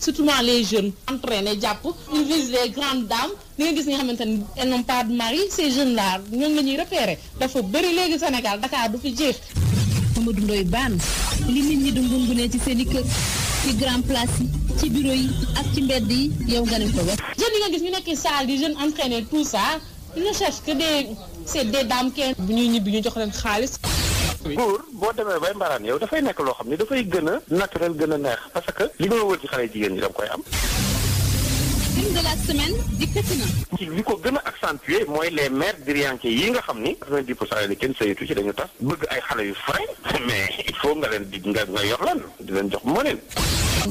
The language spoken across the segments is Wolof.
surtout les jeunes entraînés jàpp ils visent les grandes dames li nga gis nga xamante ni elles n'ont pas de mari ces jeunes là ñoom la ñuy repérer dafa bëri léegi Sénégal Dakar du fi jeex Mamadou Ndoye ban li nit ñi du ngungunee ci seen i ci grand place ci bureau yi ak ci mbedd yi yow nga ne ko wax jeunes nga gis ñu nekk salle di jeunes entraînés tout ça ils ne cherchent que des c'est des dames qui bu ñuy ñibi ñu jox leen xaalis góor boo demee bay mbaraan yow dafay nekk loo xam ne dafay gën a naturel gën a neex parce que li nga wër ci xale jigéen ñi da nga koy am. semaine dikkati na. ci li ko gën a accentuer mooy les mères diriyanke yi nga xam ni. 90 pour cent yi kenn saytu ci dañu tax bëgg ay xale yu frais. mais il faut nga leen di nga nga yor lan di leen jox moo leen.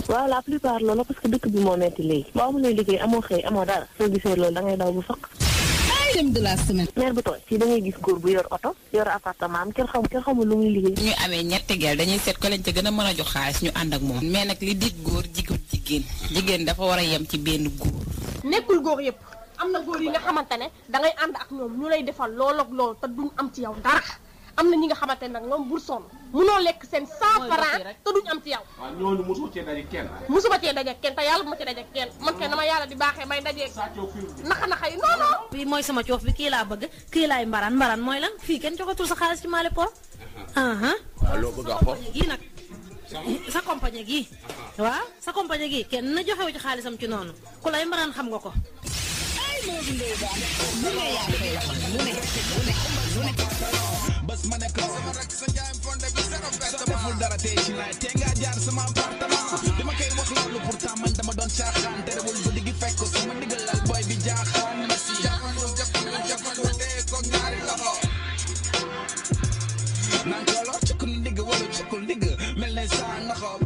waaw la plupart loolu parce que dëkk bi moo metti léegi. boo amulee liggéey amoo xëy amoo dara. soo gisee loolu da ngay daw bu fakk. thème de la semaine. maire bu tooy si dañuy gis yor oto yor appartement am kenn xam kenn xamul lu muy ñu amee ñetti gel dañuy seet ko lañ ca gën a mën a jox xaalis ñu ànd ak moom. mais nag li dig góor jigul jigéen. dafa war a yem ci benn góor. nekkul góor yëpp am na góor yi nga xamante ne dangay ànd ak ñoom ñu lay defal lool ak lool te du am ci yow dara am na ñi nga xamante ne nag ñoom bul sonn munoo lekk seen cent francs te duñ am ci yow. waaw ñooñu mosoo cee daje kenn. Ah. mosuma cee daje kenn te yàlla bu ma cee daje kenn man kenn dama yàlla di baaxee may daje. naxa naxa yi non non. mooy sama coof bi kii laa bëgg kii laay mbaraan mbaraan mooy lan fii kenn joxatul sa xaalis ci Mali Port. Uh-huh. Uh-huh. waaw loo bëgg a xool gii nag. sa compagnie gii. Uh-huh. waaw sa compagnie gii kenn na joxewu ci xaalisam ci noonu ku lay mbaraan xam nga ko. ma ne ko sama sa njaayam fonde bi zéro fête dara deful dara tey ci laay te nga jaar sama appartement dama koy wax loolu pourtant man dama doon caaxaan terewul guddi gi fekk sama ndigal lal booy bi jaaxaan Messi jafandu jafandu jafandu dee ko ñaari loxo naan ko lor cëkkul ndigg wala cëkkul ndigg mel ne saa noxo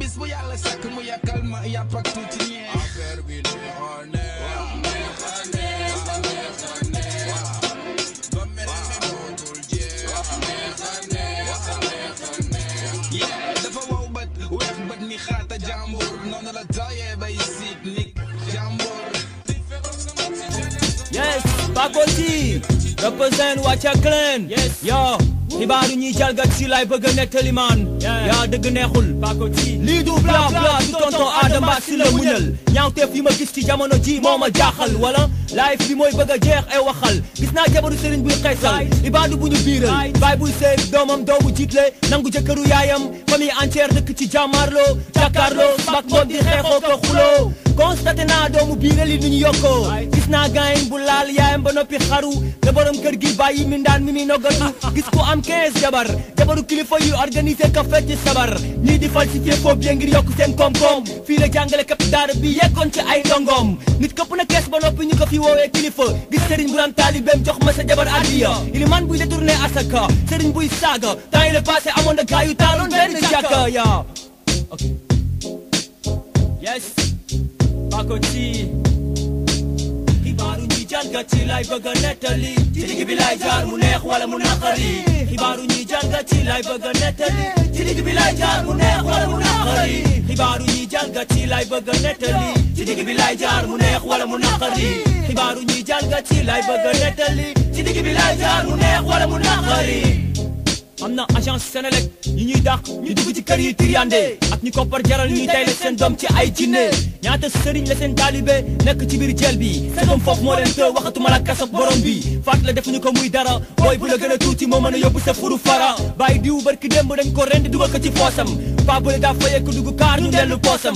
Yes, Pagoti, represent Watcha Clan. Yes, yo. xibaar yu ñuy jalgat si laay bëgg a nettali maan yaa dëgg neexul lii du bla bla du tonton Adama si la muñal ñaawteef yi ma gis ci jamono ji moo ma jaaxal wala life bi mooy bëgg a jeex ay waxal gis naa jabaru sëriñ buy xeesal ibaadu bu ñu biiral baay buy sëy doomam doobu jiitle nangu jëkkëru yaayam famille entière dëkk ci jàmmaarloo jàkkaarloo mag moom di xeexoo ko xuloo constaté naa doomu biiral yi ni ñu yokkoo gis naa gaayin bu laal yaayam ba noppi xaru te borom kër gi bàyyi mi ndaan mi mi noggatu gis ko am kes jabar jabaru kilifa yu organiser kafet ci sabar ñii di falsifier foo bien ngir yokk seen koom-koom fii la jàngale kap daara bi yekkoon ci ay dongom. nit këpp na kees ba noppi ñu ko fi woowee kilifa gis sëriñ bu daan taalibeem jox ma sa jabar adiya iliman buy détourné asaka sëriñ buy saaga temps yi le passé amoon na gaa yu taaloon benn jàkka ok yes Paco jàngat ci lay bëgg a nettali ci bi lay jaar mu neex wala mu naqari xibaaru ñuy jàngat ci lay bëgg a ci digg bi lay jaar mu neex wala mu xibaaru ñuy jàngat ci lay bëgg a ci digg bi lay jaar mu neex wala mu naqari xibaaru ñuy jàngat ci lay bëgg a ci digg bi am na agence Senelec ñi ñuy dàq ñu dugg ci kër yi tiriyande ak ñi koppar jaral ñuy tay la seen dom ci ay jinne ñaata sëriñ la seen talibé nekk ci biir jël bi sa doom mo leen të waxatu la kasso borom bi fat la ñu ko muy dara boy bu la gëna tuuti mo mëna a sa furu fara bay diw barki démb dañ ko rend dugal ko ci foosam da fayé ko dugg car ñu delu posam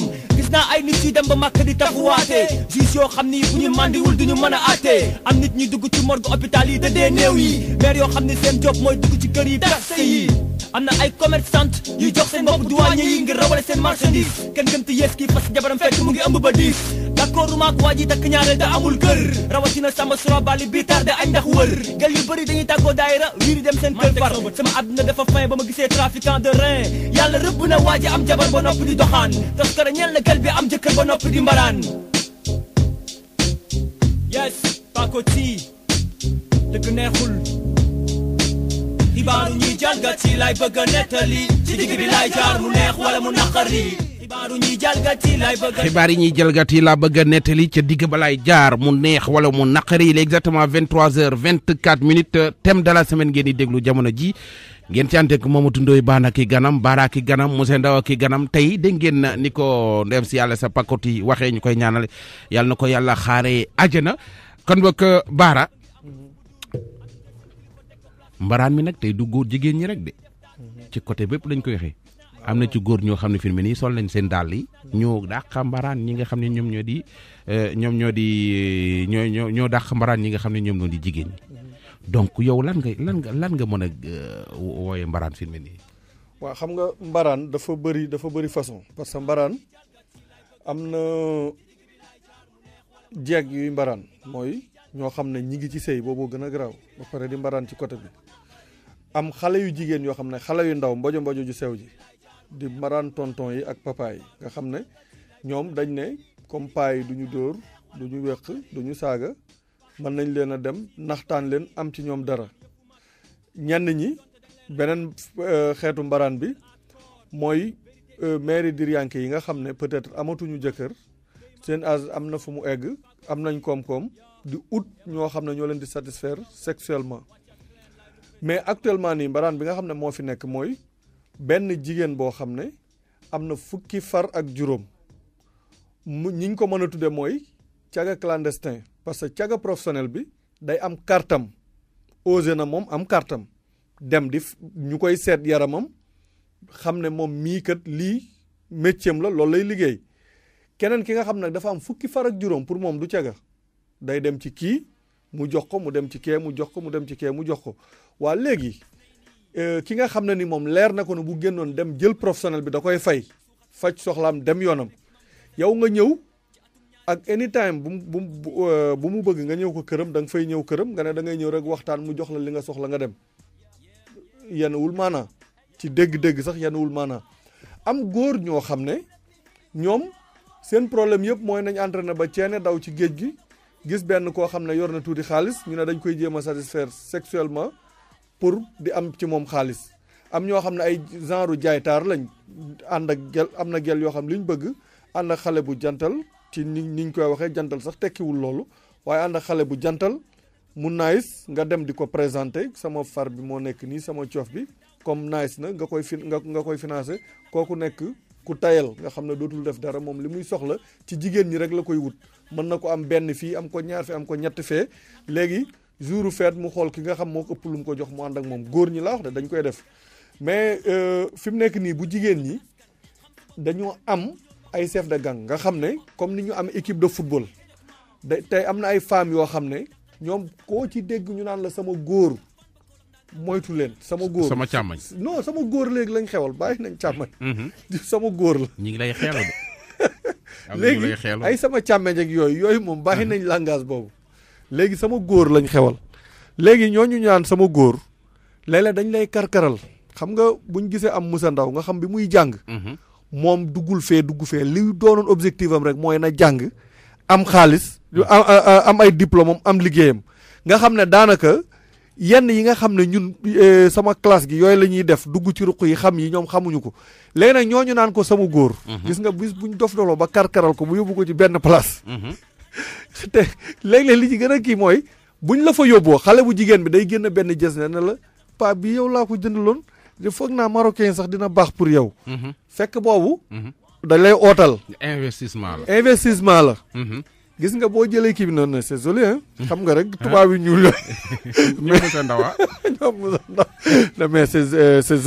naa ay nit yi dem ba màkk di taxuwaate juge yoo xam ni bu ñu màndiwul duñu mën a àtte am nit ñi dugg ci morgue hôpital yi te dee néew yi maire yoo xam ni seen job mooy dugg ci kër yi taxe yi am ay commerçant Yu jox sen bopp duwaañ yi ngir rawale sen marchandise Ken gëm te yees kii parce jabaram fek mu ngi ëmb ba diis d'accord maak waa da amul Rawati rawatina sama sura bali bi tardé ay ndax wër gel yu bëri dañuy tàggoo daayira Wiri dem sen kër far sama àdduna dafa fay ba ma gisee trafiquant de rein yàlla rëbb na waji am jabar ba noppi di doxaan taskara ñeel na gel bi am jekar ba noppi di mbaraan yes pakoti dëgg neexul xibaaru ñuy jalgati lay bëgg a nettali ci digg bi jaar mu neex wala mu naqari xibaar yi ñuy jalgati laa bëgg a nettali ca digg balaay jaar mu neex wala mu naqari il est exactement 23 heures 24 minutes thème de la semaine ngeen di déglu jamono ji ngeen ci ànd ak Mamadou Ndoye Bane ki ganam Baara ki ganam Moussa Ndaw ki ganam tey dégg ngeen na ni ko ndem si yàlla sa pakoti waxee ñu koy ñaanal yàlla na ko yàlla xaaree àjjana kon Baara. mbaraan mi nag tey du góor jigéen ñi rek de ci côté bépp lañ koy waxee am na ci góor ñoo xam ne fi mu nii sol nañ seen dàll yi ñoo dàq mbaraan ñi nga xam ne ñoom ñoo di euh, ñoom ñoo di euh, ñoo ñoo ñoo dàq mbaraan ñi nga xam ne ñoom ñoo di jigéen ñi donc yow lan nga lan nga lan nga mën a euh, wooye mbaraan fi mu nii waaw xam nga mbaraan dafa bëri dafa bëri façon parce que mbaraan am na jeeg yuy mbaraan mooy ñoo xam ne ñi ngi ci sëy boobu gën a garaaw ba pare di mbaraan ci côté bi am xale yu jigéen yoo xam ne xale yu ndaw mbojo mbojo ju sew ji di maraan tonton yi ak papa yi nga xam ne ñoom dañ ne comme paa yi du ñu dóor du ñu weq du ñu saaga mën nañ leen a dem naxtaan leen am ci ñoom dara ñenn ñi beneen euh, xeetu mbaraan bi mooy euh, maire diryanke yi nga xam ne peut-être amatuñu jëkkër seen as am na fu mu egg am nañ koom-koom di ut ñoo xam ne ñoo leen di satisfaire sexuellement mais actuellement nii mbaraan bi nga xam ne moo fi nekk mooy benn jigéen boo xam ne am na fukki far ak juróom mu ñi ñu ko mën a tudde mooy caga clandestin parce que caga professionnel bi day am kartam osé na moom am kartam dem di ñu koy seet yaramam xam ne moom mii kat lii métier la loolu lay liggéey keneen ki nga xam ne dafa am fukki far ak juróom pour moom du caga day dem ci kii mu jox ko mu dem ci kee mu jox ko mu dem ci kee mu jox ko wa léegi eh, ki nga xam ni mom leer na ko bu gennon dem jël professionnel bi da koy fay faj soxlam dem yonam yow nga ñew ak anytime bu bu eh, bu mu bëgg nga ñew ko kërëm da nga fay ñew kërëm nga ne da ngay ñew rek waxtaan mu jox la li nga soxla nga dem mana ci deg deg sax mana am goor ño xamne ñom seen problème yëpp mooy nañ entraîné ba ciéné daw ci géej gi gis benn koo xam ne yor na tuuti xaalis ñu ne dañ koy jéem satisfaire sexuellement pour di am ci moom xaalis am ñoo xam ne ay genre jaaytaar lañ ànd ak gel am na gel yoo xam li ñu bëgg ànd ak xale bu jantal ci ni niñ koy waxee jantal sax tekkiwul loolu waaye ànd ak xale bu jantal mu nice nga dem di ko présenter sama far bi moo nekk nii sama coof bi comme nice na nga koy fi nga koy financer kooku nekk ku tayal nga xam ne dootul def dara moom li muy soxla ci jigéen ñi rek la koy wut mën na ko am benn fii am ko ñaar fi am ko ñett fee léegi jouru feet mu xool ki nga xam moo ëpp lu mu ko jox mu ànd ak moom góor ñi la wax de dañ koy def mais euh, fi mu nekk nii bu jigéen ñi dañoo am ay chef de gang nga xam ne comme ni ñu am équipe de football da tey am na ay femmes yoo xam ne ñoom koo ci dégg ñu naan la sama góor moytu leen sama góor sama càmmañ no sama góor léegi lañ xewal bàyyi nañ càmmañ mhm. sama góor la ñu ngi lay xeelu de léegi ay sama càmmañ ak yooyu yooyu moom bàyyi mhm. nañ langage boobu léegi sama góor lañ xewal léegi ñooñu ñaan sama góor léeg-léeg dañ lay karkaral xam nga buñ gisee am Moussa Ndaw nga xam bi muy jàng mhm. moom duggul fee dugg fee li doonoon objectif am rek mooy na jàng am xaalis am ay diplôme am am liggéeyam nga xam ne daanaka yenn yi nga xam ne ñun e, sama classe gi yooyu la ñuy def dugg ci ruq yi xam yi ñoom xamuñu ko léegi nag ñooñu naan ko sama góor mhm. gis nga bis buñ dof doloo ba karkaral ko bu yóbbu ko ci benn place mhm. te léeg-léeg li ci gën a kii mooy buñ la fa yóbboo xale bu jigéen bi day génn benn jës ne ne la paa bi yow laa ko jënd loon jëndaloon foog naa marocain sax dina baax pour yow. Mhm. fekk boobu. Mhm. dañ lay ootal. investissement la la. Mhm. gis nga boo jëlee kii bi noonu c'est joli xam nga rek tubaab yi ñuul la. ñoom Moussa Ndaw ah. mais c'est euh, c'est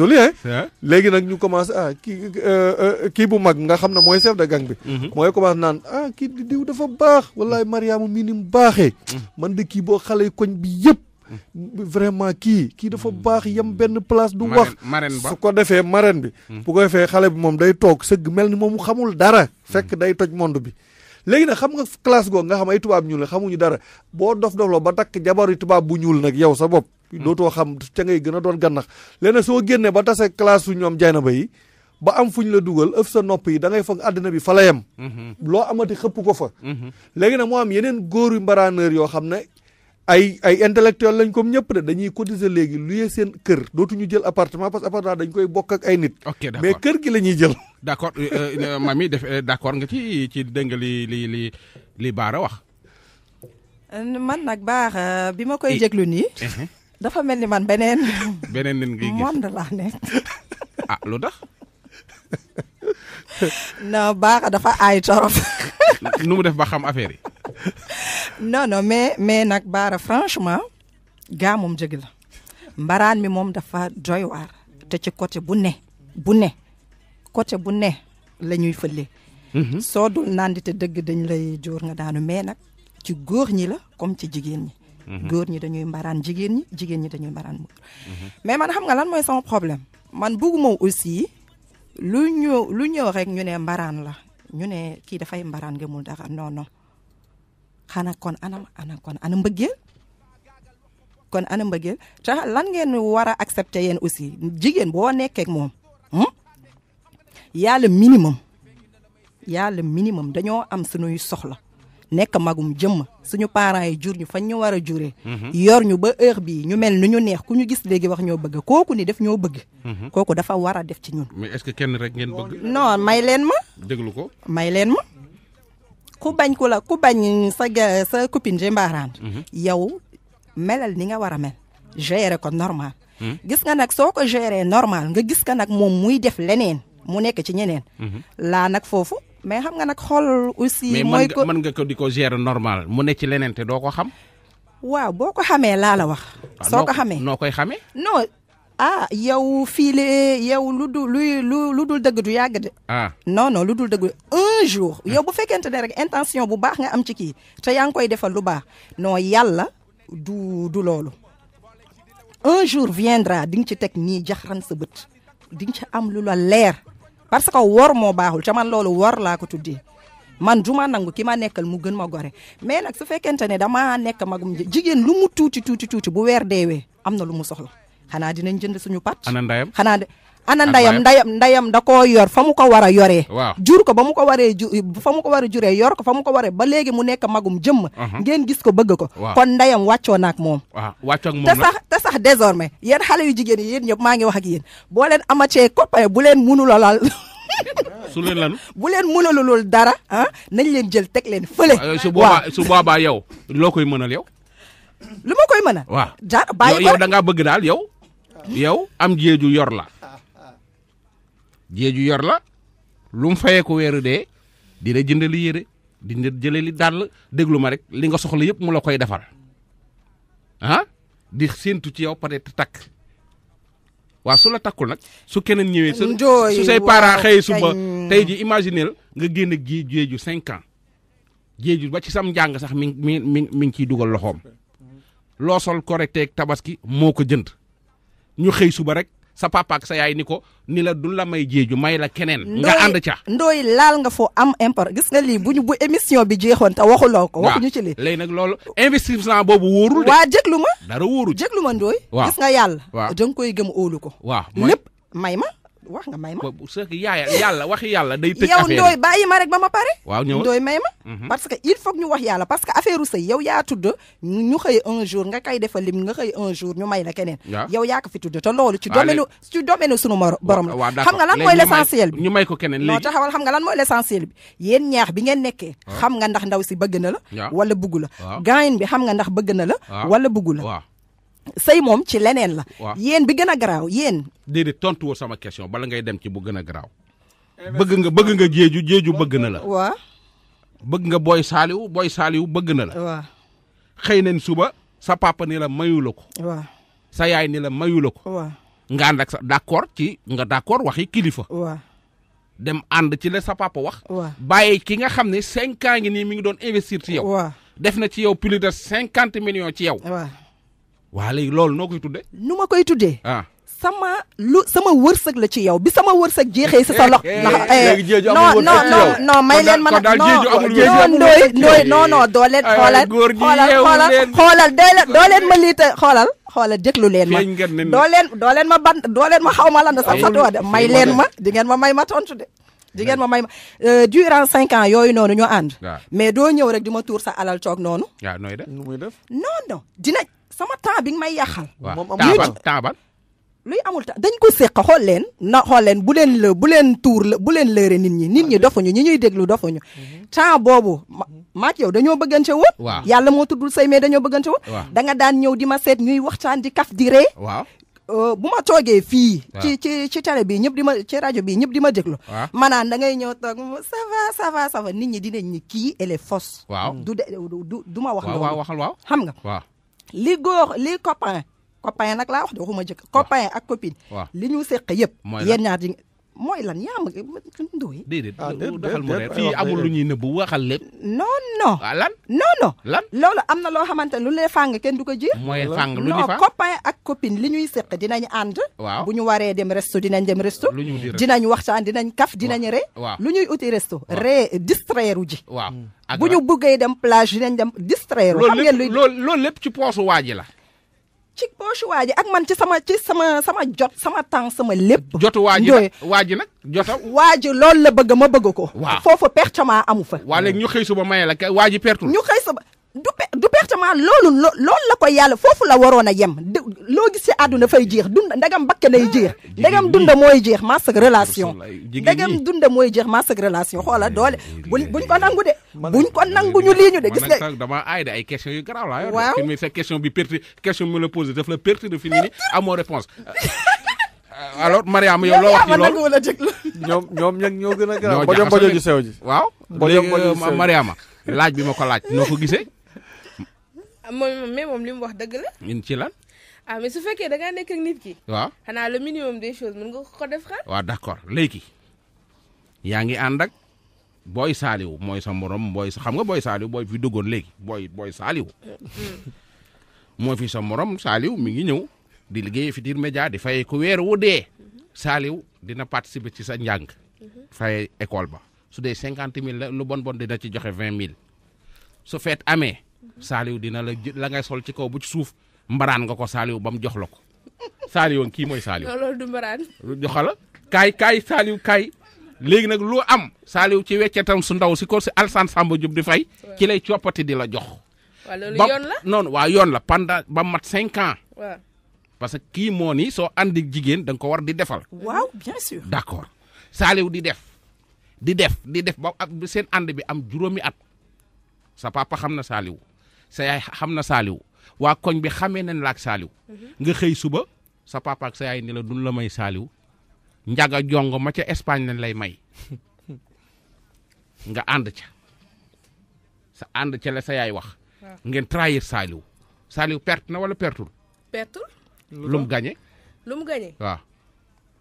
léegi nag ñu commencé ah kii euh, euh, kii bu mag nga xam ne mooy chef de gang bi. Mhm. mooy commencé naan ah kii diw dafa baax wallaay Mariama mii ni mu baaxee. Mhm. man di kii boo xale koñ bi yëpp. Mhm. vraiment kii kii dafa baax yem benn place du wax su ko defee marraine bi bu ko defee xale bi moom day toog sëgg mel ni moom xamul dara fekk day toj monde bi léegi nag xam nga classe googu nga xam ay tubaab ñuul la xamuñu dara boo dof dof la ba takk jabaru tubaab bu ñuul nag yow sa bopp hmm. dootoo xam ca ngay gën a doon gannax léegi soo génnee ba tase classe su ñoom jaynaba yi ba am fu fuñ la dugal ëf sa nopp yi da ngay foog bi fa la yem hmm. loo amati xëpp ko fa hmm. léegi na moo am yeneen góoru mbaraaneur yoo xam ne ay ay intellectuel lañ comme ñëpp de dañuy cotiser léegi luye seen kër ñu jël appartement parce que appartement dañ koy bokk ak ay nit. mais kër gi lañuy ñuy jël. d' accord euh, euh, euh, mami def d' accord nga ci ci dégg li li li li Baara wax. man nag baax bi ma koy jéglu eh. nii. Uh-huh. dafa mel ni man beneen. beneen nit ngi gis moom da laa nekk. ah lu tax. non Baara dafa aay torop. nu mu def ba xam affaire yi. non non mais mais nag baara franchement gaa moom jëg la mbaraan mi moom dafa doy waar te ci côté bu ne bu ne côté bu ne la ñuy fële mhm. soo dul nandite dëgg dañ lay jóor nga daanu mais nag ci góor ñi la comme ci jigéen ñi mhm. góor ñi dañuy mbaraan jigéen ñi jigéen ñi dañuy mbaraan muur mhm. mais man xam nga lan mooy sama problème man bugguma aussi lu ñëw lu ñëw rek ñu ne mbaraan la ñu ne kii dafay mbaraan gëmul mu non non xanaa kon anam ana kon ana mbëggeel kon ana mbëggeel ta lan ngeen war a accepter yéen aussi jigéen boo nekkee moom hmm? yaa le minimum yaa le minimum dañoo am suñuy soxla nekk magum jëmm suñu parents yi jur ñu fañ ñu war a juree. Mhm. yor ñu ba heure bii ñu mel ni ñu neex ku ñu gis léegi wax ñoo bëgg kooku ni def ñoo bëgg. Mhm. kooku dafa war a def ci ñun. mais rek ngeen bëgg. may leen ma. déglu ko may leen ma. ku bañ ku la ku bañ sa sa copine ji mbaaraan mhm. yow melal ni nga war a mel gérer ko normal mhm. gis nga nag soo ko gérer normal nga gis nga nag moom muy def leneen mu nekk ci ñeneen mhm. laa nag foofu mais xam nga nag xool aussi mooy ko mën nga ko di ko gérer normal mu ne ci leneen te doo ko xam waaw boo ko xamee laa la wax ah, soo ko xamee noo koy xamee ah yow fii lee yow lu dul lu lu dul dëgg du yàgg de. ah non non lu dul dëgg un jour. Ah. yow bu fekkente ne rek intention bu baax nga am ci kii te yaa ngi koy defal lu baax non yàlla du du loolu. un jour viendra di ci teg nii jaxran sa bët di ci am lu la leer parce que wor moo baaxul te man loolu wor laa ko tuddee man du ma nangu ki ma nekkal mu gën ma gore mais nag su fekkente ne dama nekk magum jigéen lu mu tuuti tuuti tuuti bu weer deewee am na lu mu soxla. xanaa dinañ jënd suñu pat ana ndayam xanaa de ana ndayam ndayam ndayam da koo yor fa mu ko war a yoree waaw jur ko ba mu ko waree ju fa mu war a juree yor ko fa mu ko waree ba léegi mu nekk magum jëmm uh-huh. ngeen gis ko bëgg ko kon ndayam wàccoo naak moom waaw wàccoo ak moom te sax te sax désormais xale yu jigéen yi yéen ñëpp maa ngi wax ak yéen boo leen amacee copain bu leen munula laal su leen lan bu leen mënalalul dara ah nañ leen jël teg leen fële su boobaa su boobaa yow loo koy mënal yow lu ma koy mënal waaw jaar bàyyi yow da bëgg daal yow yow am jéeju yor la jéeju yor la lu mu fayee ko weeru dee di la jëndali yére di la jëleli dàll déglu ma rek li nga soxla yëpp mu la koy defar ah di séentu ci yow peut-être takk waaw su la takkul nag su keneen ñëwee. su say parents xëy suba tey ji imagineel nga génne gée jéeju cinq ans jéeju ba ci sam njàng sax mi mi mi mi ngi ciy dugal loxoom loo sol correcté ak tabaski moo ko jënd. ñu xëy suba rek sa papa ak sa yaay ni ko ni la du la may jéeju may la keneen. nga ànd ca ndooy laal nga foo am import gis nga lii bu ñu bu émission bi jeexoon te waxuloo ko. waxuñu ci lii léegi nag loolu investissement boobu wóorul de. waa jéglu ma dara wóoru lu ma ndooy. gis nga yàlla. waaw da koy gëm óolu ko. waaw lépp may ma. wax nga may ma. c' est que yàlla waxi yàlla day. ma rek ba ma pare. ndooy may ma. Mhm. parce que il faut ñu wax yàlla parce que affaire sëy yow yaa tudd ñu xëy un nga koy defal lim nga xëy un ñu may la keneen. yow yaa ko fi tudd te loolu. ci domaine ci sunu borom la. xam nga lan mooy l' bi ñu may ko keneen léegi. non taxawal xam nga lan mooy l' bi yéen ñaax bi ngeen nekke ah. xam nga ndax ndaw si bëgg na la. wala bugg la. Ah. gaayin bi xam nga ndax bëgg na la. Ah. wala bugg Say mom ci leneen la. waaw yéen bi gën a garaaw yéen. déedéet tontu sama question bala ngay dem ci bu gën a garaaw. bëgg nga bëgg nga jéeju jéeju bëgg na la. waaw. bëgg nga booy saaliw booy saaliw bëgg na la. waaw xëy suba sa papa ni la mayu la ko. waaw sa yaay ni la mayu la ko. nga ànd ak sa ci nga d' waxi kilifa. dem ànd ci la sa papa wax. waaw bàyyi ki nga xam ne cinq ans ngi nii mi ngi doon investir ci yow. def na ci yow plus de cinquante millions ci yow. waa léegi loolu noo koy tuddee. nu ma koy tuddee. ah sama lu sama wërsëg la ci yow bi sama wërsëg jeexee si sa loxo. Eh, eh, eh, léegi non non non may leen ma nag non ndooy non non doo leen. xoolal xoolal xoolal doo leen ma lii te xoolal. xoolal déglu leen ma doo leen doo leen ma ban doo ma xaw ma lan sax sa doo de may leen ma di ngeen ma may ma tontu de. di ma may ma euh, durant cinq ans yooyu noonu ñoo ànd. mais doo ñëw rek di ma tuur sa alal coog noonu. waaw nooy def nu def. non non dina sama temps bi nga may yàqal. moom amul luy amul ta dañ ko séq leen na xool leen bu leen la bu leen tuur la bu leen lëre nit ñi nit ñi ah, dofuñu ñi ñuy déglu dofuñu mhm. temps boobu maak yow dañoo bëggante woon waaw yàlla moo tuddul say mais dañoo bëggante woon da nga daan ñëw di ma seet ñuy waxtaan di kaf di waaw euh, bu ma toogee fii ci ci ci télé bi ñëpp di ma ci rajo bi ñëpp di ma déglu maanaam da ngay ñëw toog ça va ça va ça va nit ñi dinañ kii elle fos waaw du de du du ma wax wa waxal waaw xam nga li góor li copain copain nag laa wax de waxuma jëkk copain ak copine li ñu seq yëpp yéen ñaar ji mooy lan yaa ma ndoye. déedéet daxal mu reer fii amul lu ñuy nëbbu waxal lépp. non non. Ah, lan non non. lan loolu am na loo xamante ne lu ne fàng kenn du ko ji. mooy fàng lu ñu fa non copain ak copine li ñuy seq dinañ ànd. waaw bu ñu waree dem resto dinañ dem resto. lu ñu uti dinañ waxtaan dinañ kaf dinañ re. lu ñuy uti resto. waaw ree distraire wu ji. waaw bu ñu buggee dem plage dinañ dem distraire. xam ngeen luy loolu lépp ci poosu waa ji la. ci poche waa ji ak man ci sama ci sama sama jot sama temps sama lépp. jotu waa ji waa ji nag jota. waa ji loolu la bëgg ma bëgg ko. waaw foofu perte maa amu fa. waa léegi ñu xëy suba maye la waa ji pertu ñu xëy suba du pe du pertement loolu loolu la ko yàlla foofu la waroon a yem loo gis si àdduna fay jeex dund ndegam bakke lay ah, jeex. ndegam dund mooy jeex maas ak relation. ndegam dund mooy jeex maas ak relation xoola eh, doole buñ buñ ko nangu de. buñ ko nangu ñu lii ñu de gis nga. dama aay de ay questions yu garaaw laa yor. waaw fi mu fekk question bi de fi mu nii amoo réponse. Euh, alors Mariama yow loo wax ci loolu ñoom gën a garaaw. ñoo jaxasoo waaw. léegi euh, Mariama laaj bi ma ko laaj noo ko gisee. moom mais moom li mu wax dëgg la. ñun ci lan. ah su fekkee da ngaa nekk nit ki. waaw xanaa le minimum des choses mën nga ko def xaar. waaw d' léegi yaa ngi ànd ak booy saaliw mooy sa morom booy xam nga booy saaliw booy fi duggoon léegi booy booy saaliw. Mm-hmm. moo fi sa morom saaliw mi ngi ñëw di liggéey fi dir média di fay ku weer wu dee. Mm-hmm. saaliw dina participer ci sa njàng. Mm-hmm. fay école ba su dee cinquante mille la lu bon bon dina ci joxe vingt mille su feet amee. saliw dina la la ngay sol ci kaw bu ci suuf mbaraan nga ko saliw bam jox la ko saaliw kai, mooy saaliw. loolu du mbaraan. joxala kay kay saliw kay nak lu am saliw ci weccetam su ndaw ci ko ci alsan sambo djub di fay ki lay ciopati di la jox. wa lolou yoon la non wa la panda bam mat 5 ans. wa parce que ki moo ni andi jigen dang ko war di defal. waaw bien sûr. d'accord saliw di def di def di def ba sen ànd bi am juromi at sa papa xamna saliw sa yaay xam na saaliw waa koñ bi xamee nañ la ak saaliw mhm. nga xëy suba sa papa ak sa yaay ni la duñ la may saaliw njaga jongo ma ca Espagne lañ lay may nga ànd ca sa ànd ca la sa yaay wax. ngeen trahir saaliw saaliw perte na walla pertul. pertul. lu mu gañe lu mu gañe waaw.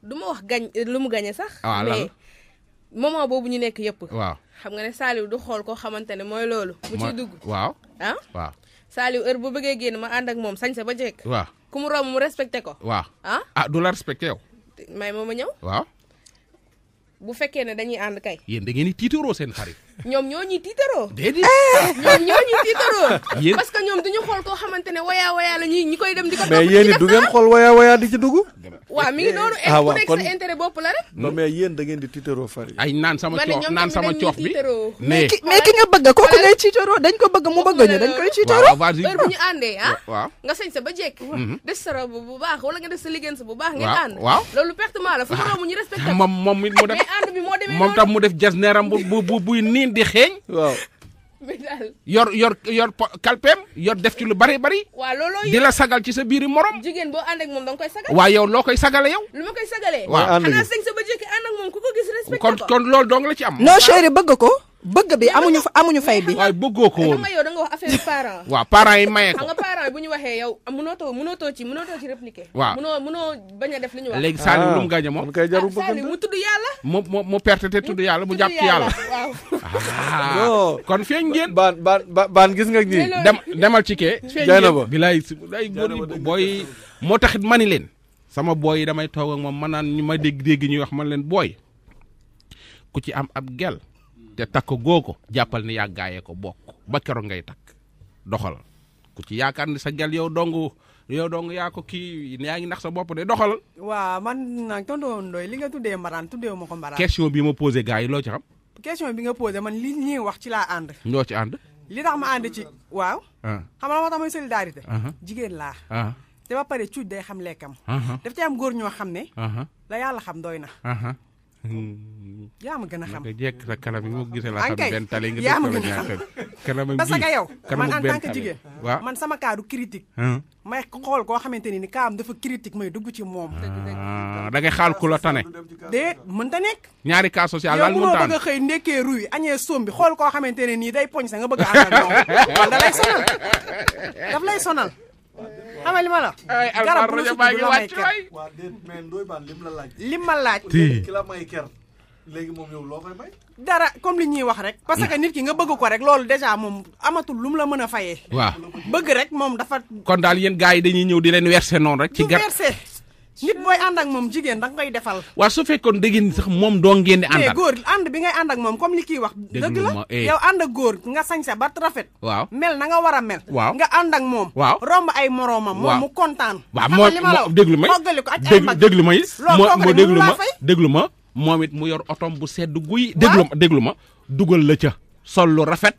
du ma wax gañ lu mu gañe sax. waaw ah, mais moment boobu ñu nekk yëpp. waaw. xam nga ne Saliou du xool koo xamante ne mooy loolu. mu ciy dugg waaw. ah waaw. Saliou heure bu bëggee génn ma ànd ak moom sañ sa ba jekk. waaw ku mu romb mu respecté ko. waaw ah ah du la respecté yow. may moom ma ñëw. waaw. bu fekkee ne dañuy ànd kay. yéen da ngeen di tiitaroo seen xarit. ñoom ñoo ñuy tiitaroo déedéet ñoom ñoo ñuy tiitaroo parce que ñoom duñu xool koo xamante ne waya waya la ñuy ñi koy dem di ko mais yéen du ngeen xool waya waya di ci dugg waaw mi ngi noonu ku nekk sa intérêt bopp la rek non mais yéen da ngeen di tiitaroo fari ay naan sama coof naan sama coof bi mais ki nga bëgg kooku ngay tiitaroo dañ ko bëgg mu bëgg ñu dañ koy tiitaroo heure bu ñu àndee ah nga sañ sa ba jekk def sa rob bu baax wala nga def sa liggéey sa bu baax ngeen ànd waaw loolu pertement la fu ñu romb ñu respecté moom moom mu def mais ànd bi moo demee moom tam mu def jas neeram bu bu buy niin leen di xeeñ. waaw. yor yor yor kalpeem yor def ci lu bari bari. waaw looloo di la sagal ci sa biiri morom. jigéen boo ànd ak moom da koy sagal. waaw yow loo koy sagale yow. lu ma koy sagalee. waaw ànd sa ba jëkk ànd ak moom ku ko gis respecté kon kon loolu dong la ci am. non chéri bëgg ko. bëgg bi amuñu amuñu fay bi. way bëggoo ko woon yow da nga wax affaire parents. waaw parents yi maye ko xam nga parents yi bu ñu waxee yow mënoo too mënoo too ci mënoo too ci répliquer. waaw mënoo mënoo bañ a def li ñu wax. léegi Salim lu mu gaañ moom. Ah, kay jarul ah, bëgg mu tudd yàlla. mu mu mu perte te tudd yàlla mu jàpp yàlla. waaw. Ah. kon feeñ ngeen. baan baan baan gis nga nii. dem demal ci kee. feeñ ngeen bilaay bilaay boy moo taxit mani leen. sama boy damay toog ak moom ma naan ñu ma dégg dégg ñuy wax man leen boy ku ci am ab gel te takko goko jappal ni ne ko bok ba keroog ngay tak doxal ku ci yaakaar ni sa gel yow dongu yow dongu ya ko ki ni yaangi nax sa bop de doxal. wa man nag tondo ndoy li nga tuddé maran tuddé ma ko question bi mo poser gaay lo ci xam. question bi nga poser man li ni wax ci la and ñoo ci and li tax ma and ci waw ah. xam nga moo tax mooy solidarité. Ah. jigen la ah. te ba pare cuuj day xam lekam daf ci am gor ñoo xamne la yalla xam doyna yaa ma gën a xam jekk sa kanam yi ma gisee la xam benn tali nga a yow man jigéen waaw man sama kaadu critique ah. may xool koo xamante ni ah, ni kaam dafa critique may dugg ci moom da ngay xaal ku la mën ta nekk ñaari cas social daal mënoo xëy ndekkee ruy añee bi xool koo xamante ne nii day poñ sa nga bëgg a àndal moom sonal daf lay sonal xamal li ma la. garab bu ma ngi la laaj. lim ma la may ker. léegi moom yow loo koy may. dara comme li ñuy wax rek. parce nit ki nga bëgg ko rek loolu déjà moom amatul lu mu la mën a fayee. waaw bëgg rek moom dafa. kon daal yéen gars yi dañuy ñëw di leen verser noonu rek. ci garab nit booy ànd ak moom jigéen danga koy defal. waaw su fekkoon dëggin sax moom doo ngeen di. àndal ànd bi ngay ànd ak moom comme li kii wax. dëgg la eh. yow ànd ak góor nga sañ sa ba rafet. waaw mel na nga war a mel. waaw nga ànd ak moom. waaw romb ay moroomam. waaw moom mu kontaan. waaw moo moo déglu may déglu may moo déglu ma déglu ma moom it mu yor otoom bu sedd guy. déglu ma déglu ma dugal la ca. sol lu rafet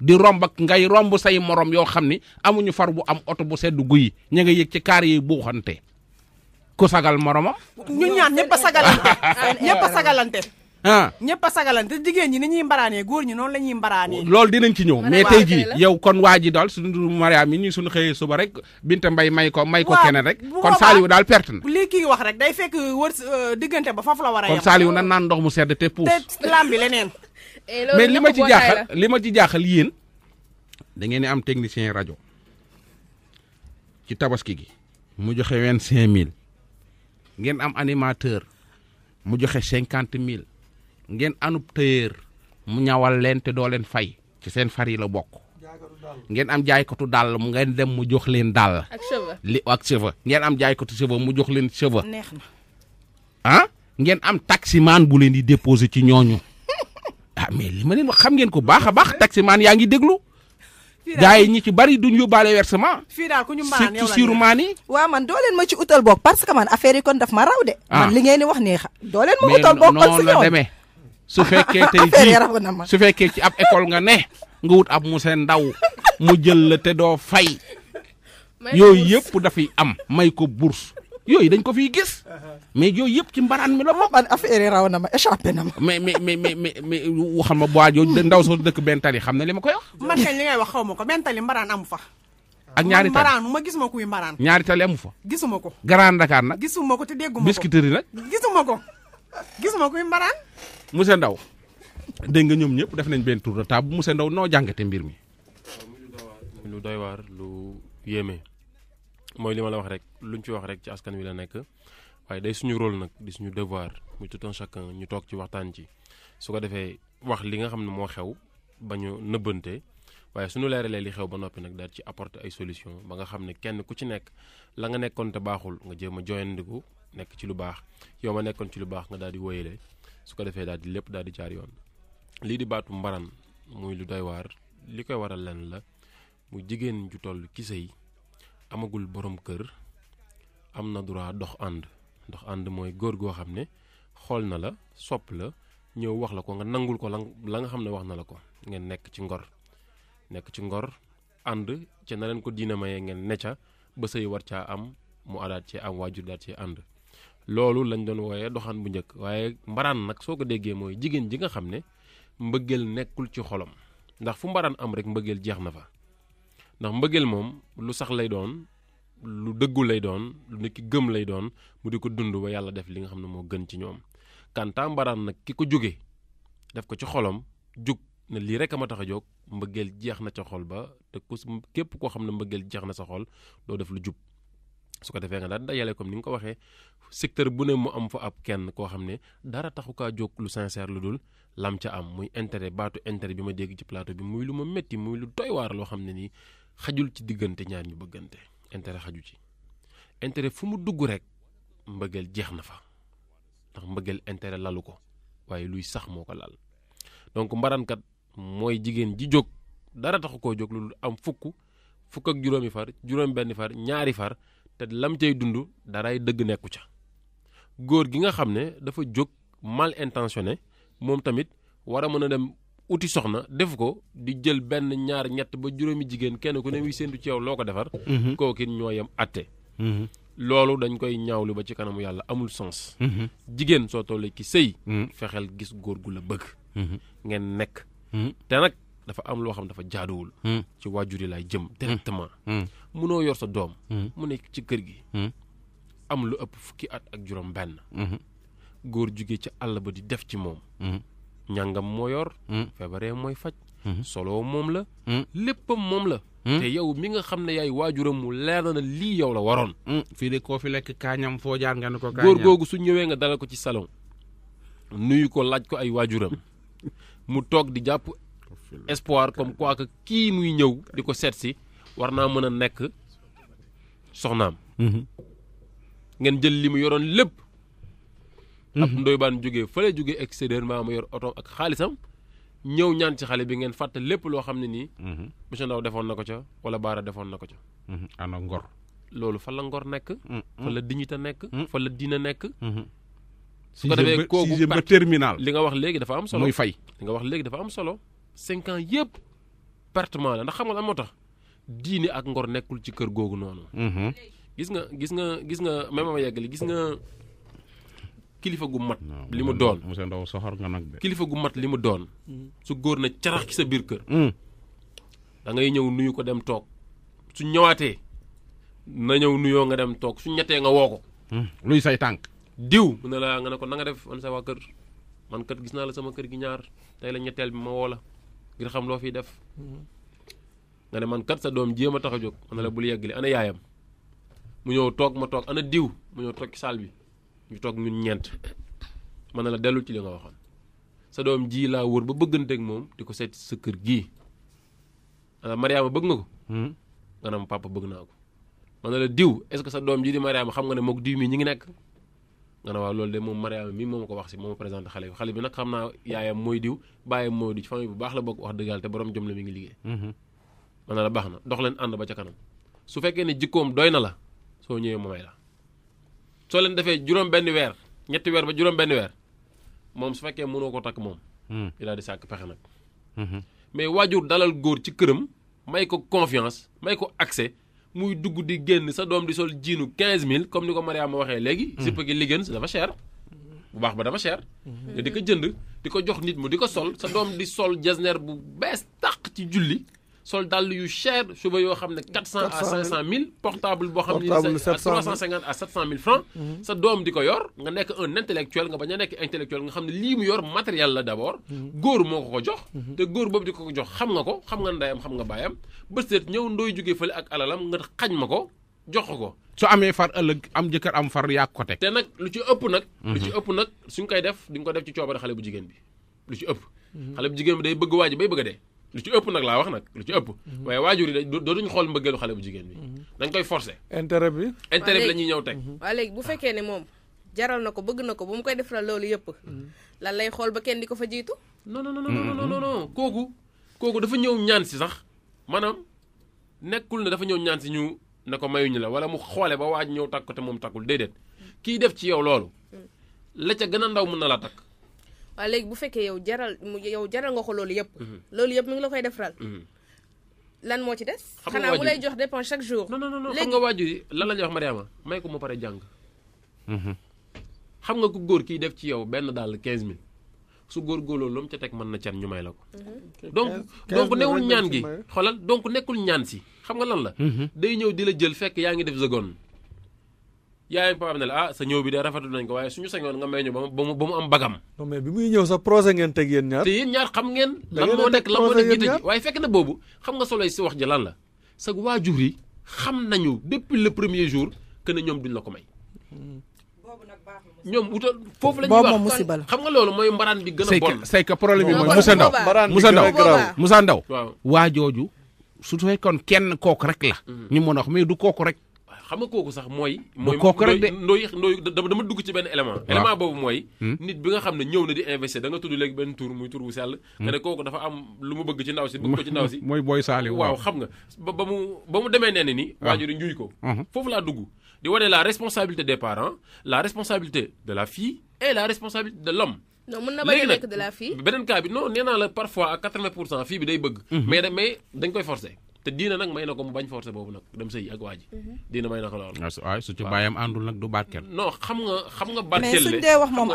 di romb ak ngay romb say morom yoo xam ni amuñu far bu am oto bu sedd guy ña nga yëg ci kaar yi buuxante ko sagal moromam. ñun ñaan ñëpp a sagalante ñëpp a sagalante. ah ñëpp a jigéen ñi ni ñuy mbaraanee góor ñi noonu la ñuy mbaraanee. loolu dinañ ci ñëw mais tey jii yow kon waa ji daal suñu mariam yi ñu suñu xëyee suba rek Binta mbay may ko may ko keneen rek. kon Saliou daal perte na. lii kii wax rek day fekk wër euh, diggante ba foofu la war a yem. kon Saliou nan naan ndox mu sedd te puus. te lambi leneen. Eh, mais li ma ci jaaxal li ma ci jaaxal yéen da ngeen di am technicien rajo ci tabaski gi mu joxe vingt cinq mille ngeen am animateur mu joxe cinquante mille ngeen anub tëyër mu ñawal leen te doo leen fay ci seen far yi la bokk ngeen am jaaykatu dal mu ngeen dem mu jox leen dàll li ak cheveux ngeen am jaaykatu cheveux mu jox leen cheveux han ah? ngeen am man bu leen di déposer ci ñooñu ah mais li ma leen wax xam ngeen ko baax a baax taximan yaa ngi déglu gaa yi ñi ci bari duñ yóbbaale versement. fii daal ku ñu maan yow la surtout maan yi. man doo ma ci utal bokk parce que man affaire yi kon daf ma raw de. Ah. man li ngeen di wax neexa doo ma utal bokk kon si ñoom mais su fekkee ci ab école nga ne nga wut ab mu seen ndaw mu jël la te doo fay. yooyu yëpp dafay am may ko bourse yooyu dañ ko fi gis uh-huh. mais yooyu yëpp ci mbaraan mi la bokk. man affaire yi raw na ma échappé na ma. mais mais mais mais mais waxal ma a waajoo ndaw soo dëkk benn tali xam na li ma koy wax. man kañ li ngay wax xaw ma ko benn tali mbaraan amu fa. ak ñaari tali mbaraan ma gisuma kuy mbaraan. ñaari tali amu fa. gisuma ko. Grand Dakar nag. gisuma ko te dégguma ko Biscuiterie nag. gisuma ko gisuma kuy mbaraan. monsieur Ndaw dégg nga ñoom ñëpp def nañ benn tour de table monsieur Ndaw noo jàngate mbir mi. lu doy waar lu yéeme mooy li ma la wax rek luñ ci wax rek ci askan wi la nekk waaye day suñu rôle nag di suñu devoir muy tout un chacun ñu toog ci waxtaan ci su ko defee wax li nga xam ne moo xew ba ñu nëbbante waaye suñu leeralee li xew ba noppi nag daal ci apporter ay solution ba nga xam ne kenn ku ci nekk la nga nekkoon te baaxul nga jéem a joyandiku nekk ci lu baax yow ma nekkoon ci lu baax nga daal di wóyale su ko defee daal di lépp daal di jaar yoon lii di baatu mbaran muy lu doy waar li koy waral lenn la mu jigéen ju toll ci sëy amagul borom kër am na droit dox ànd dox ànd mooy góor goo xam ne xool na la sopp la ñëw wax la ko nga nangul ko la nga xam ne wax na la ko ngeen nekk ci ngor nekk ci ngor ànd ca na leen ko diina maye ngeen necca ba sëy war caa am mu adaat ci am waajur daat ci ànd loolu lañ doon wooyee doxaan bu njëkk waaye mbaraan nag soo ko déggee mooy jigéen ji nga xam ne mbëggeel nekkul ci xolam ndax fu mbaraan am rek mbëggeel jeex na fa ndax mbëggeel moom lu sax lay doon lu dëggu lay doon lu nit ki gëm lay doon mu di ko dund ba yàlla def li nga xam ne moo gën ci ñoom kanta mbaraan nag ki ko jóge def ko ci xolam jug ne lii rek a ma tax a jóg mbëggeel jeex na ca xol ba te ku képp koo xam ne mbëggeel jeex na sa xol doo def lu jub su ko defee nga daal dajale comme ni nga ko waxee secteur bu ne mu am fa ab kenn koo xam ne dara taxu kaa jóg lu sincère lu dul lam ca am muy intérêt baatu intérêt bi ma dégg ci plateau bi muy lu ma métti muy lu doy loo xam ne nii xajul ci diggante ñaar ñu bëggante intére xaju ci intérêt fu mu dugg rek mbëggeel jeex na fa ndax mbëggeel intérêt lalu ko waaye luy sax moo ko lal donc mbarankat mooy jigéen ji jóg dara taxu ko jóg lu am fukk fukk ak juróomi far juróom benn far ñaari far te lam cay dund daray dëgg nekku ca góor gi nga xam ne dafa jóg mal intentionné moom tamit war mën a dem wuti soxna defu ko di jël benn ñaar ñett ba juróomi jigéen kenn ku ne muy séentu ci yow loo ko defar mhm. kooki ñoo yem atte mhm. loolu dañ koy ñaawlu ba ci kanamu yàlla amul sens mhm. jigéen soo tollee ki sëy fexeel gis góor gu la bëgg ngeen nekk te nag dafa am loo xam dafa jaaduwul ci waajur yi laay jëm directement munoo yor sa doom mu nekk ci kër gi am lu ëpp fukki at ak juróom benn góor jóge ci àll ba di def ci moom njàngam moo yor. Mm. feebaree mooy faj. Mm-hmm. solo moom la. Mm. léppam moom la. Mm. te yow mi nga xam ne yaay waajuram mu leer na lii yow la waroon. fii de koo fi lekk kaañam foo jaar nga ne ko. kaañam góor googu su ñëwee nga dalal ko ci salon. nuyu ko laaj ko ay waajuram mu toog di jàpp espoir comme quoi kii muy ñëw di ko seet si war naa mën a nekk soxnaam. Mm-hmm. ngeen jël li mu yoroon lépp. ab mhm. ndoy baan jógee fële jógee extérieur maa mu yor oto ak xaalisam ñëw ñaan ci xale bi ngeen fàtte lépp loo xam ne nii mhm. monsieur Ndaw defoon na ko ca wala Baara defoon na ko ca mhm. ngor loolu fa la ngor nekk fa la dignité nekk fa la diina nekk su ko defee kooku ba terminal li nga wax léegi dafa am solo fay nga wax léegi dafa am solo cinq ans la ndax xam nga moo tax diini ak ngor nekkul ci kër googu noonu gis nga gis nga gis nga même ma yeggali gis nga kilifa gu mat li mu doon Ndaw nga de kilifa gu mat li mu su góor na carax ci sa biir kër mm. da ngay ñëw nuyu ko dem toog su ñëwaatee na ñëw nuyoo nga dem toog su ñettee nga woo ko mm. luy say tànk diw mu ne la nga ne na nga def man sa waa kër man kat gis naa la sama kër gi ñaar tey la ñetteel bi ma woo la ngir xam loo fiy def mm-hmm. nga ne man kat sa doom jéem a tax a jóg ma ne la bul yeggali ana yaayam mu ñëw toog ma toog ana diw mu ñëw toog ci ñu toog ñun ñeent mën na la dellu ci li nga waxoon sa doom ji laa wër ba bëgganteeg moom di ko seet sa kër gii Mariama bëgg nga ko. Hmm? nga ne ma papa bëgg naa ko. ma na la diw est-ce sa doom ji di Mariama xam nga ne mook diw mi ñi ngi nekk. nga ne waaw loolu de moom Mariama mii moo ma ko wax si moo ma présenté xale bi xale bi nag xam naa yaayam mooy diw bàyyam mooy diw ci famille bu baax la bokk wax dëgg yàlla te borom jom la mi ngi liggéey. mën hmm. na baax na dox leen ànd ba ca su fekkee ne jikkoom na la soo ñëwee ma soo leen defee juróom benn weer ñetti weer ba juróom benn weer moom su fekkee ko di mais dalal góor ci këram may ko confiance may ko accès muy di génn sa di sol jiinu 15000 comme hmm. cher. bu baax cher. Hmm. jënd jox nit mu sol sa doom di sol bu soldats lui yu cher cheveux yo xamne 400 à 500 portable bo xamne 350 à 700 francs mhm. sa dom diko yor nga un intellectuel nga baña a intellectuel nga xamne li mu yor matériel la d'abord mhm. góor moko ko jox mhm. te góor boobu diko ko jox xam nga ko xam nga ndayam xam nga bayam ñew ndoy fele ak alalam nga xagn mako jox ko su amee far ëllëg am jëkkër am far yaa côté te nag lu ci ëpp nag lu ci ëpp nag suñ koy def di ko def ci bu jigéen bi lu ci ëpp bu jigéen bi day bëgg bay bëgg lu ci ëpp nag laa wax nag lu ci ëpp. Mhm. waaye waajur yi dootuñu xool mbëggeelu xale bu jigéen bi. Mhm. dañ koy forcer. intérêt bi. intérêt bi la ñuy ñëw teg. waa léegi bu fekkee ne moom jaral na ko bëgg na ko bu mu koy defaral loolu yëpp. Mhm. lan lay xool ba kenn di ko fa jiitu. non non non non non kooku. kooku dafa ñëw ñaan si sax maanaam nekkul ne dafa ñëw ñaan si ñu ne ko mayuñu la wala mu xoole ba waa ñëw takk ko te moom takkul déedéet. kiy def ci yow loolu. la ca gën a ndaw mën na la takk. waaye léegi bu fekkee yow jaral yow jaral nga ko loolu yëpp. Mhm. loolu yëpp mi ngi la koy def defaral. Mhm. lan moo ci des. xanaa mu lay jox dépense chaque jour. non non non xam nga waajur yi lan la ñuy wax Mariama may ko mu pare jàng. Mhm. xam nga ko góor kiy def ci yow benn daal quinze mille su góorgóorloo lu mu ca teg mën na can ñu may la ko. donc donc newul ñaan gi. xoolal donc nekkul ñaan si xam nga lan la. day ñëw di la jël fekk yaa ngi def seconde. yaay papa amna la ah sa ñew bi de rafetlu nañ ko waye suñu sañoon nga may ñu ba mu ba mu am bagam. non mais bi muy ñew sa projet ngeen tek yeen ñaar. te yeen ñaar xam ngeen. lan mo nek lan mo nek jiite ji waaye fekk na bobu xam nga solo ci wax ji lan la sa wajuri xam nañu depuis le premier jour que ne ñom duñ la ko may. ñom wutal fofu lañu wax kan xam nga lolu moy mbaran bi gëna bon. c'est que problème bi mooy Moussa Ndaw musa Ndaw musa Ndaw. waaw waa su fekkoon kenn kok rek la. Mm-hmm. ñu mëna wax mais du kok rek xam nga kooku sax mooy. mooy kooku rek de mooy ndooy dama dugg ci benn élément. élément boobu mooy. Hmm? nit bi nga xam ne ñëw na di investir da nga tudd léegi benn tour muy tour wu sell. Hmm? nga ne kooku dafa am lu mu bëgg ci ndaw si bëgg ko ci ndaw si. mooy booy saali waaw xam nga ba mu ba mu demee nee na ni. waaw ah. waajur njuuy ko. Hmm. foofu laa dugg di wane la responsabilité des parents la responsabilité de la fille et la responsabilité de l'homme non mën na bañ a nekk de la fille. beneen cas bi non nee naa la parfois à 80 pour cent fille bi day bëgg. mais mais dañ koy forcer. te diina nag may na ko mu bañ forcé boobu nag dem sëy ak waa ji. Mhm. diina may na ko lool. waaw ah, su ci bàyyam àndul nag du barkeel. non xam xam nga barkeel mais suñ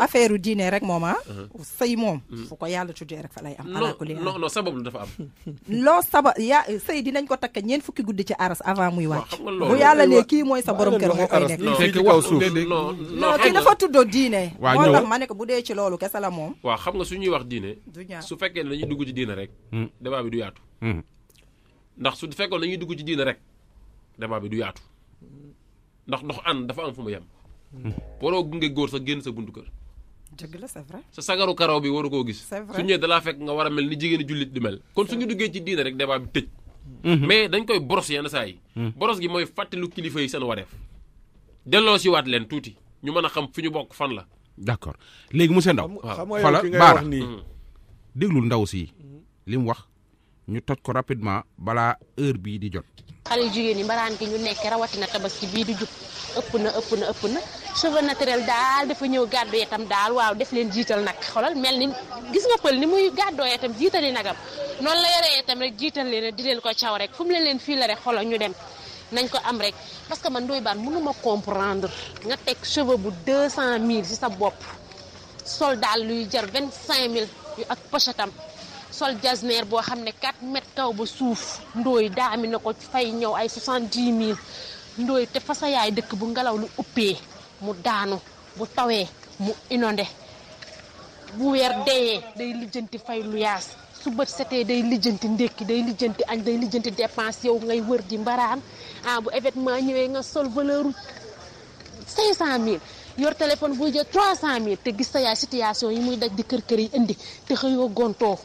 ah, uh-huh. mm. sabab lu dafa am. loo sabab ya sëy dinañ ko takk ñeent fukki guddi ci aras avant muy wàcc. bu yàlla ne kii mooy sa borom kër moo koy nekk. non fekk dafa tuddoo diine. moo tax ma ne bu dee ci loolu kese la moom. waaw xam nga su ñuy wax diine. su fekkee ne dañuy dugg ci diine rek. Mm. ndax su fekkoon dañuy dugg ci diina rek débat bi du yaatu ndax ndox ànd dafa am fu mu yem. Hmm. waroo gunge góor sa génn sa buntu kër. dëgg la c'est sa sagaru karaw bi waru koo gis. c'est vrai dalaa fekk nga war a mel ni jigéeni jullit di mel. kon suñu duggee ci diina rek débat bi tëj. Hmm. mais dañ koy boros yenn saa yi. Hmm. boros gi mooy fàttali kilifa yi seen wareef. delloo si waat leen tuuti ñu mën a xam fi ñu bokk fan la. d'accord léegi monsieur Ndaw. waaw xam nga yow ki ngay wax déglul Ndaw si li mu wax. ñu toj ko rapidement balaa heure bii di jot. xale jigéen yi mbaraan gi ñu nekk rawatina tabaski bii di jub ëpp na ëpp na ëpp na cheveux naturel daal dafa ñëw gàddoo itam daal waaw def leen jiital nag xoolal mel ni gis nga pël ni muy gàddoo itam jiitali nagam noonu la yoree itam rek jiital leen di leen ko caw rek fu mu leen fii la rek xoolal ñu dem nañ ko am rek parce que man doy baan mënu ma comprendre nga teg cheveux bu 200000 ci sa bopp sol daal luy jar 25000 yu ak pochetam sol jasneer boo xam ne 4 mètres kaw ba suuf ndooy daami na ko fay ñëw ay 70 mille ndooy te fa sa yaay dëkk bu ngelaw lu uppee mu daanu bu tawee mu inondé bu weer deyee day lijjanti fay lu yaas su bët setee day lijjanti ndékki day lijjanti añ day lijjanti dépense yow ngay wër di mbaraan ah bu événement ñëwee nga sol valeur 500000 yor téléphone buy jël 300000 te gis sa yaay situation yi muy daj di kër yi indi te xëyoo gontoo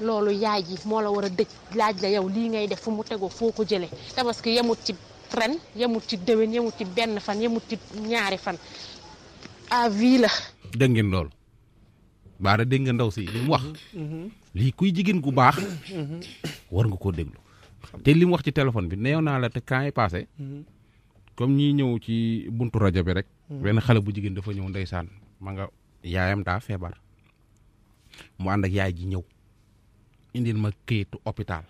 loolu yaay ji moo la war a dëj laaj la yow lii ngay def fu mu tegoo foo ko jëlee tabaski yemut ci ren yemut ci déwén yemut ci benn fan yemut ci ñaari fan à vie la. ngeen loolu baara dégg nga ndaw si li wax. lii kuy jigéen gu baax. war nga koo déglu. te li mu wax ci téléphone bi neew naa la te quand yi passé. comme ñi ñëw ci buntu rajo bi rek. benn xale bu jigéen dafa ñëw ndeysaan ma nga yaayam daa feebar mu ànd ak yaay ji ñëw. indil ma kayitu hôpital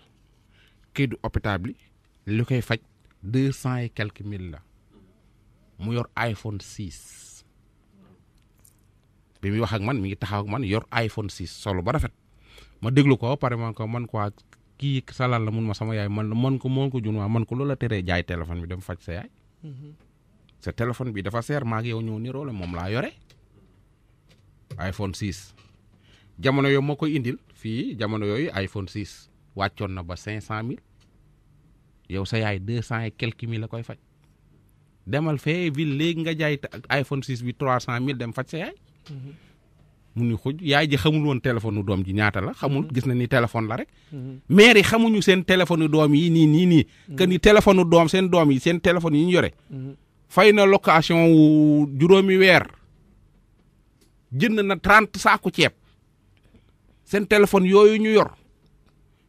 kayitu hôpital bi li koy faj 200 et quelques mille la mu yor iPhone 6 bi mi wax ak man mi ngi taxaw ak man yor iPhone 6 solo ba rafet ma déglu ko paré man ko man quoi ki salal la mun ma sama yaay man la man ko mon ko junwa man ko lola téré jaay téléphone bi dem faj sa yaay mm-hmm. sa téléphone bi dafa yow ñoo la mom la yore iPhone 6 jamono yow mako indil fii jamono yooyu iPhone 6 wàccoon na ba cinq cent mille yow sa yaay deux cent yi quelques mille la koy faj demal fee ville léegi nga jaay iPhone 6 bi trois cent mille dem faj sa yaay. Mm-hmm. mu ni xuj yaay ji xamul woon téléphone doom ji ñaata la xamul mm-hmm. gis na ni téléphone la rek mm-hmm. maire yi xamuñu seen téléphone doom yi nii nii nii que ni téléphone doom seen doom yi seen téléphone yi ñu yore fay na location wu juróomi weer jënd na trente saaku ceeb seen téléphone yooyu ñu yor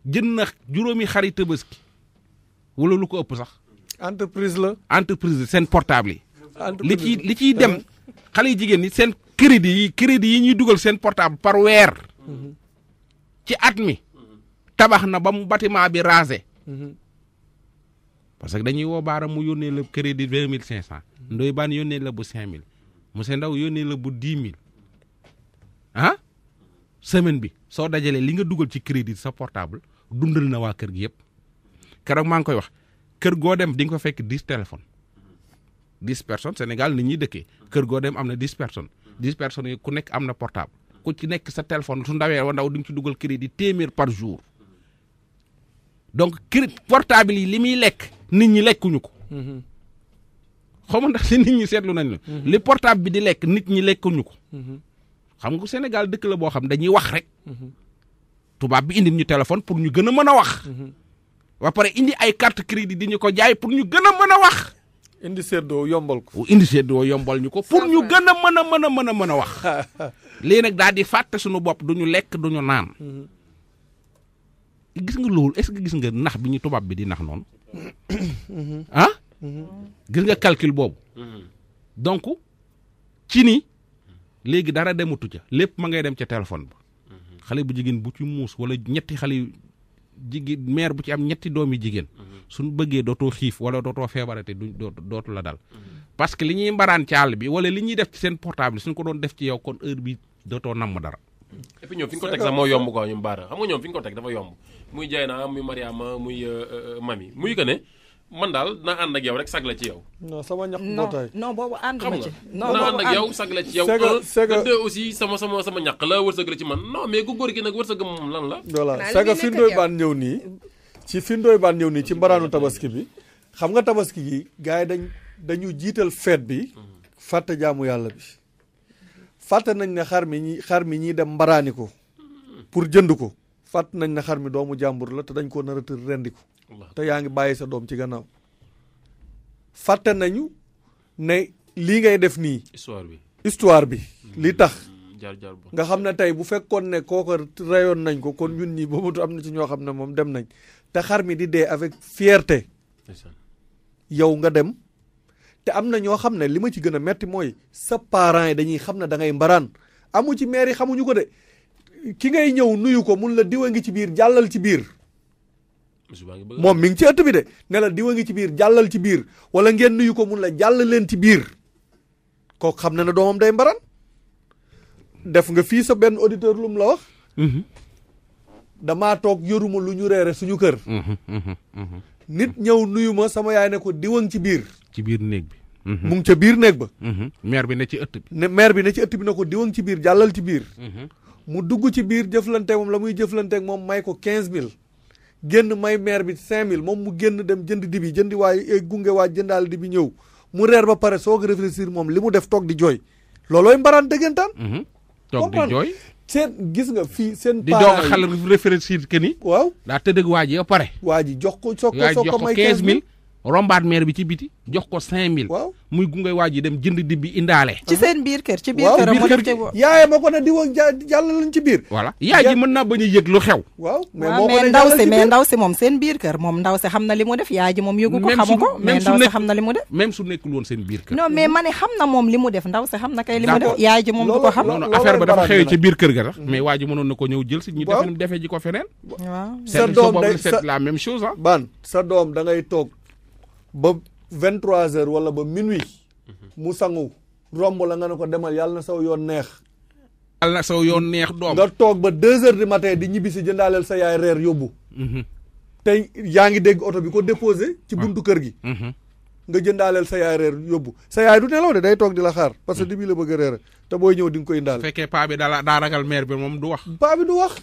jën na juróomi xari tabaski wala lu ko ëpp sax. entreprise la. entreprise seen portable yi. li ciy li ciy dem xale yi jigéen ñi seen crédit yi crédit yi ñuy dugal seen portable par weer. Mhm. ci at mi. tabax na ba mu bâtiment bi rasé. Mhm. parce que dañuy woo baaram mu yónnee la crédit vingt mille cinq cent. ndoy baan yónnee la bu cinq Ndaw yónnee la bu dix mille ah. semaine bi soo dajalee li nga dugal ci crédit sa portable dundal na waa kër gi yëpp keroog maa ngi koy wax kër goo dem di ko fa fekk dix téléphones dix personnes Sénégal nit ñuy dëkkee kër goo dem am na dix personnes dix personnes yi ku nekk am na portable ku ci nekk sa téléphone su ndawee wa ndaw di ci dugal crédit téeméer par jour donc crédit portable yi li muy lekk nit ñi lekkuñu ko. xaw ma ndax si nit ñi seetlu nañ la. Mm-hmm. li portable bi di lekk nit ñi lekkuñu ko. Mm-hmm. xam nga Sénégal dëkk la boo xam dañuy wax rek. Mhm. tubaab bi indi ñu téléphone pour ñu gën a mën a wax. Mhm. ba pare indi ay carte crédit di ñu ko jaay pour ñu gën a mën a wax. indi seddoo yombal ko. indi seddoo yombal ñu ko pour ñu gën a mën a mën a mën a mën a wax. lii nag daal di fàtte suñu bopp duñu lekk du naan. Mhm. gis nga loolu est-ce gis nga nax bi ñu tubaab bi di nax noonu. ah. gis nga calcul boobu. donc ci ni. léegi dara demutu ca lépp ma ngay dem ca téléphone ba xale bu jigéen bu ci muus wala ñetti xale yu jigéen maire bu ci am ñetti doom yi jigéen suñ bëggee dootoo xiif wala dootoo feebarate du dootu la dal parce que li ñuy mbaraan ci àll bi wala li ñuy def ci seen portable suñ ko doon def ci yow kon heure bi dootoo namm dara et puis ñoom fi ñu ko teg sax moo yomb quoi ñoom baara xam nga ñoom fi ñu ko teg dafa yomb muy Dieyna muy Mariama muy euh, euh, mami muy que ne man daal na ànd ak yow rek sagla ci yow. non sama ñax mbootaay non boobu ànd ma ci. non na ànd ak yow sagla ci yow. c'est que aussi sama sama sama ñax la wërsëg la ci man non mais gu góor gi nag wërsëg moom lan la. voilà c'est fi ndoy baan ñëw nii. ci fi ndoy baan ñëw nii ci mbaraanu mm-hmm. tabaski bi xam nga tabaski gi gars yi dañ dañu jiital fête bi. Mm-hmm. fàtte jaamu yàlla bi. fàtte nañ ne xar mi ñi xar mi dem mbaraani ko. Mm-hmm. pour jënd ko. fàtte nañ ne xar mi doomu jàmbur la te dañ koo nar a rendi ko te yaa ngi bàyyi sa doom ci gannaaw fàtte nañu ne lii ngay def nii. histoire bi histoire bi hmm. li tax. Hmm. nga xam ne tey bu fekkoon ne kooko reyoon nañ ko ko ñun nii boobu am na ci ñoo xam ne moom dem nañ te xar mi di dee avec fierte yow nga dem te am na ñoo xam ne li ma ci gën a metti mooy sa parent yi dañuy xam ne da ngay mbaraan amu ci maire yi xamuñu ko de ki ngay ñëw nuyu ko mun la diwa ngi ci biir jàllal ci biir. moom mi ngi ci ëtt bi de ne la diwa ngi ci biir jàllal ci biir wala ngeen nuyu ko mun la jàll leen ci biir kooku xam na ne doomam day mbaran def nga fii sa benn auditeur lu la wax mhm. damaa toog yoruma lu ñu reere suñu kër mhm, mhm, nit ñëw nuyu ma sama yaay ne ko diwa ci biir ci biir néeg bi mu ngi ca biir néeg ba maire bi ne ci ëtt bi ne maire bi ne ci ëtt bi ne ko diwa ci biir jàllal ci biir mu dugg ci biir jëflanteeg moom la muy jëflanteeg moom may ko quinze mille génn may maire bi 5000 moom mu génn dem jënd dibi jënd waay eh, gunge waay jëndaal dibi ñëw mu reer ba pare soog réfléchir moom li mu def toog di jooy loolooy mbaraan dëggantaan. Mhm. toog di jooy seen gis nga fii seen. parents yi di doog a xel réfléchir ni. waaw daa tëdd waa ji ba pare. waa ji jox ko soog ko soog ko may 15000. rombaat maire bi ci biti jox ko 5000. waaw muy gunge waa ji dem jënd di bi indaale. ci seen biir kër ci biir kër. waaw yaaye ma ko ne di mën naa bañ a yëg lu xew. waaw mais ndaw si moom seen biir kër moom ndaw si xam na li def yaay moom yëgu ko. xamu ko na li mu def. même su nekkul woon seen biir kër. non mais ma ne xam na moom li mu def ndaw si xam na kay li def. yaay moom du xam. non non ba dafa xewee ci biir kër ga tax. Mm-hmm. mais waa ji mënoon na ko ñëw jël si ñu defee ji ko feneen. waaw sa doom day c'est la même chose ah. ban sa doom da ngay toog ba vingt trois heures wala ba minuit. mu sangu romb la nga ne ko demal yàlla na saw yoon neex. yàlla na yoon neex doom. nga toog ba deux heures du matin di ñibbi si jëndaaleel sa yaay reer yóbbu. Mhm. te yaa ngi dégg oto bi ko déposé. ci ah. buntu kër gi. Mhm. nga jëndaaleel sa yaay reer yóbbu sa yaay du nelaw de day toog di la xaar parce que mm. dibi la bëgg a reer te booy ñëw di nga koy indaale. fekkee paa bi daa ragal maire bi moom du wax. paa bi du wax.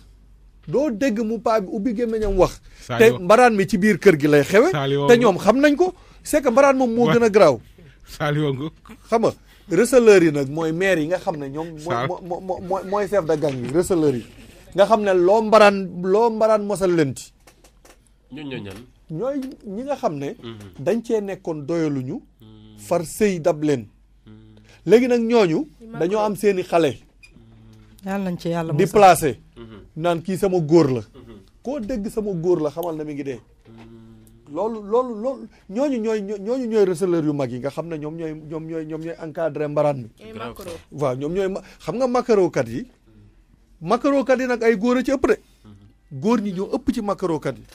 doo dégg mu paa bi ubbi gémmiñam wax te mbaraan mi ci biir kër gi lay xewe te ñoom xam nañ ko c'est que mbaraan moom moo gën a garaaw saaliwongu xam nga receleurs yi nag mooy maire yi nga xam ne ñoom mooy mooy chef de gang yi receleurs yi nga xam ne loo mbaraan loo mbaraan mosal lenti ñooy ñi nga xam ne mm-hmm. dañ cee nekkoon doyaluñu mm-hmm. far sëy dab leen mm-hmm. léegi nag ñooñu dañoo am seeni xale yàlla nañ ci yàlla di placé Mm-hmm. naan kii sama góor la mm-hmm. koo dégg sama góor la xamal na mi ngi dee mm-hmm. loolu loolu loolu ñooñu ñooy ñooñu ñooy receleurs yu mag yi nga xam ne ñoom ñooy ñoom ñooy ñoom ñooy encadré mbaraan mi waaw ñoom ñooy xam nga kat yi makarokat yi nag ay góor a ci ëpp de góor ñi ñoo ëpp ci makarokat yi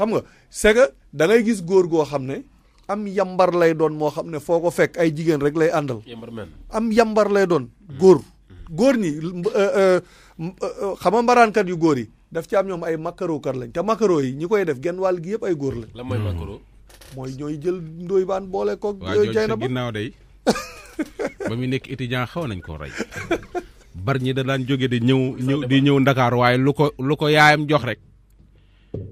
xam nga c'est que gis góor goo xam ne am yambar lay doon moo xam ne foo ko fekk ay jigéen rek lay àndal am yambar lay doon góor góor ñi euh, euh, Euh, euh, xam nga mbaraankat yu góor yi daf ci am ñoom ay makaro lañ te makaro yi ñi koy def genn wàll gi yëpp ay góor lañ. lan mooy hmm. ñooy jël ndóoy baan boole koog. yooyu jay na ba ginnaaw day ba mu nekk étudiant xaw nañ ko rey. bar ñi da daan jóge di ñëw ñëw di ñëw Ndakaar waaye lu ko lu ko yaayam jox rek.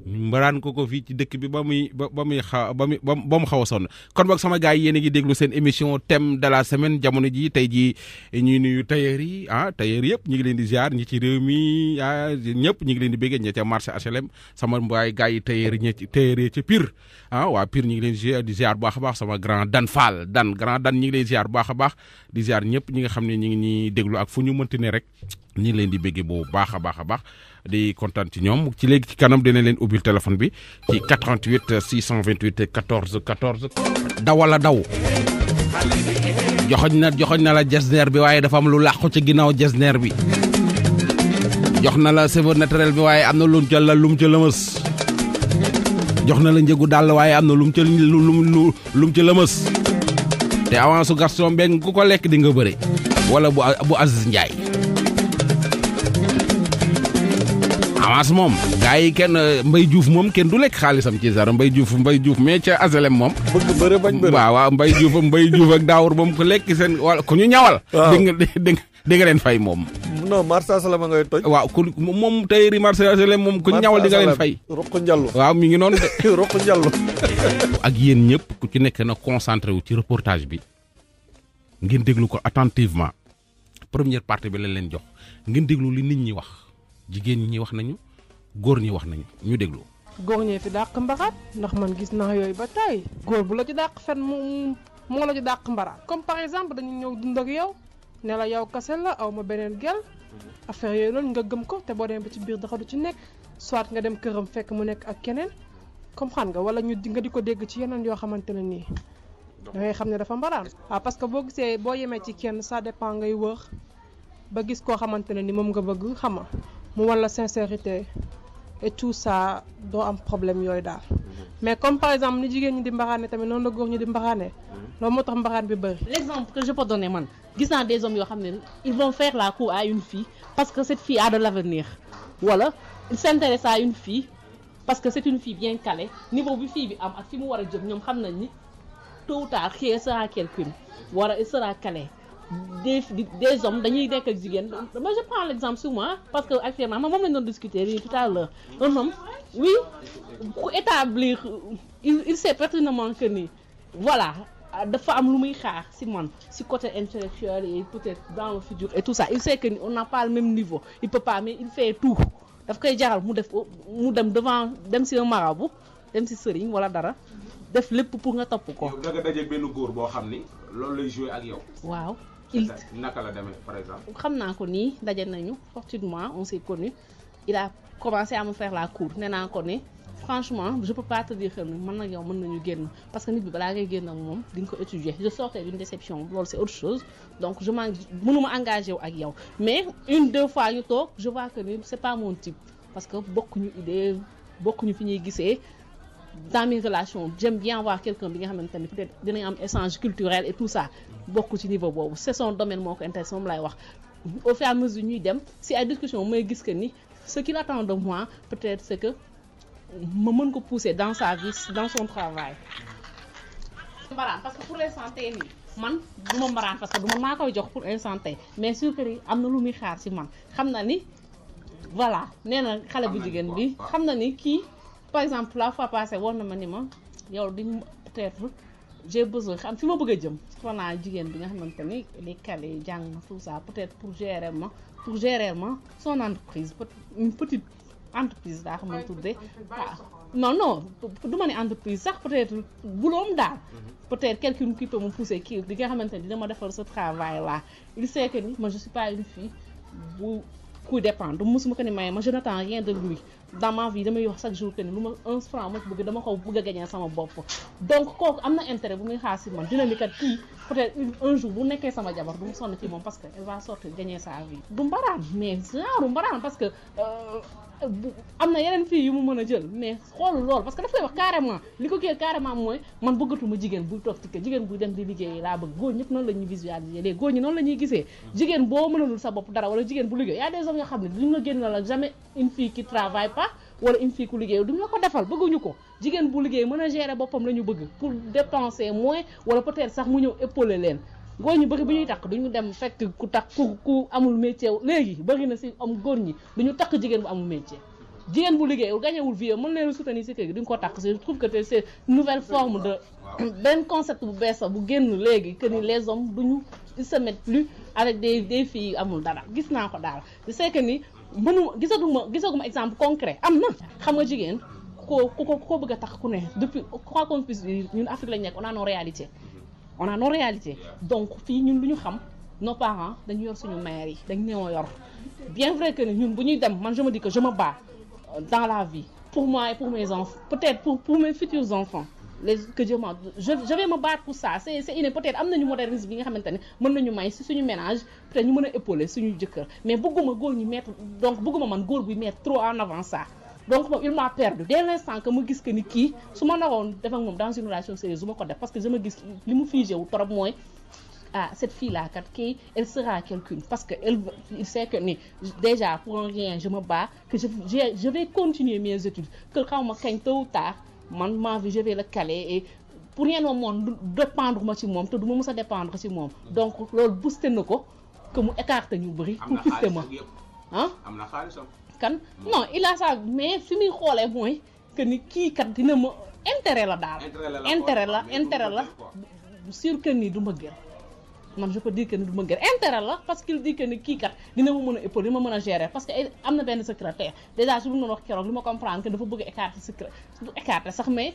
mbaran ko ko fi ci dëkk bi ba muy ba ba muy xaw ba muy ba mu xaw a kon bok sama gaay yene gi déglu seen émission thème de la semaine jamono ji tay ji ñuy nuyu tailleur yi ah tailleur yëpp ñi ngi leen di ziar ñi ci réew mi ah ñëpp ñi ngi leen di béggee ñi ca marché HLM sama mbaay gaay yi tailleur ña ci tailleur ci Pire ah wa Pire ñu ngi leen di ziar bu baax baax sama grand Dan Fall Dan grand Dan ñi ngi leen ziar bu baax baax di ziar ñëpp ñi nga xam ñi ngi ñuy déglu ak fu ñu mënti ne rek ñi leen di béggee bu baax baax baax di kontaan ci ñoom ci léegi ci kanam dina leen ubbil téléphone bi ci 88 628 14 14. dawala daw. joxoñ na joxoñ na la jesner bi waaye dafa am lu làqu ci ginnaaw jesner bi. jox na la cheveux naturel bi waaye am na lum ca la lum ca lëmës. jox na la njëgu dàll waaye am na lum ca lum lum ca lëmës. te avance su Gaston ku ko lekk di nga bëre. wala bu bu Aziz Ndiaye. avance moom gars yi kenn euh, Mbaye Diouf moom kenn du lekk xaalisam ci dara Mbaye Diouf Mbaye Diouf mais ca azalem moom bëgg bëre bañ bëre waaw waaw Mbaye Diouf Mbaye Diouf ak Daawur moom ko lekk seen wala ku ñu ñawal dégg nga dégg nga leen fay moom non marsa salama ngay toj waaw ku moom tey ri marsa aslem moom ku ñu ñawal di nga leen fay Roq Njallo waaw mi ngi noonu de Roq Njallo ak yéen ñëpp ku ci nekk na concentré wu ci reportage bi ngeen déglu ko attentivement première partie bi lañ leen jox ngeen déglu li nit ñi wax jigéen ñi wax nañu góor ñi wax nañu ñu déglu góor ñee fi dàq mbaxat ndax man gis naa yooyu ba tey góor bu la ci dàq fen mu moo la ci dàq mbaraat comme par exemple dañu ñëw dund ak yow ne la yow kase la aw ma beneen gel affaire yooyu noonu nga gëm ko te boo demee ba ci biir dafa du ci nekk soit nga dem këram fekk mu nekk ak keneen comme xam nga wala ñu nga di ko dégg ci yeneen yoo xamante ne nii da ngay xam ne dafa mbaraan ah parce que boo gisee boo yemee ci kenn ça dépend ngay wër ba gis koo xamante ni moom nga bëgg xama mu wan la sincérité et tout ça doo am problème yooyu daal. Mhm. mais comme par exemple ni jigéen ñi di mbaxaane tamit noonu la góor ñi di mbaxaane. Mhm. loolu moo tax mbaxaan bi bëri. l' exemple que je peux donner man gis des hommes ils vont faire la cour à une fille parce que cette fille a de l'avenir. wala ils s'intéressent à une fille parce que c'est une fille bien calée niveau bi fille bi am ak fi mu war a jëm ñoom xam nañ ni sera quelqu'un wala elle sera calée des des hommes dañuy nekk ak je prends l'exemple sur moi parce que actuellement a discuté discuter tout à l'heure un homme oui pour établir il il sait pertinemment que ni voilà dafa am lu muy xaar si man si côté intellectuel et peut-être dans le futur et tout ça il sait que on n'a pas le même niveau il peut pas mais il fait tout daf koy jaral mu def mu dem devant dem si marabu dem si sëriñ wala dara def lépp pour nga topp ko. yow nga daje benn góor boo xam ni loolu lay jouer ak yow. waaw il nous avons connu, par exemple. ko nañu fortuitement on s'est connu il a commencé à me faire la cour nee naa ne franchement je peux pas te dire que man nag yow mën nañu parce que nit bi balaa ngay génn ak moom di ko étudier je sortais d'une déception loolu c'est autre chose donc je m'en mënuma engagé wu ak yow mais une deux fois ñu toog je vois que ni c'est pas mon type parce que bokkuñu idée beaucoup fi ñuy gisee dans mes relations j'aime bien avoir quelqu'un bi nga peut-être un échange culturel et tout ça Beaucoup de niveau c'est son domaine qui ko intéressé au fur et à mesure que nous dem si ay discussion mooy gis que ni ce qu'il attend de moi peut-être c'est que ma monde ko pousser dans sa vie dans son travail mbaraan parce que pour les santé, nii man du ma parce que pour les santé. mais sûr que ni am un lu muy xaar ci man voilà nee na bu jigéen bi xam ni par exemple la fois passée war na ma ni ma yow di peut-être j'ai besoin xam fi ma bëgg a jëm soxla naa jigéen bi nga xamante les calé jang tout ça peut-être pour gérer ma pour gérer ma son entreprise une petite entreprise daa tout tuddee non non du ma entreprise sax peut-être buloom daal mhm. peut-être quelqu'un qui peut me pousser qui, de nga xamante ni dina ma ce travail là il sait que moi je suis pas une fille bu kuy dépendre du musuma ko ni maye ma je n'attends rien de lui dans vie damay wax chaque jour que ni lu ma un franc ma dama ko bëgg a sama bopp donc kooku am na intérêt bu muy xaar si man dina ni kat kii peut un jour bu nekkee sama jabar du mu sonn ci moom parce que elle va sortir gagner sa vie du mbaraan mais genre mbaraan parce que euh, am na yeneen fii yu mu mën a jël mais xoolul loolu parce que daf koy wax carrément li ko kii carrément mooy man bëggatuma jigéen buy toog ci kër jigéen buy dem di liggéey laa bëgg góor ñëpp noonu la visualiser léegi góor ñi noonu la gisee mm. jigéen boo mënalul sa bopp dara wala jigéen bu liggéey y a des hommes yoo xam ne li nga génn la jamais une fille qui travaille pas wala une fille ku liggéey duñ la ko defal bëgguñu ko jigéen bu liggéey mën a gérer boppam la bëgg pour dépenser moins wala peut-être sax mu ñëw épauler leen góor ñu bari bu ñuy takk duñu dem fekk ku takk ku ku amul métier léegi bari na si am góor ñi duñu takk jigéen bu amul métier jigéen bu liggéeyul gañewul vie mën leen soutenir si kër gi duñ ko takk je trouve que te c'est nouvelle forme de benn concept bu bees bu génn léegi que ni les hommes duñu se mettent plus avec des des filles amul dara gis naa ko daal c'est que ni mënu gisaguma gisaguma exemple concret am na xam nga jigéen ko ko ko bëgg a takk ku ne depuis quoi qu'on puisse dire ñun Afrique lañ nekk on a nos réalités on a nos réalités donc fi ñun luñu xam nos parents dañu yor suñu mère yi dañ ñoo yor bien vrai que ñun bu dem man je me dis que je me bats euh, dans la vie pour moi et pour mes enfants peut-être pour pour mes futurs enfants les que je ma je vais me battre pour ça c'est c'est une peut-être am nañu modernisme bi nga xamante ne mën may si suñu ménage peut-être ñu mën épauler suñu jëkkër mais bëgguma góor ñi mettre donc bëgguma man góor bi mettre trop en avant ça donc il m'a perdu dès l'instant que mu gis que ni kii su ma naroon def ak dans une relation sérieuse du ko parce que je me gis li mu figé trop moins, ah cette fille là elle sera quelqu'un parce qu'elle sait que ni déjà pour un rien je me bats que je je vais continuer mes études que quand ma quitté tôt ou tard man ma je vais le caler et pour rien au monde dépendre de moi, tout te monde ma se dépendre de moi. donc loolu booster na que mu écarter ñu bëri hein quitter ma kan non il a mais fi muy xoolee mooy que ni kii kat dina ma intérêt la daal intérêt la intérêt la sûr que ni du ma gën man je peux dire que ni du ma gën la parce qu'il dit que kii kat dina ma mën a épauler dina ma mën a gérer parce que eh, am na benn secrétaire déjà su mu noonu wax keroog li ma comprendre que dafa bëgg écarter secret du sax mais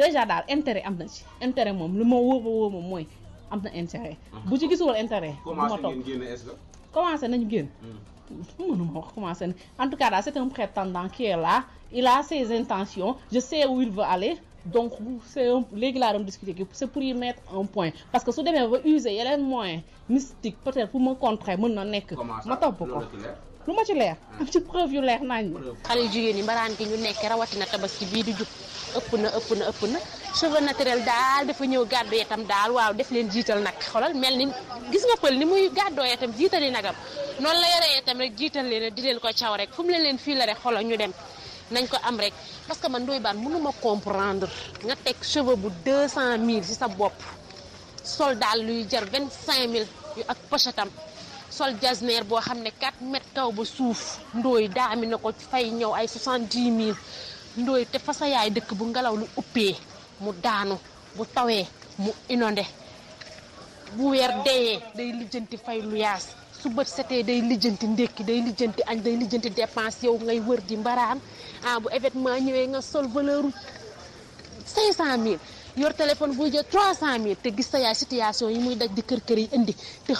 déjà daal intérêt am na ci intérêt moom lu ma wóor ba moom mooy am na intérêt ah. bu ci gisul intérêt du ma toog commencé nañu génn hmm. en tout cas c'est un prétendant qui est là il a ses intentions je sais où il veut aller donc c'est discuter c'est pour y mettre un point parce que si vous veut user un moins mystique peut-être pour me contrer mon na nest ma lu ma ci leer am ci preuve yu leer nañ xale yu jigéen yi mbaraan gi ñu nekk rawatina tabaski bii di jub ëpp na ëpp na ëpp na cheveux naturel daal dafa ñëw gàddoo tam daal waaw def leen jiital nag xoolal mel ni gis nga pël ni muy gàddoo itam jiitali nagam noonu la yoree itam rek jiital leen di leen ko caw rek fu mu leen fii la rek xoolal ñu dem nañ ko am rek parce que man doy baan mënu ma comprendre nga teg cheveux bu deux cent mille ci sa bopp sol daal luy jar vingt cinq mille yu ak pochetam sol jasneer boo xam ne 4 mètres kaw ba suuf ndooy daami na ko fay ñëw ay 70 mille ndooy te fa sa yaay dëkk bu ngelaw lu uppee mu daanu bu tawee mu inondé bu weer deyee day lijjanti fay lu yaas su bët setee day lijjanti ndékki day lijjanti añ day lijjanti dépense yow ngay wër di mbaraan ah bu événement ñëwee nga sol valeur u 500000 yor téléphone buy jël 300000 te gis sa yaay situation yi muy daj di kër kër yi indi te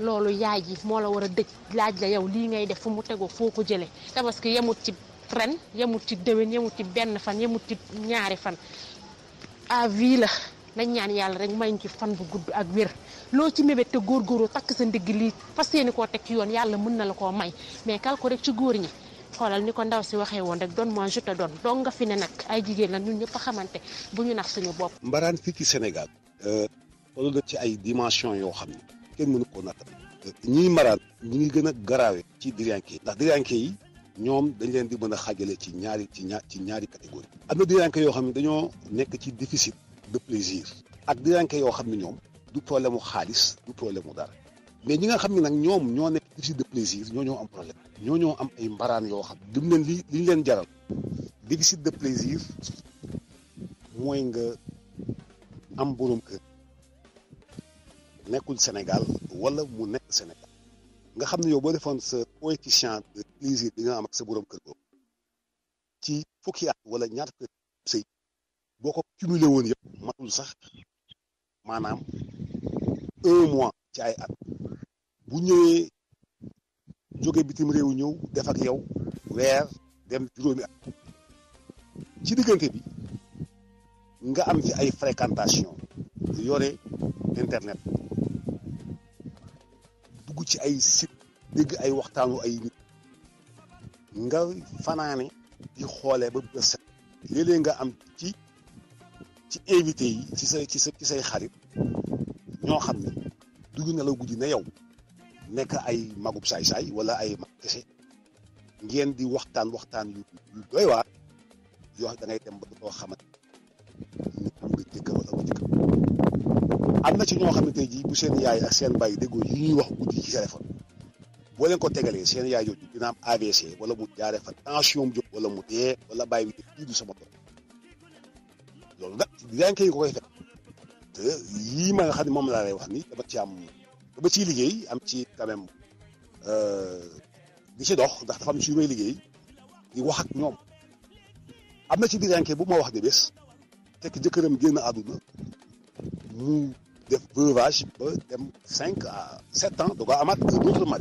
loolu yaay ji moo la war a dëj laaj la yow lii ngay def fu mu tegoo foo ko jëlee tabaski yemut ci ren yemut ci déwén yemut ci benn fan yemut ci ñaari fan à vie la nañ ñaan yàlla rek may ñu ci fan bu gudd ak wér loo ci mébét te góorgóorlu takk sa ndigg lii fas yéene koo teg ci yoon yàlla mën na la koo may mais kal ko rek ci góor ñi xoolal ni ko ndaw si waxee woon rek doon moi je te donne nga fi ne nag ay jigéen la ñun ñëpp a xamante bu ñu nax suñu bopp. mbaraan fii ci Sénégal. Euh, ci ay dimension yoo xam kenn mënu koo natt ñiy maraan ñi ngi gën a garaawe ci diriyànke yi ndax diriyànke yi ñoom dañ leen di mën a xaajale ci ñaari ci ñaar ci ñaari catégorie am na diriyànke yoo xam ne dañoo nekk ci déficit de plaisir ak diriyànke yoo xam ne ñoom du problème mu xaalis du problème mu dara mais ñi nga xam ni nag ñoom ñoo nekk déficit de plaisir ñoo ñoo am problème ñoo ñoo am ay mbaraan yoo xam lim leen li li ñu leen jaral déficit de plaisir mooy nga am borom kër nekkul Sénégal wala mu nekk Sénégal nga xam ne yow boo defoon sa coefficient de plaisir bi nga am ak sa borom kër boobu ci fukki at wala ñaar kër sëy boo ko cumulé woon yëpp matul sax maanaam un mois ci ay at bu ñëwee jóge bitim réew ñëw def yow weer dem juróomi at ci diggante bi nga am fi ay fréquentation yore internet dugg ci ay site dégg ay waxtaanu ay nit nga fanaane di xoole ba bës set léeg nga am ci ci invité yi ci say ci ci say xarit ñoo xam ne dugg na guddi na yow nekk ay magub saay-saay wala ay mag kese ngeen di waxtaan waxtaan yu yu doy waar yoo da dem ba doo xamante ni am nga jëkkër wala ba jëkkër am na ci ñoo xam ne tey bu seen yaay ak seen baay déggoo yi ñuy wax guddi ci téléphone boo leen ko tegalee seen yaay jooju dina am AVC wala mu jaaree fa tension mu jóg wala mu dee wala bàyyi bi def du sama tool loolu nag daañu koy ko moom laa lay wax ni dama ci am dama ciy liggéey am ci quand même euh, di dox ndax dafa am suñu may liggéey di wax ak ñoom am na ci biir enquête bu ma wax de bés fekk jëkkëram génn àdduna mu def breuvage ba dem cinq à sept ans du ko amaat un autre nga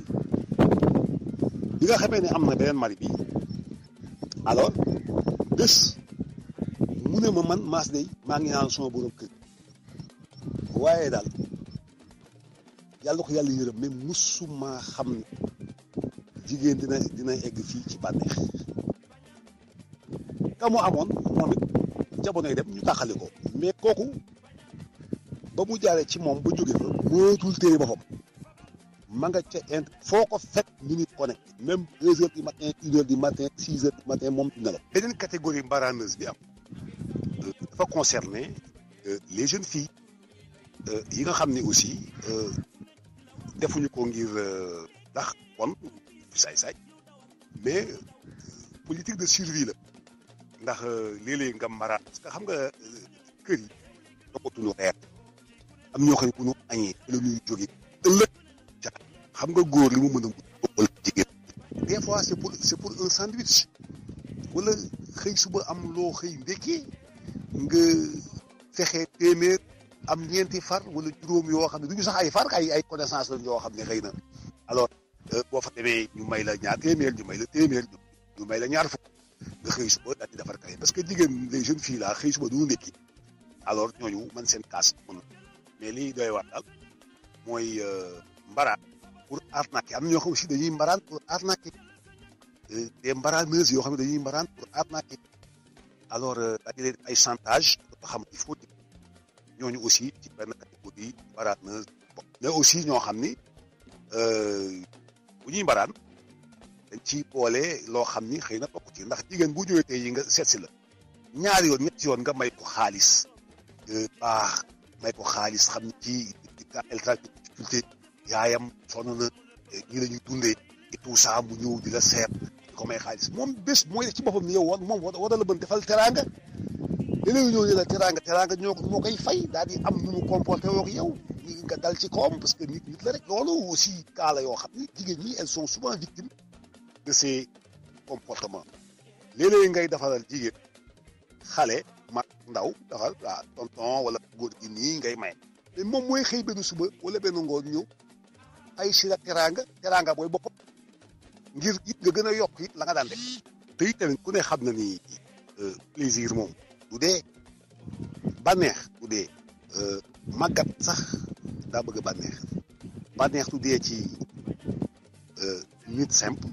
xamee ne am na beneen mari bi ne ma man mas day maa ngi naan sama borom kër waaye daal yàlla ko yàlla yërëm mais musuma xam ne jigéen dina dina egg fii ci bànneex ka mu amoon moom it jamonoy dem ñu taxali ko mais kooku ba mu jaaree ci moom bu jóge fa mootul téye boppam ma nga ca int foo ko fekk mi ngi connecté même deux heures du matin une heure du matin six heures du matin moom du nelaw beneen catégorie mbaraaneuse bi am euh, dafa concerner euh, les jeunes filles euh, yi nga xam ne aussi defuñu ko ngir ndax kon saay-saay mais politique de survie la ndax léeg-léeg nga maraat parce que xam nga kër yi doxatuñu reer am ñoo xam ne bu ñu añee la ñuy jógee ëllëg xam nga góor li mu mën a bokkal jigéen des c'est pour c'est pour un sandwich wala xëy suba am loo xëy ndekki nga fexe téeméer am ñeenti far wala juróom yoo xam ne du ñu sax ay far ay ay connaissance lañ yoo xam ne xëy na alors euh, boo fa demee ñu may la ñaar téeméer ñu may la téeméer ñu la ñaar fukk nga xëy suba daal di defar kay parce que jigéen les jeunes filles là xëy suba du ñu ndekki alors ñooñu man seen kaas mais lii doy waar daal mooy euh, mbaraan pour arnaquer am na ñoo xam aussi dañuy mbaraan pour arnaquer euh, des mbaraneuses yoo xam ne dañuy mbaraan pour arnaquer alors euh, dañu ay chantage ba xam il aussi ci benn catégorie mbaraaneuse mais aussi ñoo xam ni bu ñuy mbaraan ci ciy boole loo xam ni xëy na bokk ci ndax jigéen bu ñëwee tey yi nga seetsi la ñaari yoon ñetti yoon nga may ko xaalis baax may ko xaalis xam ne kii eltrag difficulté yaayam sonn na ñi la ñu dundee et tout ça mu ñëw di la seet di ko may xaalis moom bés mooy ci boppam ni yow war moom war la mën defal teranga léeg-léeg ñëw ne la teranga teranga ñoo moo koy fay daal di am nu mu comporté wook yow ñi nga dal ci kawam parce que nit nit la rek loolu aussi cas la yoo xam ne jigéen ñi elles sont souvent victimes de ces comportements léeg-léeg ngay defaral jigéen xale mag ndaw doxal waaw ah, tonton wala góor gi nii ngay may moom mooy xëy benn suba wala benn ngoon ñëw ay si la teraanga teraanga booy bopp ngir nga gën a yokk it la nga daan def te it ku ne xam na ni euh, plaisir moom du dee bànneex du dee euh, màggat sax daa bëgg bànneex baneex du dee ci euh, nit simple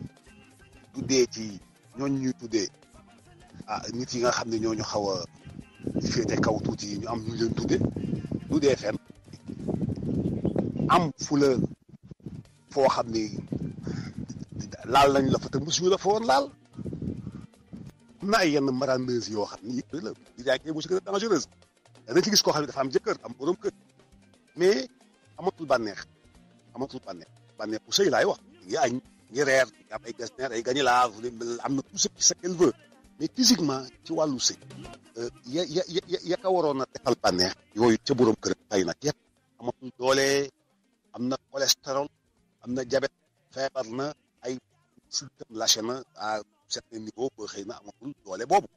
du dee ci ñooñ ñuy tuddee ah nit yi nga xam ne ñooñu xaw a féete kaw tuuti yi ñu am ñu leen tudde du dee fenn am fu la foo xam ni laal nañ la fa te mosuñu la foon woon laal na ay yenn marandeuses yoo xam ni yëpp la di jaay mu si gën a dangereuse danañ ci gis koo xam ne dafa am jëkkër am borom kër mais amatul bànneex amatul bànneex bànneex bu sëy laay wax ngi añ ngi reer ngi am ay gasneer am na tout ce qu'elle veut mais physiquement ci wàllu sëy ya ya ya ya ka waroon a defal bànneex yooyu ca borom kër tey nag yëpp amatul doole am na cholestérol am na diabète feebar na ay système lâché na à certain niveau ba xëy na amatul doole boobu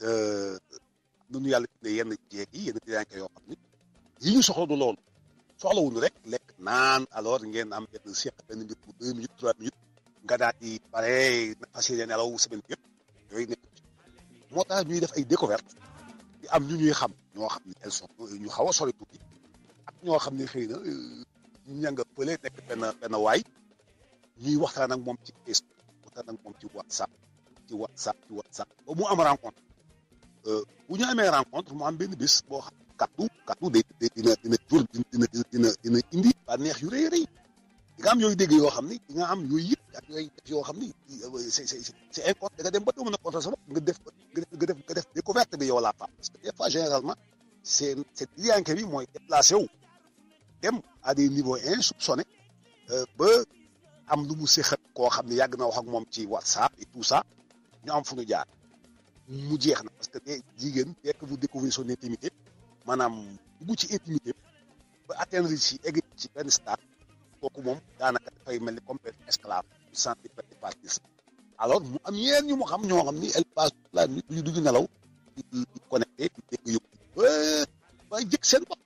te nu yàlla ne yenn jeeg yi yenn diraanke yoo xam ni yi ñu soxla du loolu soxlawuñu rek lekk naan alors ngeen am benn seq benn mbir bu deux minutes trois minutes nga daal di pare na fas yéene nelaw semaine bi yëpp yooyu nekk moo tax ñuy def ay découverte di am ñu ñuy xam ñoo xam ne elles sont euh, ñu xaw a sori tuuti ñoo xam ni xëy na euh, ña nga pële nekk benn waay ñuy waxtaan ak moom ci Facebook waxtaan ak moom ci WhatsApp ci WhatsApp ci WhatsApp ba mu am rencontre euh, bu ñu amee rencontre mu am benn bis boo xam kaddu kaddu day dina dina jur dina dina dina indi bànneex yu rëy rëy di nga am yooyu dégg yoo xam ni nga am yooyu yëpp ak yooyu def yoo xam ni c'est c'est c'est inconnu da nga dem ba doo mën a sama sa bopp nga def nga def nga def découverte bi yow laa fa parce que des fois généralement c'est c'est lianke bi mooy déplacé wu dem à des niveaux insoupçonnés euh, ba am lu mu séq ak koo xam ne yàgg na wax ak moom ci WhatsApp et tout ça ñu am fu ñu jaar mu jeex na parce que des jigéen dès que vous découvrez son intimité maanaam dugg ci intimité ba atteindre ci egg ci benn stade kooku moom daanaka dafay mel ni comme benn esclave sans bipartisme alors mu am yeen ñu mu xam ñoo xam ni élevage la nit ñu duñu nelaw di connecté ba seen bopp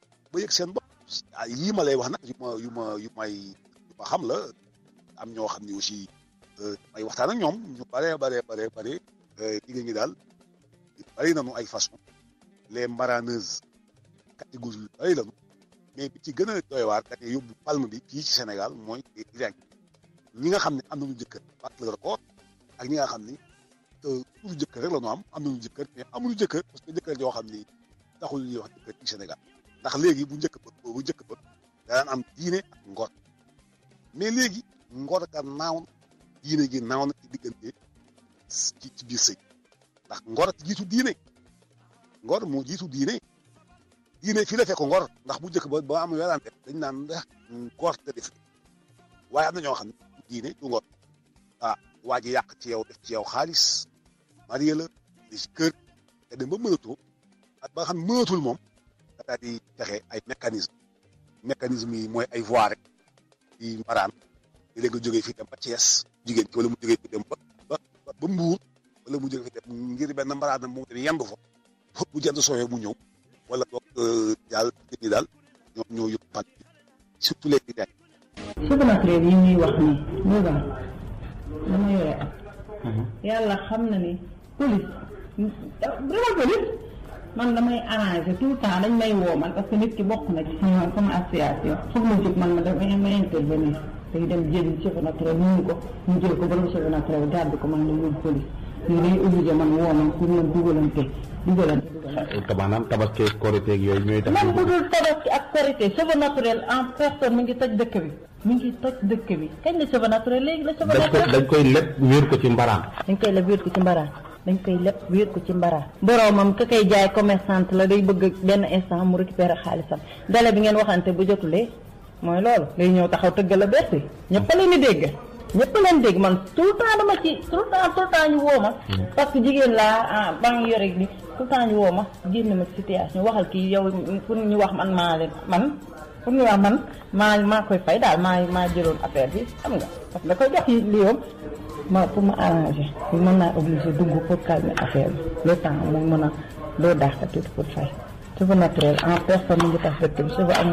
seen bopp yii ma lay wax na yu ma yu ma yu may ma xam la am ñoo xam ni aussi euh, may waxtaan ak ñoom ñu bare bare bare bare euh, jigéen ñi daal bari nañu ay façon les maraneuses catégorie yu bari lañu mais bi ci gën a doy waar yóbbu palme bi fii ci Sénégal mooy Irak ñi nga xam ne am na nañu jëkkër fàttali ko ak ñi nga xam ne turu jëkkër rek la ñu am am nañu jëkkër mais amuñu jëkkër parce que jëkkër yoo xam ni taxul ñuy wax Sénégal ndax léegi bu njëkk ba bu njëkk ba daan am diine ak ngor mais léegi ngor ka naaw na diine gi naaw na ci diggante ci biir sëy ndax ngor jiitu diine ngor moo jiitu diine yii nag fii la fekk ngor ndax bu jëkk ba ba am werante dañ naan ndax ngor te def waaye am na ñoo xam ne diine du ngor ah waa ji yàq ci yow def ci yow xaalis marié la di kër te dem ba mënatoo a ba xam mënatul moom daal di fexe ay mécanisme mécanisme yi mooy ay voies rek di maraan di léegi jógee fii dem ba Thiès jigéen ci wala mu jógee fii dem ba ba ba wala mu jógee fii dem ngir benn mbaraanam moom tamit yendu fa bu jant sooyee mu ñëw wala boog yàlla euh, nit ñi daal ñoom ñoo yóbbu yi. supanateur ñuy wax nii loolu am dama yore am. Mhm. yàlla xam na ni police dama police man damay arrangé tout le temps dañ may woo parce que nit ki bokk na ci sama sama association foog ma jóg man ma damay ma intervenir dañu dem jëli chef naturel ñu ko jël ko borom chef naturel garde ko man la yóbbu police ñu lay obligé man woo pour ñu dugalante dugalante kamaanam tabaski korité yooyu ñooy tax même bu dul tabaski ak korité cheveux naturel en personne mi ngi toj dëkk bi mi ngi toj dëkk bi kañ la cheveux naturel léegi la cheveux naturel dañ koy leb wéer ko ci mbaraan dañ koy leb wéer ko ci mbaraan dañ koy lépp wéer ko ci ka jaay commerçante la day bëgg instant mu récupérer xaalisam bi ngeen waxante bu taxaw la dégg leen dégg man tout temps dama ci tout temps tout temps ñu mm. parce que ah tout temps ñu woo ma génn ma situation waxal kii yow pour ñu wax man maa leen man pour ñu wax man maa maa koy fay daal maa maa jëloon affaire bi xam nga parce que da koy jox ma pour ma man mën naa obligé dugg pour calmer affaire bi le temps mu mën a doo daaxka tuuti pour fay cheveux naturel mu ngi tax dëkk am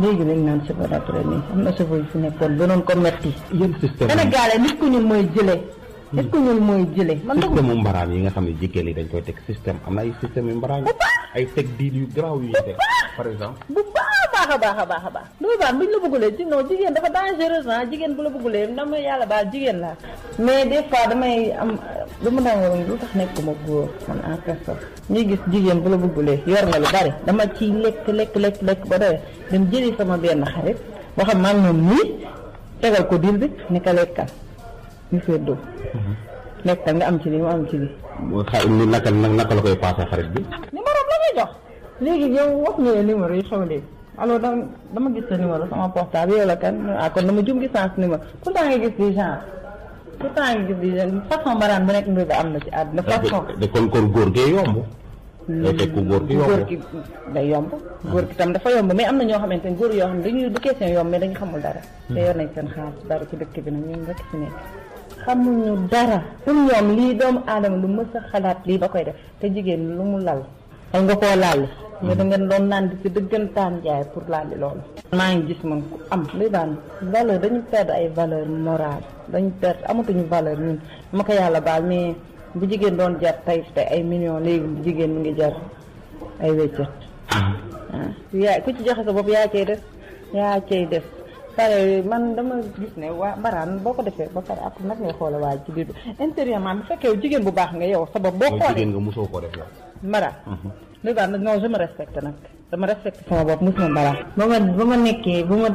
léegi lañ naan cheveux naturel nii am na cheveux yu fi nekkoon gënoon ko metti yéen nit ku ñun mooy jëlee est ce que ñun mooy jëlee. man système mu mbaraan yi nga xam ne jigéen ñi dañ koy teg système am na ay système yu mbaraan ay teg diin yu garaaw yu ñu teg par exemple. bu baax a baax a baax a baax loolu baax buñ la bëggulee non jigéen dafa dangereuse ah jigéen bu la bëggulee ndax ma yàlla baal jigéen laa. mais des fois damay am lu ma daan waroon lu tax nekkuma góor man en personne ñuy gis jigéen bu la bëggulee yor nga lu bari dama ciy lekk lekk lekk lekk ba doy dem jëli sama benn xarit boo xam maa ngi noonu nii tegal ko dil bi ni ka lekkal ci feddo mm-hmm. nekk nga am ci li mu am ci li xal ni naka naka la koy passé xarit bi numéro la ngay jox léegi yow wax nga numéro yi alors dama gis sa numéro sama portable yow la kan ah kon dama jum gis sa numéro pourtant nga gis di genre pourtant nga gis di genre façon baraan bu nekk mbir ba am na ci àdduna eh, façon de kon kon góor gee yomb day hmm. fekk eh, góor gi yomb góor gi day yomb hmm. góor gi tam dafa yomb mais am na ñoo xamante dara hmm. dara xamuñu dara pour ñoom lii doomu aadama lu mës a xalaat lii ba koy def te jigéen lu mu lal xal nga koo laal mais mm-hmm. da ngeen doon naan bi si dëggantaan jaay pour laali loolu maa ngi gis man ku am luy daan valeur dañu perdre ay valeur morale dañu perdre amatuñu valeur ñun ma ko yàlla baal mais bu jigéen doon jar tey tey ay million léegi jigéen mi ngi jar ay wéccet ah. ah. yaay ku ci joxe sa bopp yaa cay def yaa cay def pare man dama gis ne waa mbaraan boo ko defee ba pare après nag ngay xoola waaye ci biir intérieurement bu fekkee jigéen bu baax nga yow sa bopp boo xoolee jigéen nga mosoo ko def la mbaraan mhm. dëgg nag non je me respecte dama respecte sama bopp mos ma mbaraan ba ma ba ma nekkee ba ma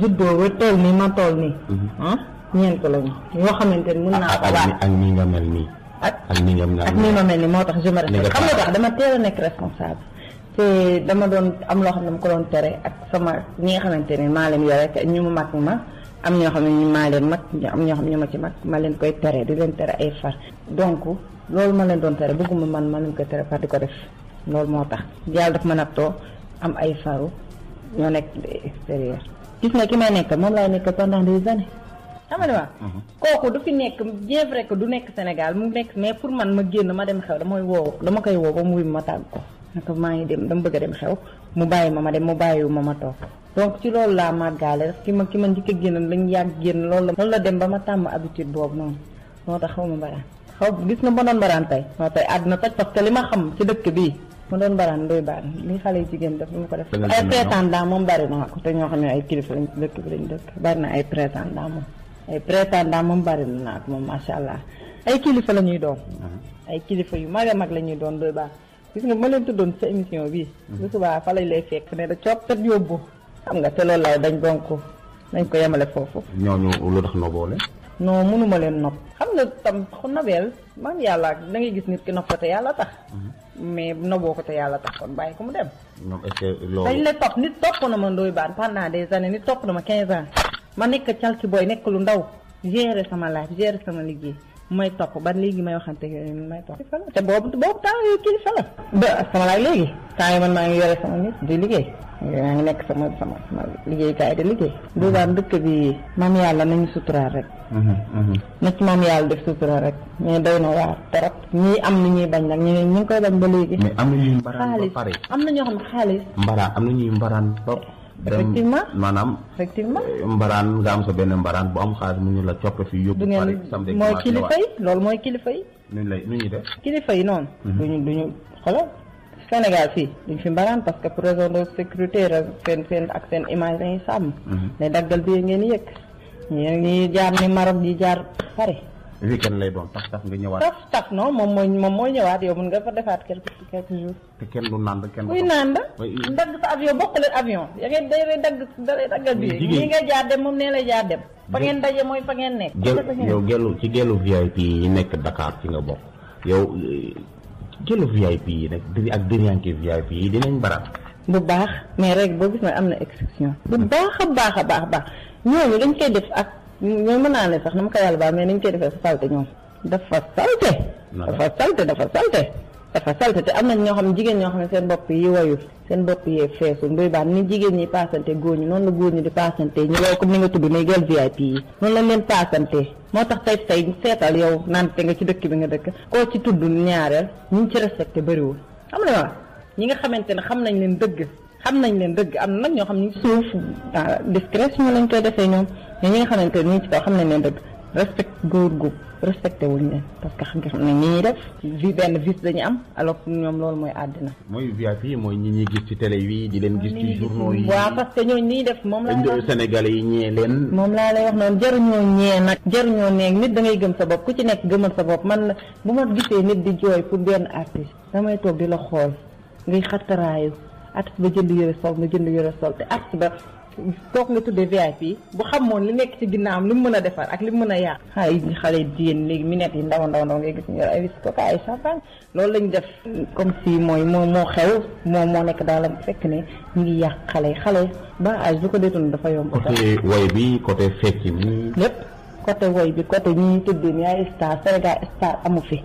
juddoo ba tool nii ma tool nii mhm. ah ñeent lañu yoo xamante mun naa ko waax ak nii nga mel nii ak nii nga mel nii moo tax je respecte xam nga tax dama teel nekk responsable te dama doon am loo xam ne dama ko doon tere ak sama ñi nga xamante ne maa leen yore te ñu mu mag ma am ñoo xam ne maa leen mag am ñoo xam ne ma ci mag ma leen koy tere di leen tere ay far donc loolu ma leen doon tere bëgguma man ma leen koy tere far di ko def loolu moo tax yàlla daf ma nattoo am ay faru ñoo nekk extérieur gis nga ki may nekk moom laay nekkal pendant des années xam nga mhm. kooku du fi nekk jéem rek du nekk Sénégal mu nekk mais pour man ma génn ma dem xew damay woo dama koy woo ba mu ma tàgg ko naka maa ngi dem dama bëgg dem xew mu bàyyi mama dem mu bàyyiwu ma ma toog donc ci loolu laa màggaale daf ki ma ki ma njëkk a génn lañ yag génn lool la lool la dem ba ma tam habitude boobu non moo tax xaw ma xaw gis na bonon baran tay mo tay adna tax parce que lima xam ci dëkk bi mo don baran doy baran li xalé ci jigéen def mu ko def ay prétendant mom bari na ko te ño xam ay kilif lañ dëkk bi lañ dëkk bari na ay prétendant mom ay prétendant mom bari na naa ko moom allah ay kilifa lañuy doon ay kilifa yu mag mag lañuy doon doy baran gis nga ma leen tuddoon sa émission bi bu mm-hmm. subaa fa lañ lay fekk ne da coppet yóbbu xam nga te loolu laay dañ donc nañ ko yemale foofu ñooñu lu tax noo boole non mënuma leen nopp xam nga tam nobeel maam yàlla da ngay gis nit ki nopp ko te yàlla tax mm-hmm. mais noboo ko te yàlla tax kon bàyyi ko mu dem ñoom est-ce que loolu dañ la topp nit topp na ma Ndoye Bane pendant des années nit topp na ma quinze ans ma nekk calci booy nekk lu ndaw gérer sama life gérer sama liggéey may top ban léegi may waxante may top fa la te bobu bobu ta yu eh, ki fa la ba sama lay léegi tay man ma ngi yore sama nit di liggéey maa ngi nek sama sama sama liggéeykaay di liggéey mhm. ba ndukk bi mam yalla nañu sutura rek hmm hmm nek mam yalla def sutura rek mais doy na waar trop ñii am ni ñi bañ nak ñi ñu ngi koy bañ ba léegi mais am na ñu mbaraan ba pare am na ñu xam ne mbara am na ñu mbaraan ba effectivement maanaam effectivement eh, mbaraan nga am sa benn mbaraan bu am xaalis mu ñu la coppe fii yóbbu pare samedi mooy kilifa loolu mooy kilifay yi nuñ lay nu ñuy def kilifa yi noonu mhm. duñu ñu xoolal Sénégal fii duñ fi mbaraan parce que pour raison de sécurité seen seen ak seen image lañuy sàmm mhm. ne daggal bi ngeen yëg ñi jaar ni Maroc di jaar pare weekend lay doon tax tax nga ñëwaat. tax tax non moom mooy moom mooy ñëwaat yow mën nga fa defaat quelques quelques jours. te kenn du nand kenn muy kuy nand iya. dagg sa avion bokk bokkule avion ya ngeen day day dagg lay daggal bi. jigéen ñi nga jaar dem moom nee la jaar dem. fa ngeen daje mooy fa ngeen nekk. gel yow gelu ci gelu VIP yi nekk Dakar ci nga bokk yow gelu VIP yi nag diri ak diriyanke VIP yi dinañ baral. bu baax mais rek boo gis na am na exception. bu baax a baax kan a baax a baax ñooñu dañ koy def ak. ñu ñooy mën naa ne sax na ma ko yàlla baax mais nañ koy defee salte ñoom dafa salte dafa salte dafa salte te am nañ ñoo xam ne jigéen ñoo xam ne seen bopp yi wayul seen bopp yee feesul mbuy baan ni jigéen ñi paasante góor ñi noonu la góor ñi di paasante ñu loolu comme ni nga tudd muy gel VIP yi noonu lañ leen paasante moo tax tey tey seetal yow nante nga ci dëkk bi nga dëkk koo ci tudd ñaareel ñu ngi ci respecté bëriwul xam nga ñi nga xamante ne xam nañ leen dëgg xam nañ leen dëgg am na ñoo xam ne suuf ah, discrétion lañ koy defee ñoom mais ñi nga xamante ne ñi ci xam nañ leen dëgg respect góor gu respecté wuñ leen parce que xam nañ ni ñuy def vi benn vice dañu am alors ñoom loolu mooy àddina. mooy fii mooy ñi ñuy gis ci télé yi di leen gis ci journaux yi. waaw parce que ñooñu ni def moom laa lay yi ñee leen. moom laa lay wax noonu jaruñoo ñee nag. jaruñoo neeg nit da ngay gëm sa bopp ku ci nekk gëmal sa bopp man bu ma gisee nit di jooy pour benn artiste. damay toog di la xool ngay xattaraayu artiste ba jënd yore sol nga jënd yore sol te artiste kooku nga tuddee VIP bu xamoon li nekk ci am li mu mën a defar ak li mu mën a yàq. xale yi xale yi léegi minette yi ndaw ndaw ndaw ngay gis ñu ay coca ay champagne loolu lañ def comme si mooy moo moo xew moo moo nekk daal bu fekk ne ñu ngi xale yi xale ba âge bu dafa yomb. côté woy bi côté fecc lépp côté bi côté ñi tudd ni ay star Sénégal amu fi.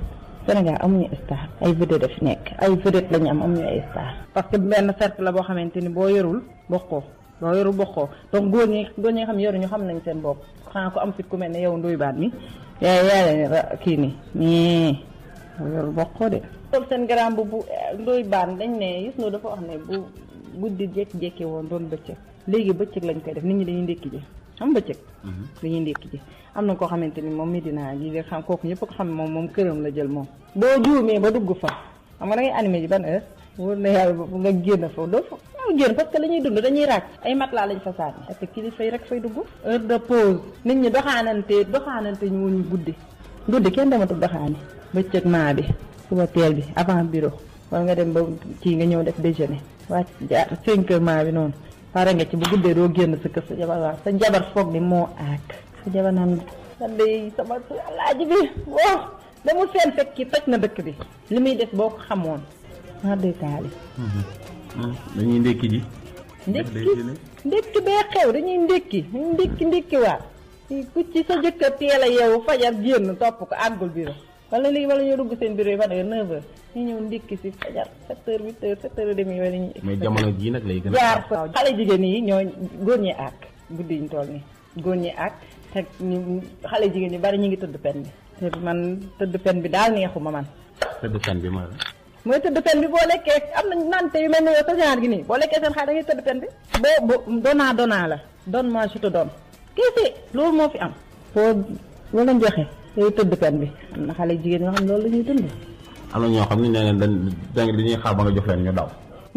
Sénégal amuñu star ay vedette daf nekk ay vedette lañu am amuñu ay star parce que benn cercle la boo xamante ni boo yorul bokkoo moo yoru bokkoo donc góor ñi góor ñi nga xam ne yoruñu xam nañ seen bopp xanaa ko am fit ku mel ne yow ndoy baat mi yaay yaay la kii nii nii moo yoru bokkoo de seen garaam bu bu eh, ndoy baat dañ ne gis nga dafa wax ne bu guddi jékki-jékki woon doon bëccëg léegi bëccëg lañ koy def nit ñi dañuy ndékki ji xam bëccëg mhm. dañuy ndékki ji am na koo xamante ni moom Medina dina de xam kooku ñëpp ko xam moom moom këram la jël moom boo juumee ba dugg fa xam nga mu jën parce que lañuy dund dañuy ràcc ay mat laa lañ fa sànni parce que kilifa yi rek fay dugg heure de pause nit ñi doxanante doxanante ñu guddé guddé kenn dama tu doxani doxaani bëccëg ma bi ci hôtel bi avant bureau wala nga dem ba ci nga ñew def déjeuner wa jaar 5 heures ma bi non pare nga ci bu guddé do génn sa kess jabar waa sa jabar fogg ni mo ak sa jabar naan man de su laaj bi wo dama sen tek ki tek na dekk bi limuy def boko xamone ma maa day taali mhm. dañuy ndékki ji. ndékki ndékki bee xew dañuy ndékki ndékki ndékki waat. ku ci sa jëkkër teel a yeewu fajar génn topp ko àggul biro wala léegi wala ñoo dugg seen biro yi ba dee 9h ñu ñëw ndékki si fajar 7h 8h jamono jii nag lay gën a. jaar fa xale jigéen yi ñoo góor ñi àkk guddi ñu toll nii góor ñi àkk te ñu xale jigéen ñi bari ñu ngi tëdd pen bi te man tëdd pen bi daal ma man. tëdd pen bi ma mooy tëdd pen bi boo lekkee am na nante yu mel ne yow sa genre gi nii boo lekkee seen xaar da ngay tëdd pen bi boo bo donaa donaa la donne moi je te donne kese loolu moo fi am foo wala njoxe day tëdd pen bi am na xale jigéen yoo xam ne loolu la ñuy dund am na ñoo xam ne nee nañ dañ dañuy xaar ba nga jox leen ñu daw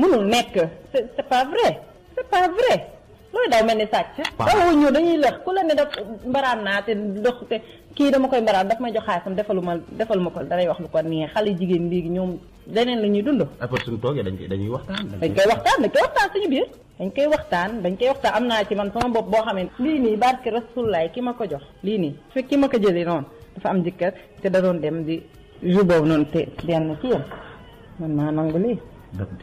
mënul nekk c'est pas vrai c'est pas vrai mu ne daw mel ni dañuy ku la ne daf mbaraan naa te dox te kii dama koy mbaraan daf may jox xaalisam defalu ma ko danay wax lu ko nii xale jigéen léegi ñoom leneen la dund après suñu toogee dañ koy dañuy waxtaan dañ koy waxtaan dañ koy waxtaan suñu biir dañ koy waxtaan dañ koy waxtaan am ci man sama bopp boo xam ne lii barke rasulullah ki jox ki dafa am jëkkër te da doon dem di jour boobu te benn ci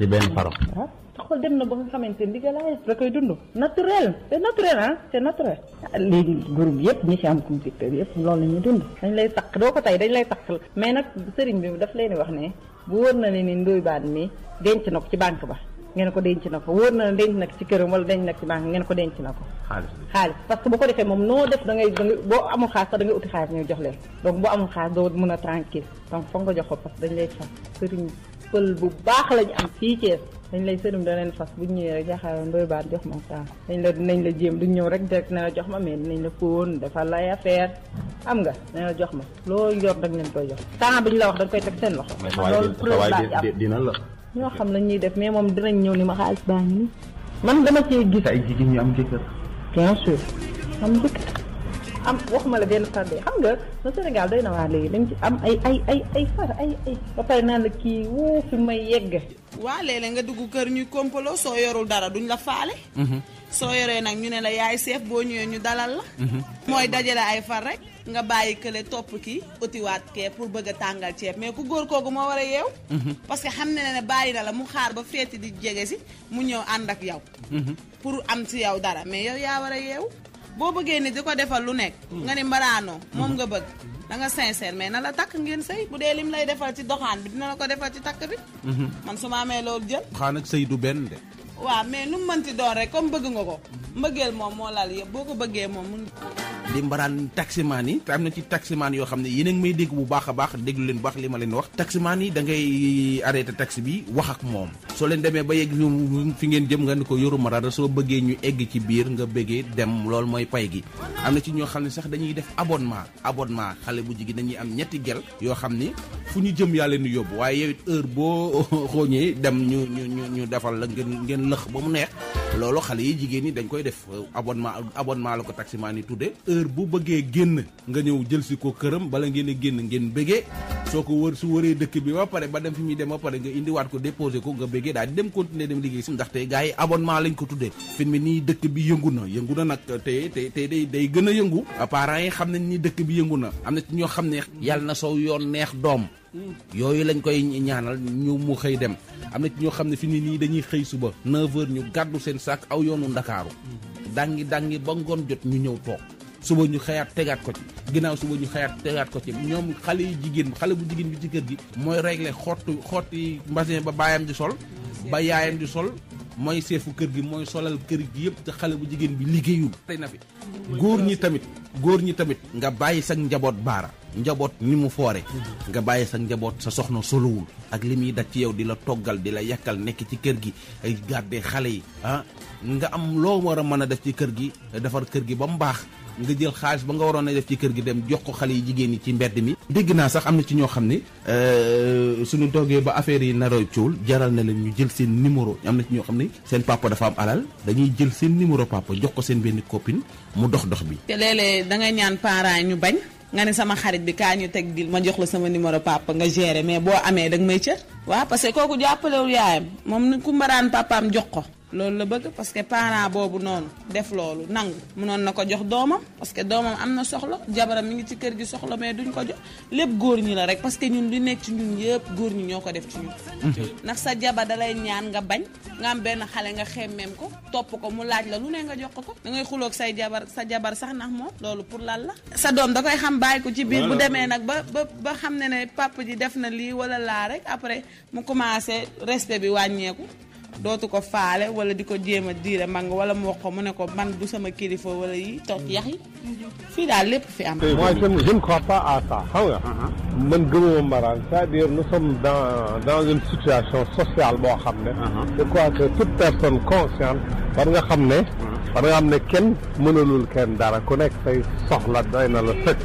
yam xool dem na ba nga xamante ndigal AES la koy dund naturel c'est naturel ah c'est naturel ah, léegi groupe yëpp ñi ci am conducteur yëpp loolu la dund dañ lay takk doo ko tey dañ lay takk mais nag sëriñ bi daf leen di wax ne bu na ne ni baat mi denc na ko ci banque ba ngeen ko denc na ko wóor na ne denc na ko ci këram wala denc na ko ci ngeen ko denc na ko que bu ko defee moom noo def da ngay danga boo amul xaalis sax da ngay uti xaalis ñu jox leen donc boo amul xaalis doo mën a tranquille donc foog nga jox ko parce que dañ lay fa sëriñ baax lañu fii Thiès dañ lay sëriñ daneen fas bu ñëwee rek jaxaar ndoy baat jox ma saa dañ la dinañ la jéem duñ ñëw rek direct ne la jox ma mais dinañ la fóon dafa lay affaire am nga ne la jox ma loo yor dañ leen koy jox temps bi ñu la wax dañ koy teg seen loxo loolu preuve laa ci am dina la xam la ñuy def mais moom dinañ ñëw ni ma xaalis baa ngi nii man dama cee gis ay jigéen ñu am jëkkër bien am jëkkër am waxuma la benn far de xam nga na Sénégal doy na waa léegi dañ ci am ay ay ay ay far ay ay ba pare naan la kii woo fi may yegg. waa léeg nga dugg kër ñuy kompaloo soo yorul dara duñ la faale. Mhm. soo yoree nag ñu ne la yaay seef boo ñëwee ñu dalal la. Mhm. mooy dajale ay far rek. nga bàyyi kële topp ki utiwaat kee pour bëgg tàngal ceeb mais ku góor kooku ma war a yeew. Mhm. parce que xam na ne bàyyi na la mu xaar ba feeti di jege si mu ñëw ànd ak yow. pour am ci yow dara mais yow yaa war a boo bëggee ni di ko defal lu nekk. nga ni mbaraano moom nga bëgg. da nga sincère mais na la takk ngeen sëy bu dee lim lay defal ci doxaan bi dina la ko defal ci takk bi. Mhm. man su ma amee loolu jël. xanaa nag sëy du benn de. waaw mais nu mënti doon rek comme bëgg nga ko mbëggeel moom moo laal yëpp boo ko bëggee moom mun di taximan yi te am na ci taximan yoo xam ne yéen may dégg bu baax a baax déglu leen baax li ma leen wax taximan yi da ngay arrêté taxi bi wax ak moom soo leen demee ba yegg fi ngeen jëm nga ne ko soo bëggee ñu egg ci biir nga bëggee dem loolu mooy pay gi am na ci ñoo xam ne sax dañuy def abonnement abonnement xale bu jigéen dañuy am ñetti gel yoo xam ne fu ñu jëm leen yóbbu waaye yow heure boo xooñee dem ñu ñu ñu defal la ngeen ngeen ndax ba mu neex loolu xale yi jigéen ñi dañ koy def abonnement abonnement la ko taximaan yi tudde heure bu bëggee génn nga ñëw jël si ko këram bala ngeen a génn ngeen bëggee soo ko wër su wëree dëkk bi ba pare ba dem fi muy dem ba pare nga indiwaat ko déposé ko nga bëggee daal di dem continuer dem liggéey si ndaxte gars yi abonnement lañ ko tuddee fi mu nii dëkk bi yëngu na yëngu na nag te tey te day day gën a yëngu parents yi xam nañ ni dëkk bi yëngu na am na ñoo xam ne yàlla na soo yoon neex doom yooyu lañ koy ñaanal ñu mu xëy dem am na ci ñoo xam ne fi nii nii dañuy xëy suba 9h ñu gàddu seen saak aw yoonu ndakaaru dangi dangi ba ngoon jot ñu ñëw toog suba ñu xëyaat tegaat ko ci ginnaaw suba ñu xëyaat tegaat ko ci ñoom xale yu jigéen xale bu jigéen bi ci kër gi mooy réglé xottu xotti mbasin ba baayam di sol ba yaayam di sol mooy seefu kër gi mooy solal kër gi yëpp te xale bu jigéen bi liggéeyul tey na fi góor ñi tamit góor ñi tamit nga bàyyi sag njaboot baara njaboot ni mu foore nga bàyyi sa njaboot sa soxna soluwul ak li muy ci yow di la toggal di la yàkkal nekk ci kër gi ay gàddee xale yi ah nga am loo war a mën a def ci kër gi defar kër gi ba nga jël xaalis ba nga waroon def ci kër gi dem jox ko xale yi jigéen yi ci mbedd mi dégg naa sax am na ci ñoo xam ne euh, suñu toogee ba affaire yi naroy jaral na leen ñu jël seen numéro am na ci ñoo xam seen papa dafa am alal dañuy jël seen numéro papa jox ko seen benn copine mu dox dox bi te léeg-léeg da nga ñaan parents ñu bañ nga ne sama xarit bi kaa ñu teg dil ma jox la sama numéro papa nga gérer mais boo amee danga may cër. waa parce que kooku jàppalewul yaayam moom ni ku mbaraan papaam jox ko. loolu la bëgg parce que parent boobu noonu def loolu nangu mënoon na ko jox doomam parce que doomam am na soxla jabaram mi ngi ci kër gi soxla mais duñ ko jox lépp góor ñi la rek parce que ñun lu nekk ci ñun yëpp góor ñi ñoo ko def ci ñun ndax sa jaba dalay ñaan nga bañ nga am benn xale nga xemmeem ko topp ko mu laaj la lu ne nga jox ko ko da ngay xuloog say jabar sa jabar sax nax moom loolu pour lan la sa doom da koy xam bàyyi ko ci biir bu demee nag ba ba xam ne ne papa ji def na lii wala laa rek après mu commencé respect bi wàññeeku dootu ko faale wala di ko jéem a diire mang wala mu wax mu ne ko man du sama kilifa wala yi toog mm. yax fii daal lépp fi am. moi je ne crois pas à ça nga. Uh-huh. man gëmuma mbaraan c'est-à-dire dans une situation sociale boo xam ne. Uh-huh. je crois que toute personne consciente war nga xam ne. Uh-huh. war nga xam ne kenn mënalul kenn dara ku nekk say soxla doy na la sëkk.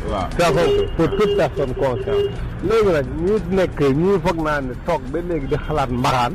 pour toute personne consciente. léegi nag ñi nekk ñii foog naa ne toog ba léegi di xalaat mbaraan.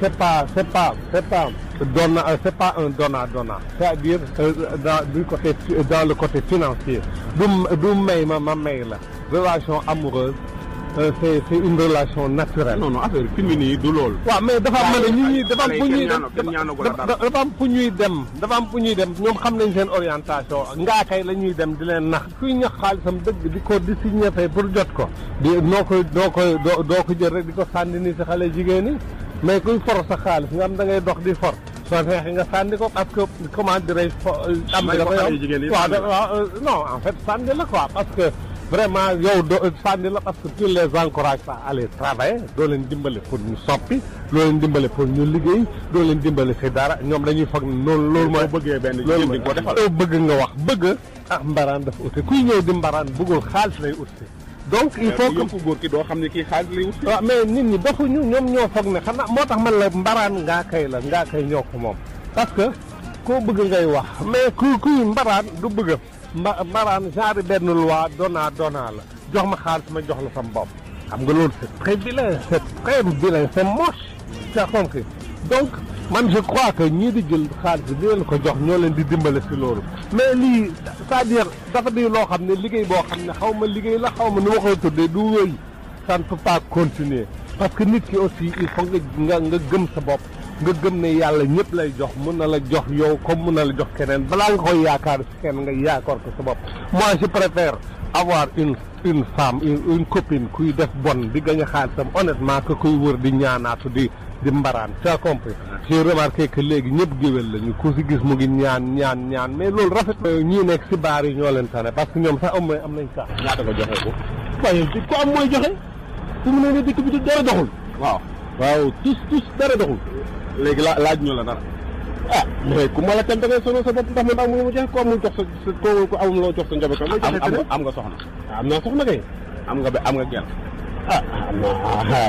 c'est pas c'est pas c'est pas euh, c'est pas un donna donna c'est-à-dire euh, dans le côté financier ma relation amoureuse euh, c'est une relation naturelle. non non affaire film mais dafa am devant. ñuy dem orientation mais kuy for sa xaalis nga am da ngay dox di for soo fexe nga sànni ko parce que comment dirais je. Euh, am nga waaw euh, non en fait sànni la quoi parce que vraiment yow do euh, sànni la parce que tu les encourages à aller travailler doo leen dimbale pour ñu soppi doo leen dimbale pour ñu liggéey doo leen dimbale si dara ñoom dañuy foog ne loolu loolu mooy bëggee benn jigéen di ko defal bëgg nga wax bëgg ah mbaraan dafa ute kuy ñëw di mbaraan bëggul xaalis lay ut donc il faut que ku góor ki doo xam ne kii xaalis lay wut. waaw mais nit ñi doxuñu ñoom ñoo foog ne xanaa moo tax man la mbaraan ngaa kay la ngaa kay ñoo ko moom. parce que koo bëgg ngay wax mais ku kuy mbaraan du bëgg a mbaraan genre benn loi donnaa donnaa la jox ma xaalis ma jox la sam bopp. xam nga loolu c'est très vilain c'est très vilain c'est moche. c'est donc man je crois que ñii di jël xaalis bi di leen ko jox ñoo leen di dimbale si loolu mais lii cest à dafa di loo xam ne liggéey boo xam ne xaw ma liggéey la xaw ma nu ma koy tuddee du wéy ça ne peut continuer parce que nit ki aussi il faut nga nga gëm sa bopp nga gëm ne yàlla ñëpp lay jox mun na la jox yow comme mun na la jox keneen balaa nga koy yaakaar si kenn nga yaakaar ko sa bopp moi je préfère avoir une une femme une copine kuy def bon di gañ a xaalisam honnêtement que kuy wër di ñaanaatu di di mbaraan tu as compris j'ai remarqué que léegi ñëpp géwél lañu ku si gis mu ngi ñaan ñaan ñaan mais loolu rafet ñii nekk si baar yi ñoo leen tane parce que ñoom sax am am nañ sax ñaata ko joxe ko ci ku am mooy joxe su mu ne ne dëkk bi du dara doxul waaw waaw tous tous dara doxul léegi la laaj ñu la dara ah mais ku ma la tam da ngay sonal sa bopp ndax ma amul mu joxe ko amul jox sa ko ko amul loo jox sa njaboot am nga soxna am naa soxna kay am nga am nga gel ah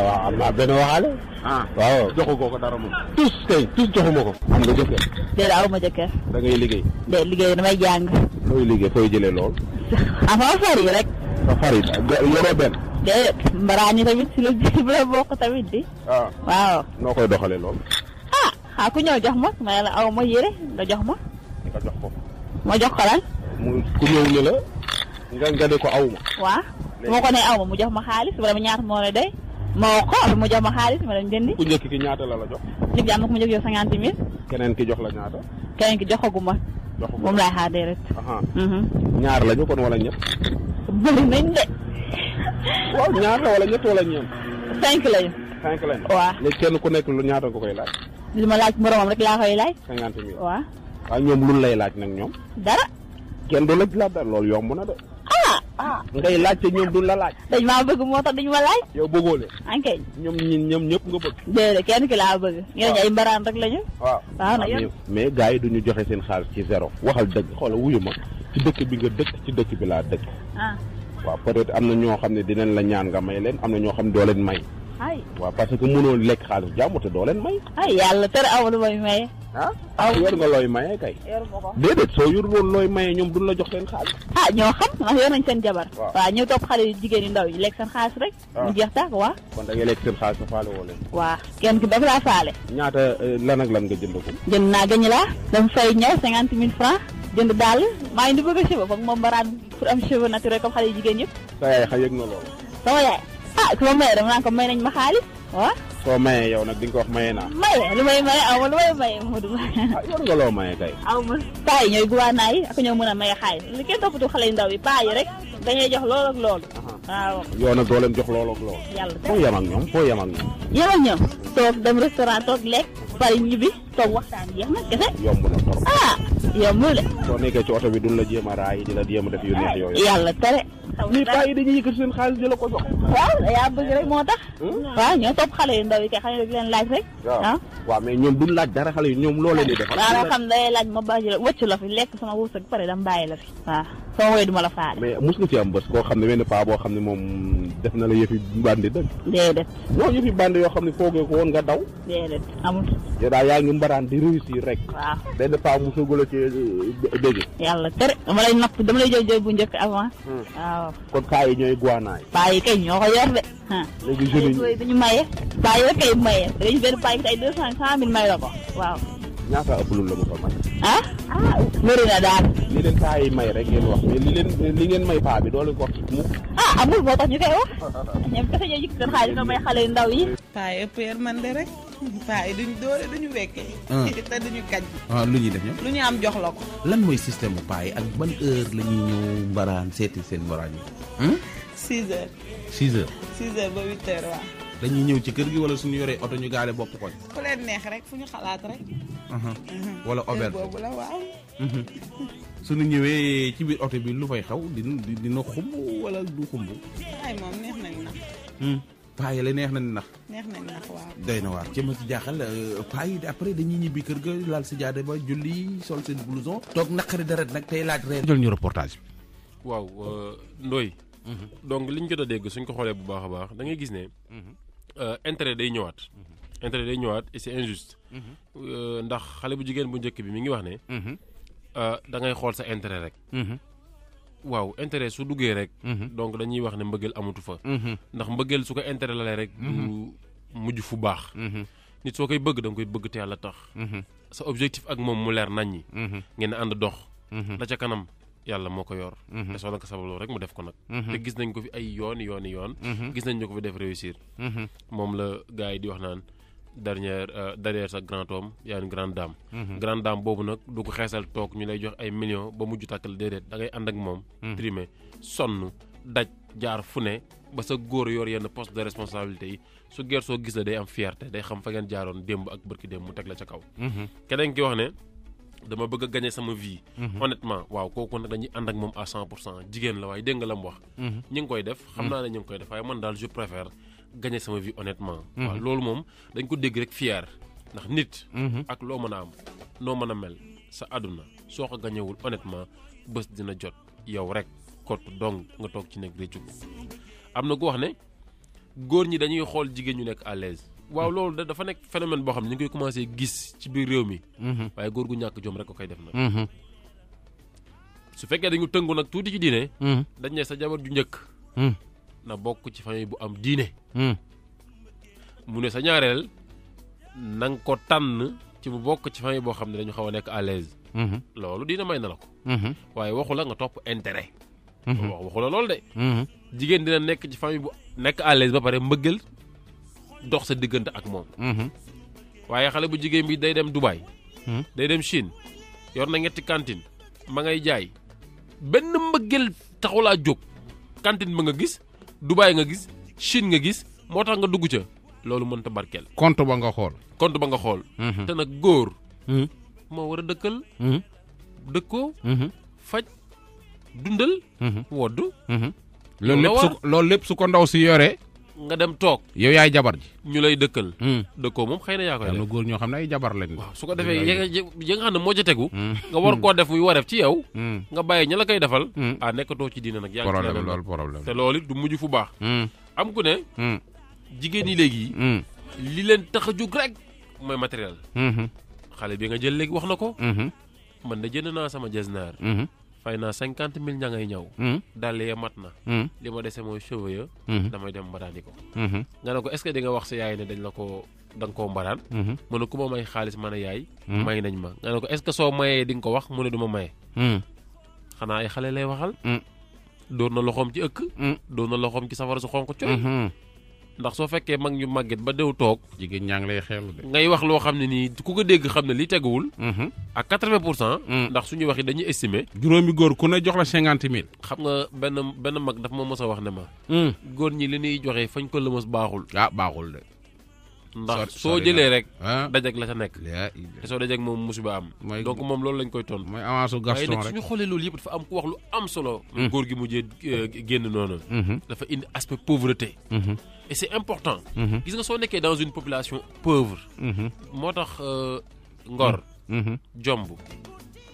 waaw naa benn waxaale. ah waaw joxu ko ko dara moom. tous kay tous joxuma ko. am nga jëkkër. déedéet aw ma jëkkër. da liggéey. déedéet liggéey damay jàng. looy liggéey fooy jëlee lool. ah ma fari rek. ma fari yoroo benn. déedéet mbaraani tamit si la si la tamit di. waaw. noo koy doxalee lool. ah xaa ku ñëw jox ma ma la aw nga jox ma. nga jox ko. ma ko lan. mu ku ñëw ne nga nga ne ko aw ma. bu ko nee aw ma mu jox ma xaalis ma ñaata moo lay day ma wax mu jox ma xaalis ma dem jëndi. ku njëkk ki ñaata la la jox. njëkk yi am na ku ma jox yow cinquante mille. keneen ki jox la ñaata. keneen ki joxaguma. joxaguma moom laay xaar déedéet. Mhm. ñaar lañu kon wala ñett. bëri nañ de. waaw ñaar la wala ñett ku nekk lu ñaata nga koy laaj. li ma laaj moromam rek laaj. cinquante mille waaw. waaw ñoom nag ñoom. dara. kenn du la laaj dara loolu yomb na de. ah ngay laajte ñoom du la laaj dañ maa bëgg moo tax duñ ma laaj yow bëggoo leen ankay ñoom ñin ñoom ñëpp nga bëgg déedéet kenn ki laa bëgg ñooñu ay mbaraan rek lañu waaw waaw na ah, mais gars yi duñu joxe seen xaalis ci zéro waxal dëgg xoola wuyu ma ci dëkk bi nga dëkk ci dëkk bi laa dëkk ah. waaw peut am na ñoo xam ne dinañ la ñaan nga may leen am na ñoo xam ne doo leen may wa parce que mënoo lekk xaalis jàmm te doo leen may ay yàlla tere amul may maye ah aw yor nga looy maye kay yor déedéet soo yor woon looy maye ñoom duñ la jox seen xaalis ah ñoo xam ndax yor nañ seen jabar waaw ñëw topp xale yu jigéen yu ndaw yi lekk seen xaalis rek mu jeex tàkk waa kon da ngay lekk seen xaalis faale woo leen waa kenn ki daf laa faale ñaata lan ak lan nga jënd ko jënd naa gañ laa dafa fay ñëw cinquante mille francs jënd daal maa ngi bëgg a cheveux foog moom baraan pour am cheveux naturel comme xale yu jigéen yëpp sa yaay xa na loolu sama yaay ah su ma mayee dama na ko may nañ ma xaalis na soo mayee yow nag di nga ko wax maye naa. maye lu may maye aw ma lu may maye Modou. ah yor kay. aw ma paa yi ñooy guwaanaay ak ñoo mën a maye xaalis li kenn yi paa yi rek dañuy jox loolu ak loolu. waaw yow nag doo leen jox loolu ak loolu. yàlla foo yem ak ñoom foo yem ak ñoom. yem ak ñoom toog dem restaurant toog lekk pare ñibbi toog waxtaan jeex na kese. yomb ah, bi duñ la jéem a raay di la jéem a def yu neex yooyu. yàlla tere. lii paa yi dañuy yëkkati seen xaalis di la ko jox. waaw yaa bëgg rek moo tax. Hmm? waaw ñoo topp xale yu ndaw yi ah. ñoom duñ laaj dara xale yu ñoom loo leen di def. waaw xam day laaj ma bàyyi la la fi lekk sama wërsëg pare dama bàyyi la fi waaw soo woyee du ma la faale. mais mus nga ci am bés koo xam ne benn paa boo xam ne moom def na la yëfi bandi dëgg. déedéet. non yëfi bandi yoo xam ne foogee ko woon nga daw. déedéet amul. yow daal yaa ngi mbaraan di réussir rek. waaw benn paa mosagul la ci euh, dégg. yàlla tere dama lay napp dama lay jël jël bu njëkk avant. Hmm. waaw. kon paa yi ñooy guanaay. paa yi kay ñoo ko yor de. léegi jeunes yi dañu maye. paa yi rek kay maye dañu benn paa yi kay deux cent cent mille may la ko waaw. ñaata ëpp lu la mu ko may. ah. ah bëri na daal. li leen paa yi may rek ngeen wax mais li leen li ngeen may paa bi doo leen ko wax mu. ah amul moo tax ñu koy ndaw yi. paa yi ëpp yërmande rek. paa kaj. waaw ah. ah, lu ñuy def ñu am jox la ko. lan mooy système bu paa yi ak ban heure la ñuy ñëw mbaraan seeti seen mbaraan yi. Hmm? heures. 6 heures. ba 8 heures dañuy ñëw ci kër gi wala suñu yoree oto ñu gaale bopp koñ. fu leen neex rek fu ñu xalaat rek. Uh-huh. Uh-huh. wala auberge boobu la waaw. Uh-huh. suñu ñëwee ci biir oto bi lu fay xaw di dina xumb wala du xumb. ay hmm. yi la neex na nax. neex nañ nax waaw. na waar ci ma ci jaaxal euh, paa yi après dañuy ñibbi kër ga laal si jaade ba julli sol seen blouson. toog naqari deret nag tey laaj reer. jël ñu reportage bi. waaw euh, Ndoye. donc liñ jot a dégg suñ ko xoolee bu baax a baax dangay gis ne. Euh, intérêt day ñëwaat. intérêt day ñëwaat et c'est injuste. Euh, ndax xale bu jigéen bu njëkk bi mi ngi wax ne. Euh, da ngay xool sa intérêt rek. waaw intérêt su duggee rek. donc dañuy wax ne mbëggeel amatu fa. ndax mbëggeel su ko intérêt lalee rek. du mujj fu baax. nit soo koy bëgg da nga koy bëgg te yàlla tax. sa objectif ak moom mu leer naññi. ngeen ànd dox. Mhm. la ca kanam. yàlla moo ko yor. Mhm. te soxna ko sababloo rek mu def ko nag. Mhm. te gis nañ ko fi ay yoon yoon yoon. Mhm. gis nañ ko fi def réussir. moom la gars yi di wax naan dernière euh, derrière sa grand homme y a une grande dame. grande dame boobu nag du ko xeesal toog ñu lay jox ay million ba mujj tàkkal déedéet da ngay ànd ak moom. trimé sonn daj jaar fu ne ba sa góor yor yenn poste de responsabilité yi su gersoo gis la day am fierté day xam fa ngeen jaaroon démb ak bërki démb mu la ca kaw. dama bëgg gañe gagné sama vie. Mhm. honnêtement waaw kooku nag dañuy ànd ak moom à cent pour cent jigéen la waaye dégg nga la mu wax. Mhm. ñi ngi koy def. xam mhm. naa ne ñu ngi koy def waaye man daal je préfère gagné sama vie honnêtement. waaw loolu moom dañ ko dégg rek fier ndax nit. ak loo mën a am noo mën a mel sa àdduna soo ko gañewul honnêtement bés dina jot yow rek kott dong nga toog ci nekk réccu ko am na ku wax ne góor ñi dañuy xool jigéen ñu nekk à l'aise waaw loolu dafa nekk phénomène boo xam ne ñu ngi koy commencé gis ci biir réew mi. Mhm. waaye góor gu ñàkk jom rek ko koy def nag. Mhm. su fekkee dañu tëngu nag tuuti ci diine. Mhm. dañ ne sa jabar ju njëkk. na bokk ci famille bu am diine. mu ne sa ñaareel na ko tànn ci mu bokk ci famille boo xam ne dañu xaw a nekk à l'aise. loolu diine may na la ko. waaye waxu la nga topp intérêt. waxu la loolu de. jigéen dina nekk ci famille bu nekk à l'aise ba pare mbëggal. dox sa diggante ak moom. Mhm. waaye xale bu jigéen bi day dem Dubai. Mhm. day dem Chine yor na ñetti cantine ma ngay jaay benn mbëggeel taxulaa jóg cantine ba nga gis Dubai nga gis Chine nga gis moo tax nga dugg ca loolu ta barkel compte ba nga xool. compte ba nga xool. Mhm. te nag góor. moo war a dëkkal. dëkkoo. faj dundal. wodd. loolu lépp su ko ndaw si yore. nga dem toog. yow yaay jabar ji. ñu lay dëkkal. Hmm. dëkkoo moom xëy na yaa koy def. am na góor ñoo xam ne ay jabar lañ. waaw su ko defee ya nga xam ne moo ca tegu. Hmm. nga war koo def muy wareef ci yow. Hmm. nga bàyyi ña la koy defal. a ah, nekkatoo ci diine nag. yaa ngi problème loolu problème te loolu it du mujj fu baax. am ku ne. jigéen ñi léegi. li leen tax a jug rek mooy matériel. xale bi nga jël léegi wax na ko. man de jënd naa sama jesnaar. fay naa cinquante mille ña ngay ñëw. Hmm. dàll ya mat na. Hmm. li ma dese mooy cheveux ya. Hmm. damay dem mbaraani ko. nga ne ko est ce que di nga wax sa yaay ne dañ la ko da ko koo mbaraan. mu ne ku ma may xaalis ma ne yaay. may nañ ma nga ko est ce que soo mayee di nga ko wax mu ne du ma maye. xanaa ay xale lay waxal. na loxoom ci ëkk. na loxoom ci safara su cooy. ndax soo fekkee mag ñu màgget ba dew toog. jigéen ñaa ngi lay xeelu de. ngay wax loo xam ne nii ku ko dégg xam ne li teguwul. Mhm. ak quatre-vingt pour cent. Mm. ndax suñuy wax yi dañuy estimer. juróomi góor ku ne jox la cinquante mille. xam nga benn benn mag daf a wax ne ma. Mm. góor ñi li ñuy joxe fañ ko lëmas baaxul. ah baaxul de. ndax soo jëlee rek. Ah. dajag la sa nekk. te soo moom musiba am. donc moom loolu lañ koy tontu. mooy avance gaston rek suñu xoolee loolu yëpp dafa am ku wax lu am solo. Mm. góor gi mujjee euh, génn noonu. Mm-hmm. dafa indi aspect pauvreté. Mm-hmm. et c'est important. Mhm. gis nga êtes dans une population pauvre. Mhm. Motax euh, ngor. Mhm.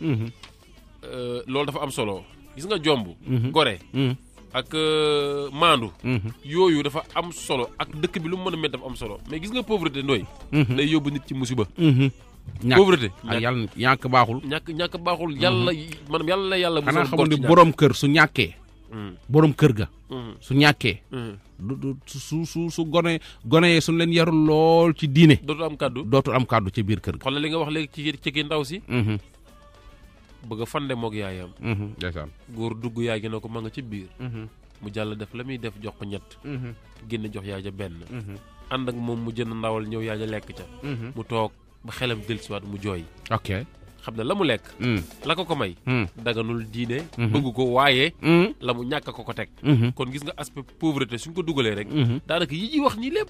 Euh, dafa am solo gis nga gore. ak euh, yooyu dafa am solo ak dëkk bi lu met dafa am solo mais gis nga pauvreté day yóbbu nit ci pauvreté ak yàlla ñàkk baaxul. baaxul du su su su gone gone yee suñ leen yarul lool ci diine. dootul am kàddu dootu am kàddu ci biir kër gi. xoolal li nga wax léegi ci ci ki ndaw si. Mm-hmm. bëgg a fande moog yaayam. Mm-hmm. góor dugg yaay gi na ko ma nga ci biir. Mm-hmm. mu jàll def la muy def jox ko ñett. génn jox yaay ja benn. ànd ak moom mu jënd ndawal ñëw yaay ja lekk ca. mu toog ba si dellusiwaat mu jooy. ok. xam ne la mu lekk. Mm. la ko ko may. Mm. daganul diine. Mm-hmm. bëgg ko waaye. Mm. la mu ñàkk ko ko teg. Mm-hmm. kon gis nga aspect pauvreté suñ ko dugalee rek. Mm-hmm. daanaka yi ñuy wax nii lépp.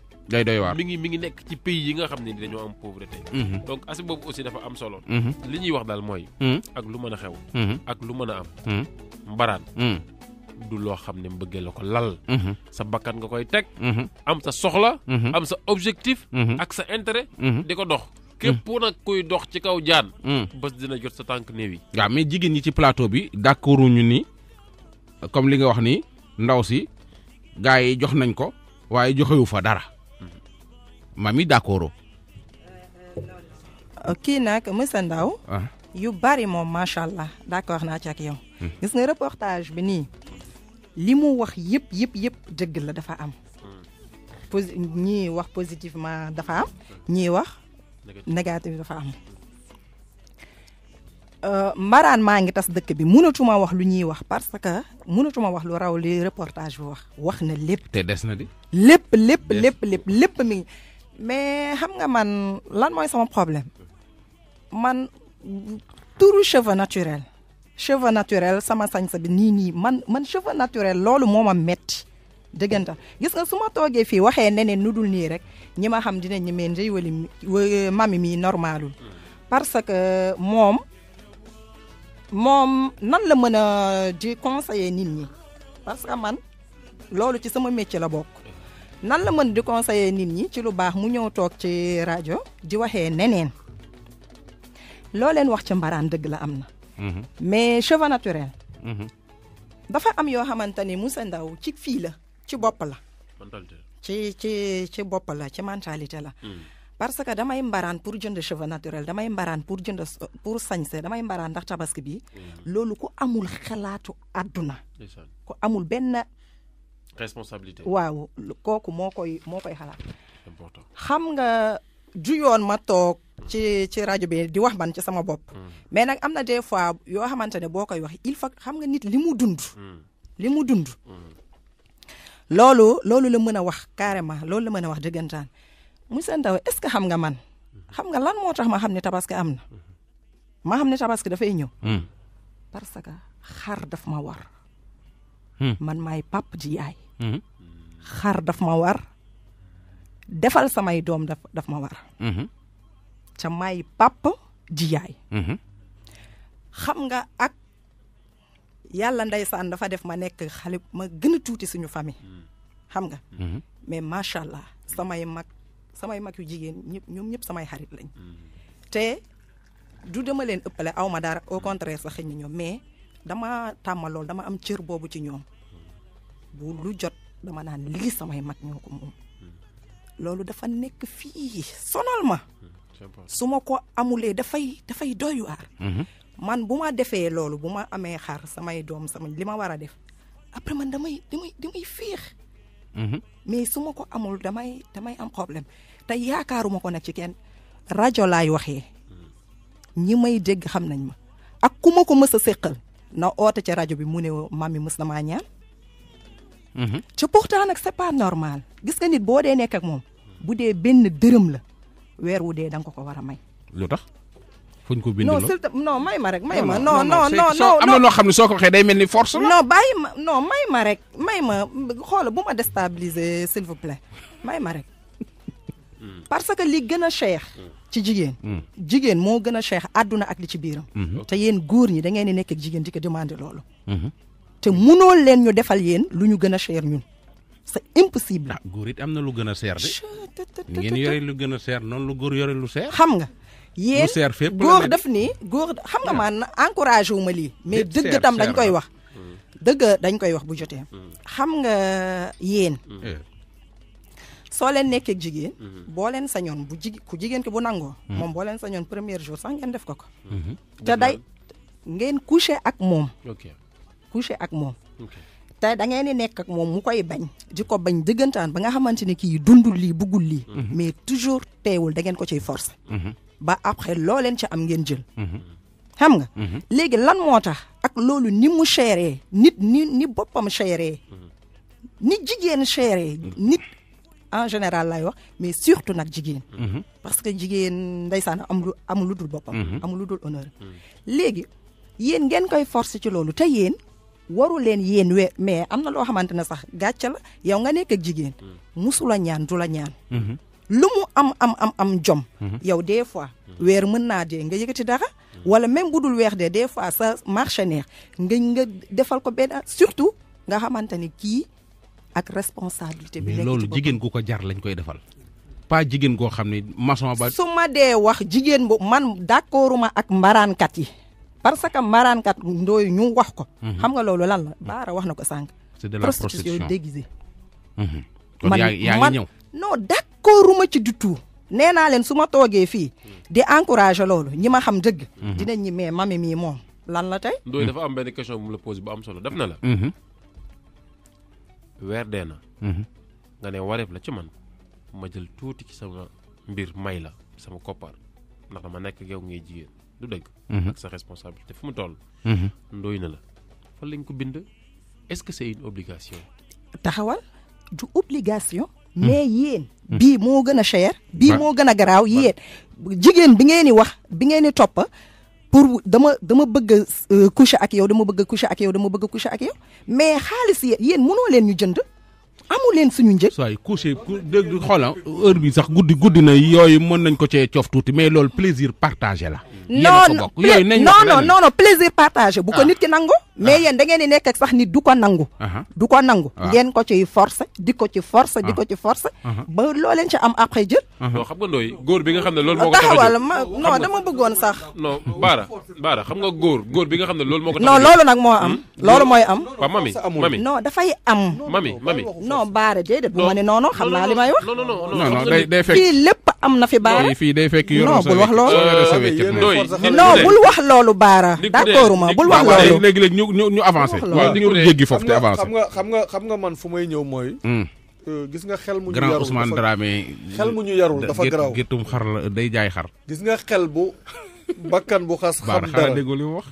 mi ngi mi nekk ci pays yi nga xam ne dañoo am pauvreté. donc aspect boobu aussi dafa am solo. li ñuy wax daal mooy. ak lu mën a xew. ak lu mën a am. mbaraan. du loo xam ne mbëggee la ko lal sa bakkan nga koy teg am sa soxla am sa objectif ak sa intérêt di ko dox képp mm. nag kuy dox ci kaw jaan. Mm. bés dina jot sa tànk néew yi. waaw mais jigéen ñi ci plateau bi d'accord ñu ni comme li nga wax ni ndaw si gars yi jox nañ ko waaye joxewu fa dara mm-hmm. mami d'accord. Euh, kii nag monsieur Ndao ah. yu bari moom macha allah d'accord naa ci ak yow. Mm. gis nga reportage bi nii li mu wax yëpp yëpp yëpp dëgg la dafa am. posi ñii wax positivement dafa am ñii wax. négatif de am euh, mbaraan maa ngi tas dëkk bi wax lu wax parce que je wax lu raw li reportage bi wax wax na lépp. te des na di. lépp lépp lépp lépp lépp mi mais xam nga man lan sama problème man turu cheveux naturel cheveux naturel sama sañ bi nii nii man man cheveux naturel loolu moo ma metti dëggantax gis nga su ma toogee fii waxee neneen nu nii rek ñi ma xam mom meen njëy wali mami mi normalul parce que moom moom nan la mën a di conseiller nit ñi parce que man loolu ci sama métier la bokk nan la mën di conseiller nit ñi ci lu baax mu ñëw toog ci rajo di waxee neneen loo leen wax ci mbaraan dëgg la am mhm. mais cheveux naturel mhm. dafa am yoo xamante ni Moussa Ndaw ci fii la ci bopp la ci ci ci bopp la ci mentalité la hmm. parce que damay mbaraan pour jënd cheveux naturel damay mbaraan pour jënd pour sañse damay mbaraan ndax tabaski bi hmm. loolu ku amul xalaatu aduna, ko amul ben. responsabilité waaw koku moo koy moo koy xalaat xam nga juyoon ma toog hmm. ci ci rajo bi di wax man ci sama bopp mais nag am na des fois yoo xamante ne boo wax il faut xam nga nit li mu dund li dund loolu loolu la mën a wax carrément loolu la mën a wax dëggantaan monsieur Ndaw est-ce que xam nga man xam nga lan moo tax ma xam ne tabaski am na ma xam ne tabaski dafay ñëw. Hmm. parce que xar daf ma war. Hmm. man maay pap ji yaay. Hmm. xar daf ma war defal samay doom daf daf ma war. ca may pap ji yaay. xam nga ak. yàlla ndeysaan dafa def ma nekk xale ma gën a tuuti suñu famille. Hmm. xam nga. Hmm. mais macha allah samay mag samay mag yu jigéen ñëpp ñoom ñëpp samay xarit lañ. Hmm. te du dama leen ëppale aw ma dara au contraire sax xëñ na ñoom mais dama tàmma dama am cër boobu ci ñoom bu lu jot dama naan lii samay mag ñoo ko moom. loolu dafa nekk fii sonal ma. su ma ko amulee dafay dafay doy waar. man bu ma defee loolu bu ma amee xar samay doom sama li ma war a def après man damay damay damay mhm. mais su ma ko amul damay damay am problème te yaakaaruma ko nag ci kenn rajo lay waxee ñi may dégg xam nañ ma ak ku ma ko mës a séqal na oote ci rajo bi mu ne mami mës na maa ñaan. ci mhm. pourtant nag c'est pas normal gis nga nit boo dee nekk ak moom bu dee benn dërëm la weer wu dee danga ko ko war a may. lu fuñ ko bind non non may ma rek may ma. non non non non am na loo xam ne soo ko waxee day ni force la. non ma non may ma rek may ma xoola bu ma déstabiliser s'il may ma rek. parce que li gën a cher. ci jigéen. Mm. Mm. jigéen moo gën a cher àdduna ak li ci biiram. Mm-hmm. te yéen góor ñi da ngeen di nekk ak jigéen di ko demandé loolo mm-hmm. te munoo leen ñu defal yéen lu ñu gën a cher ñun. c'est impossible. ah góor it am na lu gën a cher de. ngeen yore lu gën a cher noonu lu góor yore lu cher. xam nga. yéen góor def ni góor xam nga maan encouragé wu ma lii mais dëgg tam dañ koy wax mm. dëgg dañ koy wax bu jotee mm. xam nga yéen mm. eh. soo leen nekkeeg jigéen mm-hmm. boo leen sañoon bu jig ku jigéen ki bu nangoo moom boo leen sañoon première jour sax ngeen def ko ko mm-hmm. te day ngeen coucher ak moom coucher ak moom te da ngeen di nekk moom mu koy bañ di ko bañ dëggantaan ba nga xamante ne kii dundul lii buggul lii mm-hmm. mais toujours teewul da ngeen ko ciy force ba après loo leen ca am ngeen jël. Mhm. xam nga. Mhm. léegi lan moo tax ak loolu ni mu chéré nit ni ni boppam chéré. Mhm. ni jigéen chéré nit en général lay wax mais surtout nag jigéen. parce que jigéen ndeysaan am lu am lu dul boppam. am lu dul honneur. léegi yéen ngeen koy forcer ci loolu te yéen waru leen yéen we mais am na loo xamante ne sax gàcce la yow nga nekk ak jigéen. musu la ñaan du la ñaan. lu mu am am am am jom mhm. yow des fois wer mën naa dee nga yëkkati dara mhm. wala même bu dul weer dee des fois sa marchandaire nga nga defal ko benn surtout nga xamante ni kii ak responsabilité bi. mais loolu jigéen gu ko jar lañ koy defal. pas jigéen goo xam ne maçon ba. su ma dee wax jigéen bu man d'accorduma ak mbaraankat yi parce que mbaraankat ndooyu ñu wax ko. Mhm. xam nga loolu lan la Baara wax na ko sànq. de la prostitution prostitution non d'accorduma ci du tout nee len suma toge fi di encouragé lolu ñima xam deug mhm. dinañ ñi mais mami mi moom lan la tay ndooy dafa am ben question bu mu la pose bu am solo def na la mhm. weer dee na mhm. nga ne waref la ci man ma jël touti ci sama mbir may la sama copar ndax dama nek yow ngey jigéen du deug ak sa responsabilité fu mu toll ndooy na la fa lañ ko bind est ce que c'est une obligation taxawal du obligation mais mm. yéen mm. bii moo gën a cher bii moo gën a garaaw yéen jigéen bi ngeen di wax bi ngeen di topp pour dama dama bëgg a euh, ak yow dama bëgg a ak yow dama bëgg a ak yow mais xaalis yéen yéen mënoo leen ñu jënd amul leen suñu njëg. saa yu dëgg dégg xoola heure bi sax guddi guddi na yooyu mën nañ ko cee coof tuuti mais loolu plaisir partage la. yéen a ko bokk yooyu nañ non non non plaisir partagé bu ko ah. nit ki nango mais yéen da ngeen di nekk ak sax ni du ko nangu du ko nangu ah. ngeen ko ciy force di ko ci force di ah. ko ci force ba loo leen ci am après jël non xam nga ndooy góor bi nga xam ne loolu moo ko taxawal ma non dama bëggoon sax non baara baara xam nga góor góor bi nga xam ne loolu moo ko non loolu nag moo am hmm? loolu mooy am waaw mami mami non dafay am mami mami non baara déedéet bu xam naa li may wax non non day fekk fii lépp am na fi baara fii day fekk non bul wax loolu non bul wax ñu ñu avancé. waaw li nga jéggi foofu te avancé. xam nga xam nga xam nga man fu may ñëw mooy. Hmm. Euh, gis nga xel mu ñu yarul grand Ousmane Dramé. xel mu ñu yarul dafa garaaw géttum xar la day jaay xar. gis nga xel bu bakkan bu xas. xam dara xanaa déggoo li mu wax.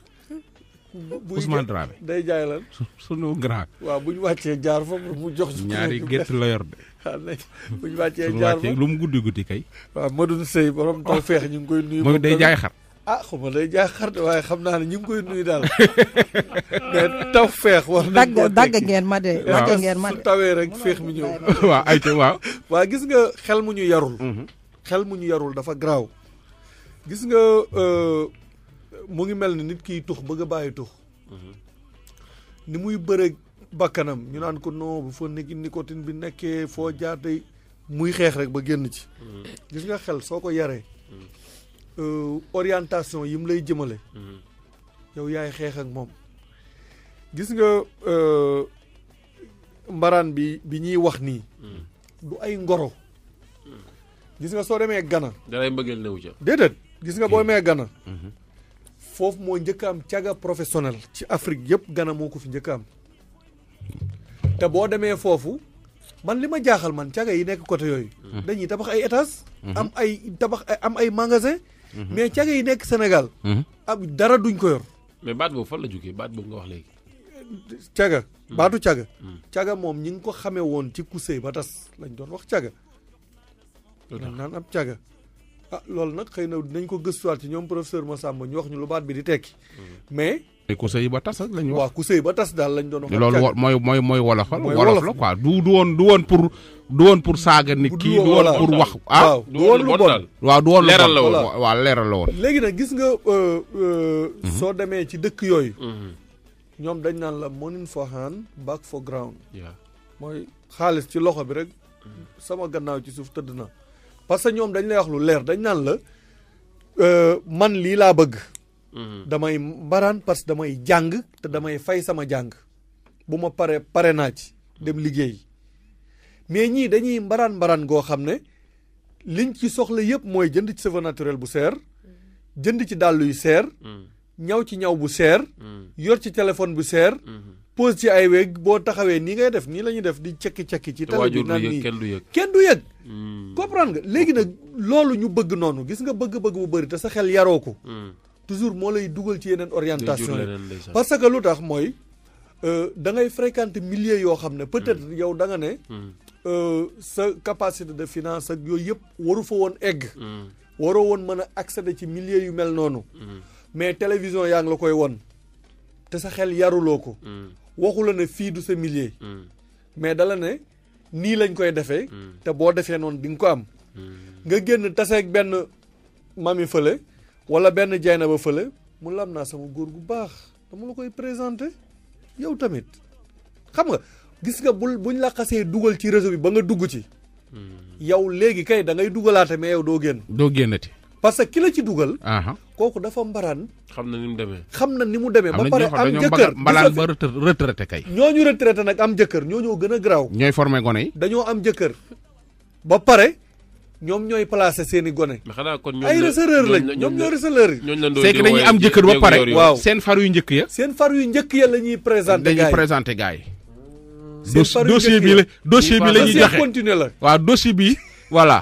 Ousmane Dramé day jaay lan. sunu grand. waaw bu ñu wàccee jaar fa mu jox. ñaari gétt la yor de. bu ñu wàccee jaar fa lu mu guddi guddi kay. waaw du Seye borom ah. taw feex ñu ngi koy nuyu. moom day jaay xar. ah xuma lay jaaxar de waaye xam naa ne ñu ngi koy nuyu daal mais taw feex war nañ ko dagg ngeen ma de dagg ngeen ma de su tawee rek feex mi ñëw waaw ay waaw waa gis nga xel mu ñu yarul mhm. xel mu ñu yarul dafa garaaw gis nga euh, mu ngi mel ni nit kiy tux bëgg a bàyyi tux mhm. ni muy bëre bakkanam ñu naan ko non bu fa nekki nicotine bi nekkee foo jaar day muy xeex rek ba génn ci mhm. gis nga xel soo ko yaree Euh, orientation yi mu lay jëmale. Mhm. yow yaay xeex ak moom. gis nga euh, mbaraan bi bi ñuy wax nii. Mhm. du ay ngoro. Mhm. gis nga soo demee Gana. dalay mbëggeel newu ca. déedéet gis nga boo demee Gana. foofu moo njëkk am caga professionnel ci Afrique yëpp Gana moo ko fi njëkk am. te boo demee foofu man li ma jaaxal man caga yi nekk côté yooyu. dañuy tabax ay étages. am ay tabax ay am ay magasin Mhm. mais caga yi nekk senegal mhm. ab dara duñ ko yor. mais baat boobu fan la jógee baat boobu nga wax léegi. caga mhm. baatu caga. caga moom ñi ngi ko xamee woon ci ku ba tas lañ doon wax caga. loolu naan ab caga. ah loolu nag xëy na dinañ ko gëstuwaat ci ñoom professeur Massamba ñu wax ñu lu baat bi di tekki. mais. ay ku sëy ba tas rek lañu wax waaw ku sëy ba tas daal lañ doon wax. mooy mooy mooy wolofal. wolof la quoi du woon woon pour. du woon pour saaga nit kii du woon pour wax. ah du woon lu bon daal waaw du woon lu leeral waaw leeral la woon. léegi nag gis nga. Euh, euh, mhm. soo demee ci dëkk yooyu. Mhm. ñoom dañ naan la money for hand back for ground. mooy xaalis ci loxo bi rek. Mhm. sama gannaaw ci suuf tëdd na parce que ñoom dañ lay wax lu leer dañ naan la euh, man lii laa bëgg. Mhm. damay mbaraan parce que damay jàng te damay fay sama jàng bu ma pare pare naa ci dem liggéey mais ñii dañuy mbaraan mbaraan goo xam ne liñ ci soxla yëpp mooy jënd ci cheveux naturel bu seer jënd ci dàll yu seer mhm. ñaw ci ñaw bu seer mhm. yor ci téléphone bu seer pose ci ay weeg boo taxawee nii ngay def nii la ñuy def di cekki-cekki ci télé bi naan nii kenn du yëg kenn du yëg comprendre nga léegi nag loolu ñu bëgg noonu gis nga bëgg-bëgg bu bëri te sa xel yaroo ko toujours moo lay dugal ci yeneen orientation yi parce que lu tax mooy euh, da ngay fréquenter milieu yoo xam ne peut-être mm. yow da nga ne mm. euh, sa capacité de finance ak yooyu yëpp waru fa woon egg mm. waroo woon mën a accéder ci milieu yu mel noonu mais télévision yaa ngi la koy won te sa xel yaruloo ko waxu la ne fii du sa milieu mais dala ne nii lañ koy defee te boo defee noonu di nga ko am nga génn taseeg benn mami fële wala benn jay na ba fële mu lam naa sama góor gu baax dama la koy présenté yow tamit xam nga gis nga bul buñ la xasee dugal ci réseau bi ba nga dugg ci hmm. yow léegi kay da ngay dugalaate mais yow doo génn doo génnati parce que ki la ci dugal kooku dafa mbaraan xam na ni mu demee xam na ni mu demee ba pare am jëkkër mbalaan ba retraité kay ñoo ñooñu retraité nag am jëkkër ñoo ñoo gën a garaaw ñooy formé gone yi dañoo am jëkkër ba pare ñoom ñooy placé seeni i gone. ay receleurs lañ ñoom ñoo receleurs yi. c'est que dañuy am jëkkër ba pare. waaw seen far yu njëkk ya. seen far yu njëkk ya la ñuy présenté. gars yi dañuy présenté gars yi. dossier bi la dossier bi la ñuy joxe la. waaw dossier bi voilà.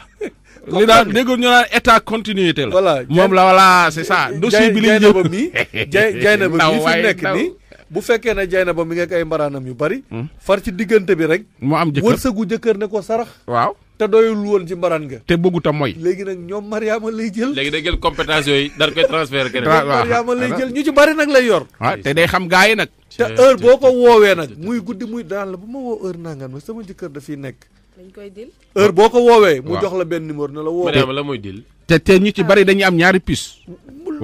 li daan déggoon ñu naan état continuité la. voilà moom la voilà c'est ça. dossier bi la ñuy jëm jay jay na ba mi fi nekk nii. bu fekkee ne jay na ba mi ngeeg ay mbaraanam yu bari. far ci diggante bi rek. mu am jëkkër wërsëgu jëkkër ne ko sarax. waaw. te doyul won ci mbaran nga te bëggu ta moy légui nak ñom mariama lay jël légui da jël compétence yoy dar koy transfert kene mariama lay jël ñu ci bari nak lay yor ah, te day xam gaay nak te heure boko wowe nak muy guddi muy daan la buma wo heure nangam sama jëkër da fi nekk dañ koy dil heure boo ko mu jox la ben numéro na la wo mariama la muy dil te te ñu ci bari ah. dañuy am ñaari pis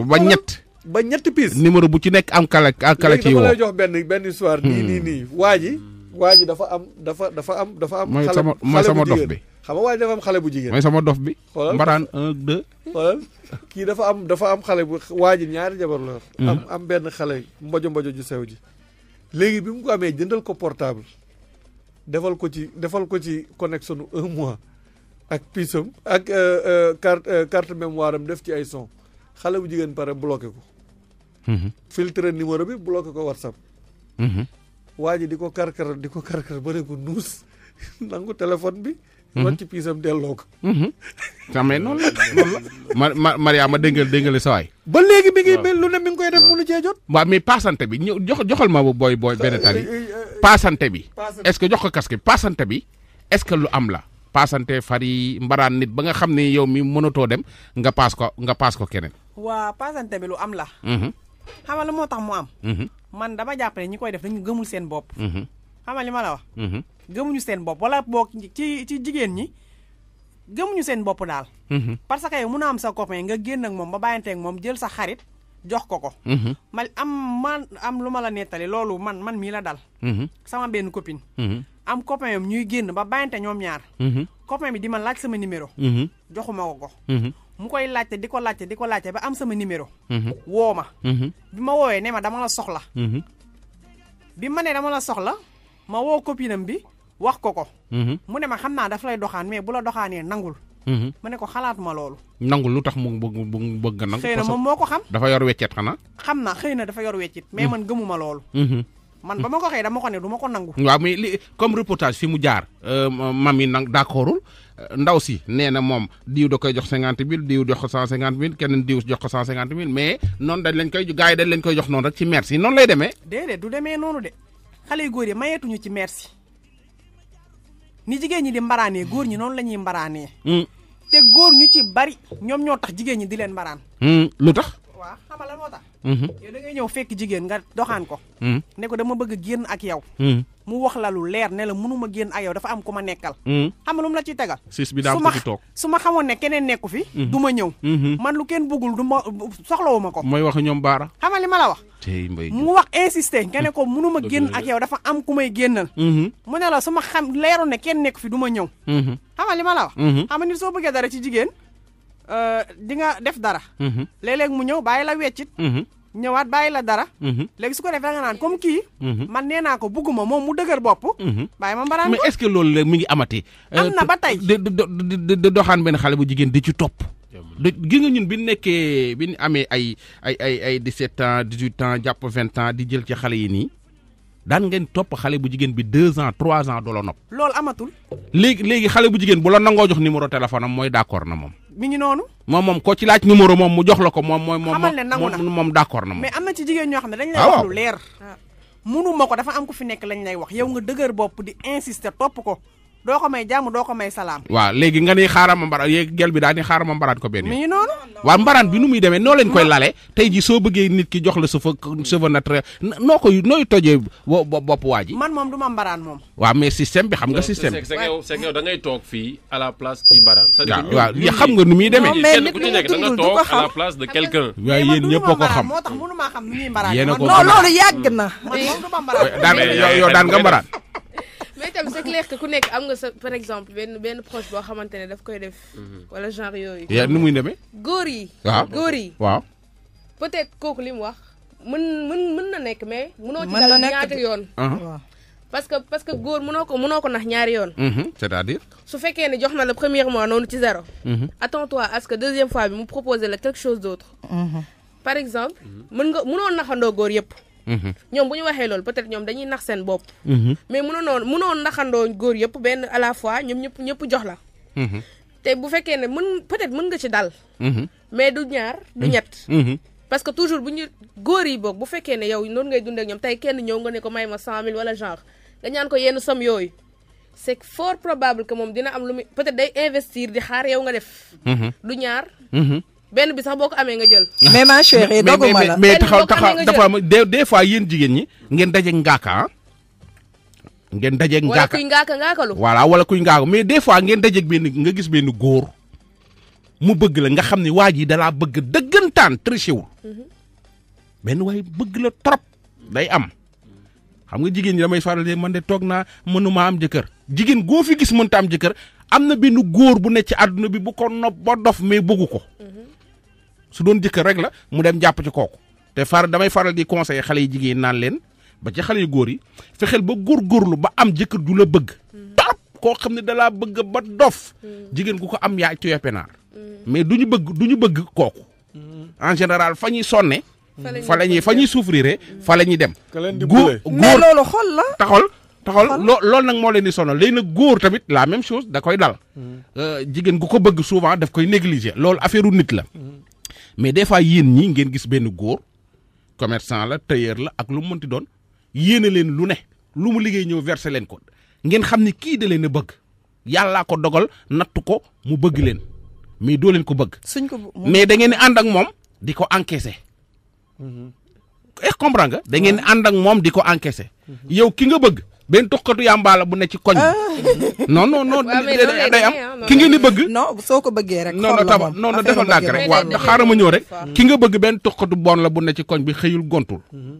ba ñett ba ñett pis numéro bu ci nekk am kala kala ci wo lay jox ben ben soir ni ni hmm. ni waji. waji dafa am dafa dafa am dafa am mooy sama dox bi xam nga waaye dafa am xale bu jigéen. mooy sama dof bi. xoolal mbaraan un deux. xoolal kii dafa am dafa am xale bu waa ñaari jabar la mm-hmm. am am benn xale mbojo mbojo ju sew ji. léegi bi mu ko amee jëndal ko portable defal ko ci defal ko ci connexion un mois ak piisam ak euh, euh, carte euh, carte mémoire am def ci ay son xale bu jigéen pare bloqué ko. Mm-hmm. filtre numéro bi bloqué ko WhatsApp. Mm-hmm. waa ji di ko karkar di ko karkar ba ne ko nuus nangu téléphone bi. wàcc mm-hmm. piisam delloo ko. Mm-hmm. xam nga noonu la noonu la. ma ma Mariama déggal déggale sa ba léegi mi ngi lu ne mi koy def mënu cee jot. waaw mais paasante bi ñu jox joxal ma bu booy booy benn eh, tali. Eh, eh, paasante bi. est-ce que jox ko casque bi paasante bi est-ce que lu am la. paasante far yi mbaraan nit ba nga xam ne yow mi mënatoo dem nga paas ko nga paas ko keneen. waa paasante bi lu am la. Mm-hmm. xam moo tax mu am. man dama jàpp ne ñi koy def dañu gëmul seen bopp. xamal ni ma la wax. Mm-hmm. gëmuñu seen bopp wala boog ci ci jigéen ñi gëmuñu seen bopp daal. Mm-hmm. parce que yow mun am sa copain nga génn ak moom ba ak moom jël sa xarit jox ko ko. Mm-hmm. ma am man am lu ma la nettali loolu man man mii la dal. sama benn copine. am copain yam ñuy génn ba bàyyante ñoom ñaar. copain bi di ma laaj sama numéro. joxuma ko ko. mu koy laajte di ko laajte di ba am sama numéro. woo ma. bi ma ne ma dama la soxla. bi ma ne dama la soxla. ma woo copine am bi wax ko ko. Mhm. mu ne ma xam naa daf lay doxaan mais bu la doxaanee nangul. Mhm. ma ne ko xalaat ma loolu. nangul lu tax mu bëgg mu bëgg a nangu. xëy na moom moo ko xam. dafa yor weccet xanaa. xam na xëy na dafa yor weccet. mais mhm. man gëmuma loolu. man ba ma ko xëy dama ko ne du ma ko nangu. waaw mais li comme reportage fi mu jaar. Euh, mam yi nag ndaw si nee na moom diw da koy jox cinquante mille diw jox ko cent cinquante mille keneen diw jox ko mille mais noonu dañ leen koy gars yi leen koy jox noonu rek ci merci noonu lay demee. déedéet de. xale yu góor yi mayeetuñu ci merci ni jigéen ñi di mbaraanee góor ñi noonu la ñuy mbaraanee. Hmm. te góor ñu ci bari ñoom ñoo tax jigéen ñi di leen mbaraan. Hmm. lu tax. waaw Mm-hmm. yow da ngay ñëw fekk jigéen nga doxaan ko. Mm-hmm. ne dama bëgg a génn ak yow. Mm-hmm. mu wax la lu leer ne la mënuma génn ak yow dafa am ku ma nekkal. xam nga ciy tegal. siis bi daa bëgg su ma xamoon ne keneen nekku fi. du ma ñëw. man lu kenn bëggul du ma soxlawu ma ko. mooy wax ñoom baara. xam li ma la wax. mu wax insister nga ne ko mënuma génn ak yow dafa am ku may génnal. mu ne la su ma xam leeroon ne kenn nekku fi duma ñëw. xam li ma la wax. xam nga ni soo bëggee dara ci jigéen. Eh, di nga def dara mhm. léeg-léeg mu ñëw bàyyi la weccit mhm. ñëwaat bàyyi la dara mhm. léegi su ko defee nga naan comme kii man nee naa ko bugguma moom mu dëgër bopp bàyyi ma mbaraan mais est ce que loolu mi ngi amati am na euh, ba tey de doxaan benn xale bu jigéen di ci topp gi nga ñun bi nekkee bi amee ay ay ay ay 17 ans 18 ans jàpp 20 ans di jël ci xale yi nii daan ngeen topp xale bu jigéen bi deux ans trois ans du la nopp. loolu amatul. léegi léegi xale bu jigéen bu la nangoo jox numéro téléphone mooy d' accord na moom. mi ngi noonu. moom moom koo ci laaj numéro moom mu jox la ko moom. mooy moom moom d' accord na moom. mais am na ci jigéen ñoo xam ne dañ lay ah, wax lu leer. Ah. mënu ma ko dafa am ku fi nekk lañ lay wax yow nga dëgër bopp di insister topp ko. doo ko may jàmm doo ko may salaam waaw léegi nga ni xaaral ma mbara gel bi daa ni xaaral ma mbaraat ko benn mi noonu waa mbaraan bi nu muy demee noo leen koy lale tey ji soo bëggee nit ki jox la sa fa sa fa naturel noo koy nooy tojee bopp waa ji man moom du ma mbaraan moom waaw mais système bi xam nga système bi c'est que da ngay toog fii à la place ki mbaraan waaw waaw ya xam nga nu muy demee kenn ku ci nekk da nga toog à la place de quelqu'un waaye yéen ñëpp ko xam moo tax mënu maa xam nu ñuy mbaraan yéen a ko xam loolu yàgg na yow daan nga mbaraan mais itam c'est clair que ku nekk am nga sa par exemple benn benn proche boo xamante ne daf koy def. Mhm. wala genre yooyu. ya nu muy demee. góor yi. waaw ah. góor yi. waaw. peut-être kooku li mu wax mën mën mën na nekk mais. mënoo ci dal ñaata yoon. Uh-huh. parce que parce que góor mënoo ko mënoo ko nax ñaari yoon. Mm-hmm. c'est-à-dire. su fekkee ne jox na la premier mois noonu ci zéro. Mm-hmm. attends-toi à ce que deuxième fois bi mu proposer la quelque chose d'autre. Mm-hmm. par exemple. mën nga mënoo naxandoo góor yëpp. Mm-hmm. ñoom bu ñu waxee lool peut-être ñoom dañuy nax seen bopp. Mm-hmm. mais mënoon mënoon naxandoo góor yëpp benn à la ñoom ñëpp ñëpp jox la. Mm-hmm. te bu fekkee ne mën peut-être mën nga ci dal. mais du ñaar du ñett. parce que toujours bu ñu góor yi boog bu fekkee ne yow noonu ngay dundee ñoom tey kenn ñëw nga ne ko may ma cent mille wala genre nga ñaan ko yenn somme yooyu. c'est fort probable que moom dina am lu muy peut-être day investir di xaar yow nga def. du ñaar. benn bi sax boo ko amee nga jël. mais ma chérie doguma la mais taxaw taxaw dafa am des des fois yéen jigéen ñi ngeen daje ngaaka ah. ngeen daje ngaaka wala kuy ngaaka ngaakalu. voilà wala kuy ngaaka mais des fois ngeen daje benn nga gis benn góor mu bëgg la nga xam ne waa ji dalaa bëgg dëggantaan triché wul. Mm-hmm. benn waay bëgg la trop day am. xam nga jigéen ñi damay faral di man de toog naa mënuma am jëkkër jigéen goo fi gis mënta am jëkkër am na benn góor bu ne ci àdduna bi bu ko nopp ba dof mais bëggu ko. Mm-hmm. su doon jëkkër rek la mu dem jàpp ci kooku te far damay faral di conseiller xale yi jigéen naan leen ba ci xale yu góor yi fexeel ba góor góorgóorlu ba am jëkkër ju la bëgg. trop koo xam ne dalaa bëgg ba dof. jigéen ku ko am yaay tuye penaar mais du bëgg du ñu bëgg kooku. en général fa ñuy sonne. fa la ñuy fa ñuy souffrir fa la ñuy dem. góor mais loolu xol la taxol taxol loo loolu nag moo leen di sonal léegi góor tamit la même chose da koy dal. Hmm. Euh, jigéen gu ko bëgg souvent daf koy négliger loolu affaire nit la. Hmm. mais des fois yéen ñi ngeen gis benn góor commerçant la tailleur la ak lu mu mënti doon yéene leen lu ne lu mu liggéey ñëw versé leen ko ngeen xam ni kii da leen a bëgg yàllaa ko dogal nattu ko mu bëgg leen mais doo leen ko bëgg. suñ ko mais da ngeen di ànd ak moom di ko encaissé. Mm-hmm. est nga. da ngeen ànd ak moom di ko encaissé. Mm-hmm. yow ki nga bëgg. benn tuxkatu yàmbaa la bu ne ci koñ. Ah. non non non day am ki ngeen di bëgg. non soo ko bëggee rek. non non tabax non non defal ndànk rek waaw xaaral ma ñëw rek. ki nga bëgg benn tuxkatu bon la bu ne ci koñ bi xëyul gontul. Mhm.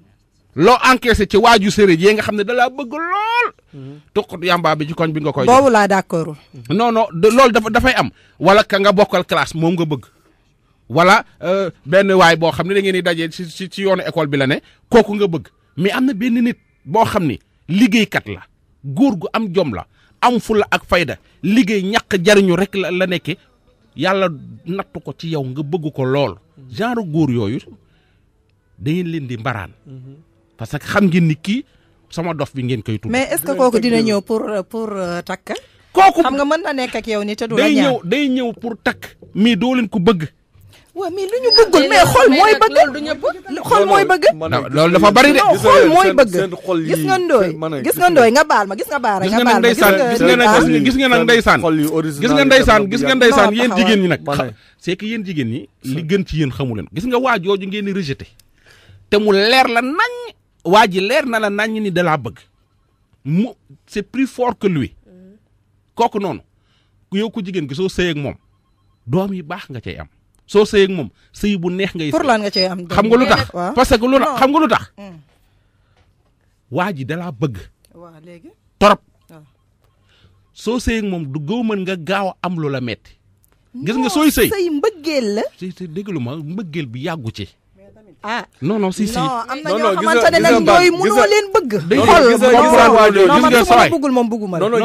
loo encaissé ci waaju séeréer yi nga xam ne da laa bëgg lool. Mhm. tuxkatu bi ci koñ bi nga koy. boobu laa d'accord. Mhm. non non loolu dafa dafay am. wala ka nga bokkal classe moom nga bëgg. wala euh, benn waay boo xam ne da ngeen di si ci ci yoonu école bi la ne kooku nga bëgg mais am na benn nit boo xam ni liggéeykat la góor gu am jom la am la ak fayda liggéey ñàq jariñu rek la la nekke yàlla natt ko ci yow nga bëgg ko lool genre góor yooyu da leen di mbaraan parce que xam ngeen ni kii sama dof bi ngeen koy tudd mais est-ce que kooku dina ñëw pour pour euh, takk kooku xam nga mën na nekk ak yow ni te day ñëw pour takk mais doo leen ko bëgg mais mu fort lui il y a un am soo sëy moom sëy bu neex ngay. pour lan nga cee am xam nga lu tax parce que lu xam nga lu tax. Mm. waa ji dalaa bëgg. waaw léegi torop. Ah. soo sëy moom du gëw mën nga gaaw a am lu la metti gis nga sooy sëy sëy mbëggeel la. sëy sëy déglu mbëggeel bi yàggu ci. ah non non si si. non am na ñoo xamante ne nag yooyu mënoo leen bëgg. xool non man su la bëggul moom bëgguma la. non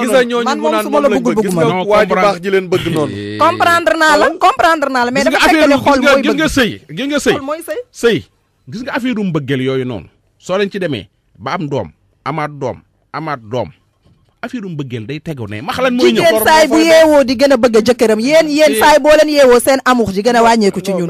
man moom su ma la bëggul bëgguma la. waa ju baax ji leen bëgg noonu. Eh. comprendre naa la comprendre naa la mais dafa fekk ne xool mooy bëgg gis sëy gis nga sëy sëy gis mbëggeel yooyu noonu soo leen ci demee ba am doom amaat doom amaat doom affaire mbëggeel day tego ne max lan mooy ñëw jigéen di gën a bëgg a jëkkëram yéen yéen saay boo leen yeewoo seen amour ji gën a wàññeeku ci ñun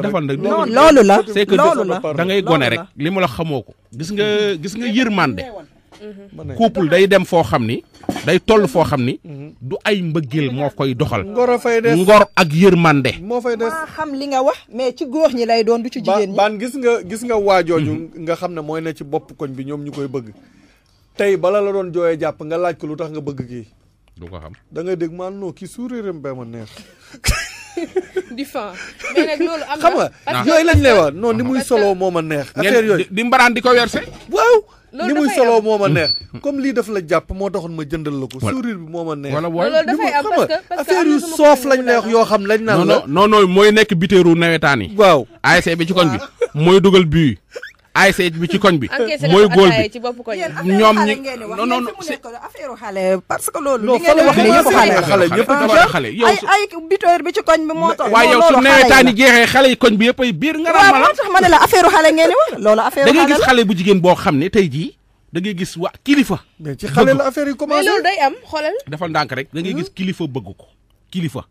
defal nag loolu la c'est que da gone li mu la xamoo ko gis nga gis nga yërmande mm-hmm. couple day dem foo xam ni day toll foo xam ni mm-hmm. du ay mbëggeel moo koy doxal ngor ak yërmande moo fay xam li nga wax mais ci góor ñi lay doon du ci jigéen ñi baan gis nga gis nga waajooju mm-hmm. nga xam ne mooy ne ci bopp koñ bi ñoom ñu koy bëgg tey bala la doon jooyee jàpp nga laaj ko lu tax nga bëgg kii. du ko xam da ngay dégg man non kii suuréeram ba ma neex. di xam nga yooyu lañ lay wax non ni moo ma neex. affaire di ko werse. muy solo moo ma neex. comme lii daf la jàpp moo taxoon ma jëndal la ko. bi moo ma neex. wala wala soof lañ lay wax yoo xam lañ. naan la non mooy nekk biteeru nawetaan yi. waaw ASC bi ci koñ bi mooy dugal bii. ASC bi ci koñ bi. mooy góol bi ñoom ñi non non xale parce que loolu. li ngeen wax ni yëpp xale ah, yow su ay bitoor bi ci koñ bi moo tax. yëpp ay biir nga. waaw moo tax ma ne la affaire xale ngeen di wax loolu affaire xale la da ngay gis xale bu jigéen boo xam ne tey jii. da ngay gis waa kilifa. mais ci xale la affaire yi commencé loolu am xoolal. dafa ndànk rek da ngay gis hmm? kilifa bëgg ko kilifa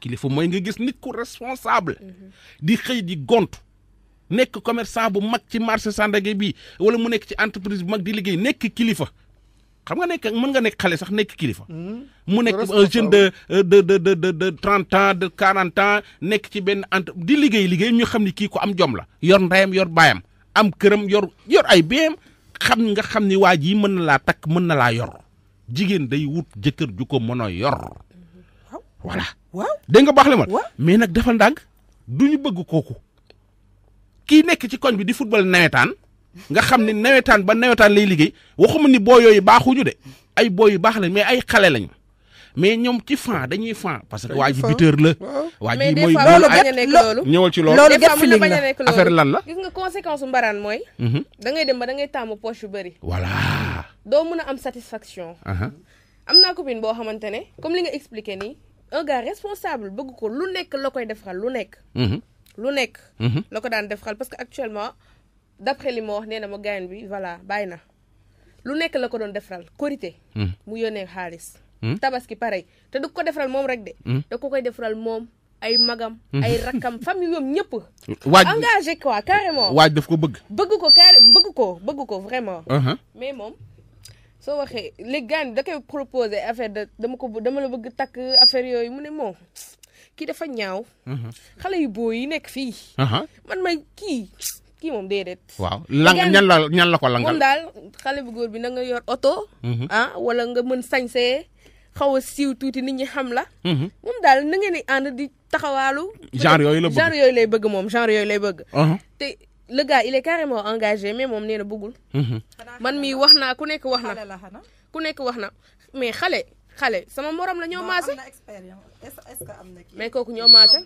kilifa mooy nga gis nit ku responsable. Hmm. di xëy di gont nekk commerçant bu mag ci marché Sandaga bi wala mu nekk ci entreprise bu mag di liggéey nekk kilifa xam nga nekk mën nga nekk xale sax nekk kilifa. Hmm. mu nekk un jeune de de de de de de quarante ans nekk ci benn entre di liggéey liggéey ñu xam ni kii ko am jom la. yor ndeyam yor baayam am këram yor yor ay béem xam nga xam ni waa jii mën na laa takk mën na laa yor jigéen day wut jëkkër ju ko mën a yor. voilà. waaw dégg nga baax le ma mais nag dafa ndànk du ñu bëgg kooku. kii nekk ci koñ bi di football nawetaan nga xam ne nawetaan ba nawetaan lay liggéey waxuma ni boo yooyu baaxuñu de ay boo yu baax lañ mais ay xale lañu mais ñoom ci fan dañuy fan parce que waa ji buteur la waa ji mooy loolu bañ a nekk loolu ñëwal ci loolu loolu get feeling la affaire lan la gis nga conséquence mbaraan mooy mhm. da ngay dem ba da ngay tàmm poche yu bëri voilà doo mun a am satisfaction am naa copine boo xamante ne comme li nga expliqué nii un gars responsable bëgg ko lu nekk la koy defal lu nekk mhm. lu nekk. Mhm. la ko daan parce que actuellement d' après li ma wax bi voilà bàyyi na lu la ko mhm. mu mhm. tabaski pareil te du ko defaral mom rek de. da ko koy defaral moom ay magam. ay rakam famille yom ñëpp. engagé quoi carrément. waaj daf ko bëgg. bëgg ko bëgg ko bëgg ko vraiment. Uh-huh. mais moom. soo waxee da affaire de dama ko dama la bëgg affaire mu kii dafa ñaaw. Mhm. xale yu boo yi nekk fii. man may kii kii moom déedéet. waaw lang ñan la ñan la ko langal. moom daal xale bu góor bi na nga yor oto. Mhm. ah wala nga mën sañsee xaw a siiw tuuti ni ñi xam la. Mhm. moom daal na ngeen di ànd di taxawaalu. genre yooyu la bëgg genre yooyu lay bëgg moom genre yooyu lay bëgg. te le gars il est carrément engagé mais moom nee na bëggul. man mii wax naa ku nekk wax na. ku mais xale. xale sama morom la ñoo maase. mais kooku ñoo maase.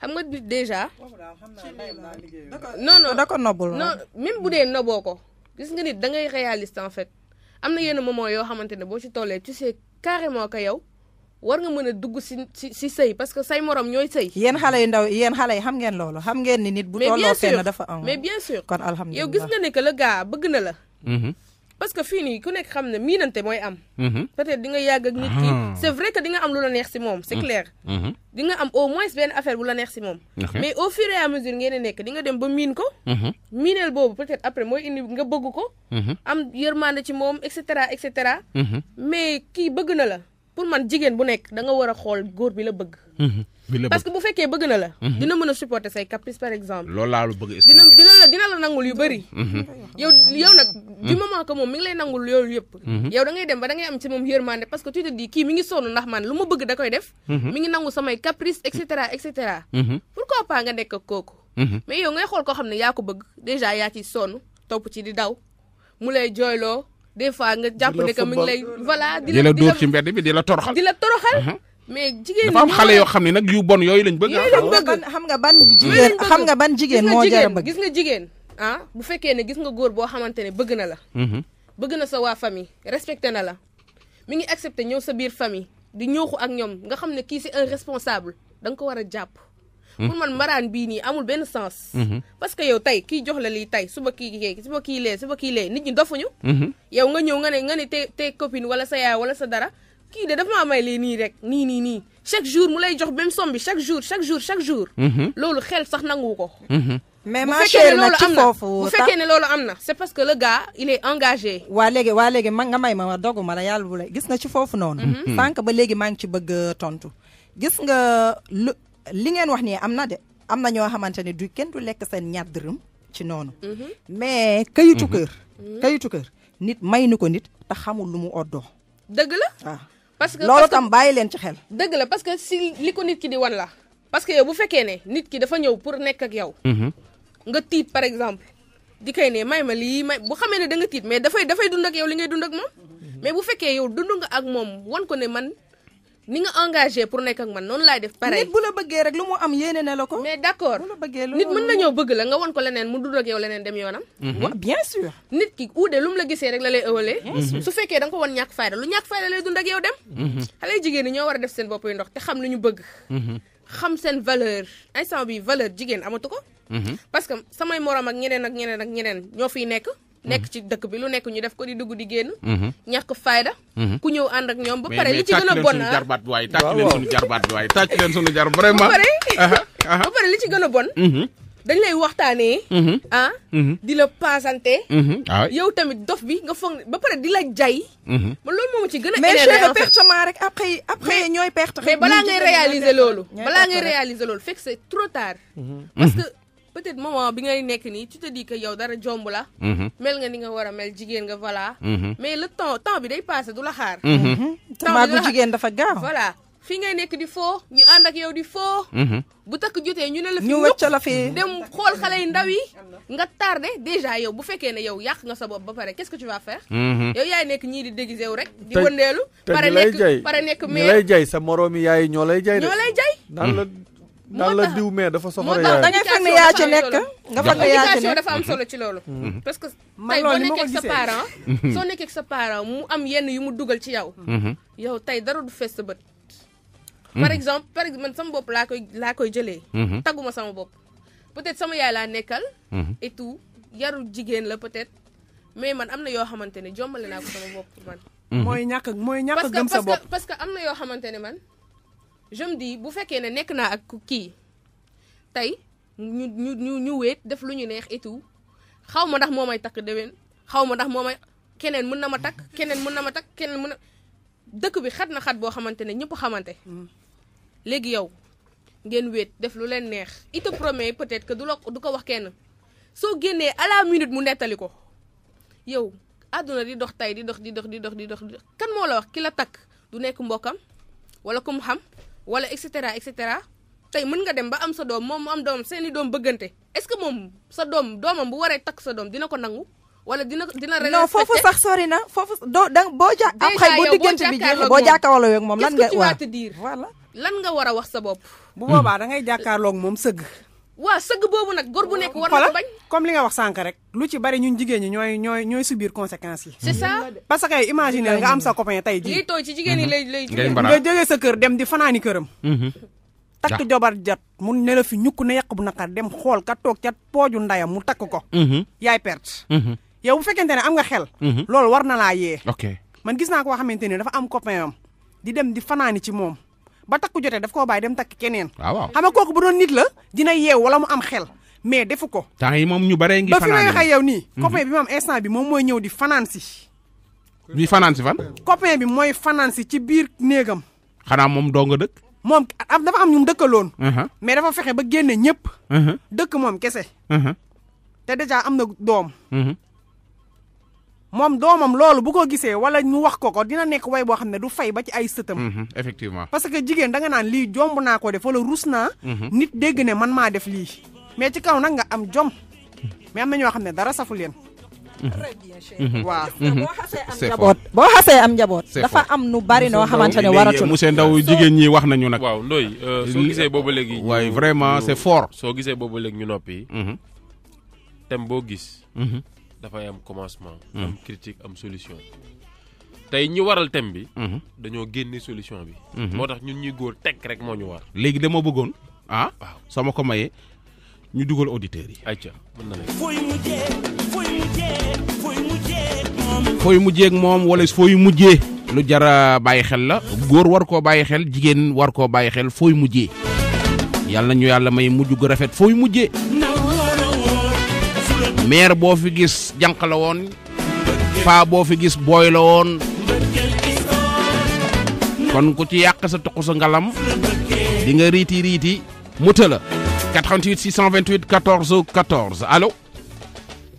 xam nga déjà. non non da ko nobul non même bu dee noboo ko. gis nga nit da ngay réaliste en fait am na yenn moment yoo xamante ne boo ci tollee tu sais carrément que yow war nga mën a dugg si si si sëy parce que say morom ñooy sëy. yenn xale yu ndaw yéen xale yi xam ngeen loolu xam ngeen ni nit. bu tolloo fenn dafa am mais bien sûr mais bien sûr. gis nga ne que le gars bëgg na la. Mm-hmm. parce que fini, nii ku nekk xam ne miinante am. Mhm. peut-être di nga yag ak nit ki. Ah. c'est vrai que di nga am lu la neex ci mom c'est mhm. clair. Mhm. di nga am au moins ben affaire bu la neex ci mom mais au fur et à mesure ngeen di nekk di nga dem ba miin ko. minel bobu peut-être après moy indi nga bëgg ko. am yërmande ci mom etc etc mais ki bëgg na la pour man jigen bu nek da nga wara xol goor bi la bëgg. parce que bu fekkee bëgg na la. dina mën a supporter say caprice par exemple. loolu laa lu bëgg dina la dina la nangul yu bëri. Mhm. yow yow nag du mhm. moment moom mi ngi lay nangul loolu yëpp. Mhm. yow da ngay dem ba da ngay am ci moom yërmande parce que tu te dis kii mi ngi sonn ndax man lu ma bëgg da koy def. mi ngi nangu samay caprice et cetera et cetera. pourquoi pas nga nekk kooku. mais yow ngay xool koo xam ne yaa ko bëgg déjà yaa ciy sonn topp ci di daw mu lay jooyloo des fois nga jàpp ne que ngi lay. voilà di la dóor ci mbedd bi di la toroxal di la toroxal. mais jigéen dafa am xale yoo xam ne nag yu bon yooyu lañ bëgg. yooyu lañ bëgg xam nga ban jigéen xam nga ban jigéen moo jar a bëgg gis nga jigéen ah bu fekkee ne gis nga góor boo xamante ne bëgg na la. Mm-hmm. bëgg na sa waa famille respecté na la mu ngi accepté ñëw sa biir famille di ñëwxu ak ñoom nga xam ne kii c'est un responsable da ko war a jàpp. Mm-hmm. pour man mbaraan bii nii amul benn sens. Mm-hmm. parce que yow tey kii jox la lii tey suba kii kii suba kii lee suba kii lee nit ñi dofuñu. yow nga ñëw nga ne nga ne te te copine wala sa yaay wala sa dara kii de dafa maa may lee nii rek nii nii nii chaque jour mu lay jox même somme bi chaque jour chaque jour chaque jour. Mhm. loolu xel sax nangu ko. Mhm. mais ma chérie nag ci foofu bu fekkee ne loolu am na c'est parce que le gars il est engagé. waa léegi waa léegi man nga may ma doguma la yàlla bu la gis nga ci foofu noonu. Mhm. sànq ba léegi maa ngi ci bëgg euh, tontu. gis nga lu li ngeen wax nii am na de am na ñoo xamante ne du kenn du lekk seen ñaar ci noonu. mais kayitu kër. kayitu kër nit may ni ko nit te xamul lu mu oddoo. dëgg la waaw. Ah parce que loolu tam bàyyi leen ci xel. dëgg la parce que si li ko nit ki di wan la parce que yow bu fekkee ne nit ki dafa ñëw pour nekk ak yow. Mhm. nga tiit par exemple. di koy ne may ma lii may bu xamee ne da nga tiit mais dafay dafay dund ak yow li ngay dund ak moom. Mhm. mais bu fekkee yow dund nga ak moom wan ko ne man ni nga engagé pour nekk ak noonu laay def pareil nit bu la bëggee lu mu am yéene la ko mais d'accord nit mën nañoo bëgg la nga won ko leneen mu dund ak yow leneen dem yoonam mm-hmm. nit ki uude lu la gisee rek la lay ëwalee su fekkee da nga ko won ñàkk fayda lu ñàkk fayda lay dund ak yow dem mm-hmm. xale jigéen ñi ñoo war a def seen bopp yu ndox te xam lu ñu bëgg mm-hmm. xam seen valeur instant bi valeur jigéen amatu ko parce que samay morom ak ñeneen ak ñeneen ak ñeneen ñoo fiy nekk nekk ci dëkk bi lu nekk ñu def ko di dugg di génn. Mhm. ñàkk fayda. Mhm. ku ñëw ànd ak ñoom ba pare li ci gën a bon ah jarbaat bi waaye tàcc leen sunu jarbaat bi a dañ lay waxtaanee. Mhm. Ah. di la paasante. Ah. yow tamit dof bi nga foog ba pare di la jay. man loolu moom ci gën a. énervé mais c'est pertement rek après après ñooy perte. mais balaa ngay réaliser loolu. balaa ngay réaliser loolu fekk c'est trop tard. parce peut-être moment bi ngay nekk nii tu te dis que dara jomb la. Mm-hmm. mel nga ni nga war a mel jigéen nga voilà. Mm-hmm. mais le temps temps bi day passé du la xaar. Mm-hmm. temps bi jigéen dafa gaaw voilà. fii ngay nekk di foo ñu ànd ak yow foo. bu takk jotee ñu ne la fi. ñu wëcc la fi dem xool xale yi ndaw nga nga tardé déjà yow bu fekkee ne yow yàq nga sa bopp ba pare qu'est-ce que tu vas yaay nekk ñii di déguisé wu rek. di wëndeelu pare nekk pare nekk mais lay jay sa moroomi yaay ñoo lay jay de. ñoo lay jay. naan la diw mais dafa soxore yaay da ngay foog ne yaa ci nekk nga foog ne am solo ci loolu mhm. Mhm. parce que tey boo mhm. nekkee sa parent mu am yenn yu mu dugal ci yow yow tey dara du fees sa bët par exemple par man sama bopp laa koy laa koy jëlee tagguma sama bopp peut-être sama yaay laa nekkal et tout yarul jigéen la peut-être mais man am na yoo xamante ne jombale naa ko sama bopp man mooy ñàkk mooy ñàkk gëm sa bopp parce que am na yoo xamante ne man je me dis bu fekkee ne nekk naa ak kii tey ñu ñu ñu ñu wéet def lu ñu neex et tout xaw ma ndax moo may takk déwén xaw ma ndax moo may keneen mën na ma takk keneen mën na ma takk keneen mën na dëkk bi xat na xat boo xamante ne ñëpp xamante. Mm. léegi yow ngeen wéet def lu leen neex il te promet peut-être que du la du ko wax kenn soo génnee à la minute mu nettali ko yow àdduna di dox tey di dox di dox di dox di dox kan moo la wax ki la takk du nekk mbokam wala ku mu xam. wala et cetera et cetera tey mën nga dem ba am sa doom moom mu am doom seeni doom bëggante est ce que moom sa doom doomam bu waree takk sa doom dina ko nangu wala dina dina respecté non fofu sax sori na fofu do da boo ja am xay bo digënté bi jeex boo jàkkaarloo ak mom lan nga waaw voilà lan nga wara wax sa bop bu boba da ngay ak mom seug wa sëgg bobu nak gor bu nek war na ko bañ comme li nga wax sank rek lu ci bari ñun jigéen ñi ñoy ñoy ñoy subir conséquences yi c'est ça parce que imagine nga am sa copain ji li to ci jigéen yi mhm. lay lay nga jógee sa kër dem di fanaani këram mhm. tak jobar jot mu ne la fi ñuk ne yak bu nakar dem xol ka tok ca poju ndaya mu tak ko mhm. yaay perte yow bu fekkente ne am nga xel lool war na yé ok man gis na ko xamanteni dafa am copain di dem di fanani ci moom ba takku jote daf koo bàyyi dem takk keneen. Ah, waaw xam nga kooku bu doon nit la dina yeew wala mu am xel. mais defu ko. temps yi moom ñu baree ngi. fanaan ba fi yow nii. Mhm. copain bi moom bi moom mooy ñëw di fanaan si. di fanaan si fan. copain bi mooy fanaan si ci biir néegam. xanaa moom doo nga dëkk. moom dafa am ñu dëkk loon uh-huh. mais dafa fexe ba génne ñëpp. Uh-huh. dëkk moom kese. Uh-huh. te dèjà am na doom. moom doomam loolu bu ko gisee wala ñu wax ko ko dina nekk way boo xam ne du fay ba ci ay sëtam. Mhm, effectivement parce que jigéen danga naan lii jomb naa ko def wala rus naa. Mhm. nit dégg ne man maa def lii. mais ci kaw nag nga am jom. mais am na ñoo xam ne dara safu leen. Mhm. waaw boo boo xasee am njaboot dafa am nu bari noo xamante ne waratu monsieur Ndaw jigéen ñi wax nañu nag waaw looy euh, soo gisee booba léegi vraiment c'est fort soo gisee booba léegi ñu noppi thème boo gis dafay am commencement. Hmm. am critique am solution. tey ñu waral thème bi. Hmm. dañoo génne solution bi. Hmm. moo tax ñun ñi góor teg rek moo ñu war. léegi dama bëggoon ah. soo ma ko mayee ñu dugal auditeurs yi. ayca mën na nekk. fooy mujjee fooy mujjee moom. fooy mujjee moom fooy mujjee. lu jara bàyyi xel la. góor war koo bàyyi xel jigéen war koo bàyyi xel fooy mujjee. yàlla na ñu yàlla may mujj gu rafet fooy mujjee. maire boo fi gis jànq la woon faa boo fi gis booy la woon kon ku ci yàq sa tuq sa ngalam di nga riiti riiti mu tëla 88 628 14 14 allo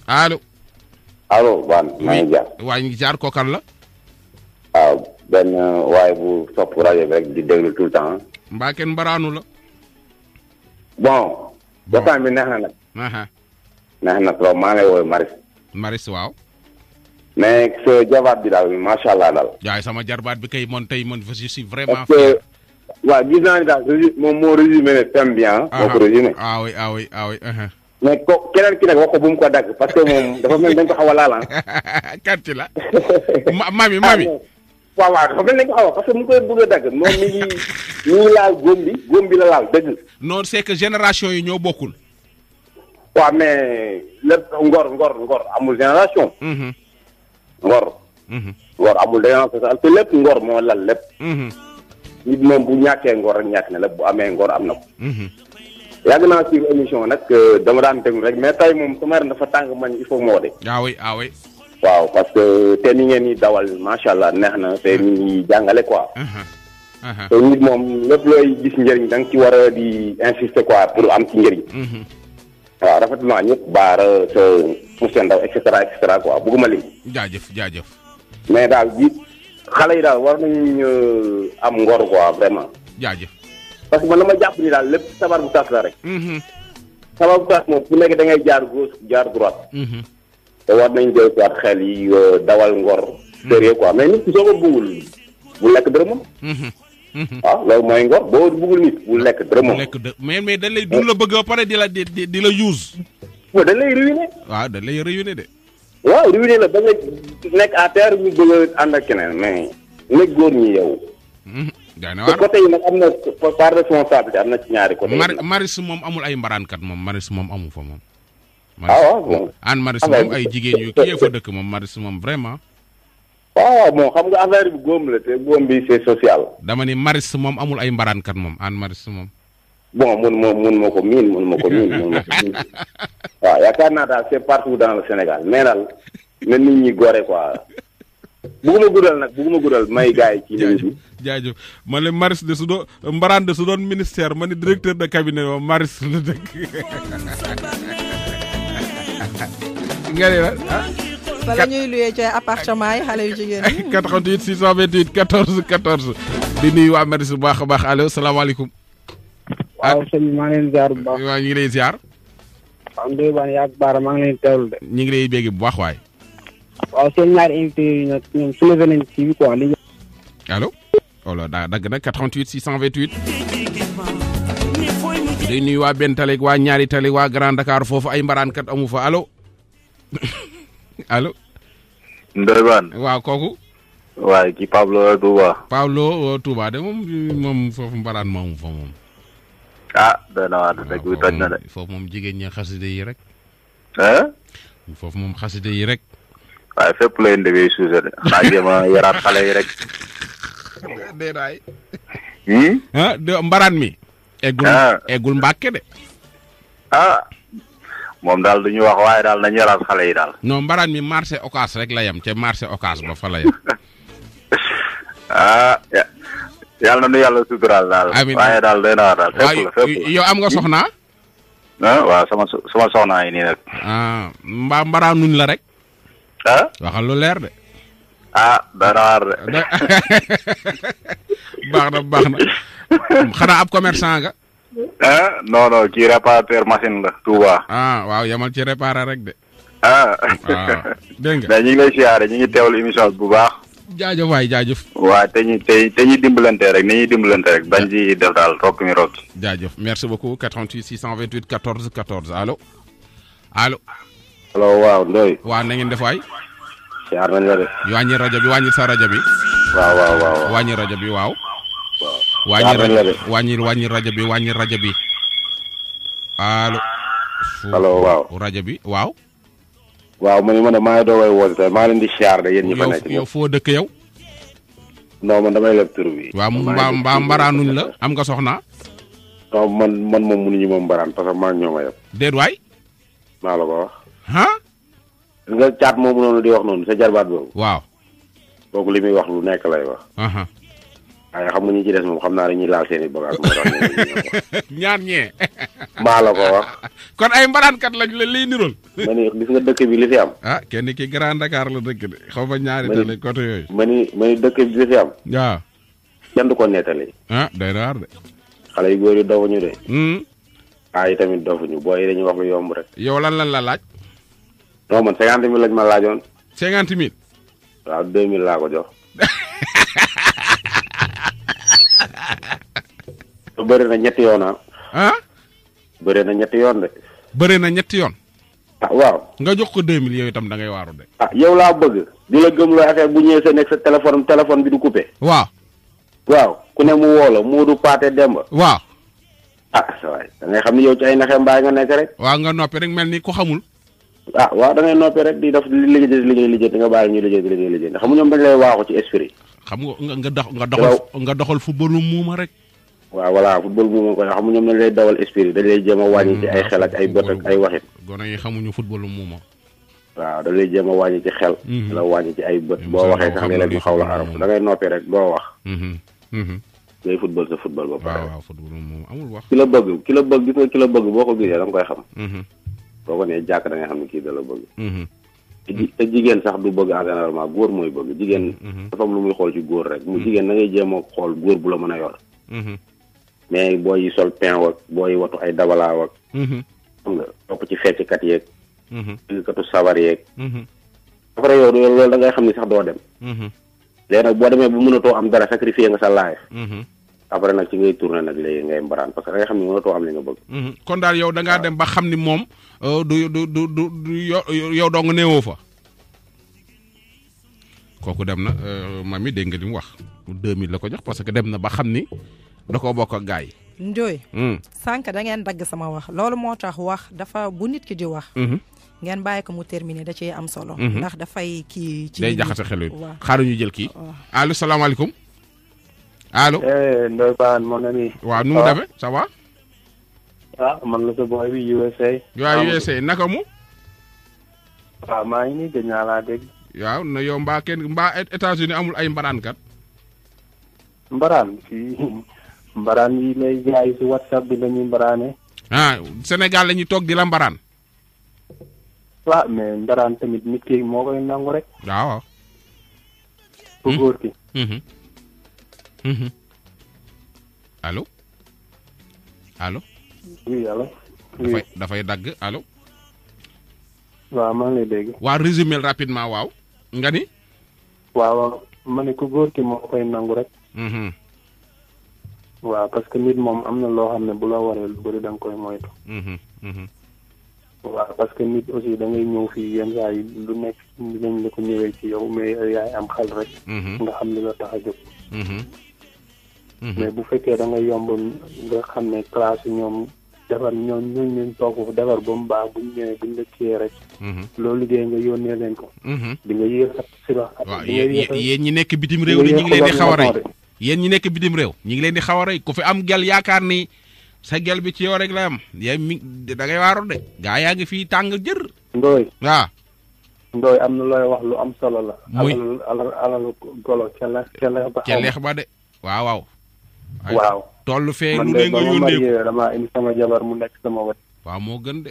allo. allo Ban maa ngi jaar. waa ñu ngi jaar kookan la. waaw benn waaye bu sopp rajo bi rek di déglu tout le temps. mbaa kenn mbaraanu la. bon. waxtaan bi neex na nag. neex na trop maa ngi waaw. mais sa jabaat bi daal macha daal. waaye sama jarbaat bi kay man tey man je suis vraiment. fier waaw naa ni daal moom moo résumé ne thème ah, moo ko ah, résumé. Ah, ah oui ah oui ah oui. Uh-huh. ko keneen ki nag wax ko bu mu ko dagg parce que moom dafa mel dañ ko xaw a laal ah. kan ci la. mami mami. waaw waaw dafa mel ni ko xaw a parce que mu koy bëgg dagg moom mi ngi laal góom bi la laal dëgg. non c'est que génération yi ñoo bokkul. waaw mais lépp ngor ngor ngor amul génération. Mhm. ngor. Mhm. ngor amul génération te lépp ngor moo lal lépp. Mhm. nit moom bu ñàkkee ngor rek ñàkk na lépp bu amee ngor am na ko. yàgg naa ci émission nag euh, dama daan déglu rek mais tay moom sama yaram dafa tàng man il faut moo de. ah oui ah oui. waaw parce que te ni ngeen di dawal macha allah neex na te ni ngi jàngale quoi. te moom lépp looy gis njëriñ da nga ci war a di insister quoi pour am ci njëriñ. waaw rafet naa ñëpp baara sa monsieur Ndaw et cetera et cetera quoi bëgguma lim. jaajëf jaajëf. mais daal ji xale yi daal war nañu euh, am ngor quoi vraiment. jaajëf. parce que man dama jàpp ni daal lépp sabar bu tas la rek. Mm-hmm. sabar bu tas moom fu nekk da ngay jaar gauche jaar droite. Mm-hmm. te war nañ jël soit xel yi euh, dawal ngor. Mm-hmm. sérieux quoi mais nit soo ko bëggul bu lekk dërëmam. waaw mm-hmm. ah, loolu mooy ngor boo bëggul nit bu lekk dërëmam. lekk dë mais mais dañ lay duñ la bëgg ba pare di la di di la use. waaw dañ lay ruiner. waaw dañ lay ruiner de. waaw ruiner la ba nga nekk à terre ñu bëgg a ànd ak keneen mais nekk góor ñi yow. daanaka mm-hmm. am na part maris moom amul ay mbaraankat moom maris moom amu fa moom. ah waaw an maris ah, moom ay jigéen yu kii fa dëkk moom maris moom vraiment. waaw oh, moom xam nga affaire bi góom la te góom bi c'est social. dama ni maris moom amul ay mbaraankat moom aan maris moom. bon mun ma mun ma ko miin mun ma ko miin mun ma ko miin waaw yaakaar naa daal c'est partout dans le Sénégal mais daal na nit ñi gore quoi bugguma guddal nag bugguma guddal may gars yi. ci jaajëf jaajëf ma ne maris de su doon mbaraan de su doon ministère ma ne directeur de cabinet moom maris la dëkk nga ne la ah. bala ñuy luyee ci appartement yi xale yu jigéen ñi. 88 628 14 14. di nuyu bu baax a baax allo salaamaaleykum. waaw ah. sëñ bi maa ngi leen ziar bu baax. waaw ñu ngi lay ziar. waaw Ndoye Bane yaa Baara de. ñu ngi lay bégg bu baax waay. waaw oh daa dagg nag 88 628. di nuyu waa benn waa ñaari tali waa Grand Dakar foofu ay mbaraankat amu fa allo. allo. Ndoye Bane. waaw kooku. waaye ki Pablo Touba. Pablo euh, Touba de moom moom foofu mbaraan moomu fa moom. ah doy na waat rek bi de. foofu moom jigéen ñi xaside yi rek. foofu moom xaside yi rek. waaye fépp lay ndewee suuse de xanaa a yaraat xale yi rek. déedéet. mbaraan mi. eggul ah. eggul mbàkke de. ah. moom daal du ñu wax waaye daal nañu yaraat xale yi daal. non mbaraan mi marché occas rek la yem ca marché occas ba fa la yem. yàlla ah, na nu yàlla suturaal daal. amiin waaye yow am nga soxna hmm? ah waaw sama sama soxnaa yi nii nag. ah mbaa la rek. Ah? waxal lu leer de. ah de. baax na baax na xanaa ab commerçant nga. ah non non kii réparateur machine la Touba. ah waaw yamal ci réparer rek de. ah. waaw ah, dégg nga. mais ñu lay siyaare ñu ngi teewlu émission bu baax. jaajëf waay jaajëf. waaw te ñu te te ñu dimbalante rek ni ñuy dimbalante rek bañ ci def daal rokk mi rokk. jaajëf merci beaucoup 88 628 14 14 allo allo. allo waaw Ndoye. waaw na ngeen def waay. siyaar nañ rajo bi wàññi sa rajo bi. waaw wàññi rajo bi waaw. waaw. wàññil wàññil rajo bi wàññil rajo bi allo. allo rajo bi waaw. waaw man man maa ngi doog a maa leen di siyaar de yéen ñi fa foo dëkk yow. non damay leb tur bi. waaw mbaa mbaa mbaraanuñ la am nga soxna non man man moom mënuñu moom mbaraan parce que maa ngi ñoo ma yëpp. déet nga caat moomu noonu di wax noonu sa jarbaat boobu. waaw. kooku li muy wax lu nekk lay wax. waaye xam nga ñi ci des moom xam naa dañuy laal seen i moo tax ñaar ñee. maa la ko wax. kon ay mbaraankat lañ la lay nirool. ma gis nga dëkk bi li fi am. ah kenn ki Grand Dakar la dëkk de xaw ma ma ma dëkk bi li ko nettali. ah xale yu góor yu dofuñu de. ah tamit dofuñu booy yi dañuy wax lu yomb rek. yow lan lan la laaj. non man cinquante mille lañ ma laajoon. cinquante mille. waaw deux mille laa ko jox. bëri na ñetti yoon ah. ah. na ñetti yoon de. bëri ñetti yoon. ah waaw. nga jox ko 2000 yow itam da ngay waaru de. ah yow laa bëgg. di la gëm loo affaire bu ñëwee sa nekk sa téléphone téléphone bi du coupé. waaw. waaw ku ne mu woo mu Moodu Paate Demba. waaw. ah sa waay da ngay xam ne yow ci ay naxe mbaay nga nekk rek. waaw nga noppi rek mel ni ku xamul. ah waaw da ngay noppi rek di def li liggéey nga bàyyi ñu liggéey liggéey liggéey xam nga ñoom dañ lay waaxu ci esprit. xam nga nga dox nga doxal nga doxal football muuma rek. waaw voilà football muuma ko xam ñoom dañ lay dawal esprit dañ lay jéem a wàññi ci ay mm, xel ak ay bët ak ay waxit. gone yi xamuñu football muuma. waaw dañ lay jéem a wàññi ci xel. Mm-hmm. la wàññi ci ay bët boo waxee sax ne la ñu xaw la arab da ngay noppi rek doo wax. Mm-hmm. Mm-hmm. ngay football sa football ba pare. waaw football moom amul wax. ki la bëgg kilo la bëgg gis la bëgg boo ko gisee da koy xam. boo ko nee jàkk da nga xam ne kii da la bëgg. te jigéen sax du bëgg en généralement góor mooy bëgg jigéen mhm. dafa am lu muy xool ci góor rek mu mhm. jigéen da ngay jéem a xool góor bu la mën a yor mhm. mais boo yi sol pain wak boo yi watu ay dabalaaw ak xam nga topp ci fecckat yeeg tëggkatu sabar yeeg après yow loolu da ngay xam ni sax doo dem léegi boo demee bu mënatoo am dara sacrifier nga sa life après nak ci ngay tourner nak léegi ngay mbaran parce que nga xamni ni am li nga bëgg. Mhm. kon daal yow da nga dem ba xamni mom euh, du du du du du do nga néewoo fa. koku dem na euh, mami de nga lim wax 2000 la ko jox parce que dem na ba xamni ni da ko bokk ak gaay ndoy hmm sank da ngeen dag sama wax lolu moo tax wax dafa bu nit ki di wax. Mhm. ngeen baye ko mu terminer da ci am solo. Mhm. ndax fay ki ci. day jaxata xel xaru ñu jël ki allo alaykum allo eh, ndoy ban mon ami. wa nu mu demee ça va. ah man la boy bi USA. waaw ya, ah, USA naka mu. ah ma ngi de nyala ya, naa yo dégg. waaw na yow mba kenn États-Unis amul ay kat mbaran fii mbaran yi lay jay ci whatsapp bi lañu mbarané ah Sénégal lañu tok di la mbaraan. waaw ah, mais mbaraan tamit nit ki mo koy nangou rek. waaw. bu góor -hmm. hmm, hmm. allo mm-hmm. allo. oui allo. dafay dafay dagg allo. waaw maa lay dégg. waaw résumé rapidement waaw. nga ni. waaw ma ne ku góor ki moo koy nangu rek. Mm-hmm. waaw parce que nit moom am na loo xam ne bu la waree lu bëri da koy moytu. Mm-hmm. waaw parce que nit aussi da ñëw fii yenn saa lu nekk dinañ la ñëwee ci yow mais yaay am xel rek. nga xam li la tax a jóg. Mhm. mais bu fekkee da nga yomb nga xam ne classe ñoom defar ñoom ñooñ leen toog defar ba mu baax bu ñu bu ñu la rek. Mhm. loolu liggéey nga yónnee leen ko. Mhm. di nga yéex a si wax. waaw yéen ñi nekk bitim réew de ñu ngi yéen ñi nekk bitim réew ñu ngi leen di xaw a rey ku fi am gel yaakaar ni sa gel bi ci yow rek la am yaa mi da ngay waaroon de. gaa yaa ngi fi tàng jër. ndooy waaw. ndooy am na looy wax lu am solo la. muy alalu golo ca ba de waaw waaw. waaw toll fee lu ne nga yónnee dama indi sama jabar mu nekk sama wet waaw moo gën de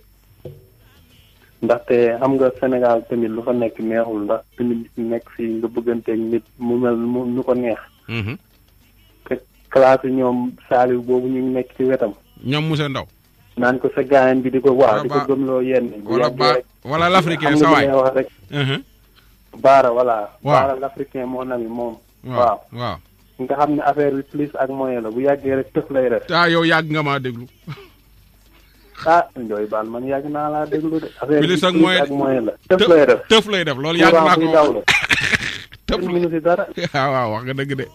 ndaxte xam nga Sénégal tamit lu fa nekk neexul ndax tamit nekk fii nga bëgganteeg nit mu mel mu ñu ko neex mhm. te classe ñoom Saliou boobu ñu nekk ci wetam ñoom Moussa Ndaw naan ko sa gaayan bi di ko waaw di ko gëmloo yenn wala l'africain sa mhm. baara voilà baara l'africain moo nami moom waaw waaw nga xam ne affaire bi plus ak moyen la bu yàggee rek tëf lay def. ah yow yàgg nga maa déglu. ah Ndoye Bal yàgg naa la tëf lay def tëf lay si dara. Ah, waaw wax nga dëgg de.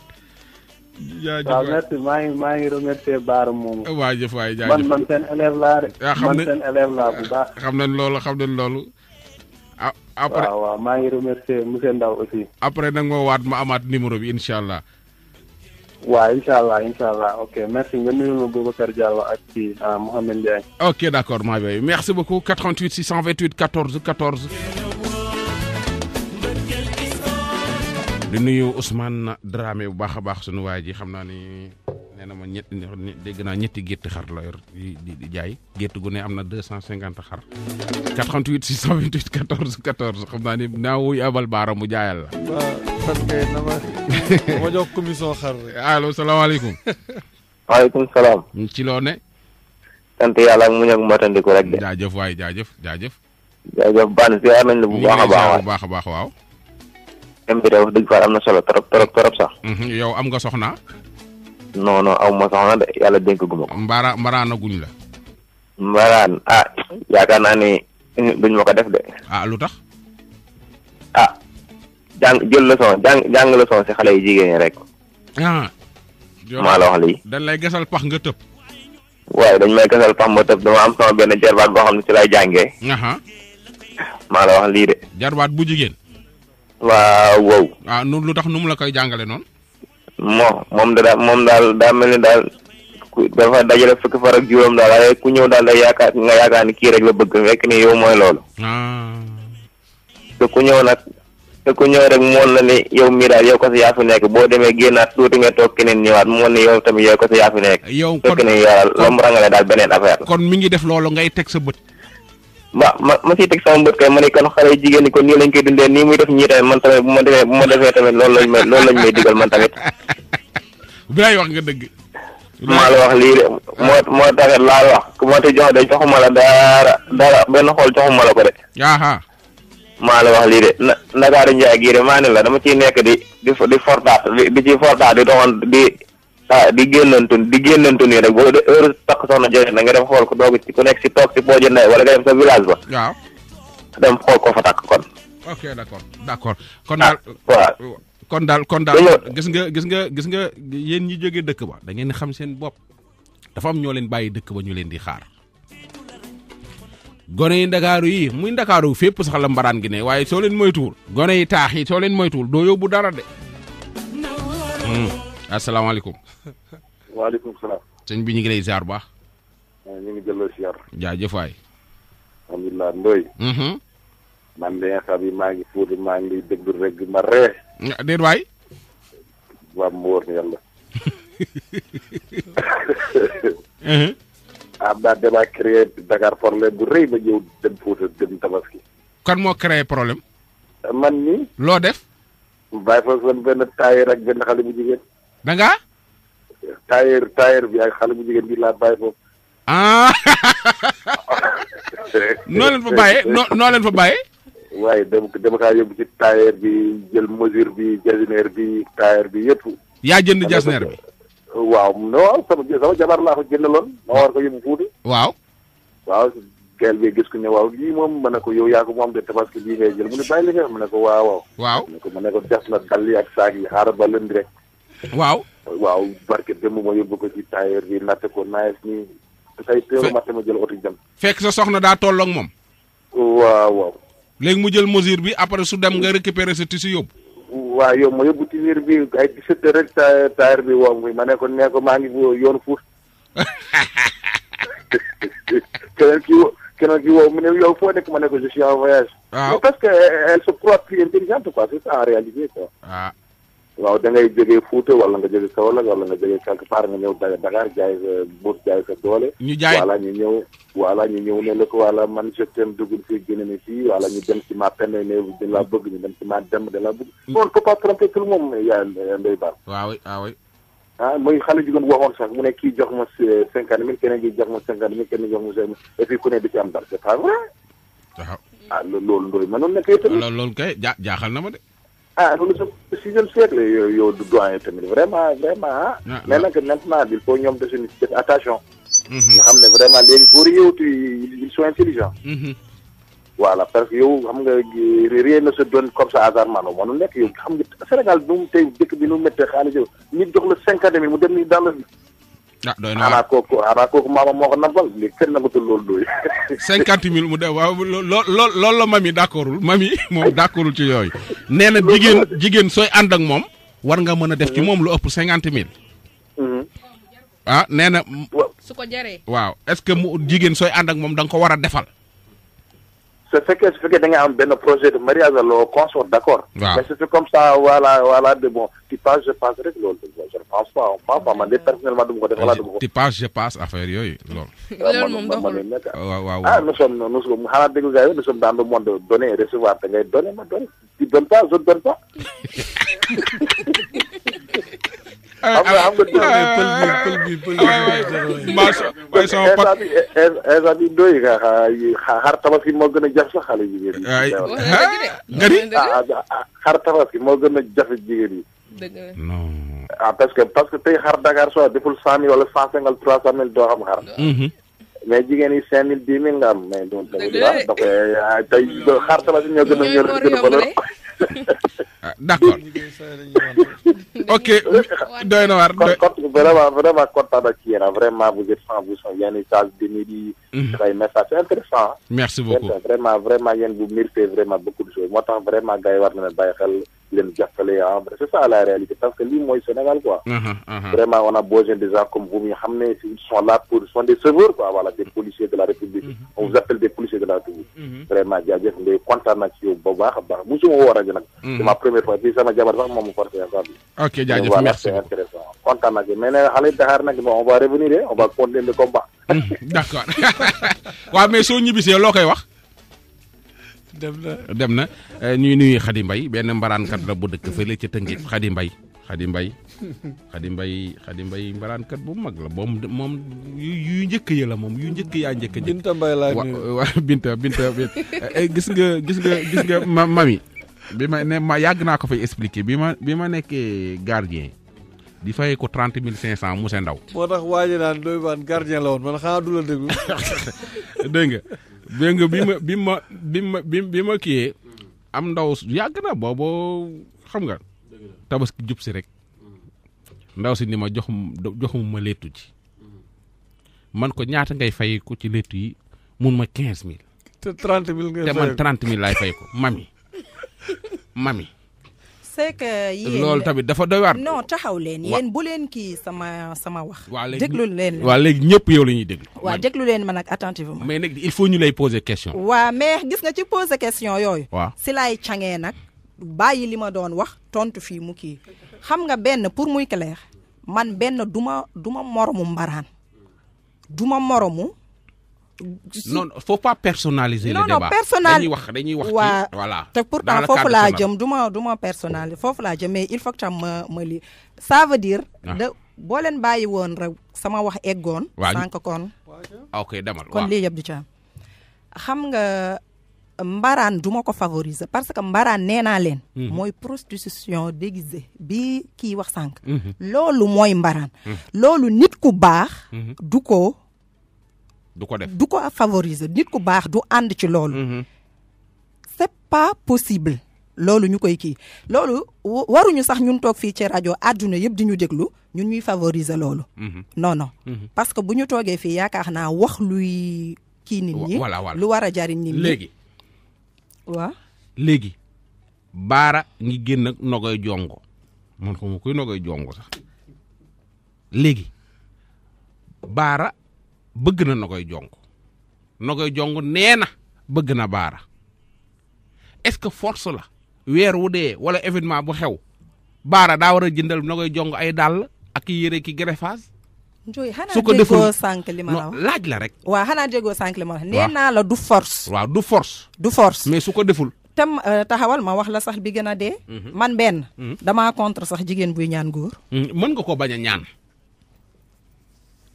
maa ngi maa ngi remercier Baara moomu. waajëf waay jaajëf man man seen élève laa de. Ah, man seen élève laa bu baax. xam nañ loolu xam nañ loolu. Ah, après maa ngi remercier monsieur Ndaw aussi. nag moo waat ma amaat numéro bi incha allah. waaw incha allah incha allah ok merci nga nuyu ma Boubacar Diallo ak kii euh, Mouhamed Ndiaye. ok d' accord maa ngi merci beaucoup 88 628 14 14. di nuyu Ousmane Dramé bu baax a baax sunu waa ji xam naa ni. na ma ñetti dégg naa ñetti gétt xar la yor di jaay gétt gu ne am na deux cent cinquante xar 88 628 14 14 xam naa ni naa wuy abal baara mu jaayal la. Ah, ma jox commission xar rek. allo salaamaaleykum. waaleykum salaam. ci loo ne. sant yàlla ak muñ ak matandiku rek de. jaajëf waay jaajëf jaajëf. jaajëf baan si nañ la bu baax a baax bu baax a baax waaw. thème wax dëgg fa am na solo trop trop sax. Mhm, yow am nga soxna non non aw ma soxna de yàlla dénk guma ko mbara mbaraana guñ la mbaraan ah yaakaar naa ni duñ ma ko def de ah lu ah jang jël leçon jang jàng leçon si xale yi jigéen rek ah maa la wax lii dañ lay gasal pax nga tëb waaye dañ may gasal pax ma tëb dama am sama benn jarbaat boo xam ne si lay jàngee maa la wax lii de jarbaat bu jigéen waaw wow ah nu lu tax nu mu la koy moom moom da moom daal daa mel ni daal dafa dajale fukki far ak juróom daal waaye ku ñëw daal day yaakaar nga yaakaar ni kii rek la bëgg fekk ni yow mooy loolu. Ah. te ku ñëw nag te ku ñëw rek moon la ni yow mii daal yow ko sa yaa nekk boo demee génnaat tuuti nga toog keneen ñëwaat moon ni yow tamit yow ko sa yaa fi nekk. yow kon fekk ni yow daal la mu rangale daal beneen affaire kon mi ngi def loolu ngay teg sa bët. ma ma ma siy teg sama mbët kay ma ne kon xale jigéen ñi kon nii lañ koy dundee nii muy def ñii tamit man tamit bu ma defee bu ma defee tamit loolu lañ may loolu lañ may digal man tamit. bilaay wax nga dëgg. maa la wax lii de moo moo taxit laa wax ku ma jox de joxuma la dara dara benn xool joxuma la ko de. maa la wax lii de na Ndakaaru Njaay gii de maa ne la dama ci nekk di di di fortaat di ci fortaat di doxoon di. ah di génnantu di génnantu nii rek boo de heure takk soxna jëlee na nga dem xool ko doog ci ku nekk si toog si boo jëndee wala nga dem sa village ba. waaw dem xool ko fa takk kon. ok d' accord ah, kon daal. kon daal kon daal gis nga gis nga gis nga yéen ñi jógee dëkk ba da ngeen xam seen dafa am leen dëkk ba ñu leen di xaar. gone yi yi muy sax la gi ne leen gone yi yi leen dara de. Hmm. asalaamaaleykum waaleykum salaam. sëñ bi ñu ngi lay ziar bu baax. ñu ngi jëloo ziar. jaajëf waay. alhamdulilah Ndoye. Mhm. man de xam yi maa ngi fuuti maa ngi déglu rek ma ree. Ah, déet waay. waa mu wóor yàlla. Mhm. am naa damaa créé Dakar problème bu rëy ma ñëw dem Fouta dem Tabaski. kan moo créé problème. man nii. loo def. bàyyi fa son benn taay rek benn xale bu jigéen. da ngaa. tailleur tailleur bi ak xale bu jigéen bi laa bàyyi foofu. ah. noo leen fa bàyyee noo noo leen fa bàyyee. waaye dama dama kaa yóbbu ci tailleur bi jël mesure bi jasinaire bi tailleur bi yëpp. yaa jënd jasinaire bi. waaw non sama sama jabar laa ko jëndaloon. ma war ko yóbbu Fuuta. waaw. waaw gel bi gis ko ne waaw lii moom ma ne ko yow yaa ko moom de tabaski bii ngay jël mu ne bàyyi li nga ma ne ko waaw waaw. waaw ma ko ma na dal yi ak saag xaaral ba lënd rek. waaw. waaw barke dem ma yóbbu ko ci tailleur bi natt ko naes ni say teeru matte ma jël oto dem fekk sa soxna daa tolloog moom waaw waaw léegi mu jël mesure bi après su dem nga récupérer sa tissu yóbbu waaw yow ma yóbbu tissu bi ay tissu rek tailleur bi woo muy ma ne ko ne ko maa ngi yoon fuus keneen ki keneen ki woo mu ne yow foo nekk ma ne ko je suis en voyage ah. parce que elle se croit plus intelligente quoi c'est ça en réalité quoi ah waaw da ngay jógee Fouta wala nga jógee Kaolack wala nga jógee quelque part nga ñëw Dakar jaay sa bourse jaay sa doole. ñu jaay voilà ñu ñëw wala ñu ñëw ne la ko voilà man je t'aime dugul fii génne ne fii wala ñu dem ci ma peine ne de la bëgg ñu dem ci ma dem de la bëgg. Mm. on peut pas tromper tout le monde ya ndey baal. waaw waaw ah moy xale ju gën waxon sax mu ne ki jox ma 50000 mille keneen gi jox ma 50000 mille keneen jox ma cinquante et puis ku ne di ci am dara c'est pas vrai. ah lool loolu ndoy mënoon na kay tamit. lool kay jaaxal na ma de. ah nous sommes au sixième siècle yow du doyen tamit vraiment vraiment ah. ah mais ah. nag maintenant il faut ñoom desuñu def attention. Mhm. nga xam ne vraiment léegi góor yi yowtu ils sont mhm. parce que yow xam nga rien ne se donne comme ça hasardement la mënul nekk yow xam nga Sénégal bi mu dëkk bi nu mu méttee xaalis yow nit jox la cinquante mille mu dem nii dans la ah doy na xanaa kooku xanaa kooku maama moo ko nampal léegi kenn nampatul loolu doy. cinquante mille mu de waaw loo loolu la mami d'accordul mami moom d'accordul ci yooyu. nee na jigéen jigéen sooy ànd ak moom. war nga mën a def ci mm-hmm. moom lu ëpp cinquante mille. Mm-hmm. ah nee na. su ko jëree. waaw est-ce que mu jigéen sooy ànd ak moom da nga ko war a defal. su fekkee su fekkee da nga am benn projet de mariage alors consort d'accord. waaw mais c'est comme ça voilà voilà de bon tu passes je passe rek loolu je pense pas on pense pas man de personnellement dama ko def voilà dama ko. tu passes je passe affaire yooyu loolu. loolu moom doxul waaw ah nous sommes nous sommes xanaa dégg nga nous sommes dans le monde donner et recevoir da ngay donner ma donner tu donnes pas je donne pas. xam nga xam nga. pël bi pël bi waaye sama pat instant bi xar tabaski moo gën a jafe sax xale jigéen yi. waay nga ni ah, ah, ah, moo gën a jafe jigéen yi. dëgg la parce que parce que tey xar Dakar soo deful cent mille wala cent cinquante trois cent mille doo xam xar. Mm-hmm. mais jigéen yi cinq mille dix nga am mais donc eh, tey xar tabaski ñoo gën a ñor gën a valeur. ok doy vraiment vraiment vraiment vous êtes sans vous de midi. Mhm. c'est intéressant. Hein. merci beaucoup vraiment vraiment yéen vous vraiment beaucoup de choses Moi, vraiment gars yi war leen jàppale ah a ça la réalité parce que lii mooy Sénégal quoi. vraiment on a besoin des gens comme vous ñu xam ne ils sont pour sont des sauveurs quoi voilà des policiers de la République. on vous appelle des de la République. vraiment jaajëf ndey kontaan na ci yow bu baax a baax mosuma woo rajo nag. ma première fois bii sama jabar sax moom mu porté à bi. ok jaajëf merci voilà c'est intéressant kontaan na ci mais nag xale Dakar nag bon on va revenir on va continuer le combat. Mmh, d'accord waaw mais soo ñibbisee loo koy wax. dem na na eh, ñuy nuyu Khady Mbaye benn mbaraankat la bu dëkk fële ca Tëngéej Khady Mbaye Khady Mbaye Khady mbay Khady mbaraankat bu mag la moom moom yu njëkk yi la moom yu njëkk yaa njëkk njëkk Binta Mbaye laa waaw Binta Binta eh, gis nga gis nga gis nga ma mami bi ma ne ma yàgg naa ko fa expliquer bi ma bi ma nekkee gardien di fay ko trente mille cinq cent Moussa Ndaw moo tax waaji naan doy baan gardien la woon man xanaa du la déglu dégg nga bi ma bi ma bi ma bi ma kiyee am ndaw yàgg na booboo xam nga tabaski jub si rek ndaw si ni ma jox joxum ma léttu ji man ko ñaata ngay fay ko ci léttu yi mun ma quinze mille te trente mille ngay fay te man trente mille laay fay ko mami mami c'est que yéen loolu tamit dafa doy waar. non taxaw leen yéen bu leen kii sama sama wax. waa léegi déglu leen waa léegi ñëpp yow la ñuy déglu. waa déglu leen ma nag attentivement. mais nag il faut ñu lay poser question. waa mais gis nga ci poser question yooyu. waaw si laay cangee nag bàyyi li ma doon wax tontu fii mu kii xam nga benn pour muy clair man benn duma duma moromu mbaraan duma moromu non faut pas personnaliser non, le non, débat personnal... dañuy wax dañuy wax ouais. voilà te pourtant fofu la jëm duma duma du fofu la jëm mais il faut que tu me ma ça veut dire ah. de bo len bàyyi woon rek sama wax eggoon ouais. kon ah, ok demal kon li yëpp du ci xam nga mbaraan duma ko favoriser parce que mbaraan nee naa leen mhm. prostitution déguisée bi ki wax sànq mhm. loolu mooy mbaraan mhm. lolou nit ku baax du ko du ko def du ko favoriser nit ku baax du ànd ci loolu. Mm-hmm. c'est pas possible. loolu ñu koy kii loolu waruñu sax ñun toog fii ci rajo àdduna yëpp di ñu déglu ñun ñuy favoriser loolu. Mm-hmm. non non. Mm-hmm. parce que bu ñu toogee fii yaakaar naa wax luy. kii nit ñi lu war a jariñ nit ñi léegi. waaw léegi. baara ngi génn ak nogoy jongo man ko ma kuy jongo sax léegi baara bëgg na Nogoy Jong Nogoy Jong nee na bëgg na Baara est-ce que force la weer wu dee wala événement bu xew Baara daa war a jëndal Nogoy Jong ay dàll ak yére ki greffage. Ndoye xanaa déggoo sànq li ma la wax laaj la rek. waa xanaa déggoo sànq li ma la wax. la du force. waaw du force. du force mais su ko deful. tam euh, taxawal ma wax la sax bi gën a dee. Mhm. man benn. Mhm. damaa contre sax jigéen buy ñaan góor. Mhm. mën nga ko bañ a ñaan.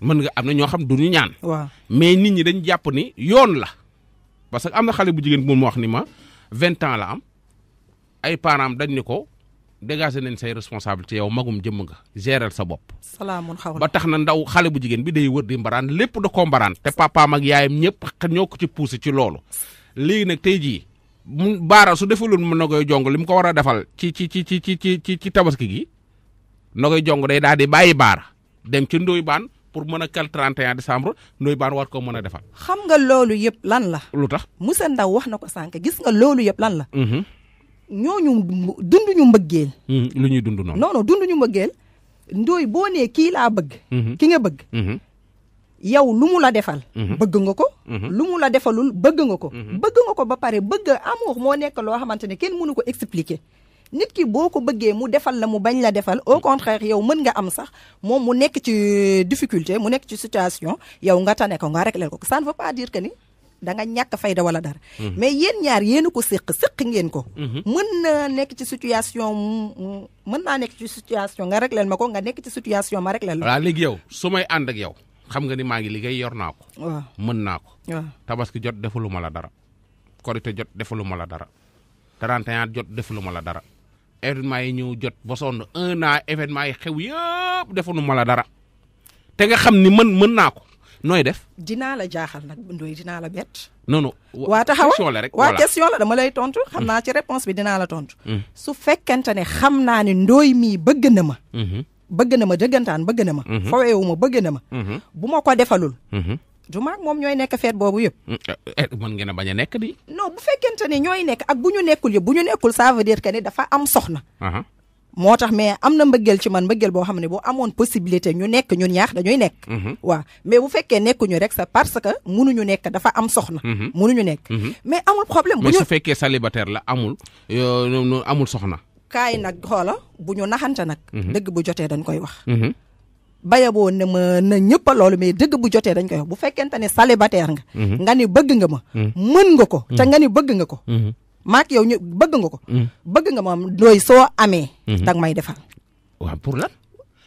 man nga am na ñoo xam ñu ñaan mais nit ñi dañ jàpp ni yoon la parce que am na xale bu jigéen mu wax ni ma 20 ans la am ay parents dañ ni ko dégager nañ say responsabilité yow magum jëm nga gérer sa bopp salaamun xaw ba tax na ndaw xale bu jigéen bi day wër di mbaraan lépp da ko mbaraan te papa ak yaayam ñëpp ñoo ko ci pousse ci loolu léegi nag tay jii baara su defulun mu nogoy jong lim ko wara defal ci ci ci ci ci ci tabaski gi nogoy jong day daal di bàyyi baara dem ci ndoy baan pour mën a kal 31 décembre Ndoye Bane war ko mën a defal. xam nga loolu yëpp lan la. lu tax mu se Ndaw wax na ko sànq gis nga loolu yëpp lan la. Mhm. ñooñu dunduñu mbëggeel. Mhm. lu ñuy dund noonu. non non dunduñu mbëggeel Ndoye boo nee kii laa bëgg. Mhm. ki nga bëgg. yow lu mu la defal. bëgg nga ko. lu mu la defalul bëgg nga ko. bëgg nga ko ba pare bëgg amour moo nekk loo xamante ne kenn mënu ko expliquer. nit ki boo ko bëggee mu defal la mu bañ la defal au contraire yow mën nga am sax moom mu nekk ci difficulté mu nekk ci situation yow nga tane ko nga réglé ko ça ne veut pas dire que ni danga ñàkk fayda wala dara. Hmm. mais yéen ñaar yéen a ko séq séq ngeen ko. Hmm. mën na nekk ci situation mën naa nekk ci situation nga réglé ma ko nga nekk ci situation ma réglé la. voilà léegi yow su may ànd ak yow xam nga ni maa ngi liggéey yor naa ko. mën naa ko. waaw tabaski jot defaluma la dara. korite jot defaluma la dara. 31 jot defaluma la dara. événement yi ñëw jot ba sonn un événement yi xew yëpp defuñu ma la dara te nga xam ni mën mën naa ko nooy def. dinaa la jaaxal nag ndoy dinaa la bett. non non waa taxawal question la rek waa question la dama lay tontu. xam mm. naa ci réponse bi dinaa la tontu. Mm. su fekkente ne xam naa ne ndooy mii bëgg na ma. Mm-hmm. bëgg na ma dëggantaan bëgg na ma. Mm-hmm. foweewu ma bëgg na ma. Mm-hmm. bu ma ko defalul. juma ak moom ñooy nekk feet boobu yëpp. Mm, eh, eh, mën ngeen a bañ a nekk di. no bu fekkente ne ñooy nekk ak bu ñu nekkul yëpp bu ñu nekkul ça veut dire que ne dafa am soxna. moo tax mais am na mbëggeel ci man mbëggeel boo xam ne boo amoon possibilité ñu nekk ñun ñaax dañuy nekk. Mhm. waaw mais bu fekkee nekkuñu rek sa parce que munuñu nekk dafa am soxna. munuñu mhm. nekk. Mhm. mais amul problème bu ñu. mais su fekkee célibataire la amul euh, amul soxna. kaay nag xoola bu ñu naxante nag. dëgg bu jotee dañ koy wax. boo ne ma na ñëpp a loolu mais dëgg bu jotee dañ koy wax bu fekkente ne célibataire nga. Mhm. nga ni bëgg nga ma. Mhm. mën nga ko te mhm. nga ni bëgg nga ko. maak yow ñu bëgg nga ko. bëgg nga ma looy soo amee. dag may defal. waaw pour la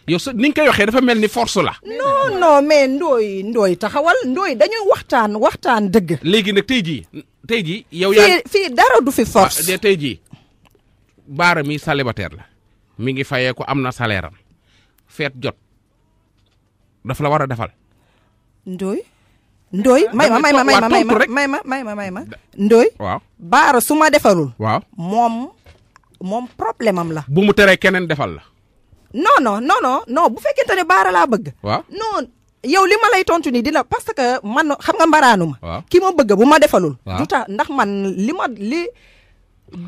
yow sa ni nga koy waxee dafa mel ni fors la. non non mais ndooy ndooy taxawal ndooy dañuy waxtaan waxtaan dëgg. léegi nag tey jii. tey jii yow yaa fii dara du fi force. de ah, tey jii baara mi célibataire la mi ngi fayee ko am na salaire feet jot. daf la war a defal. Ndoy. Ndoy may ma may ma may ma may ma may ma may baara su ma defalul. waaw moom moom problème am la. bu mu teree keneen defal la. non non non non bu fekkente ne baara laa bëgg. waaw non yow li ma lay tontu nii dina parce que man xam nga mbaraanu ma. ki ma bëgg bu ma defalul. du tax ndax man li ma li.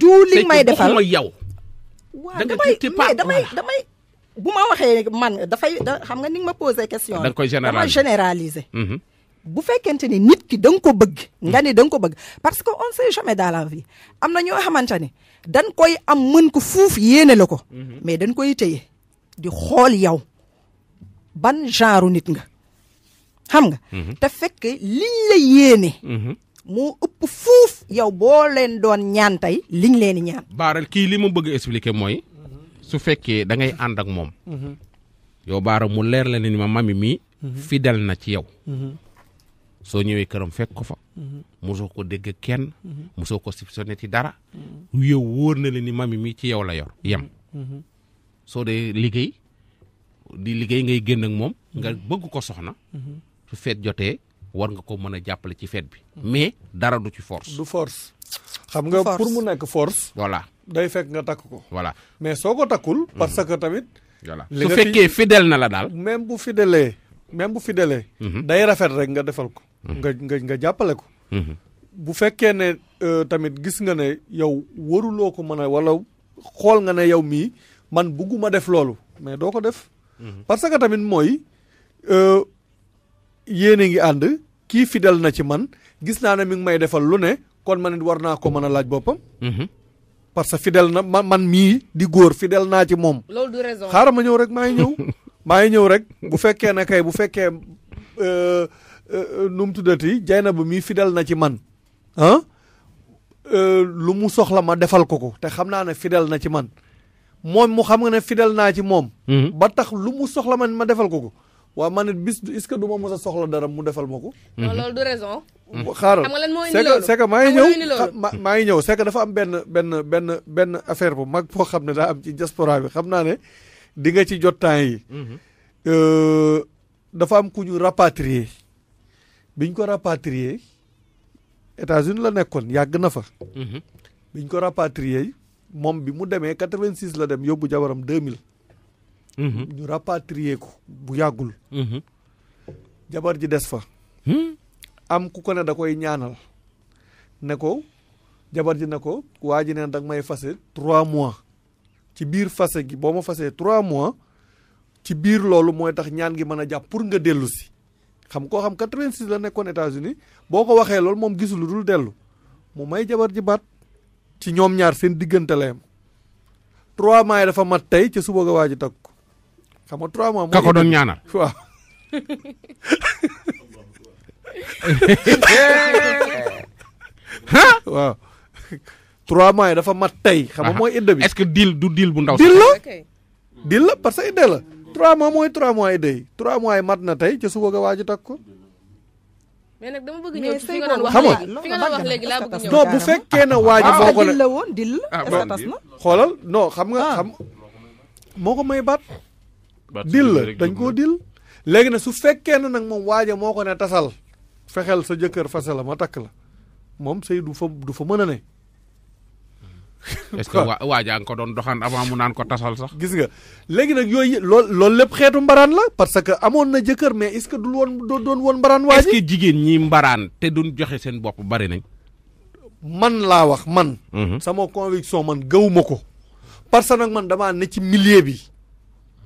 du li may defal damay damay. bu ma waxee man dafay da xam nga ni ma posé question. da nga koy généraliser mhm. bu fekkente ni nit ki da ko bëgg. nga ni da ko bëgg parce que on sait jamais dans vie am na ñoo xamante ne dañ koy am mën ko fuuf yéene la ko. Mhm. mais dañ koy téye di xool yow ban genre nit nga xam nga. Mhm. te fekk liñ la yéene. moo fuuf yow boo leen doon ñaan tey liñ leen di ñaan. baaral kii li mu bëgg expliquer mooy. su fekkee da ngay ànd ak moom. Mm-hmm. yow baara mu leer la ne ni ma mami mii. Mm-hmm. fidèle na ci yaw mm-hmm. soo ñëwee këram fekk ko fa. mosoo ko dégg kenn. mosoo ko soupçonné ci dara. yow wóor na la ni mami mii ci yow la yor yem. soo dee liggéey di liggéey ngay génn ak moom nga bëgg ko soxna. su feet jotee war nga ko mën a jàppale ci feet bi. mais dara du ci force. du xam nga pour mu nekk force. voilà. day fekk nga takk ko. voilà mais soo ko takkul. Mhm. parce que tamit. voilà su fekkee fidèle na la daal. même bu fidèlee même bu fidèlee. Mhm. day rafet rek nga defal ko. Mhm. nga nga nga jàppale ko. bu fekkee ne euh, tamit gis nga ne yow waruloo ko mën a wala xool nga ne yow mii man bugguma def loolu mais doo ko def. parce que tamit mooy euh, yéen a ngi ànd kii fidèle na ci man gis naa ne mi ngi may defal lu ne kon ma it war naa ko mën a laaj boppam. parce que fidèle na man, man mi di gor fidèle na ci mom loolu du raison xaaral ma ñew rek maa ñew ñëw ñew rek bu fekke na kay bu fekke euh, euh, euh num tudati fidèle na ci man ah euh, lu mu soxla ma defal ko ko te xamna na fidel na ci man mom mu xam nga Fidel fidèle naa ci mom mm-hmm. ba tax lu mu soxla man ma defal ko ko wa man bis est ce que duma ma soxla dara mu defal mako non du raison Mm. xaaral c'est que c'est que maa ngi ñëw maa ngi ñëw c'est dafa am benn benn benn benn affaire bu mag boo xam ne daa am ci diaspora bi xam naa ne di nga ci jot temps yi mm-hmm. euh, dafa am ku ñu rapatrier biñ ko rapatrier États-Unis la nekkoon yàgg na fa mm-hmm. biñ ko rapatrier moom bi mu demee quatre-vingt-six la dem yóbbu jabaram deux mille mm-hmm. ñu rapatrier ko bu yàggul jabar ji des fa hmm? am ku ko ne da koy ñaanal ne ko jabar ji ne ko waa ne dag may fasé 3 mois ci biir fasé gi boo ma fasé 3 mois ci biir loolu mooy tax ñaan gi mën a jàpp pour nga dellu si xam koo xam 86 la nekkoon États-Unis boo ko waxee loolu moom gisul dul dellu mu may jabar ji baat ci ñoom ñaar seen diggante la yam 3 mois yi dafa mat tey ci suba ga waa ji xam nga 3 mois. ka ko doon ñaanal waaw. Hah? waaw trois mois yi ya, dafa mat tey xam nga mooy idda bi est ce que deal du deal bu ndaw deal la deal la parce que idda la trois mois mooy trois mois idda yi trois mois yi mat na tey ci suba nga waaju takk ko mais nag dama bëgg ñëw ci fi nga doon wax fi nga doon wax léegi laa bëgg ñëw non bu fekkee ko ah, la woon la ah, xoolal non xam nga ah. xam moo ko may baat la dañ koo léegi nag su fekkee nag moom moo ko ne tasal fexel sa jëkkër fase la ma takk la moom sëy du fa du fa mën a ne est ce que waa nga ko doon doxaan avant mu naan ko tasal sax gis nga léegi nag yooyu lool loolu lépp xeetu mbaraan la parce que amoon na jëkkër mais est ce que dul woon doon woon mbaraan waa est ce que jigéen ñi mbaraan te duñ joxe seen bopp bari nañ man laa wax man mhm. sama conviction man gëwuma ko parce que nag man dama ne ci milieu bi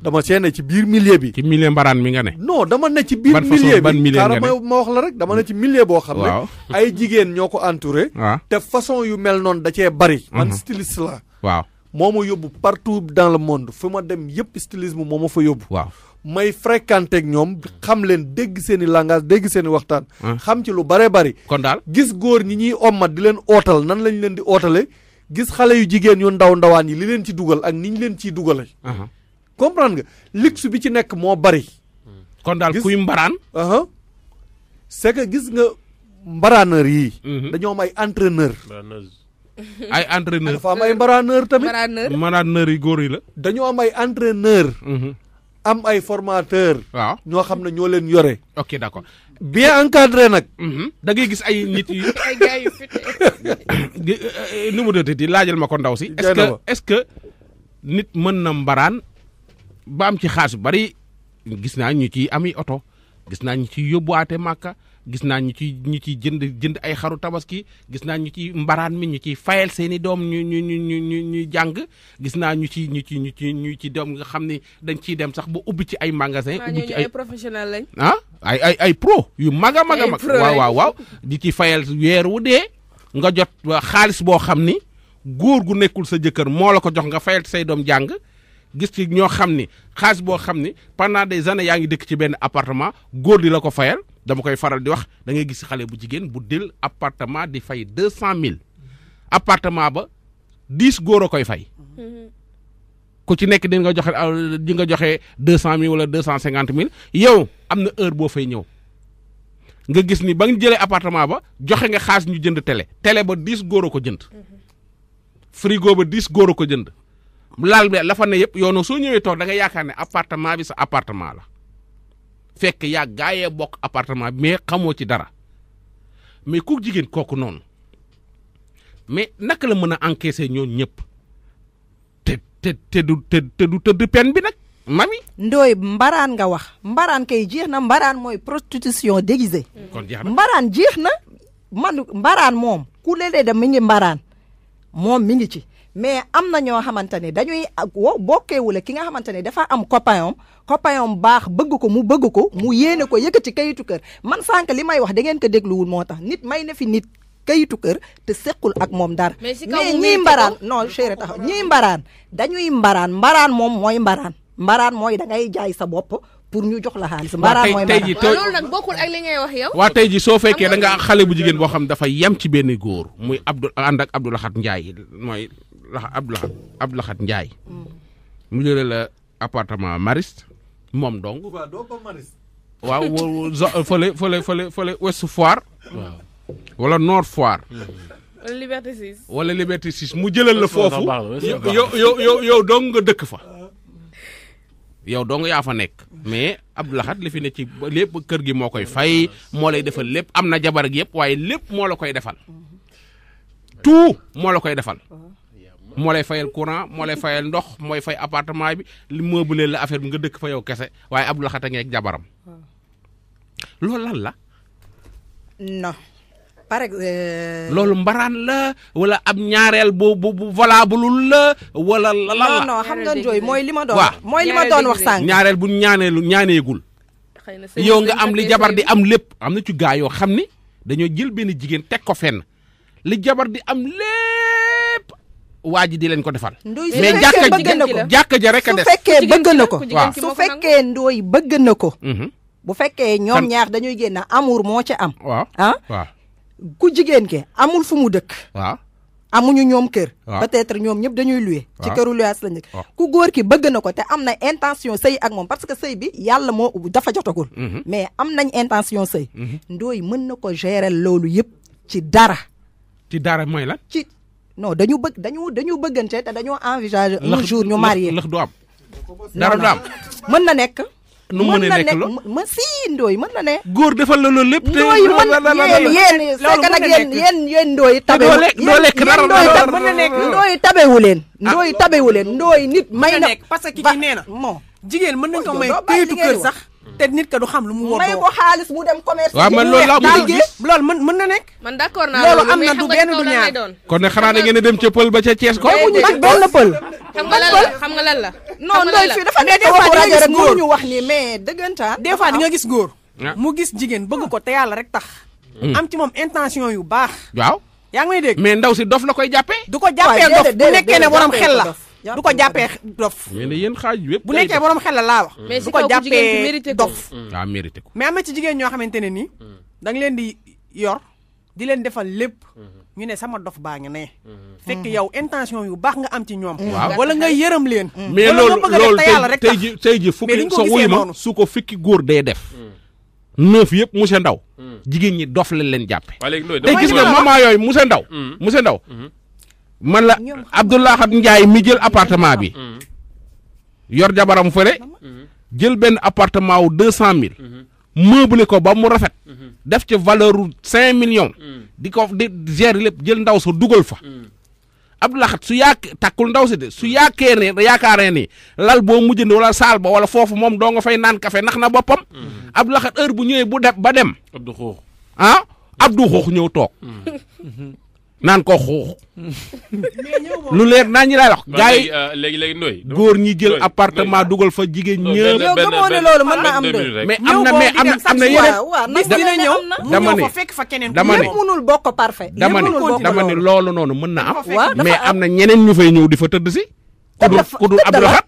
dama seen ne ci biir milieu bi. ci milieu mbaraan mi nga ne. non dama ne ci biir milieu bi xaaral ma wax la rek dama ne ci milieu boo xam ne. ay jigéen ñoo ko entouré. Ah. te façon yu mel noon da cee bari. man mhm. styliste la. waaw moo ma yóbbu partout dans le monde fu ma dem yëpp stylisme moo ma fa yóbbu. waaw may fréquenté ak ñoom xam leen dégg seen i langage dégg seeni waxtaan. Ah. xam ci lu bare bari. kon daal gis góor ñi ñuy ommat di leen ootal nan lañ leen di ootale gis xale yu jigéen yu ndaw ndawaan yi li leen ci dugal ak ni ñu leen ciy dugalee. Uh-huh. comprendre nga luxe bi ci nekk moo bari. kon daal kuy mbaraan. c'est que gis nga mbaraaneur yi. Mhm. dañoo am ay entraîneur. ay entraîneur dafa am ay mbaraaneur tamit. mbaraaneur yi góor yi la. dañoo am ay entraîneur. Mhm. am ay formateur waaw ñoo xam ne ñoo leen yore. ok d'accord bien encadré nag. Mhm. da ngay gis ay nit yi. ay gars di euh, euh, laajal ma ko ndaw si. est-ce que nit mën na mbaraan. ba am ci xaas bari gis naa ñu ciy ami oto gis naa ñu ciy yóbbuwaate màkka gis naa ñu ciy ñu ciy jënd jënd ay xaru tabaski gis naa ñu ciy mbaraan mi ñu ciy fayal seen i doom ñu ñu ñu ñu ñuy jàng gis naa ñu ci ñu ci ñu ci ñu ci doom nga xam ne dañ ciy dem sax ba ubbi ci ay magasin ubbi ci ay professionnel lañ ah ay ay ay pro yu mag a mag a mag waaw waaw waaw di ci fayal weer wu dee nga jot xaalis boo xam ni góor gu nekkul sa jëkkër moo la ko jox nga fayal say doom jàng gis ci ñoo xam ni xaalis boo xam ni pendant des années yaa ngi dëkk ci benn appartement góor di la ko fayal dama koy faral di wax da ngay gis xale bu jigéen bu dil appartement di fay deux cent mille appartement ba dix góor a koy fay ku ci nekk di nga joxe euh, di nga joxe deux cent mille wala deux cent cinquante mille yow am na heure boo fay ñëw nga gis ni ba nga jëlee appartement ba joxe nga xaalis ñu jënd tele tele ba dix góor a ko jënd mm-hmm. frigo ba dix góor ko jënd lal bi la fa ne yep yono so ñewé tok da nga yaakaar appartement bi sa appartement la fekk ya gaayé bok appartement bi mais xamoo ci dara mais ku jigen koku non mais nak la mëna encaisser ñoom ñëpp te te te du te, te du tëdd pen bi nak mami ndoy mbaran nga wax mbaran kay jeex na mbaran mooy prostitution déguisée kon jeex na mbaraan jeex na man mbaran mom ku léeg da mi ngi mbaran mom mi ngi ci mais am na ñoo xamante ne dañuy wo bokkeewule ki nga xamante ne dafa am copain am copain baax bëgg ko mu bëgg ko mu yéene ko yëkkati kayitu kër man sànq li may wax dangeen ngeen ko dégluwul moo tax nit may na fi nit kayitu kër te sequl ak moom dara mais ñii mbaraan non chéri tax ñii mbaraan dañuy mbaraan mbaraan moom mooy mbaraan mbaraan mooy dangay ngay jaay sa bopp pour ñu jox la xaalis mbaraan mooy tey ji loolu nag ngay wax yow waa tey ji soo fekkee da nga xale bu jigéen boo xam dafa yem ci benn góor muy Abdou ànd ak Abdou Lahat Ndiaye mooy laxa Abdou Lahat Abdou Lahat Ndiaye. mu jëlee la appartement Mariste moom dong. waaw waaw fële fële fële fële Ouest Foire. waaw wala noor foir wala Liberté 6. mu jëlal la foofu. yow yow nga dëkk fa. yow dong yaa fa nekk. mais Abdou Lahat li fi ne ci lépp kër gi moo koy fay moo lay defal lépp am na jabar ak yëpp waaye lépp moo la koy defal. tout moo la koy defal. moo lay fayal courant moo lay fayal ndox mooy fay appartement bi li meublé la affaire bi nga dëkk fa yow kese waaye Abdou Lahat a ngeeg jabaram. loolu la. non. par euh, mbaraan la wala ab ñaareel bu bu bu valabulul la wala. lan la non xam nga jooy mooy li ma doon. waaw mooy li ma doon ñaareel bu ñaaneelu ñaaneegul. yow nga am li jabar di am lépp. am na ci gaa yoo xam ni dañoo jël benn jigéen teg ko fenn li jabar di am lépp. waa ji di leen ko defal. mais jàkka jàkka ja rek a des. su fekkee bëgg na ko waaw su fekkee ndooy bëgg na ko. Mhm. bu fekkee ñoom ñaar dañuy génn a amour moo ci am. Ah? waaw ku jigéen ke amul fu mu dëkk. waaw amuñu ñoom kër. peut-être ñoom ñëpp dañuy loué. ci këru luwaas la nekk. ku góor ki bëgg na ko te am na intention sey ak moom parce que sey bi yàlla moo dafa jotagul. Mhm. mais am nañ intention sëy. Mhm. ndooy mën na ko gérer loolu yëpp ci dara. ci dara mooy lan non dañu bëgg dañu dañu bëggante te dañoo envisager un jour ñu marié lëx du am dara du am mën na nekk nu mën a nekk loo ma sii ndooy mën na ne. góor defal la loolu lépp. te mën na yéen yéen fekk nag yéen yéen yéen ndooy. tabe wu doo lekk dara mën na nekk ndooy tabewu leen. Ah. ndooy tabewu leen ndooy nit may na. parce que kii nee na. bon jigéen mën na ko may kayitu kër sax. Mm. te nit ka du xam lu mu wóor may ko xaalis mu dem commerce waaw man loolu la bëgg gis loolu man man na nek man d'accord na loolu am na du ben du ñaar kon ne xanaa da ngeen dem ci peul ba ci ties ko ñu ci ben peul xam nga lan xam nga lan la non loolu fi dafa nekk waxu rajo rek ñu wax ni mais deugenta des fois di nga ah. gis goor ah. mu gis jigen bëgg ko te yalla rek tax mm. am ci mom intention yu bax waaw yaa ngi dégg mais ndaw si dof la koy jappé du ko jappé dof bu nekkee xel la du ko jàppee dof. mais yéen xaaj yëpp bu nekkee borom xel la laa wax. du ko jàppee dof. waaw mm. ah, mérité ko mais am na ci jigéen ñoo xamante ne nii. Mm. danga leen di yor di leen defal lépp. Mm-hmm. ñu ne sama dof baa ngi ne. Mm-hmm. fekk yow intention yu baax nga am ci ñoom. Mm-hmm. wala ngay yërëm leen. mais loolu rek tey ji tey ji fukki sa wuy ma su ko fukki góor dee def. Mm. neuf yëpp monsieur Ndaw jigéen ñi dof lañ leen jàppe. te gis nga maman yooyu monsieur Ndaw. monsieur Ndaw man la Abdoulaye Khat Ndiaye mi jël appartement bi mm-hmm. yor jabaram fële mm-hmm. jël benn appartement wu deux cent mille mm-hmm. meublé ko ba mu rafet def ci valeur u cinq millions di ko di gérer lépp jël ndaw sa dugal fa Abdoulaye Khat su yaak takkul ndaw si de su yaakee ne yaakaaree ni lal boo mujjënd wala saal ba wala foofu moom doo nga fay naan kafe nax na boppam Abdoulaye Khat heure bu ñëwee bu def ba dem ah Abdou ñëw toog naan ko xuux lu leer naa ñi laay wax. gars yi léegi euh, léegi nooy góor ñi jël appartement dugal fa jigéen ñëpp. yow gëmoo ne loolu mën na am de. mais am na mais am na yeneen. dama ne dama ne mënul bokk parfait. dama ne dama ne loolu noonu mën na am. mais am na ñeneen ñu fay ñëw di fa tëdd si. kudu kudu Abdoulahat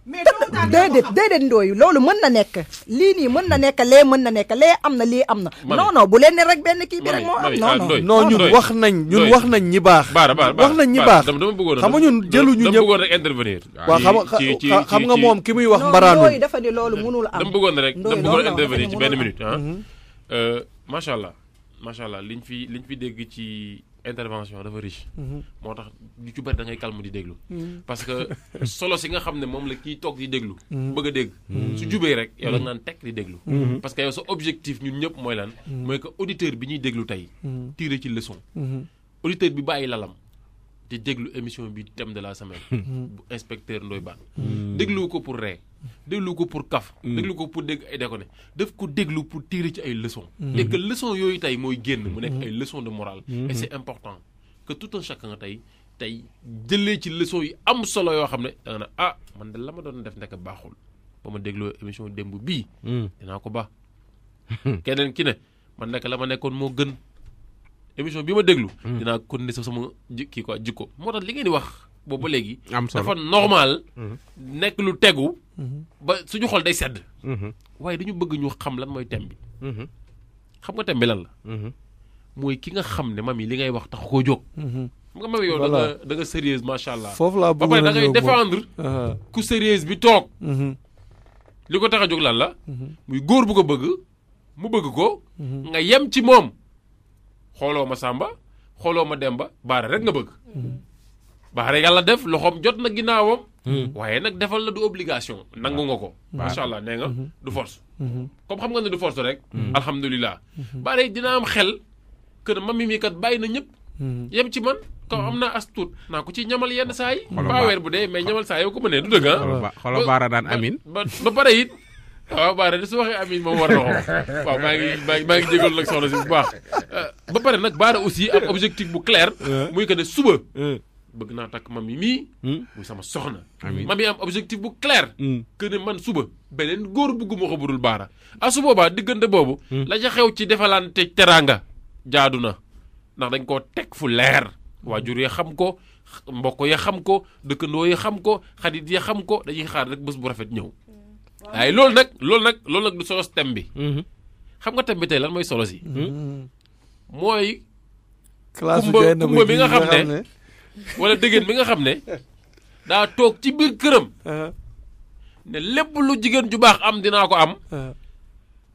déedéet déedéet ndooyu loolu mën na nekk lii nii mën na nekk lee mën na nekk lee am na lii am na non non bu leen ne rek benn kii bi rek moo am non ah, non ñun wax nañ ñun wax nañ ñi baax wax nañ ñi baax xam nga ñun jëluñu ñëpp waaw xam nga xam nga moom ki muy wax mbaraanu ndooyu dafa ne loolu mënul am dama bëggoon rek dama bëggoon intervenir ci benn minute ah mm-hmm. euh, macha allah macha allah liñ fi liñ fi dégg ci intervention dafa riche. Mhm. moo tax lu ci bëri da ngay calme di déglu. Mhm. parce que solo si nga xam ne moom la kiy toog di déglu. Mhm. bëgg a dégg. su jubee rek yow da nga naan tekk di déglu. parce que yow sa objectif ñun ñëpp mooy lan. mooy que auditeur bi ñuy déglu tey. tirer ci leçon. auditeur bi bàyyi lalam. di déglu émission bi thème de la semaine. bu inspecteur Ndoye Bane. déglu ko pour ree. déglu ko pour kaf. Mm. déglu ko pour dégg ay déconné def ko déglu pour tirer ci ay leçons. Mm. et que yooyu tey mooy génn mu nekk mm. ay leçons de morale. Mm-hmm. et c'est important que tout un nga tey tey jëlee ci leçons yi am solo yoo xam ne da nga ah man de la ma doon def ndek baaxul ba ma dégloo émission démb bii. dinaa ko baax. keneen ki ne man nag la ma nekkoon moo gën émission bi ma déglu. dinaa kon continuer sama ji kii quoi jikko moo tax li ngeen di wax. boobu ba léegi. am solo dafa normal. Mhm. nekk lu tegu. Mhm. ba suñu xol day sedd. Mhm. waaye dañu bëgg ñu xam lan mooy thème bi. xam nga thème bi lan la. mooy ki nga xam ne mam mami li ngay wax tax koo jóg. xam nga mami yow da da nga sérieuse macha allah. foofu laa a da ngay défendre. Uh-huh. ku sérieuse bi toog. li ko tax a jóg lan la. muy góor bu ko bëgg mu bëgg ko. nga yem ci moom xooloo ma sàmba xooloo ma Demba Baara rek nga bëgg. baax yalla def loxom jot na ginaawam hmm. waye nak defal la du obligation. nangu nga ko. Hmm. macha allah nee nga hmm. du force. comme xam nga ne du force rek. Alhamdulillah. baax dina am xel que mami mi kat bayina ñep yem ci man ko amna astut as ko ci ñamal yenn say ba wer bu de mais ñamal say ko mene du deug ha ah. xoolal bara dan amin. ba pare it. waaw bare de su waxee amin moom war na ko waaw maa ngi maa ngi jégal nag soxna si bu baax. Euh, ba pare nag baara aussi am objectif bu clair. Euh. muy que ne suba. Euh bëgg naa takk mami mii. muy hmm? sama soxna. mami am objectif bu clair. que hmm. ne man suba beneen góor bugguma ko budul baara. a su boobaa diggante boobu. Hmm. la ca xew ci defalante teranga jaadu na ndax dañ koo teg fu leer. waajur ya xam ko mbokk ya xam ko dëkkandoo ya xam ko xarit ya xam ko dañuy xaar rek bés bu rafet ñëw. waaye loolu nag loolu nag loolu nag du solo tem bi. xam nga tem bi tey lan mooy solo yi. mooy. classe kumba kumba bi nga xam ne. wala dëggeen bi nga xam ne daa toog ci biir këram. Uh-huh. ne lépp lu jigéen ju baax am dinaa ko am. Uh-huh.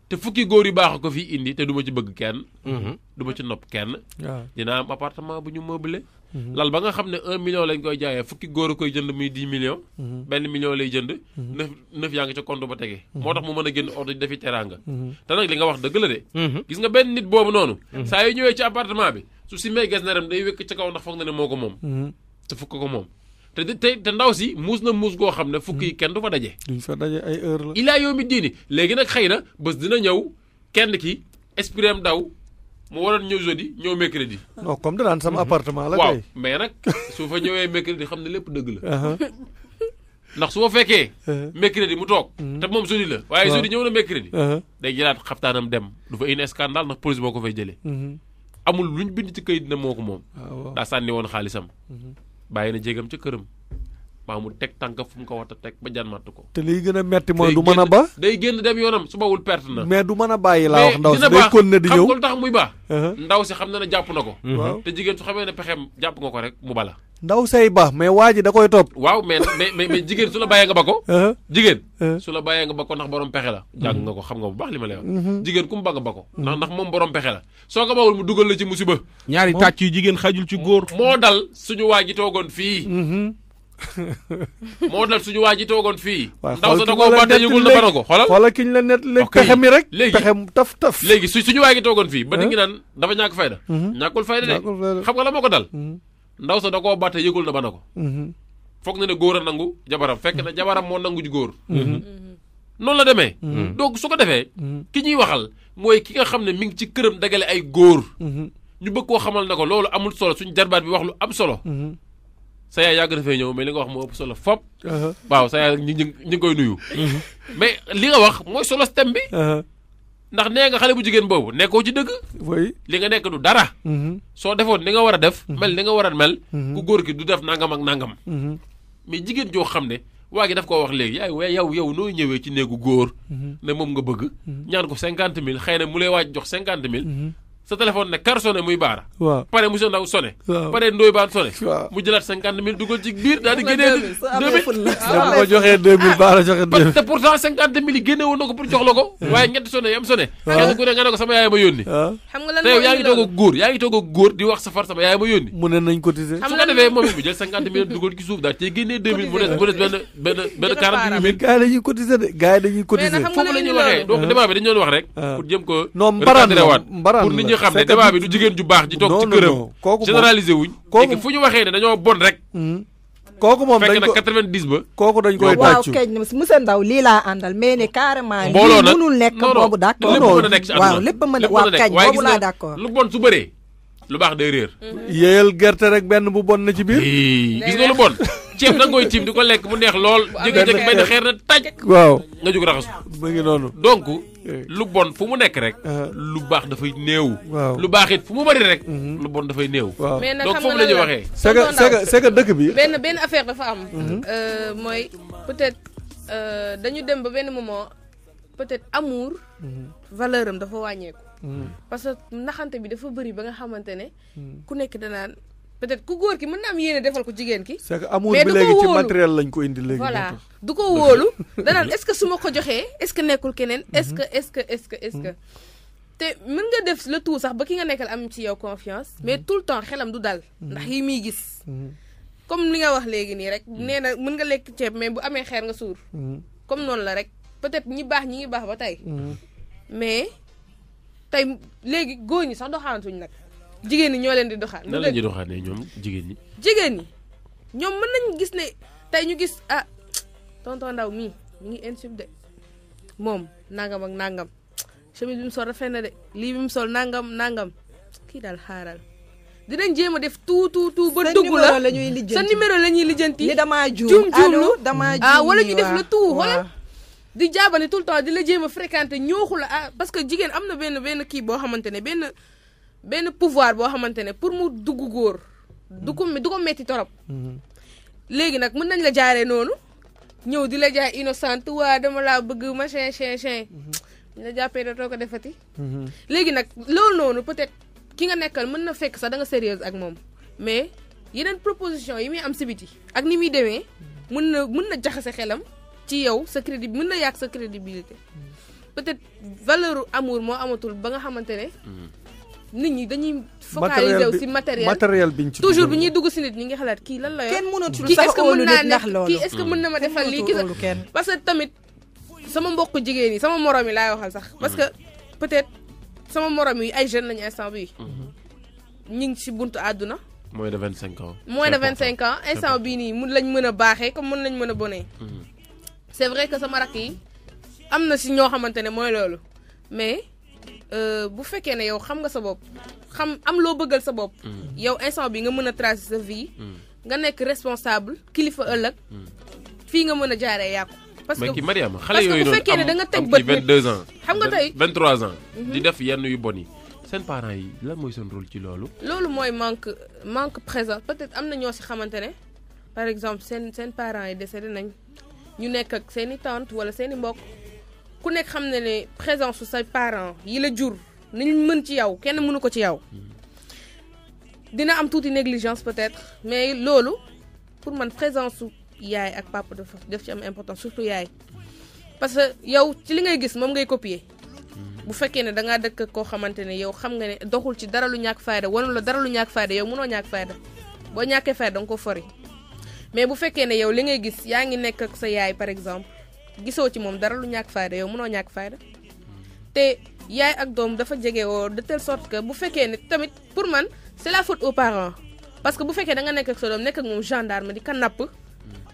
te fukki góor yu baax ko fi indi te du ma ci bëgg kenn. Mm-hmm. du ma ci nopp kenn. dina am appartement bu ñu meublé. Mm-hmm. lal ba nga xam ne un million lañ koy jaayee fukki góor a koy jënd muy dix millions. Mm-hmm. benn million lay jënd. neuf neuf yaa ngi ca compte ba tege. moo tax mu mën a génn oto defi teraanga. te nag li nga wax dëgg la de. gis nga benn nit boobu noonu. saa yu ñëwee bi. su si mee gas naram day wékk ca kaw ndax foog na ne moo ko moom mhm. te fukk ko moom te tey te ndaw si muus na muus goo xam ne fukk yi mhm. kenn du fa daje duñ fa daje mi diini léegi nag xëy na bés dina ñëw kenn ki espirem daw mu waroon ñëw jeudi ñëw mercredi non comme daan sama mhm. appartement la waaw mais nag su fa ñëwee mercredi xam ne lépp dëgg la uh-huh. ndax su ma fekkee uh-huh. mercredi mu toog te moom jeudi la waaye soo di ñëw na mercredi uh-huh. day jëlaat xaftaanam dem du fa indi scandale ndax police boo ko fay jëlee amul luñ bind ci kayit na moo ko moom. Ah, daa sànni woon xaalisam. Mhm. bàyyi na jégam ca këram. maa mu teg tànk fu mu ko war teg ba janmatt ko. te liy gën a metti mooy du mën a ba. day génn dem yoonam su bawul perte na. mais du mën a bàyyi laa wax ndaw si day kon ne di ñëw xam nga lu tax muy baax. Uh-huh. ndaw si xam na ne jàpp na ko. te jigéen su xamee ne pexeem jàpp nga ko rek mu bala. ndaw say ba mais waa ji da koy topp. waaw mais mais jigéen su la bàyyee nga ba ko. Uh-huh. jigéen. Uh-huh. su la bàyyee nga ba ko ndax borom pexe la. jàng nga ko xam nga bu baax li ma lay wax. Uh-huh. jigéen ku mu ba nga ba ko. ndax ndax moom borom pexe la soo ko mu dugal la ci musiba. ñaari tàcc yu jigéen xajul ci góor. moo dal suñu waa ji toogoon fii. moo dal suñu waa ji toogoon fii. ndaw sa da koo ba te yëgul na bana ko xoolal. xoolal ki ñu la net léegi pexe mi rek. léegi pexe mu taf taf. léegi su suñu waa ji toogoon fii. ba di ngi naan dafa ñàkk fayda. ñàkkul fayda de xam nga la moo ko dal ndaw sa da koo batte yëgul na ba na ko mhm. foog na ne góor a nangu jabaram fekk na jabaram moo nangu ji góor mhm. Mhm. noonu la demee donc su ko defee ki ñuy waxal mooy ki nga xam ne mi ngi ci këram dagale ay góor ñu bëgg koo xamal na ko loolu amul solo suñu jarbaat bi wax lu am solo sa yaay yàgg dafay ñëw mais li nga wax moo ëpp solo fop uh-huh. waaw sa yaay ñu ngi koy nuyu mais li nga wax mooy solo stem bi uh-huh. ndax nee nga xale bu jigéen boobu nekkoo ci dëgg. li nga nekk du dara. Mm-hmm. soo defoon li nga war a def. Mm-hmm. mel li nga war a mel. Mm-hmm. ku góor gi du def nangam ak nangam. mais jigéen joo xam ne waa gi daf koo wax léegi yaay waaye yow yow noo ñëwee ci néegu góor. ne moom nga bëgg. ñaan ko cinquante mille xëy na mu lay waaj jox cinquante mille. sa téléphone ne kar sonné muy baara. waaw pare monsieur Ndaw sonné. paré ndoy Ndoye sonné. mu jëlat 50000 dugol ci biir daal di gëné 2000 mille dama ko ah, joxee deux mille baara joxe deux mille. pourtant 50000 gëné yi nako pour jox lako waye waaye sonné yam sonné. kenn ku ne nga nako sama yaay ma yoni xam nga lan mooy yaay ngi goor yaay góor goor di wax safar sama yaay ma yoni mu ne nañ cotiser. xam nga défé moom it mu jël 50000 dugol ci souf daal cee gëné 2000 mu des mu des ben ben ben 40000 gaay dañuy cotiser de gaay dañuy cotiser. fofu lañu waxé donc débat bi dañu wax rek. Ah. pour jëm ko. non mbaran ñu xam ne débat bi du jigéen ju baax ji toog ci këram kooku généralisé wuñ kooku fu ñu waxee ne dañoo bon rek hmm. kooku moom dañ ko fekk na 90 ba. kooku dañ koy tàccu waaw kay monsieur lii laa àndal mais ne carrément. mbooloo nag mënul nekk boobu d'accord non waaw lépp mën a waaw kañ boobu laa d'accord lu bon su bëree lu baax day réer. Mm-hmm. yéyal gerte rek benn bu bon na ci biir. gis nga lu bon. ceeb da ngooy tiim di ko lekk mu neex lool. jékki na taj. waaw nga jóg ba ngi donc. Eh. lu bon fu mu nekk rek. Eh. lu baax dafay néew. lu baax it fu mu bëri rek. Mm-hmm. lu bon dafay néew. waaw donc foofu la ñuy waxee. c'est que dëkk bi. benn benn affaire dafa am. Mm-hmm. Euh, mooy peut-être euh, dañu dem ba benn moment peut-être amour. Mm-hmm. valeur am dafa wàññeeku. parce que naxante bi dafa bëri ba nga xamante ne. ku nekk danaan. peut-être ku góor ki mën na am yéene defal ko jigéen ki. c'est que amour bi léegi ci matériel lañ ko indi léegi. voilà du ko wóolu. danaan est-ce que su ma ko joxee est-ce que nekkul keneen. Mhm. est-ce que est que est que est-ce mhm. te mën nga def le tout sax ba ki nga nekkal am ci yow confiance. Mhm. mais tout le temps xelam du dal. ndax yi muy gis. comme li nga wax léegi nii rek nee na mën nga lekk ceeb mais bu amee xeer nga suur. comme noonu la rek peut-être ñi baax ñi ngi baax ba tey. mais tey léegi góor ñi sax doxaantuñ nag. jigéen ñi ñoo leen di doxaan. nan la ñuy doxaanee ñoom jigéen ñi. jigéen ñi ñoom mën nañ gis ne tey ñu gis ah tonton ndaw mii mi ngi insub de moom nangam ak nangam chemise bi mu sol rafet na de lii bi mu sol nangam nangam kii daal xaaral dinañ jéem a def tout tout tout ba dugg la sa numéro la ñuy lijjanti. ni damaa juum juum ah, juum juum ah wala ñu def la tout xoolal. di jaabani tout le temps di la jéem a fréquenté ñooxu la ah parce que jigéen am na benn benn kii boo xamante ne benn benn pouvoir boo xamante ne pour mu dugg góor. du ko du ko metti torop. Mhm. léegi nag mën nañ la jaaree noonu. ñëw di la jaay innocente waa dama laa bëgg machin chin chin. Mhm. la jàppee dootoo ko defati. Mhm. léegi nag loolu noonu peut-être ki nga nekkal mën na fekk sax da nga sérieuse ak moom mais yeneen proposition yi muy am si biti ak ni muy demee mën na mën na jaxase xelam ci yow sa crédit mën na yàq sa crédibilité peut-être valeur amour moo amatul ba nga xamante ne. nit ñi dañuy focaliser aussi matériel matériel biñ ci toujours bi ñuy dugg si nit ñi ngi xalaat kii lan la yor kenn mënatul sax óolu nit ndax loolu kii est ce que mën na ma defal li parce que tamit sama mbokk jigéen yi sama morom yi lay waxal sax parce que peut être sama morom yi ay jeune lañu instant bi mhm. ñi ngi si buntu aduna moins de 25 ans. moins de 25 ans instant bi ni mën lañ mëna baxé comme mën lañ mëna bonné mhm. c'est vrai que sama rak yi am na si ñoo xamante ne mooy loolu mais. Euh, bu yow xam nga sa xam am sa mm. yow instant bi nga a tracer sa vie. Mm. nga responsable mm. a parce que mais xale 22 ans. 23 ans. Mhm. di def yenn yu bon yi. parents yi lan mooy seen rôle ci loolu. loolu mooy manque manque présent peut-être am si par exemple parents ku nekk xam na ne présence su say parents yi la jur ni mën ci yow kenn mënu ko ci yow dina am tuuti négligence peut-être mais loolu pour man présence su yaay ak papa dafa def ci am importance surtout yaay parce que yow ci li ngay gis moom ngay copier. bu fekkee ne dangaa dëkk koo xamante ne yow xam nga ne doxul ci dara lu ñàkk fayda wala la dara lu ñàkk fayda yow mënoo ñàkk fayda boo ñàkkee fayda nga ko fori mais bu fekkee ne yow li ngay gis yaa ngi nekk ak sa yaay par exemple gisoo ci moom dara lu ñàkk fayda yow mënoo ñàkk fayda te yaay ak doom dafa jegewoo de telle sorte que bu fekkee ne tamit pour man c'est la faute aux parents parce que bu fekkee da nga nekk ak sa doom nekk ak moom gendarme di ka napp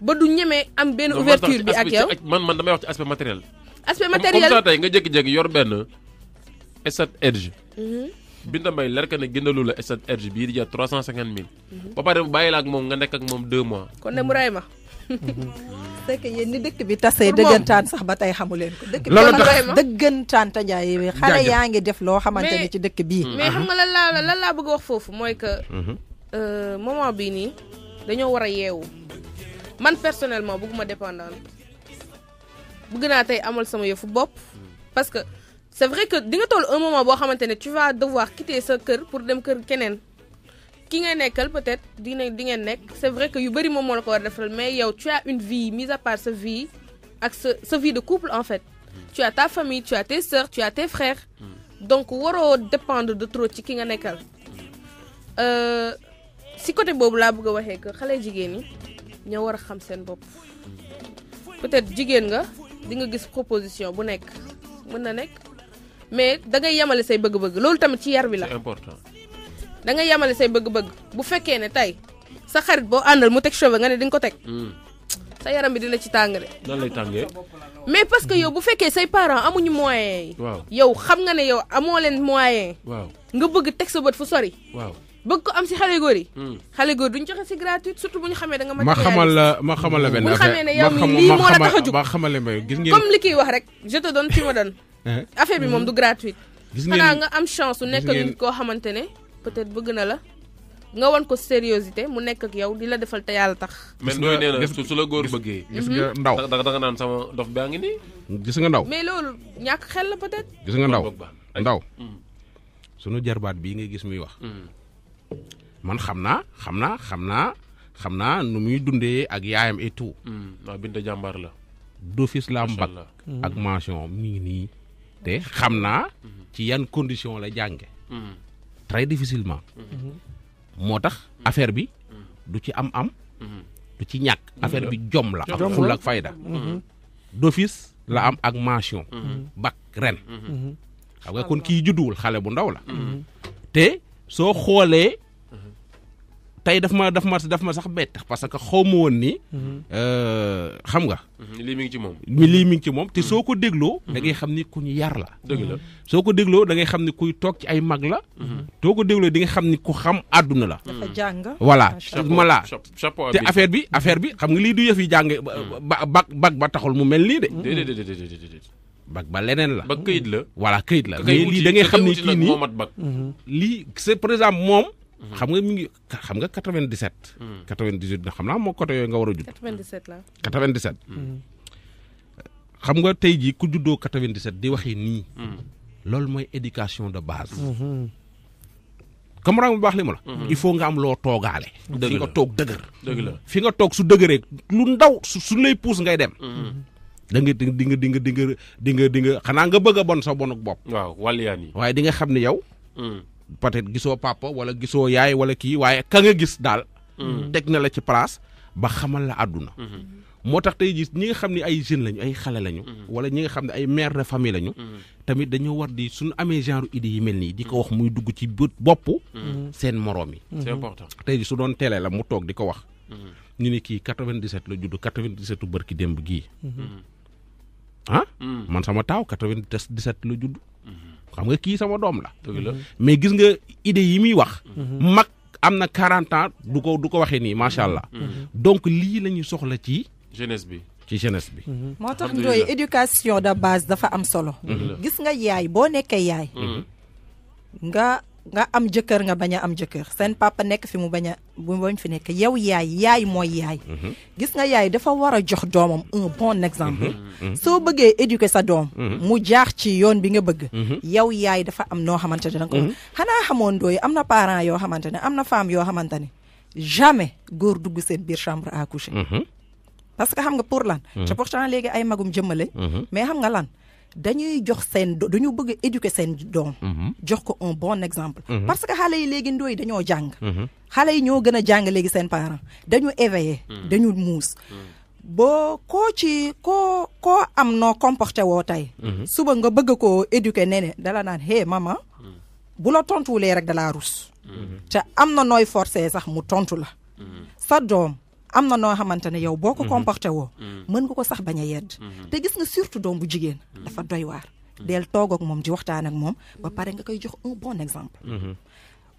ba du ñemee am benn ouverture bi ak yow man man damay wax ci aspect matériel aspect matériel comme ça tey nga jékki-jékki yor benn estat edge mhm. binda may leer ka ne gëndalu la estat edge bii di jar trois cent cinquante mille mhm. ba pare bàyyi la ak moom nga nekk ak moom deux mois kon ne mu ray ma mhm. c'est que yéen ni dëkk bi tasee dëggantaan sax ba tey xamu ko dëkk bi dëggantaan ta njaay xale yaa ngi def loo xamante ni ci dëkk bii mais xam nga lan laa lan laa bëgg wax foofu mooy que mhm. euh, moment bii nii dañoo war a yeewu man personnellement bëgguma dépendante bëgg naa tey amal sama yëfu bopp parce que c'est vrai que di nga toll un moment boo xamante ne tu vas devoir quitter sa kër pour dem kër keneen ki nga nekkal peut-être dina di ngeen nekk c'est vrai que yu bari moom moo la ko war defal mais yow tu as une vie mise à part ce vie ak ce ce vie de couple en fait hmm. tu as ta famille tu as tes soeurs tu as tes frères hmm. donc waro dépendre de trop ci ki nga nekkal hmm. euh, si côté bobu la bëgg a que xalé jigéen ni ñoo war a xam sen bop peut-être jigéen nga di nga gis proposition bu nekk mën na nekk mais da ngay yamalé say bëgg-bëgg loolu tamit ci yar bi la. c'est important. da nga yamale say bëgg-bëgg bu fekkee ne tay sa xarit boo àndal mu teg cheveux nga ne di ko teg mm. sa yaram bi dina ci tàng de nan lay tàngee mais parce que yow bu fekkee say parents amuñu moyen yow xam nga ne yow amoo leen moyen waaw nga bëgg teg sa bët fu sori waaw bëgg ko am si xale góor yi mm. xale góor duñ joxe si gratuite surtout bu ñu xamee da nga ma xamal la ma xamal la benn affaire bu la ma xamal ma gis ngeen comme li kiy wax rek je te donne tu me donne eh? affaire bi moom du gratuite xanaa nga am chance nekk nit koo xamante ne peut-être bëgg na la nga won ko sérieuxité mu nekk ak yow di la defal ta yàlla tax mais ndooy nee na su la góor bëggee gis nga mhm. ndaw da nga naan sama dof baa ngi nii gis nga ndaw mais loolu ñàkk xel la peut-être gis nga ndaw ndaw mhm. suñu jarbaat bii nga gis muy wax mhm. man xam naa xam naa xam naa xam naa nu muy dundee ak yaayam et tout waaw binta jàmbaar la d'office la mbag ak mention mi ngi nii te xam naa ci yan condition la jànge très difficilement. moo tax affaire bi du ci am-am. du ci ñàkk affaire bi jom la. ak fulla ak fayda. Mhm. d'office la am ak mention. Mhm. bac ren. Mhm. xam nga kon kii judduwul xale bu ndaw la. te soo xoolee. tey daf ma daf ma daf ma sax bett parce que xaw ma woon ni. Mhm. Euh, xam nga. Mhm. lii mi ngi ci moom. lii mi ngi ci moom te mhm. soo ko dégloo. dangay xam ni ku ñu yar la. dëgg la soo ko dégloo da ngay xam kuy toog ci ay mag la. soo ko dégloo di nga xam ni ku xam àdduna la. dafa jàng. voilà voilà te affaire bi affaire bi xam nga lii du yëf yi jàng ba ba bag ba taxul mu mel nii de. déedéet bag ba leneen la. ba këyit la. voilà këyit la. mais lii da ngay xam ni kii nii lii c'est par exemple moom. Mhm. xam nga mi ngi xam nga 97. 98 mhm. xam naa moo côté yooyu nga war a judd. 97 la 97. Mhm. xam nga tey jii ku juddoo 97 di waxee nii. loolu mooy éducation de base. camarade bu baax li mu la. il faut nga am loo toogaale. fi nga toog dëgër. fi nga toog su dëgëree lu ndaw su lay puus ngay dem. da nga di nga di nga di nga di nga di nga xanaa nga bëgg a bon sa bonuk bopp. waaw wàllu yaa nii. waaye di nga xam ni yow. peut-être gisoo papa wala gisoo yaay wala kii waaye ka nga gis daal. Mm-hmm. teg na la ci place ba xamal la àdduna. Mm-hmm. moo tax tey ji ñi nga xam ni ay jeunes lañu ay xale lañu. Mm-hmm. wala ñi nga xam ne ay mère de famille lañu. tamit dañoo war di suñu amee genre idée yi mel nii. di ko wax muy dugg ci bët bopp. seen moroom yi. c'est important tey jii su doon télé la mu toog di ko wax. ñu ne kii 97 la judd 97 bërki démb gii. ah mm. man sama taaw 97 la judd. xam nga kii sama doom la. Mhm. mais gis nga idée yi muy wax. Mhm. mag am na 40 ans du ko du ko waxee nii macha mhm. allah. donc lii la ñuy soxla ci. jeunesse bi ci jeunesse bi. moo tax ndooy éducation de base dafa am solo. gis nga yaay boo nekkee yaay. nga. nga am jëkkër nga bañ a am jëkkër seen papa nekk fi mu bañ a bañ fi nekk yow yaay yaay mooy yaay. Mhm. gis nga yaay dafa war a jox doomam un bon exemple. Mhm. Mhm. soo bëggee éduquer sa doom. mu jaax ci yoon bi nga bëgg. yow yaay dafa am noo xamante ne da ko. xanaa xamoon dooy am na parent yoo xamante ne am na femme yoo xamante ne jamais góor dugg seen biir chambre a coucher. parce que xam nga pour lan. te pourtant léegi ay magum jëmmale. mais xam nga lan. dañuy jox seen dañu bëgg a seen doom. Mhm. jox ko un bon exemple. Mhm. parce que xale yi léegi ndooy dañoo jàng. Mhm. xale yi ñoo gën a jàng léegi seen parents dañu éveillé. dañu muus. boo ko ci ko ko am noo comporté woo tey. suba nga bëgg koo éduquer nee dala naan hey maman. bu la tontuwulee rek dalaa rus. te am na nooy forcé sax mu tontu la. sa doom. am na noo xamante ne yow boo ko mhm. comporté woo mhm. mën nga ko sax bañ a yedd mhm. te gis nga surtout doom bu jigéen dafa doy waar del toog ak moom di waxtaan ak moom ba pare nga koy jox un bon exemple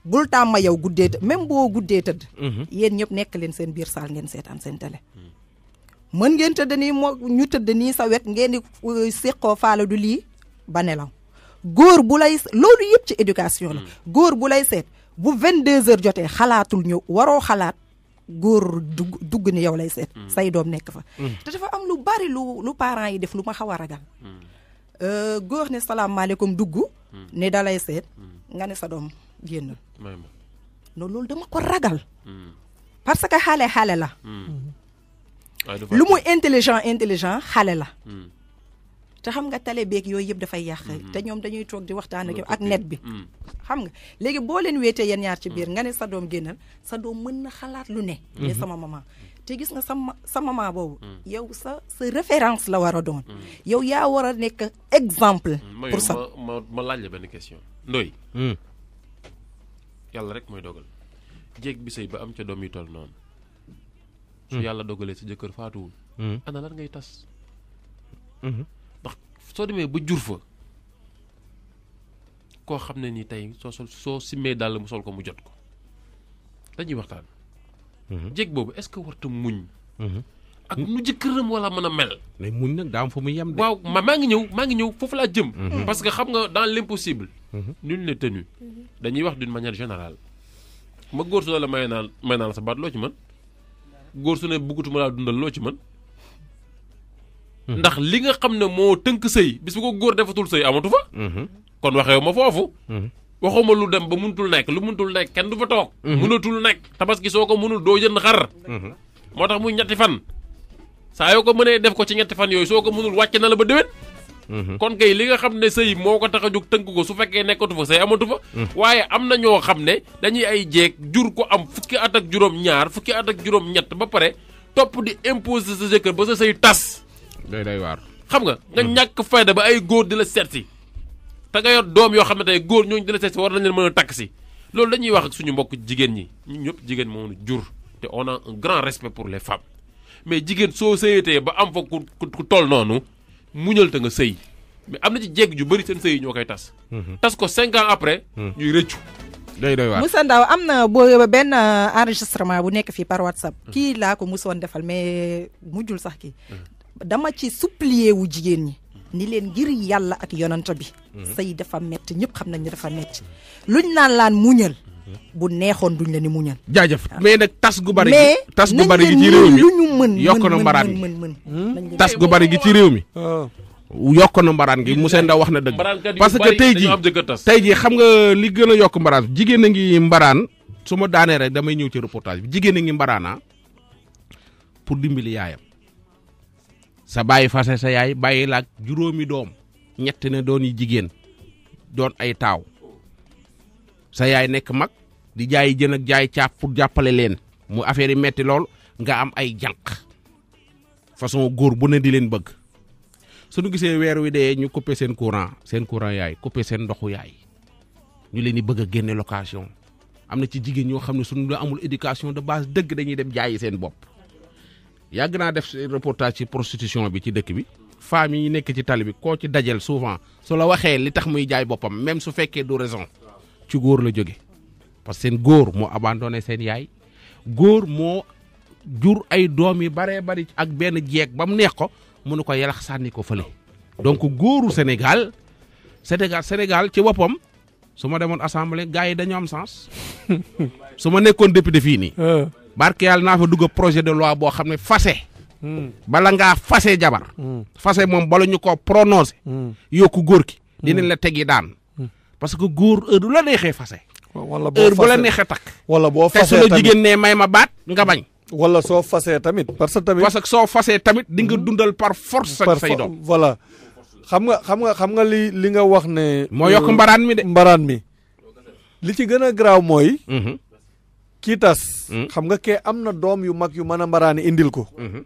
bul tàmma yow guddee tëdd même boo guddee tëdd yéen ñëpp nekk leen seen biir saal ngeen seetaan seen télé mën ngeen tëdd nii moo ñu tëdd nii sa wet ngeen di euh, séqoo faala du lii ba nelaw góor bu lay loolu yëpp ci éducation la góor bu lay seet bu 22 heures jotee xalaatul ñëw waroo xalaat Gour dugg ni yow lay seet. Mm. say doom nekk fa. Mm. dafa am lu bari lu parents yi def lu ma xaw a ragal. Mm. Euh, góor ne ne dalay nga ne sa doom génn. non dama ko parce que xale xale la. lu intelligent intelligent xale te xam nga tale beeg yooyu yëpp dafay yàq mm-hmm. te ñoom dañuy toog di waxtaan ak ak net bi mm. xam nga léegi boo leen wéetee yéen ñaar ci biir mm. nga ne sa doom génnal sa doom mën na xalaat lu ne ne mm-hmm. sama maman te gis nga sama sa maman boobu mm. yow sa sa référence la war a doon yow yaa war a nekk exemple pour ça ma ma laaj la benn question ndoy yàlla rek mooy dogal jéeg bi sëy ba am ca doom yu toll noonu yàlla dogalee sa jëkkër faatuwul ana lan ngay tas mm-hmm. soo demee ba jur fa koo xam ne ni tey soo sol soo simmee dàll mu sol ko mu jot ko dañuy waxtaan. Mhm. jéeg boobu est-ce que warta muñ. Mhm. ak nu jëkkëram wala mën a mel. mais muñ nag daa am fa mu yem de. waaw ma maa ngi ñëw maa ngi ñëw foofu laa jëm. Mhm. parce que xam nga dans l'impossible. nul n'est tenu. dañuy wax d'une manière générale. ma góor su ne may naan may naan sa baat loo ci mën. góor su ne bëggatuma laa dundal loo ci mën. Mm-hmm. ndax li nga xam ne moo tënk sëy bi su ko góor defatul sëy amatu fa. Mm-hmm. kon waxewu ma foofu. Mm-hmm. waxuma lu dem ba mënutul nekk lu mënutul nekk kenn du fa toog. mënatul nekk tabaski soo ko mënul doo jënd xar. moo tax muy ñetti fan. saa yoo ko mënee def ko ci ñetti fan yooyu soo ko mënul wàcc na la ba déwén. kon kay li nga xam ne sëy moo ko tax a jóg tënk ko su fekkee nekkatu fa sëy amatu fa. waaye am na ñoo xam ne dañuy ay jeeg jur ko am fukki at ak juróom ñaar fukki at ak juróom ba pare topp di imposer sa jëkkër ba sa sëy tas. day day waar. xam nga nga mm. ñàkk fayda ba ay góor di la seet si te nga yor doom yoo xam ne tey góor ñooñu di la seet si war nañ leen mën a takk si loolu dañuy wax ak suñu mbokk jigéen ñi ñun ñëpp jigéen moo ñu jur te on a un grand respect pour les femmes mais jigéen soo sëyatee ba am fa ku ku toll noonu muñal te nga sëy mais am na ci jégg ju bëri seen sëy ñoo koy tas. Mm-hmm. tas ko cinq ans après. Mm. ñuy rëccu. day doy waar Ndaw am na boo benn euh, enregistrement bu nekk fii par WhatsApp. Mm. kii laa ko musoon defal mais mujjul sax ki dama ci supplier jigéen ñi ni leen ngir yàlla ak yonanta bi mhm. sëy dafa metti ñëpp xam nañu dafa metti luñ naan laan muñal mhm. bu neexoon duñ la ni muñal jaajëf ah. mais nag tas gu bari mais tas gu bari gi ci réew mi mën yokk na mbaraan mën mën tas gu bari gi ci réew mi yokk na mbaraan gi Moussa Ndaw wax na dëgg parce que tey ji tey ji xam nga li gën a yokk mbaraan jigéen a ngi mbaraan su ma daanee rek damay ñëw ci reportage bi jigéen a ngi mbaraana ah, pour dimbali yaayam sa bàyyi fase sa yaay bàyyi laak juróomi doom ñett ne doon yi jigéen doon ay taaw sa yaay nekk mag di jaay jën ak jaay caaf pour jàppale leen mu affaire yi metti lool nga am ay jànq façon góor bu ne di leen bëgg suñu gisee weer wi dee ñu coupé seen courant seen courant yaay coupé seen ndoxu yaay ñu leen di bëgg a génne location am na ci jigéen ñoo xam ne sunu la amul éducation de base dëgg dañuy dem jaayi seen bopp yàgg naa def reportage ci prostitution bi ci dëkk bi femmes yi nekk ci tali bi koo ci dajel souvent su la waxee li tax muy jaay boppam même su fekkee du raison ci góor la jóge parce que seen góor moo abandonné seen yaay góor moo jur ay doom yi bari ak benn jeeg ba mu neex ko mënu ko yalax sànni ko fële donc góoru Sénégal Sénégal Sénégal ci boppam su ma demoon assemblée gars yi dañoo am sens su ma nekkoon député fii nii. Euh. barke yalla nafa dugg projet de loi bo xam fassé hmm. bala nga fassé jabar hmm. fassé mom bala ñu ko hmm. yokku gor ki hmm. dinañ la tegi daan hmm. parce que gor euh bu la nexé fassé wala bo heure bu la nexé tak wala bo fassé te jigen né jigéen may ma baat nga bañ wala so fassé tamit parce que tamit parce que so fassé tamit di nga hmm. dundal par force ak say do voilà xam nga xam nga xam nga li li nga wax né mo yok mbaran mi de mbaran mi li ci gën a garaaw -hmm. kii tas. Hmm. xam nga kee am na doom yu mag yu mën a mbaraani indil ko. Hmm.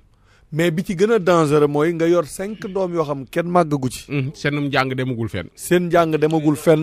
mais bi ci gën a dangereux mooy nga yor cinq doom yoo xam kenn màggagu ci. Hmm. seenum njàng demagul fenn. seen njàng demagul fenn.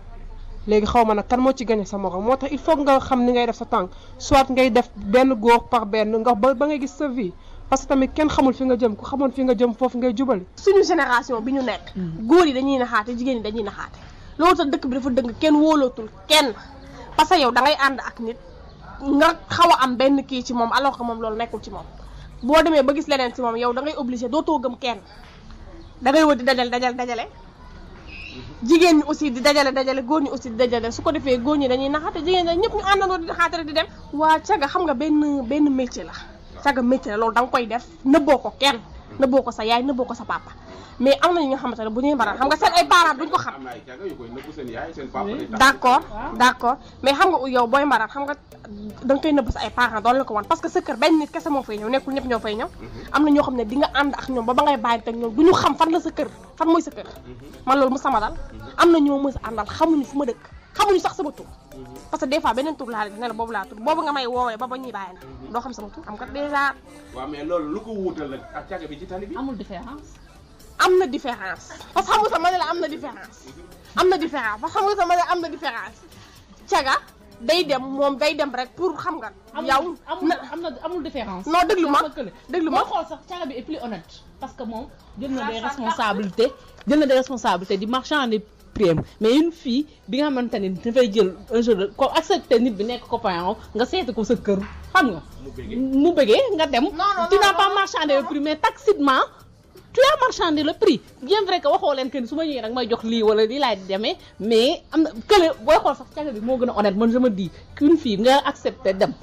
léegi xaw ma nag kan moo ci gañe sa morom moo tax il faut nga xam ni ngay def sa tànk soit ngay def benn góor par benn nga ba ba ngay gis sa vie parce que tamit kenn xamul fi nga jëm ku xamoon fi nga jëm foofu ngay jubali. suñu génération bi ñu nekk. Mm. góor yi dañuy naxaate jigéen ñi dañuy naxaate loolu tax dëkk bi dafa dëng kenn wóolootul kenn parce que yow da ànd ak nit nga xaw am benn kii ci moom alors moom loolu nekkul ci moom boo demee ba gis leneen ci moom yow da ngay obligé dootoo gëm kenn da ngay wër di dajal dajal dajale jigéen ñi aussi di dajale dajale góor ñi aussi di dajale su ko defee góor ñi dañuy naxaate jigéen ñi ñëpp ñu àndandoo di naxaate rek di dem waa caga xam nga benn benn métier la caga métier la loolu da koy def nëbboo ko kenn nëbboo ko sa yaay nëbboo ko sa papa mais am na ñi nga xamante ne bu ñuy mbaral xam nga seen ay parents duñ ko xam d' accord mais xam nga yow booy mbaral xam nga da nga koy nëbb sa ay parents doon ko wan parce que sa kër benn nit kese moo fay ñëw nekkul ñëpp ñoo fay ñëw mhm. am na ñoo xam ne di nga ànd ak ñoom ba ba ngay bàyyi ak ñoom du xam fan la sa kër fan mooy sa kër mhm. man loolu mu sama dal mhm. am na ñoo mës àndal xamuñu fu ma dëkk xamuñu sax sama tur parce que des fois beneen tur laa ne la boobu laa tur boobu nga may woowee ba ba ñuy bàyyi na mm-hmm. doo xam sama tur am nga déjà waaw mais loolu lu ko wuutal nag ak càgg bi ci tali bi amul différence am na différence parce que xam nga sax ma ne la am na différence mm-hmm. am na différence parce que xam nga sax ma ne am na différence caga day dem moom day dem rek pour xam nga. yow amul amul amul différence. non déglu ma déglu ma xool sax caga bi est plus honnête. parce que moom jël na des responsabilités jël na des responsabilités di marchander mais une fille bi nga xamantani ne dafay jël un jour comme ko accepté nit bi nek copain nga seeti ko sa kër xam nga. mu nga dem. tu n'as pas marchandé le prix mais tacitement tu as marchandé le prix bien vrai que waxo len que suma ñëw nak may jox li wala lay démé mais am na kële booy sax bi mo gëna honnête man je me dis qu'une fille nga accepté dem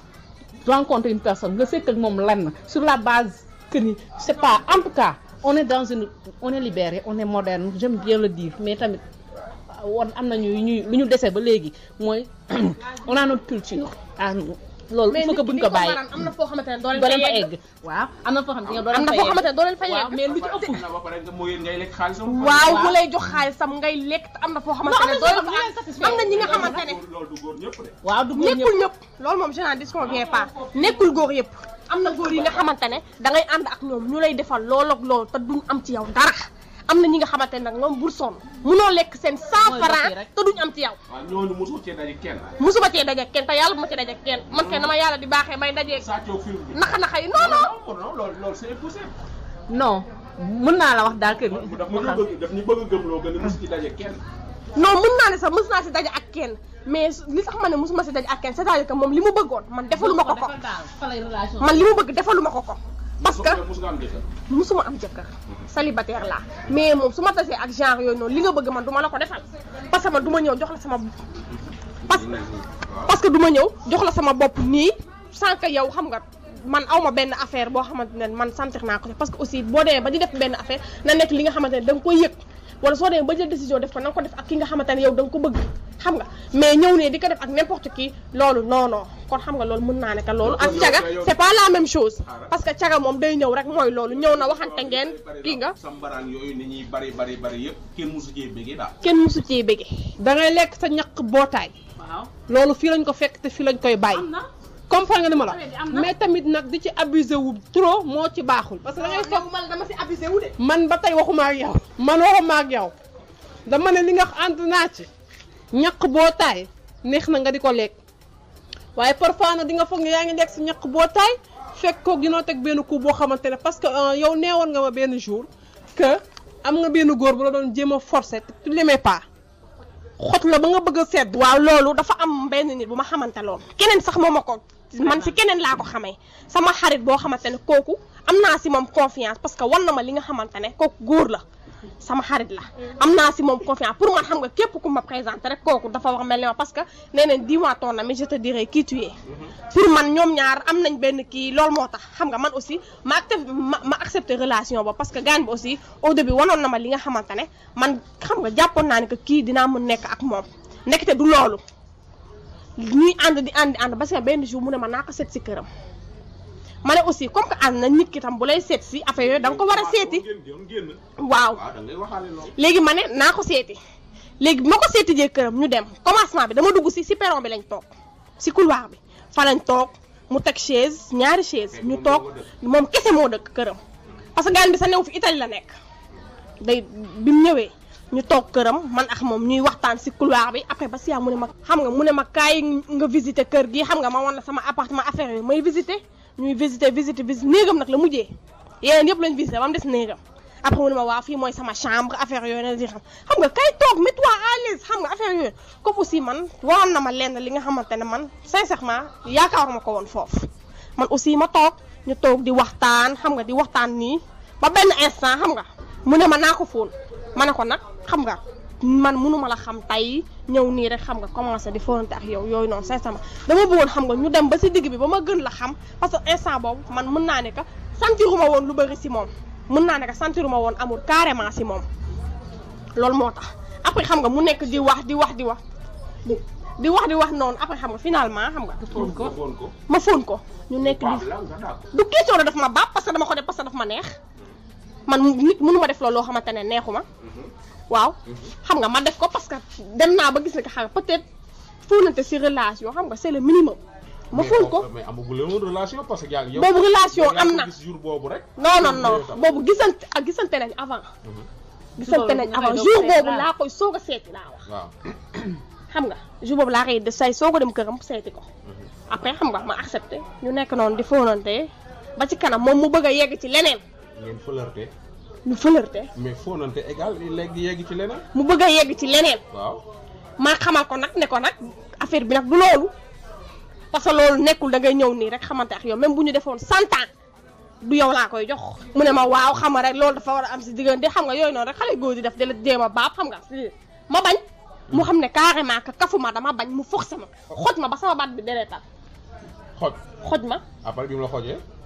rencontrer une personne nga sekk ak mom lan sur la base que ni c'est pas en tout cas on est dans une on est libéré on est moderne j'aime bien le dire mais tamit. woon am na nañu ñuy lu ñu dese ba léegi mooy on a notre culture à ah, nous loolu il faut que buñ ko bàyyi am na foo xamante ne doo leen fa yegg waaw na foo xamante ne doo leen fa yegg mais lu ci mu lay jox xaalisam ngay lekk am na foo xamante ne doo leen am na ñi nga xamante ne waaw du góor nekkul ñëpp loolu moom je n'en disconviens pas nekkul góor yëpp am na góor yi nga xamante ne da ànd ak ñoom ñu lay defal lool ak lool te duñ am ci yow dara am na ñi nga xamante ne nag ñoom bul sonn munoo lekk seen cent franc te duñ am ci yow. waaw ah, ñooñu mosoo cee daje kenn. mosuma cee daje kenn te yàlla bu ma cee daje kenn man kay dama yàlla di baaxee may daje. naxa naxa yi non non. non loolu loolu c'est impossible. mën naa la wax daal ke gi. daf ñu bëgg daf ñu bëgg gëmloo que ni mosu ci daje kenn. non mën naa ne sax mës naa si daje ak kenn li tax ma ne mosuma si daje ak kenn c'est-à-dire moom li mu bëggoon man defaluma ko ko man li mu bëgg defaluma ko ko parce que musuma am jëkkër célibataire laa mais moom su ma tasee ak genre yooyu noonu li nga bëgg man duma la ko defal parce que man du ma ñëw jox la sama parce parce que du ma ñëw jox la sama bopp nii sans yaw yow xam nga man aw ma benn affaire boo xamante ne man sentir naa ko parce que aussi boo demee ba di def benn affaire na nekk li nga xamante ne da nga koy yëg wala soo dee ba jël décision def ko na ko def ak ki nga xamante ne yow da nga ko bëgg xam nga mais ñëw ne di ko def ak n'importe qui loolu non non kon xam nga loolu mën naa ne que loolu ak caga c'est pas la même chose parce que caga moom day ñëw rek mooy loolu ñëw na waxante ngeen kii nga sambaraan yooyu ni ñuy bari bari bari yëpp kenn musu cee bégee daal kenn musu da ngay lekk sa ñaq bootaay waaw loolu fii lañ ko fekk te fii lañ koy bàyyi comprendre nga ni ma la mais tamit nag di ci abusé wu trop moo ci baaxul. parce que da ngay foog man si abusé wu man ba tey waxumaa ak yow. man waxuma ak yow dama ne li nga ànd naa ci ñaq boo taay neex na nga di ko lekk waaye parfois nag di nga foog ne yaa ngi lekk si ñaq boo taay fekk ko ginoo teg benn coup boo xamante ne parce que euh, yow neewoon nga ma benn jour que am nga benn góor bu la doon jéem a forcer tu l'aimais pas. xoj la ba nga bëgg a sedd waaw loolu dafa am benn nit bu ma xamante lool keneen sax moo ma ko man si keneen laa ko xamee sama xarit boo xamante ne kooku am naa si moom confiance parce que wan na ma li nga xamante ne kooku góor la sama xarit la am naa si moom confiance pour man xam nga képp ku ma présenté rek kooku dafa wax mel ma parce que nee nañ dis-moi na ami je te dirai qui tu es mhm. pour man ñoom ñaar am nañ benn kii lool moo tax xam nga man aussi ma ma accepté relation ba parce que gaan bi aussi au début wanoon na ma li nga xamante ne man xam nga jàppoon naa ne que kii dinaa mën nekk ak moom nekk te du loolu ñuy ànd di ànd di ànd parce benn jour mu ne ma naa ko seet si këram ma aussi comme que am na nit ki tam bu lay seet ci affaire yooyu da ko wara a waaw légui ma ne naa légui mako léegi bi ma ñu dem commencement bi dama dugg si si perron bi lañ tok si couloir bi fa lañ tok mu tek chaise ñaari chaise ñu tok mom kessé mo dëkk këram parce que gaan bi sa new fi Italie la nek day bi mu ñu tok këram man ak mom ñuy waxtaan ci couloir bi après ba siya mu ne ma xam nga mu ne ma kay nga visiter kër gi xam nga ma won la sama appartement affaire yi may visiter ñuy visité visité bis néegam nag la mujjee yeneen yëpp lañ visité ba des néegam après mu ne ma waa fii mooy sama chambre affaire yooyu nag di xam xam nga kay toog mets toi à xam nga affaire yooyu comme aussi man waroon na ma lenn li nga xamante ne man sincèrement ma ko woon foofu man aussi ma toog ñu toog di waxtaan xam nga di waxtaan nii ba benn instant xam nga mu ne ma naa ko fóon ma ne ko nag xam nga man ma la xam tey ñëw nii rek xam nga commencé di fonante ak yow yooyu noonu sincèrement dama bëggoon xam nga ñu dem ba si digg bi ba ma gën la xam parce que instant boobu man mën naa ne que sentiruma woon lu bëri si moom mën naa ne que sentiruma woon amul carrément si moom loolu moo tax après xam nga mu nekk di wax di wax di wax di wax di wax noonu après xam nga finalement xam nga. ma fóon ko ñu nekk di du question la daf ma baab parce que dama ko def parce que daf ma neex man nit mënu ma def loo xamante ne neexu ma mhm. waaw. xam nga ma def ko parce que dem naa ba gis ne que xam peut-être fóonante si relation xam nga c'est le minimum. ma fóon ko amagul woon relation parce que. yaa ngi boobu relation am na gis jour boobu rek. non non non boobu gisante ak gisante nañ avant. Mhm. gisante nañ avant jour boobu laa koy soog a seeti laa wax. waaw xam nga jour boobu laa koy def say soog a dem këram seeti ko. Mhm. après xam nga ma accepté ñu nekk noonu di fóonante ba ci kanam moom mu bëgg a yegg ci leneen. ngeen flirté. ñu fëlërte. mais fóonante égal léegi yegg ci leneen. mu bëgg a yegg ci leneen. waaw maa xamal ko nag ne ko nag affaire bi nag du loolu. parce que loolu nekkul dangay ñëw nii rek xamante ak yow même bu ñu defoon cent ans du yow laa koy jox. mu ne ma waaw xam nga rek loolu dafa war a am si diggante xam nga yooyu noonu rek xale góor di def di la jéem a baab xam nga ma bañ. mu xam ne carrément que ka ma dama bañ mu forcé ma xoj ma ba sama baat bi deretal. xoj xoj ma. après bi mu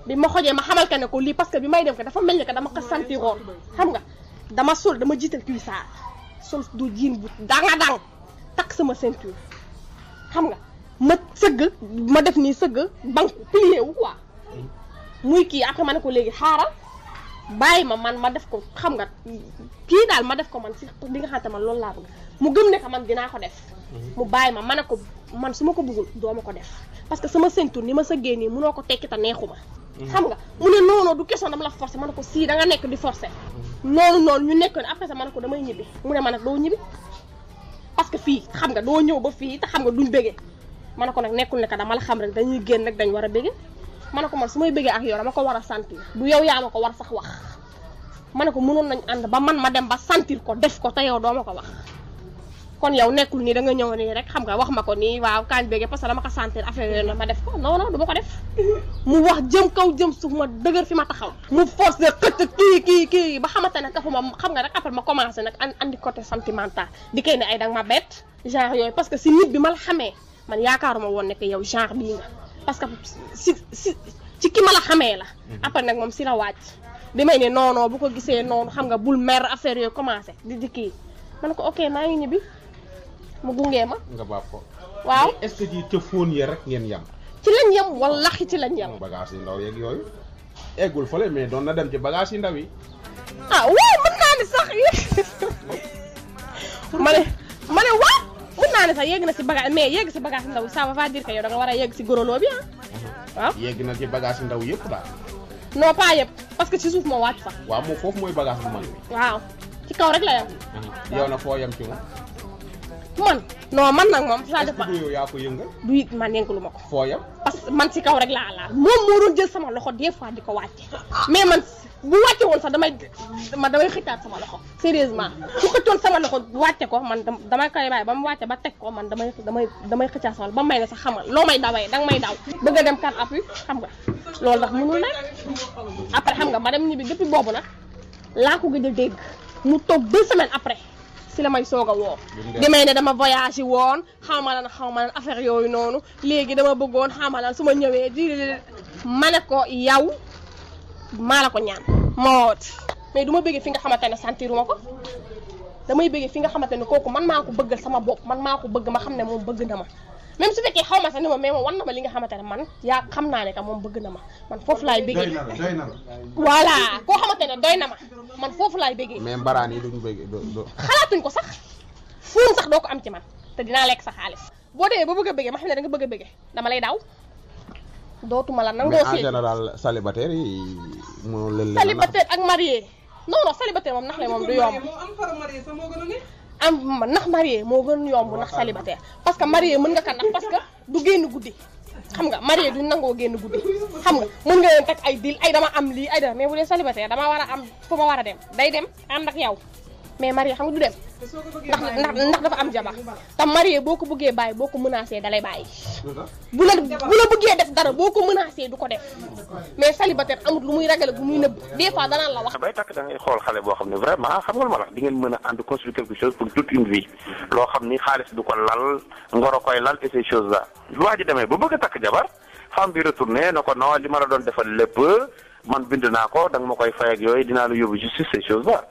bi ma xojee ma xamal ka ne ko lii parce que bi may dem ko dafa mel ni que dama ko santiroon xam nga dama sol dama jiital cuissard sol du jiin bu danga dang takk sama ceinture xam nga ma sëgg ma def nii sëgg banque plié wu muy kii après ma ne ko léegi xaaral bàyyi ma man ma def ko xam nga kii daal ma def ko man si li nga xamante man loolu laa bëgg mu gëm ne que man dinaa ko def mu bàyyi ma ma ne ko man su ma ko bëggul doo ma ko def parce que sama ceinture ni ma sëggee nii munoo ko tekki te neexu ma xam nga mu ne noonu du question dama la forcer ma ne ko sii da nekk di forcer. noonu noonu ñu nekkoon après ça ma ne ko damay ñibbi mu ne ma nag doo parce que fii xam nga doo ñëw ba fii te xam nga duñ bëggee ma ne ko nag nekkul ne que dama la xam rek dañuy génn rek dañ war a bëggee ma ne ko man su may bëggee ak yow dama ko war a sentir du yow yaa ma ko war sax wax ma ne ko mënoon nañ ànd ba man ma dem ba santiir ko def ko te yow doo ma ko wax. kon yow nekul ni da nga ñëw ni rek xam nga wax ma ko ni waaw kañ bege parce que dama ko sentir affaire na ma def ko non non duma ko def mu wax jëm kaw jëm suuf ma dëgër fi ma taxaw mu force de xëcc ki ki ki ba xamante ne kafuma xam nga rek après ma commencé nak andi côté sentimental di kay ne ay dang ma bett genre yoy parce que si nit bi mal xamé man yaakaaruma won ne que yow genre bi nga parce que si si ci ki mala xamé la mhm. après nak mom si la wacc bi may ne non non bu ko gisé non xam nga bul mer affaire yoy commencé di di ki man ko ok ma ngi ñibi mu gungé ma nga bappo waaw est ce que di te ya rek ngeen yam ci lañ yam wallahi ci lañ yam bagage ndaw yek yoy eggul fele mais doon na dem ci bagage ndaw yi ah waaw mën naa ni sax ma ne ma ne waaw mën naa ni sax yegg na si bagage mais yegg si bagage ndaw ça va pas dire que yow da nga a yegg si goroloo bi ah mhm. waaw yegg na ci bagage ndaw yëpp daal non pas yëpp parce que ci souf moo wàcc fa waaw moom foofu mooy bagage bu mag waaw ci kaw rek la yam mhm. yow na foo yam ci man non man nag moom ça dépend yow yaa ko yëngal du man yëngalu ma ko foo parce que man si kaw rek laa laal moom moo doon jël sama loxo des fois di ko wàcce mais man bu wàcce woon sax damay man damay xëccaat sama loxo sérieusement su xëccoon sama loxo wàcce ko man damay koy bàyyi ba mu wàcce ba teg ko man damay damay damay xëccaat sama ba may ne sax xamal loo may dawee danga may daw bëgg a dem kan appui xam nga loolu ndax mënul nag après xam nga ma dem ñibbi depuis boobu nag laa ko gëj a dégg mu toog deux semaines après si la may soog a woo di may ne dama voyagé woon xawma lan xawma lan affaire yooyu noonu léegi dama bëggoon xawma lan su ma ñëwee di ma ne ko yaw maa la ko ñaan moo woote mais du bëggee fi nga xamante ne sentiruma ko damay bëggee fi nga xamante ne kooku man maa ko bëggal sama bopp man maa ko bëgg ma xam ne moom bëgg na ma même su fekkee xaw ma sax ne ma mais moom wan na ma li nga xamante ne man yaa xam naa ne que moom bëgg na ma man foofu laay bëggee. doy na la doy na doy na ma man foofu laay bëggee. mais mbaraan yi duñ bëgg xalaatuñ ko sax fuun sax doo ko am ci man te dinaa lekk sa xaalis. boo dee ba bëgg a bëggee ma xam ne da nga bëgg a bëggee dama lay daaw. dootuma la nangoo mais en général célibataire yi moo leen. célibataire ak marié non non moom nax le moom du yomb. am nax marié moo gën yomb nax célibataire parce que marié mën nga ko ndax parce que du génn guddi xam nga marié du nangoo génn guddi xam nga mën nga leen teg ay dil ay dama am lii ay dama mais bu dee célibataire damaa war a am fu ma war a dem day dem ànd ak yow mais marié xam nga du dem ndax ndax dafa am jabar te marié boko ko bay boko menacer dalay bay bu la bu la bëggee def dara boko menacer menacé du ko def mais célibataire amut lu muy ragal bu muy neub des fois danaan la wax bay tak da ngay xol xalé bo xam vraiment xam nga ma di ngeen mëna and construire quelque chose pour toute une vie lo xamni ni xaalis du ko lal ngoro koy lal et ces choses là lu waji demee bu bëgg tak jabar xam bi retourner nako ko non li ma doon defal lepp man bind naa ko da nga fay ak yoy dina la yobu justice ces choses là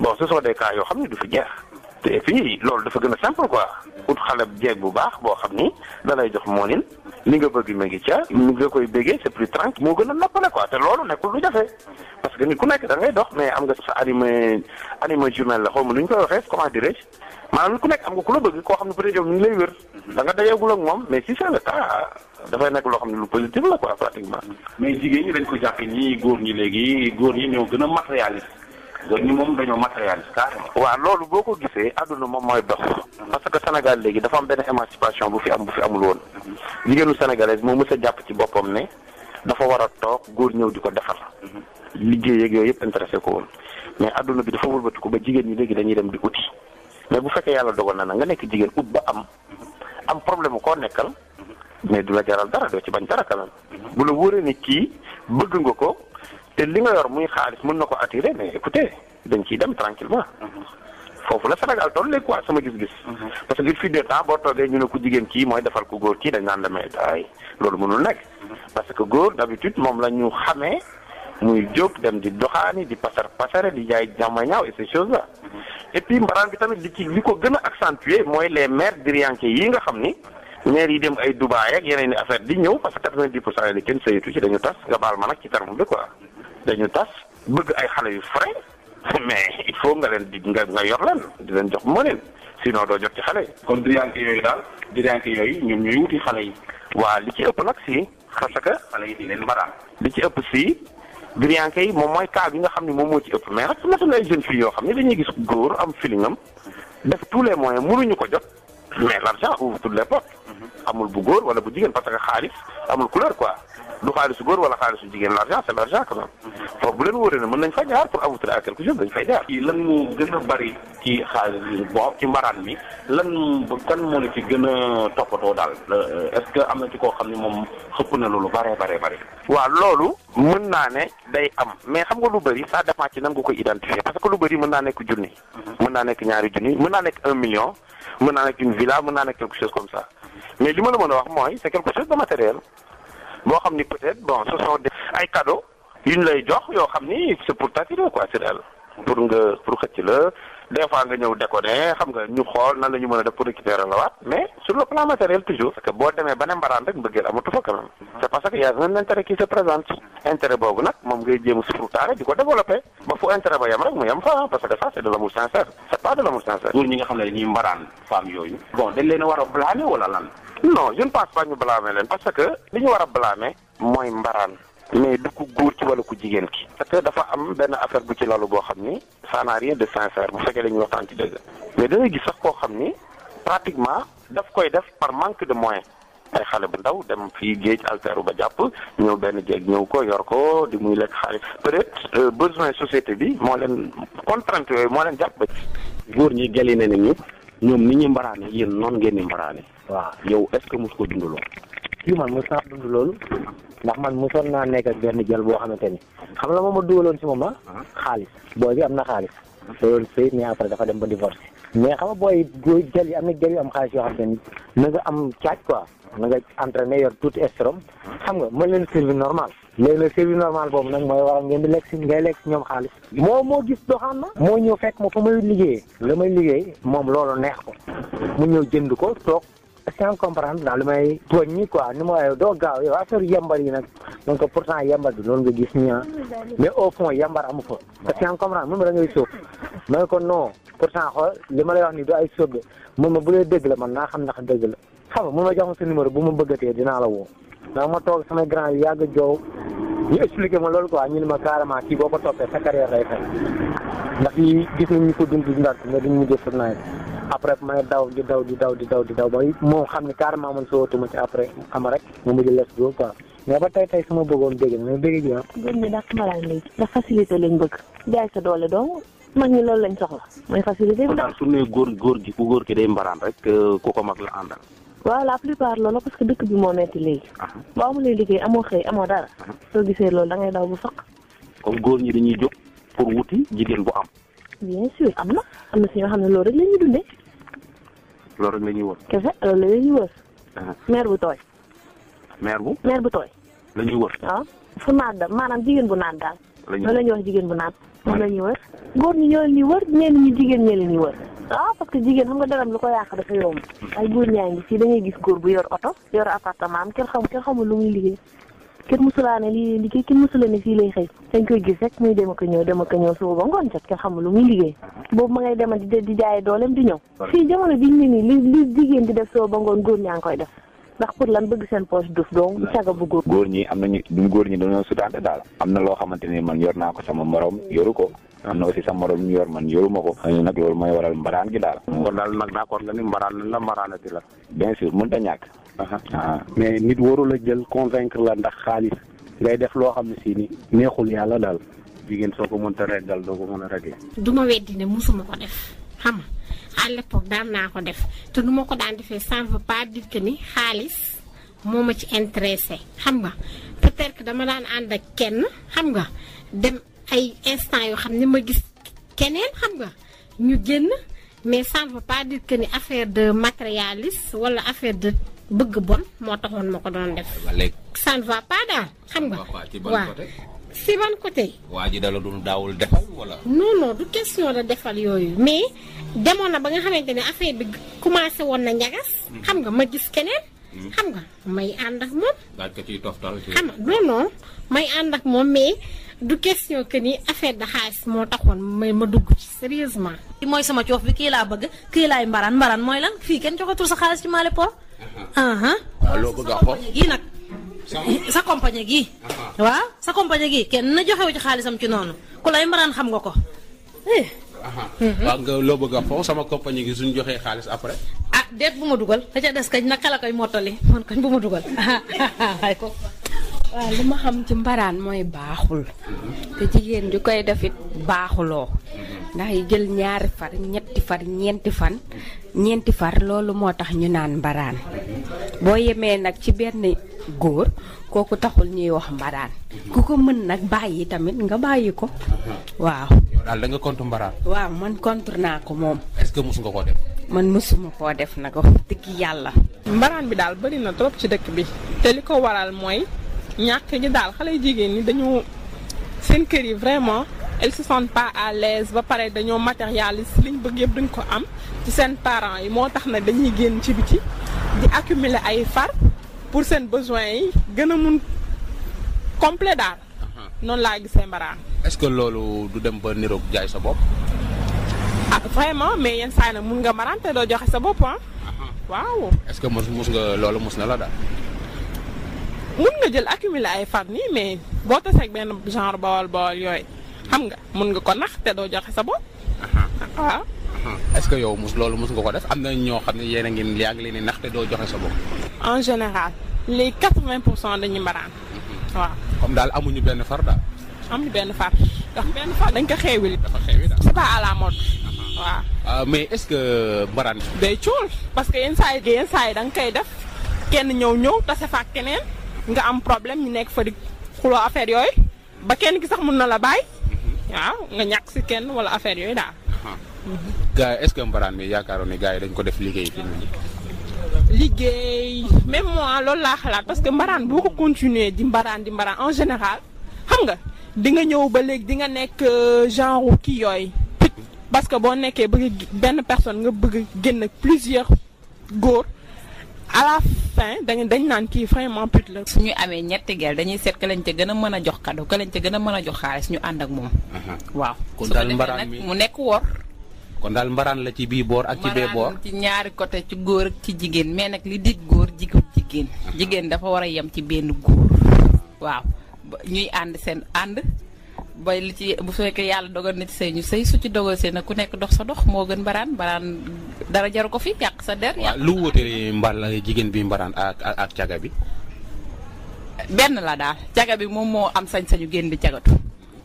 bon ce sont des cas xam ne du fi jeex te fii loolu dafa gën a simple quoi ut xale jeeg bu baax boo xam ni da lay jox moonin li nga bëgg ma ngi ca nga koy bëggee c'est plus tranquille moo gën a noppale quoi te loolu nekkul lu jafe parce que nit ku nekk da ngay dox mais am nga sa animé animé journal la xaw nu ñu koy waxee comment dirais-je ku nekk am nga ku la bëgg koo xam ne peut être yow mi lay wér da nga dajeegul ak moom mais si c'est le cas dafay nekk loo xam ne lu positif la quoi pratiquement. ñi dañ ko jàpp ñi góor ñi léegi góor ñi ñoo gën a matérialiste ñi moom dañoo matérialiste carrément. waaw loolu boo ko gisee àdduna moom mooy dox. Mm-hmm. parce que Sénégal léegi dafa am benn émancipation bu fi am bu fi amul woon. Mm-hmm. jigéenu sénégalaise moo mës a jàpp ci boppam ne dafa war a toog góor ñëw di ko defal mm-hmm. liggéey ak yooyu yëpp intéressé ko woon mais àdduna bi dafa wëlbatiku ba jigéen ñi léegi dañuy dem di uti mais bu fekkee yàlla dogal na na nga nekk jigéen ut ba am am problème koo nekkal mais du la jaral dara doo ci bañ dara kanam bu la wóoree ne kii nga ko. te li nga yor muy xaalis mën na ko attiré mais écoutez dañ ciy dem tranquillement foofu la Sénégal toll léegi quoi sama gis-gis. parce que il fut de temps boo toogee ñu ne ku jigéen kii mooy defal ku góor kii dañ naan la may ay loolu mënul nekk. parce que góor d'habitude moom la ñu xamee muy jóg dem di doxaani di pasar pasare di jaay jàmma ñaaw et ces choses là. et puis mbaraan bi tamit li ci li ko gën a accentuer mooy les maires diriyanke yi nga xam ni. maire yi dem ay Dubaay ak yeneen affaire di ñëw parce que 90 vingt dix pour cent yi kenn saytu ci dañu tas nga baal ma nag ci terme bi quoi. dañu tas bëgg ay xale yu frais mais il faut nga leen di nga nga yor leen di leen jox moo si sinon doo jot ci xale yi. kon diriyànke yooyu daal diriyànke yooyu ñoom ñooy wuti xale yi. waa li ci ëpp nag si parce que xale yi di leen mbaraan. li ci ëpp si diriyànke yi moom mooy cas bi nga xam ne moom moo ci ëpp mais nag mosul ay jeunes filles yoo xam ne dañuy gis góor am filingam def tout les moyens mënuñu ko jot mais l'argent ouvre toutes les portes. Mhm. amul bu góor wala bu jigéen parce que xaalis amul couleur quoi. du xaalisu góor wala xaalisu jigéen l'argent c'est l'argent quand même foofu bu leen wóoree ne mën nañ fa jaar pour aboutir à quelque chose dañ fay jaar. kii lan moo gën a bari ci xaalis boo ci mbaraan mi lan kan moo la ci gën a toppatoo daal euh, est-ce que am na ci koo xam ne moom xëpp na loolu baree baree bari. waaw loolu mën naa ne day am mais xam nga lu bëri ça dépend ci nan nga koy identifier parce que lu bëri mën naa nekk junni. Mhm. mën naa nekk ñaari junni mën naa nekk un million mën naa nekk une villa mën naa nekk quelque chose comme ça mais li ma la mën a wax mooy c'est quelque chose de matériel. boo xam ni peut-être bon ce sont des ay cadeaux yu ñu lay jox yoo xam ni c'est pour t'attirer quoi si daal pour nga pour xëcc la des nga ñëw déconner xam nga ñu xool nan la ñu mën a def pour récupérer la waat mais sur le plan matériel toujours. boo demee ba ne mbaraan rek mbëggeel amatu fa quand c'est parce que y a un intérêt qui se présente. intérêt boobu nag moom ngay jéem a sufrutaare di ko développer. ba fu intérêt ba yem rek mu yem fa parce que des fois c'est de l'amour sincère. c'est nga xam ne dañuy mbaraan femmes yooyu. a war a blâmer non je ne pense pas ñu blâmer leen parce que li ñu war a blâmer mooy mbaraan mais du ko góor ci wala ku jigéen ki parce que dafa am benn affaire bu ci lalu boo xam ni ça n'a rien de sincère bu fekkee dañuy waxtaan ci dëgg mais da ngay gis sax koo xam ni pratiquement daf koy def par manque de moyen ay xale bu ndaw dem fii géej alteeru ba jàpp ñëw benn jeeg ñëw ko yor ko di muy lekk xaalis peut-être euh, besoin société bi moo leen contrainte yooyu moo leen jàpp ba ci ñi gëli na ne ñu ñoom ni ñu mbaraane yéen noonu ngeen di mbaraane waaw yow est-ce que mos ko dund lool. kii man mos naa dund loolu ndax man mosoon naa nekk ak benn jël boo xamante ni xam na moom ma dugaloon si moom ah? ah. xaalis booy bi am na xaalis. Ah. te loolu sëy mais dafa dem ba divorce. mais xam booy jël yi am na jël am xaalis yoo xamante ni na nga am caaj quoi na nga entraîné yor tuuti estrom ah. xam nga mën leen service normal. léegi nag service normal boobu nag mooy waral ngeen di lekk si ngay lekk ñoom xaalis. moo moo gis doxaan na. moo ñëw fekk ma fa may liggéey la may liggéey moom loolu neex ko mu ñëw jënd ko toog. sans comprendre daal li may tooñ ñi quoi ni ma waaye doo gaaw a affaire yambar yi nag donc pourtant yambar bi loolu nga gis nii ah. mais au fond yambar amu fa. waaw sans comprendre moom da ngay sóob. ma ne ko non pourtant xool li ma lay wax nii du ay sóob moom ma bu dee dëgg la man naa xam ndax dëgg la xam mun ma jox ma sa numéro bu ma bëggatee dinaa la woo. ndax ma toog samay grand yi yàgg a joow ñu expliqué ma loolu quoi ñu ne ma kii boo ko toppee sa carrière lay fay ndax yi gis nañ ñu ko dund ndax nga duñ mujjee sa après may daw di daw di daw di daw di daw ba mo xamni car carrément man sootuma ci après xam rek mo mudi les go quoi mais ba tay tay sama bëggoon dégg na dégg ji wax ah. gën ñu dak maral ni da facilité lañ bëgg jaay sa doole do ma ñi loolu lañ soxla moy facilité ndax su ne gor gor gi ku gor ki day mbaraan rek euh, ku ko mag la andal wa la plupart lolo parce que dëkk bi mo metti lay ba amu lay liggéey amoo xëy amoo dara ah. so gisee loolu da ngay daw bu faq comme gor ñi dañuy jóg pour wuti jigéen bu am bien sûr amna amna ci nga xamne ñoo rek la dundé loolu rek la ñuy wër. kese loolu la wër. meer bu tooy. meer bu. meer bu tooy. la ñuy wër. waaw ah, fu naan da maanaam jigéen bu naan daal. la ñuy wër loolu la wax jigéen bu naan. moom la ñuy wër. góor ñi ñoo leen ñi jigéen ñoo leen di wër. waaw ah, parce que jigéen xam nga daram lu ko yàq dafa yomb. ay góor ñaa ngi fii da gis góor bu yor oto. yor appartement am kenn xam kenn xamul lu muy liggéey. kenn mësulaa ne lii liggéey kenn mësula ne fii lay xëy dañ koy muy dem ak a ñëw dem ak a ñëw suba ba ngoon jot kenn xamul lu muy liggéey boobu ma ngay demal di di jaay dooleem di ñëw fii jamono biñ ne nii li li jigéen di def suba ba ngoon góor ñaa ngi koy def ndax pour lan bëgg seen poche duuf donc caga bu góor góor ñi am nañu góor ñi dañoo sudaante daal am na loo xamante ni man yor naa ko sama morom yoru ko am na sama sa morom ñu yor man yoruma ko ñu nak lool mooy waral mbaran gi daal kon dal nak d'accord la ni mbaran la mbaraanati la bien sûr mën ta ñak ah. mais nit warul la jël convaincre la ndax xaalis ngay def lo xamni si ni neexul yalla dal jigéen soko mën ta reggal do ko mëna reggé duma wéddi ne musuma ko def xam à l'époque daan na ko def te duma ko daan ça veut pas dire que ni moma ci intéressé xam nga peut-être que dama daan and ak kenn xam nga dem ay instant yoo xam ne ma gis keneen xam nga ñu génn mais ça ne veut pas dire ni affaire de matérialiste wala affaire de bëgg bon moo taxoon ma ko doon def. ça ne va pas daal xam nga. waaw si ban côté. waa ji dala doon daawul defal wala. non non du question la defal yooyu mais demoon na ba nga xamante ne affaire bi commencé woon na ñagas. Hmm. xam nga ma gis keneen. xam nga may ànd ak moom. daal may ànd ak moom mais du question que ni affaire de xaalis moo taxoon may ma dugg ci sérieusement. mooy sama coof bi kii laa bëgg kii laay mbaraan mbaraan mooy lan fii kenn joxatul sa xaalis ci Mali Port. Uh-huh. Uh-huh. waaw loo bëgg gii nag. sa eh, compagnie gii. Uh-huh. waaw sa compagnie gii kenn na joxewu ci xaalisam ci noonu ku lay mbaraan xam nga ko. Eh, waaw nga loo bëgg a sama compagnie gi suñ joxee xaalis après. ah déet bu ma dugal da ca des kañ naka la koy mottali man kañ bu ma dugal ah, ah, ay ko. waaw li ma xam ci mbaraan mooy baaxul te jigéen ju koy def it baaxuloo ndax yi jël ñaari far ñetti far ñeenti fan ñeenti far loolu moo ñu naan mbaraan boo yemee nag ci benn góor koku taxul ñuy wax mbaraan kuko mën nak bayyi tamit nga bàyyi ko waaw dal da nga contre mbaraan waaw man contre na ko mom est ce que musu nga def man musuma ko def nak wax dëgg yalla mbaraan bi dal bari na trop ci dekk bi te liko waral moy ñak gi dal. xale jigéen ni dañu seen kër yi vraiment elles se sentent pas à l'aise ba pare dañu matérialiste liñ bëgg yëpp duñ ko am ci seen parents yi motax tax na dañuy ci biti di accumuler ay far pour ses besoin yi gën a complet daal. Uh-huh. noonu laa gisee mbaraan. est-ce que lolo du dem ba niroog jaay sa bop? ah vraiment mais yeen sayna mën nga marante do joxe sa bop hein. Ah. Uh-huh. waaw. est-ce que mos mos nga loolu mos na la da? Mën nga jël ay mais bo tasee ak ben genre bawol bawol yoy, xam nga mën nga ko nax te do joxe sa bopp. Uh-huh. Ah, waaw est-ce que yow mus loolu mus nga ko def amna na ñoo xam ne yéen ngi yaa ngi leen nax te do joxe sa bok en général les 80% vingt pour cent mhm. waaw comme dal amuñu benn far daal. amuñu benn far ndax benn far dañ ko xeewil. dafa xeewil da c'est pas à la mode. Mhm. waaw euh, mais est-ce que mbaraan. day cool parce que yenn saa yi yenn saa yi def kenn ñew ñëw tase fa ak keneen nga am problème ñu nekk fa di xulo affaire yoy ba kenn ki sax mën na la bay mhm. waaw nga ñak ci kenn wala affaire yoy daal. gars est ce que mbaraan mi yaakaaroon ne gars yi dañ ko def liggéey fi mu liggéey même moi loolu laa xalaat parce que mbaraan boo ko continuer di mbaraan di mbaraan en général xam nga di nga ñëw ba léegi di nga nekk euh, genre kii yooyu parce que boo nekkee bëgg benn personne nga bëgg génn plusieurs góor à la fin dañ dañ nan kii vraiment put la. su ñu amee ñetti gel dañuy seet ka lañ ca gën a mën a jox cadeau ka lañ ca gën a mën a jox xaalis ñu ànd ak moom. waaw. kon daal mbaraan mi mu nekk wor kon dal mbaran la ci bi bor ak ci be bor ci ñaari côté ci góor ak ci jigen mais nak li dit góor jigub jigen jigen dafa wara yam ci benn góor waaw ñuy and sen and bay li ci bu fekke yalla dogal na ci sey ñu sey su ci dogal sen ku nekk dox sa dox mo gën mbaran mbaran dara jaru ko fi yàq sa der waaw lu wóotee mbal jigen bi mbaran ak ak caga bi ben la daal caga bi mom mo am sañ-sañu génn di cagatu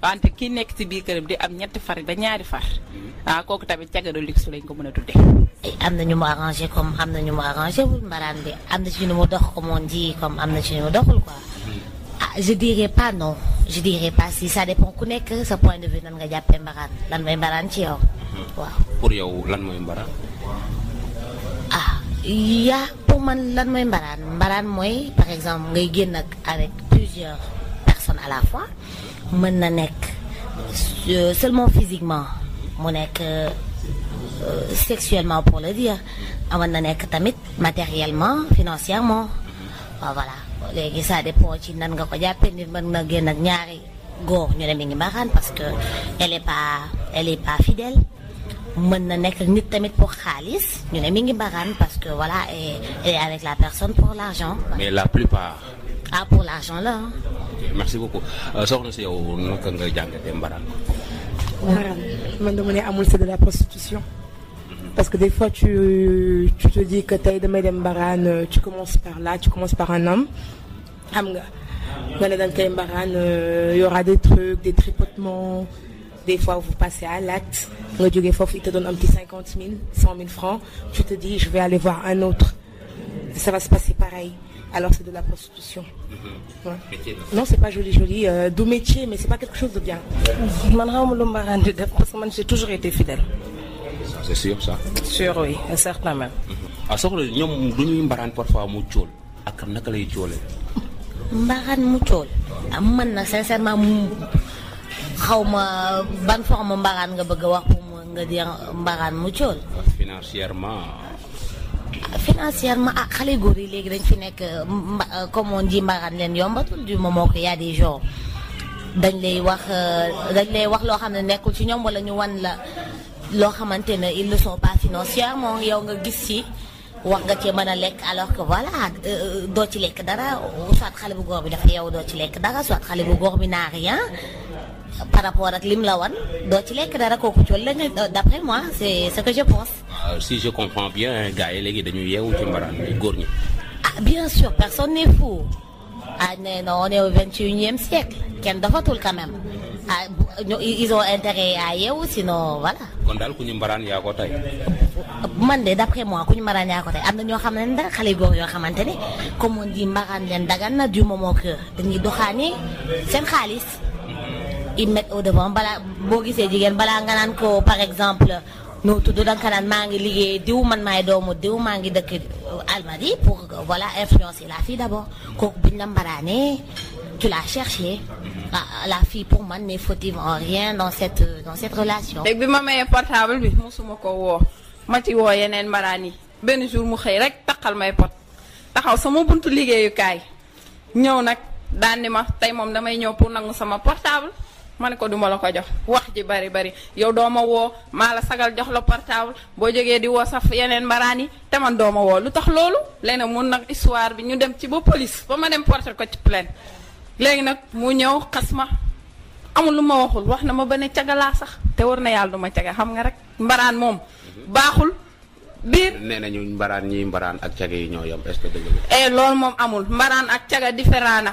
wante kii nekk ci biir këram di am ñetti far ba ñaari far mm-hmm. ah kooku tamit cagado luxe lañ ko mën a tuddee. Eh, am na ñu mu arrangé comme am na ñu mu arrangé wul mbalaan bi am na ci ñu mu dox comme on dit comme am na ci ñu mu doxul quoi. Mm-hmm. ah je dirais pas non je dirais pas si ça dépend ku nekk sa point de vue nan nga jàppee mbaraan lan mooy mbaraan ci yow. Mm-hmm. waaw pour yow lan mooy mbaraan. ah yaa pour man lan mooy mbaraan mbaraan mooy par exemple ngay génn ak avec plusieurs personnes à la fois mën na nek euh, seulement physiquement mu nek euh, sexuellement pour le dire mën na nek tamit matériellement financièrement waaw voilà léegi ça dépend ci nan nga ko jappé nit mën na génn ak ñaari góor ñu ne mi ngi mbaxaan parce que elle est pas elle est pas fidèle mën na nek nit tamit pour xaalis ñu ne mi ngi mbaxaan parce que voilà et avec la personne pour l'argent mais la plupart ah pour l'argent là. Hein. merci beaucoup Je euh, si yow nga c'est de la prostitution. Parce que des fois, tu, tu te dis que tu de Madame Baran, euh, tu commences par là, tu commences par un homme. Il euh, y aura des trucs, des tripotements. Des fois, vous passez à l'acte. il te donne un petit 50 000, 100 000 francs. Tu te dis, je vais aller voir un autre. Ça va se passer pareil alors c'est de la prostitution. Mm -hmm. ouais. Non, c'est pas joli, joli. Euh, de métier, mais c'est pas quelque chose de bien. Parce que moi j'ai toujours été fidèle. C'est sûr, ça Sûr, oui, certain même. Alors, nous avons parfois mutual. Akam naka lay ciolé mbaran mu ciol ah, man Moi, sincèrement xawma ban forme mbaran nga bëgg wax pour nga dire mbaran mu financièrement financièrement ah xale góor léegi dañ fi nekk euh, euh, comme on dit mbaaraan leen yombatul du moment que y a des gens dañ lay wax euh, dañ lay wax loo xam ne nekkul ci ñoom walla ñu wan la loo xamante ne ils ne sont pas financièrement yow nga gis ci wax nga cee mën a lekk alors que voilà doo ci lekk dara soit xale bu góor bi dafa yow doo ci lekk dara soit xale bu góor bi naar rien par rapport à lim la ci lekk dara kooku col d'après moi c'est ce que je pense. waaw euh, si je comprends bien gars yi léegi dañuy yeewu ci mbaraan bi góor ah bien sûr personne n'est fou ah nee on est au 21e siècle kenn Dafatoul quand même ah ils ont intérêt à yeewu sinon voilà. kon daal ku ñu mbaraan yaa ko tey. man de d'après moi ku ñu mbaraan yaa ko tey am na ñoo xam ne ndax xale comme on dit mbaraan leen dagan na du moment que dañuy doxaane seen khalis ils mettent au devant Bala, boo gisee jigéen Bala nga naan ko par exemple noo tudd da nga mangi naan maa diw man maay doomu diw mangi ngi dëkk Almadi pour voilà influencer la fille d'abord kooku buñ la mbaraanee tu l'as cherché ah la fille pour man n'est fautive en rien dans cette dans cette relation. léegi bi ma mayee portable bi mosuma ko wo. ma ci woo yeneen mbaraan yi jour mu xëy rek takal may pot taxaw sama buntu liggéeyukaay ñëw nag daan ni ma tey moom damay ñew pour nangu sama portable. ma ne ko duma la ko jox wax ji bari bari yow doo ma woo maa la sagal jox la portable boo jógee di woo saf yeneen mbaraan yi te man doo woo lu tax loolu léegi nag mun nag histoire bi ñu dem ci ba police ba ma dem porter ko ci plainte léegi nag mu ñëw xas ma amul lu ma waxul wax na ma ba ne cagalaa sax te war na yàlla du ma caga xam nga rek mbaraan moom baaxul bir nee ñu mbaraan ñi mbaraan ak caga yi ñoo yom est ce deug eh lool mom amul mbaraan ak caga différent na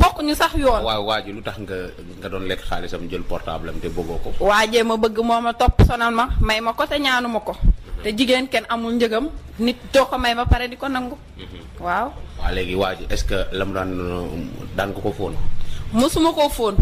bokk ñu sax yoon. waaw waaji lutax nga nga doon lek xaalisam jël portable am te bëggoo ko. waaje ma bëgg moma top sonal ma may ma ko te ñaanu ma ko. Mhm. te jigen ken amul njëgam nit do ko may ba paré diko nangu. Mhm. waaw. wa léegi waaji est ce que lam daan daan ko ko fóon. musuma ko fóon.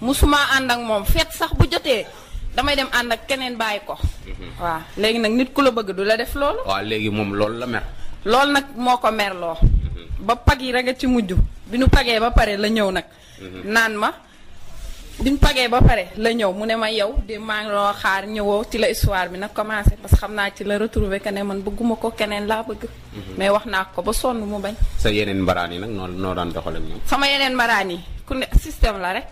musuma mhm. ànd ak moom feet sax bu jotee. damay dem ànd ak keneen bàyyi ko. Mhm. waaw léegi nag nit ku la bëgg du la def loolu. waaw léegi moom loolu la mer. loolu nag moo ko merloo. Mhm. ba pag yi rek a ci mujj bi nu pagee ba pare la ñëw nag. Mhm. naan ma bi ñu pagee ba pare la ñëw mu ne ma yow di maa ngi loo xaar ñëwoo ci la histoire bi na commencé parce que xam naa ci la retrouver que ne man bëgguma ko keneen laa bëgg. mais wax naa ko ba sonn mu bañ. sa yeneen mbaraan yi nag noo noo daan doxalee ñoom. sama yeneen mbaraan yi ku ne la rek.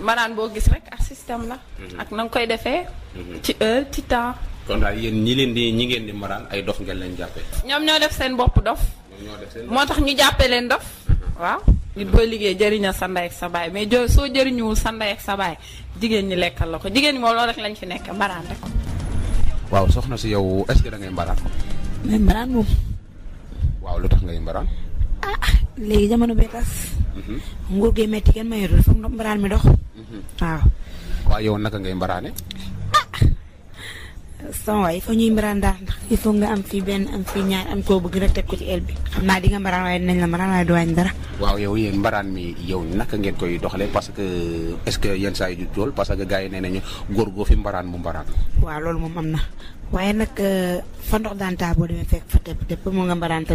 maanaam boo gis rek ak système la. Mhm. ak nanga koy defee. Mhm. ci heure ci temps. kon daal yéen ñi leen di ñi ngeen di maraan ay dox ngeen leen jàppee. ñoom ñoo def seen bopp dof. moo tax ñu jàppe leen dof mhm. waaw. nit booy liggéey jëriña sa ndey ak sa baay mais jo soo jëriñuwul sa ak sa baay jigéen ñi lekkal la ko jigéen ñi moom loolu rek lañu ci nekk mbaraan rek. waaw soxna si yow est-ce que mbaraan moom. waaw lu tax ngay mbaraan. ah léegi jamono bee tas. Mhm. nguur gi metti kenn mayatul foog mbaraan mi dox. Mhm. waaw. waaw yow naka ngay mbaraane. Ah, sama waay fa ñuy mbaraan daal ndax il nga am fii benn am fii ñaar am koo bëgg rek teg ko ci el bi xam naa dinga nga mbaraan waaye dinañ la du wàññi dara. waaw yow yéen mbaraan mi yow naka ngeen koy doxalee parce que est-ce que yenn saa yi du tool parce que gaa yi nee nañu góor goo fi mbaraan mu mbaraan. waaw loolu moom am na waaye nag euh, fa ndox daan taa boo demee fekk fa tëpp tëpp mu nga mbaraan te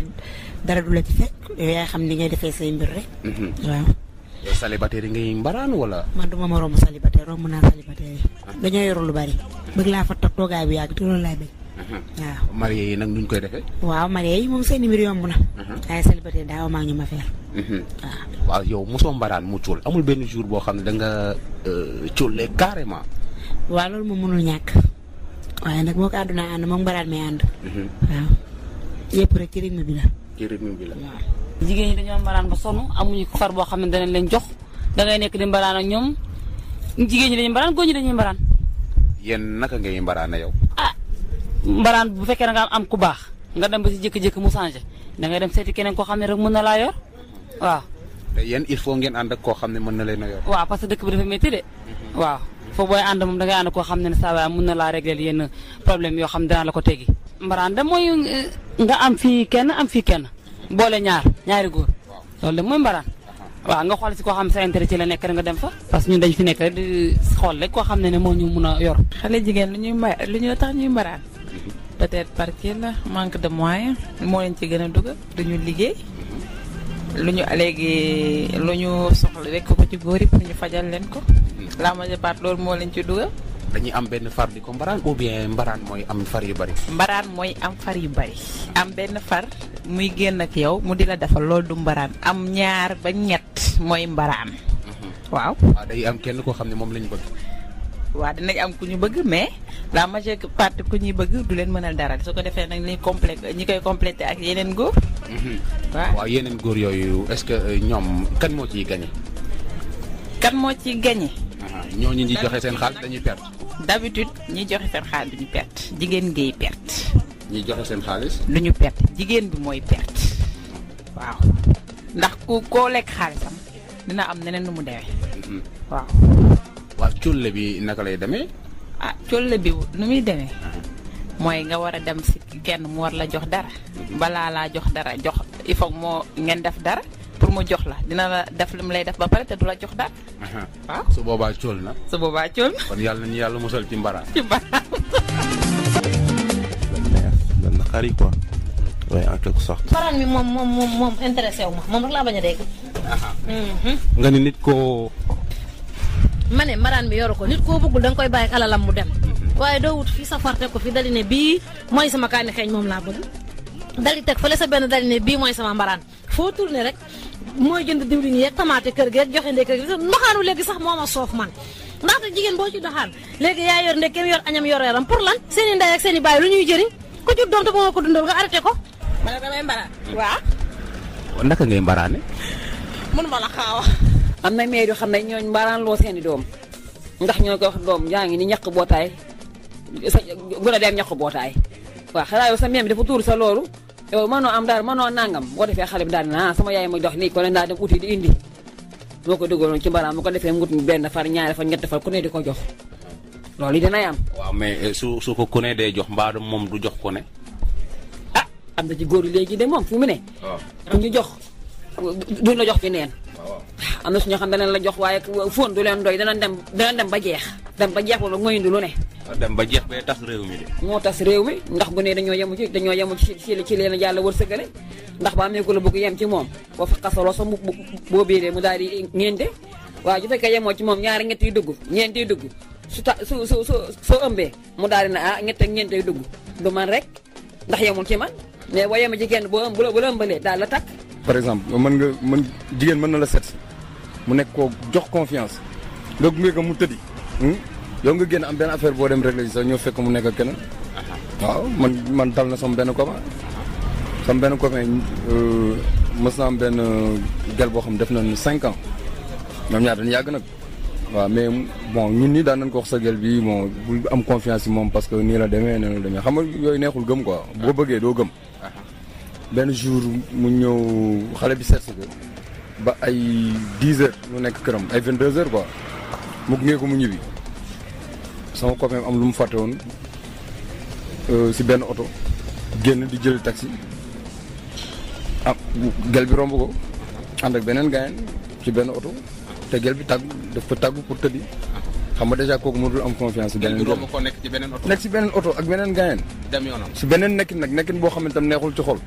dara du la ci fekk yow yaay xam ni ngay defee say mbir rek. Mhm. waaw. célibataire ngay mbaraan wala. man du ma moroomu célibataire romb naa célibataire yi. Ah. dañoo yoru lu bari. bëgg laa fa toog toogaay bu yàgg te loolu laay bëgg. Mhm. waaw marié yi nag nuñ koy defee. waaw marié yi moom seen numéro yomb na. Mhm. waaye célibataire daaw maa ngi ñu ma feer. waaw waaw yow mosoo mbaraan mu cuul amul benn jour boo xam ne da nga euh, cullee carrément. waaw loolu moom mënul ñàkk. waaye nag moo ko àdduna ànd moom mbaraat mi ànd. Mhm. waaw yëpp rek ci rythme bi la. ci rythme bi la waaw. jigéen ñi dañoo mbaraan ba sonn amuñu ko far boo xam ne danañ leen jox dangay nekk di mbaraan ak ñoom jigéen ñi dañuy mbaraan góor ñi dañuy mbaraan. yéen naka ngay mbaraan yow. ah mbaraan bu fekkee da nga am ku baax nga dem ba si jékki-jékki mu changé dangay dem seeti keneen koo xam ne rek mën na laa yor waaw. te yéen il faut ngeen ànd ak koo xam ne mën na leen a yor. waaw parce que dëkk bi dafa métti de mhm. waaw. foo booy ànd moom da ngay ànd koo xam ne ne saa waay mun na laa régler yenn problème yoo xam ne dana la ko teggi mbaraan da mooy eh, nga am fii kenn am fii kenn boole ñaar ñaari góor loolu de mooy mbaraan waa nga xool si koo xam ne sa intérêt ci la nekk rek nga dem fa parce que ñu dañ si nekk rek di xool rek koo xam ne ne moo ñu mun a yor xale jigéen lu ñuy mba lu ñu tax ñuy mbaraan mm-hmm. peut-être parce que la manque de moyens moo leen ci gën a dugal duñu liggéey lu ñu léegi lu ñu soxla rek ko ci góor yi ñu fajal leen ko. la majeure loolu moo leen ci dugal. dañuy am benn far di ko mbaraan ou bien mbaraan mooy am far yu bari. mbaraan mooy am far yu bari. am benn far muy génn ak yow mu di la defal lool du mbaraan am ñaar ba ñett mooy mbaraan. Mhm. waaw. waaw ah, day am kenn koo xam ne moom lañu bëgg. waa dinañ am ku ñu bëgg mais la majeure partie ku ñuy bëgg du leen mënal dara soo ko defee nag ni complé ñi koy complété ak yeneen góor. Mm-hmm. waaw yeneen góor yooyu est-ce que euh, ñoom kan moo ciy gagné. kan moo ci ciy uh-huh. ñoo ñu ñi joxe seen xaalis dañuy perte. d'habitude ñi joxe seen xaalis duñu perte jigéen ngay perte. ñi joxe seen xaalis. duñu perte jigéen bi mooy perte. waaw ndax ku koo lekk xaalisam dina am neneen nu mu demee. Mm-hmm. waaw. wa colle bi naka lay demé ah colle bi nu muy demee. Ah. mooy nga wara dem ci kenn mu war la jox dara. bala la jox dara jox il faut mo ngeen def dara pour mu jox la dina la def lim lay def ba paré té dula jox dara. ah su boba coll na. su boba coll. kon yalla ni yalla musal ci mbara ci mbara na xari quoi. oui en quelque sorte. mbaraan mi moom moom moom intéressé wu ma moom rek laa ah. a -hmm. nga ni nit ko mané maran bi mi ko nit koo bëggul dang koy baye ak alalam mu dem mhm. waye do wut fi safarte ko fi dali bi moy sama kan xeeñ mom la bëgg dali teg fële sa ben daline bi moy sama maran fo tourner rek moy jënd diwlin yeeg tamaate kër gi ak joxe ndé kër gi ndoxaanu légui sax moma sof man ndaxte jigen bo ci doxal légui ya yor kem yor añam yor yaram pour lan seni nday ak seen bay lu ñuy jëri ko ci ko dundal nga arrêté ko mala damay mbara wa ndaka ngay la xawa am na maire yoo xam lo ñooñ mbaaraan loo seeni doom ndax ñoo ko wax doom yaa ni ñàkk botay gona dem ñàkk botay wa xala yo sa meen dafa tour sa lolu yow mano am dar mano nangam bo defé xale bi na ah, sama yaay mo dox ni ko na dem outil di indi boko ko ci mbalaan mu ko ngut ben far ñaar far ñett far ku ne di ko jox loolu dina yam wa mais eh, su su ko ku ne dee jox mbaadu mom du jox ku ne ah am na ci góor legi de mom fu mu ne ñu jox duñ la jox ci neen suñu xam dañ la jox waaye fon du len doy dañ dem dañ dem ba jeex dem ba jeex wala ndu lu ne ah, dem ba jeex be tas rew mi mo moo rew mi ndax bu ne dañu yemu ci dañu yemu ci ci ci leena yàlla wërsëgale ndax ba amé ko la bëgg yam ci mom boo fa xasaloo sa mu boo biiree mu daal di wa ju fekk yemoo ci mom ñaar ñett dugg ñeent dugg su su su su ëmbé mu daal na ah ñett ak dugg du man rek ndax yamul ci man né wayama yemee ci kenn boo bu la ëmbalee daal la tak par exemple man nga man jigéen mën na la set mu nekk koo jox confiance nga gunge ko mu tëddi hmm? yow nga génn am benn affaire boo dem réglé ji sax ñoo fekk mu nekk ak keneen uh-huh. waaw man man dal na sama benn copain uh-huh. sama benn copain euh, mës na am benn euh, gel boo xam def nañu cinq ans ñoom ñaar dañu yàgg nag waaw mais bon ñun nii daan nañ ko wax sa gel bi bon bu am confiance yi moom parce que nii la demee nee la demee xam nga yooyu neexul gëm quoi boo bëggee doo gëm ben jour mu ñew xalé bi sétu ba ay 10 h mu nek kërëm ay 22 h quoi mu gunge ko mu ñibi sama copain am lu mu faté won euh ci ben auto genn di jël taxi ah gel bi romb ko and ak benen gaayen ci ben auto te gel bi tag daf ko tàgg pour tëddi xam nga déjà koku mënul am confiance. beneen bi ko nek ci benen auto nek ci benen auto ak benen gaayen. dem yonam si benen nekkin nak nekkin bo xamantam neexul ci xol.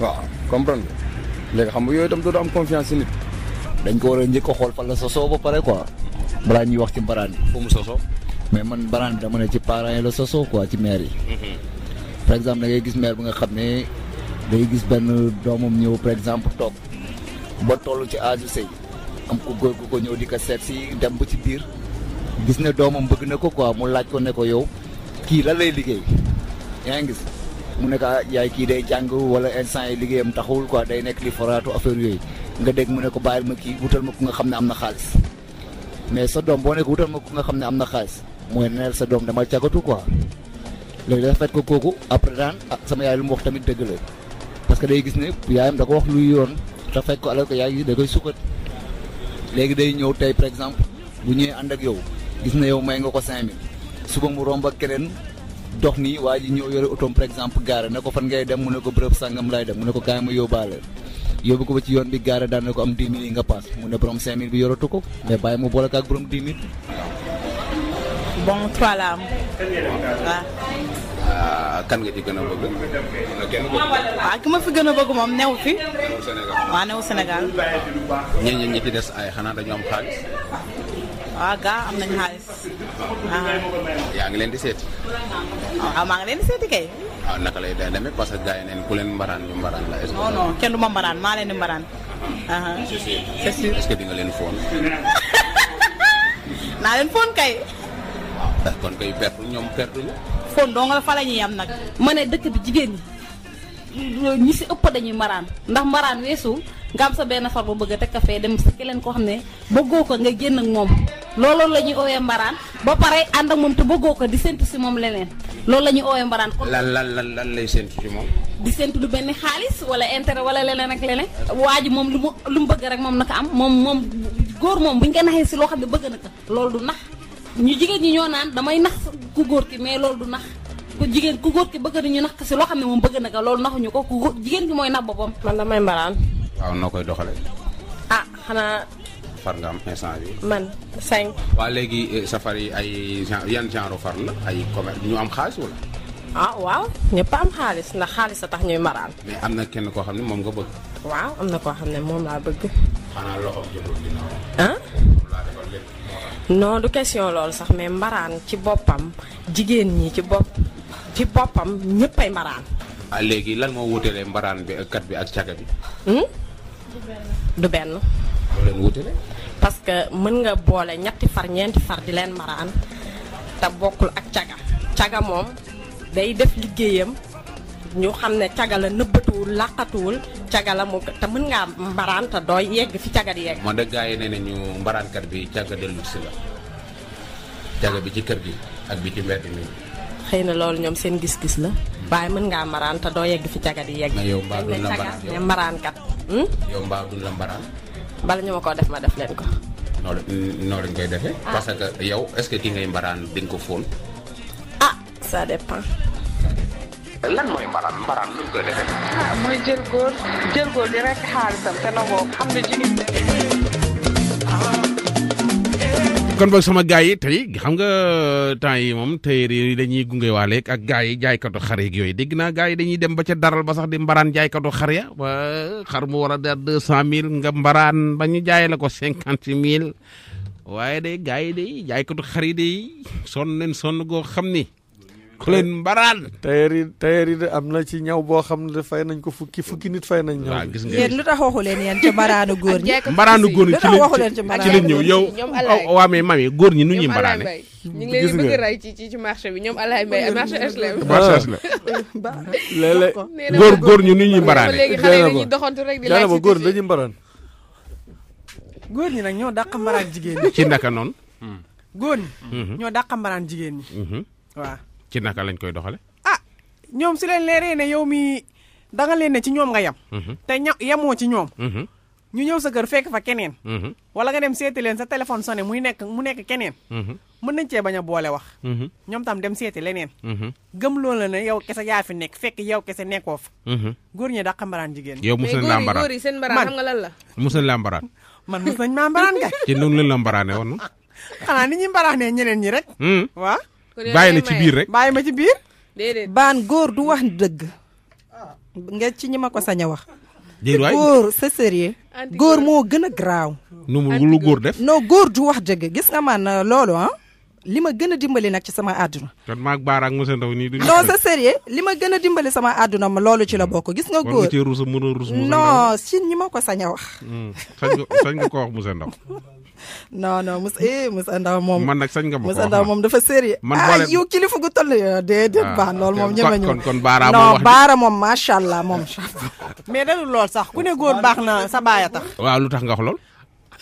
waaw comprendre nga léegi xam nga yooyu itam doo am confiance si nit. dañ ko war a njëkk xool fan la sosoo ba pare quoi balaa ñuy wax ci mbaraan bi. fu mu sosoo. mais man mbaraan bi dama ne ci parents yi la sosoo ko ci maire yi. Mm-hmm. par exemple da ngay gis maire bi nga xam ne day gis benn doomam ñëw par exemple toog ba toll ci âge sëy am ko góor ko ñëw di ko seet si dem ba ci biir gis ne doomam bëgg na ko quoi mu laaj ko ne ko yow kii lan lay liggéey yaa ngi gis. mu nekk ah yaay kii day jàng wala instant yi liggéeyam taxul quoi day nekk li foraatu affaire yooyu nga dégg mu ne ko bàyyil ma kii wutal ma ku nga xam ne am na xaalis mais sa doom boo nekk wutal ma ku nga xam ne am na xaalis mooy neel sa doom dama cagatu quoi léegi dafa fekk ko kooku après daan ah sama yaay lu mu wax tamit dëgg la parce que day gis ne yaayam da ko wax luy yoon dafa fekk ko alors ko yaay da koy sukkat léegi day ñëw tey par exemple bu ñëwee ànd ak yow gis na yow may nga ko 5000 suba mu romb keneen dox nii waa ji ñëw yore otoom par exemple gaare ne ko fan ngay dem mu ne ko bërëb sàngam laay dem mu ne ko kaay ma yóbbaale yóbbu ko ba ci yoon bi gaare daan ne ko am 10 000 yi nga paas mu ne borom 5000 bi yoratu ko mais bàyyi mu boole ko ak borom 10 000. bon trois la am ah, kan nga ci gën a bëgg. waaw ah, ki ma fi gën a bëgg moom new fi. waaw new Sénégal. ñeneen ñi ci des ay xanaa dañu am xaalis. waaw gaa am nañ xaalis. yaa ngi leen di seeti. ah maa ngi di seeti kay. waaw naka lay day demee parce que gars neen ku leen mbaraan ñu mbaraan la. non non kenn du ma mbaraan maa leen di mbaraan. c'est sûr est-ce que di nga leen foon. naa leen foon kay. kon kay ñu. fa dëkk bi jigéen ñi ñi ëpp dañuy ndax nga am sa benn far bu bëgg a fee dem si keneen koo xam ne bëggoo ko nga génn ak moom loolu la ñuy oowee mbaraan ba pare ànd ak moom te bëggoo ko di séntu si moom leneen loolu la ñuy oowee mbaraan. kon lan lan lan lan lay séntu si moom. di séntu lu benn xaalis wala intérêt wala leneen ak leneen. waa ji moom lu mu lu mu bëgg rek moom na ko am moom moom góor moom bu ñu ko naxee si loo xam ne bëgg na ko loolu du nax ñu jigéen ñi ñoo naan damay nax ku góor ki mais loolu du nax. ko jigéen ku góor ki bëgg ñu nax ko si loo xam ne moom bëgg na ko loolu naxuñu ko ku jigéen ki mooy nax boppam. man damay mbaraan waaw noo koy doxale ah xanaa far nga am instant bi man cinq waa léegi eh, safari ay yan genre far la ay commerce ñu am xaalis wala ah waaw ñëpp am xaalis ndax xaalis a tax ñuy maraan mais am kenn koo xam ne nga bëgg waaw am na koo xam ne bëgg xanaa loxo jëndul ginnaaw ah non du question loolu sax mais mbaraan ci boppam jigéen ñi ci ci ah, lan bi ak kat bi ak bi. Hmm? du benn parce que mën nga boole ñetti far ñeenti far di leen maraan te bokkul ak caga caga moom day def liggéeyam ñu xam ne caga la nëbbatuwul làqatuwul caga la mu te mën ngaa mbaraan te doo yegg fi caga di yegg. moo de gars yi nee nañu mbaraankat bi caga de luxe la caga bi ci kër gi ak bi ci mbedd mi. xëy na loolu ñoom seen gis-gis la bay mën nga maran ta do yegg fi caga yi yegg. Nah, yow ba dul lambaran yow maran kat. hmm yow ba dul lambaran bal bala ñu ma def ma def len ko. noo noo ngay defé parce que yow est ce que ki ngay maran ding ko fon ah ça ah, dépend. lan moy maran maran lu ko defé moy jël gor jël gor di rek xaalisam te nangoo xam ne jigéen kon boog sama gars yi tey xam nga temps yi moom tey dañuy gunge waale ak gars yi jaaykatu xar yeeg yooyu dégg naa gars yi dañuy dem ba ca daral ba sax di mbaraan jaaykatu xar ya ba xar mu war a dar deux cent mille nga mbaraan ba ñu jaay la ko cinquante mille waaye day gars yi de jaaykatu xar yi de sonn leen sonn goo xam ni. leen mbaraan tailleur am na ci ñaw boo xam ne nañ ko fukki fukki nit fay nañ gis nga yéen lu tax waxu leen yéen ci mbaraanu góor ñi mbaraanu góor ñi ci leen ñi nu ñuy mbaraane ñu ngi ci ci bi ñoom Alay Mbaye góor góor ñu nu ñuy mbaraane. léegi góor dañuy mbaraan. góor ñi nag ñoo dàq mbaraan jigéen ñi. ci naka noonu. góor ñi. Mm-hmm. ñoo dàq mbaraan jigéen ñi. Mm-hmm. ci naka lañ koy doxale a ah, ñoom su leen leeree ne yow mii da leen ne ci ñoom nga yem. Mhm. te ña yemoo ci ñoom. Mhm. ñu ñëw sa kër fekk fa keneen. Mhm. wala nga dem seeti leen sa téléphone sonné muy nekk mu nekk keneen. mën nañ cee bañ a boole wax. ñoom tam dem seeti leneen. gëm loolu la ne kese yaa fi nekk fekk yow kese nekkoo fa. góor ñi da mbaraan jigéen yow mos nañ seen mbaraan xam nga la. mos nañ laa mbaraan. man mos nañ maa mbaraan kay. ci noonu la la mbaraanee woon. xanaa ni ñuy mbaraanee ñeneen ñi bàyyi na ci biir rek bàyyi ma ci biir. déedéet baan góor du wax dëgg. Ah. nga ci ñi ma ko sañ a wax. déedéet góor c'est sérieux góor moo gën a garaaw. nu mu lu góor def. non góor du wax dëgg gis nga man euh, loolu ah. li ma gën a dimbali nag ci sama àdduna. kon maag Baara ak monsieur Ndao nii du. non c'est sérieux li ma gën a dimbali sama àdduna ma loolu ci la bokk gis nga. góor war nga cee ruus a si ñi ma ko sañ a wax. Hmm. sañ nga ko wax monsieur Ndao non non Moussa eh Moussa Ndaw moom. man nag sañ nga ma ko wax Ndaw moom dafa sérieux. man boole ah yow kilifa gu toll déedéet ah, baan loolu moom ñeme ñu. baara moom wax non moom macha allah moom. mais dalul lool sax ku ne góor baax na sa baaya tax. waaw lu tax nga wax lool.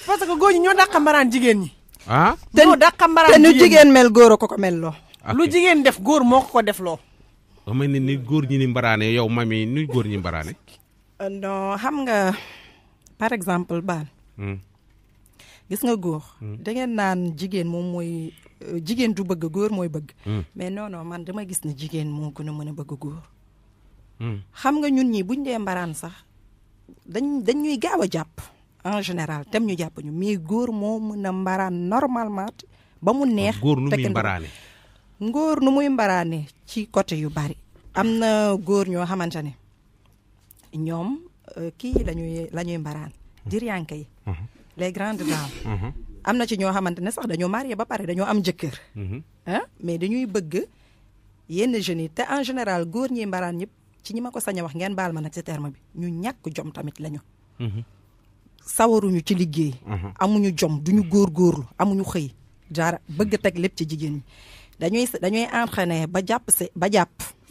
parce que góor ñi ñoo dàqa mbaraan jigéen ñi. ah ñoo dàqa mbaraan jigéen ñi te nu jigéen mel góor a ko ko mel loo. Ah, lu jigéen def góor moo ko ko def loo. ba may ne ni góor ñi ni mbaraane yow mami ni góor ñi mbaraane. Euh, non xam nga par exemple gis nga góor. Hmm. da ngeen naan jigéen moom mooy euh, jigéen du bëgg góor mooy bëgg. Hmm. mais non non man dama gis ne jigéen moom ku a mën a bëgg góor. Hmm. xam nga ñun ñii buñ dee mbaraan sax dañ dañuy gaaw a jàpp en général tem ñu jàpp ñu mais góor moo mën a mbaraan normalement ba mu neex. góor nu muy mbaraane góor muy mbaraane ci côté yu bari. am na góor ñoo xamante ne ñoom euh, kii lañuy la ñuy mbaraan. diriyànke yi. les grandes dames. Mhm. am na ci ñoo xamante ne sax dañoo marié ba pare dañoo am jëkkër. Mhm. ah mais dañuy bëgg yenn jeunes yi te en général góor ñi mbaraan ñëpp ci ñi ma ko sañ a wax ngeen baal ma nag ci terme bi ñu ñàkk jom tamit lañu. Mhm. sawaruñu ci liggéey. amuñu jom duñu góorgóorlu amuñu xëy. dara bëgg teg lépp ci jigéen ñi dañuy dañuy entraîné ba jàpp se ba jàpp.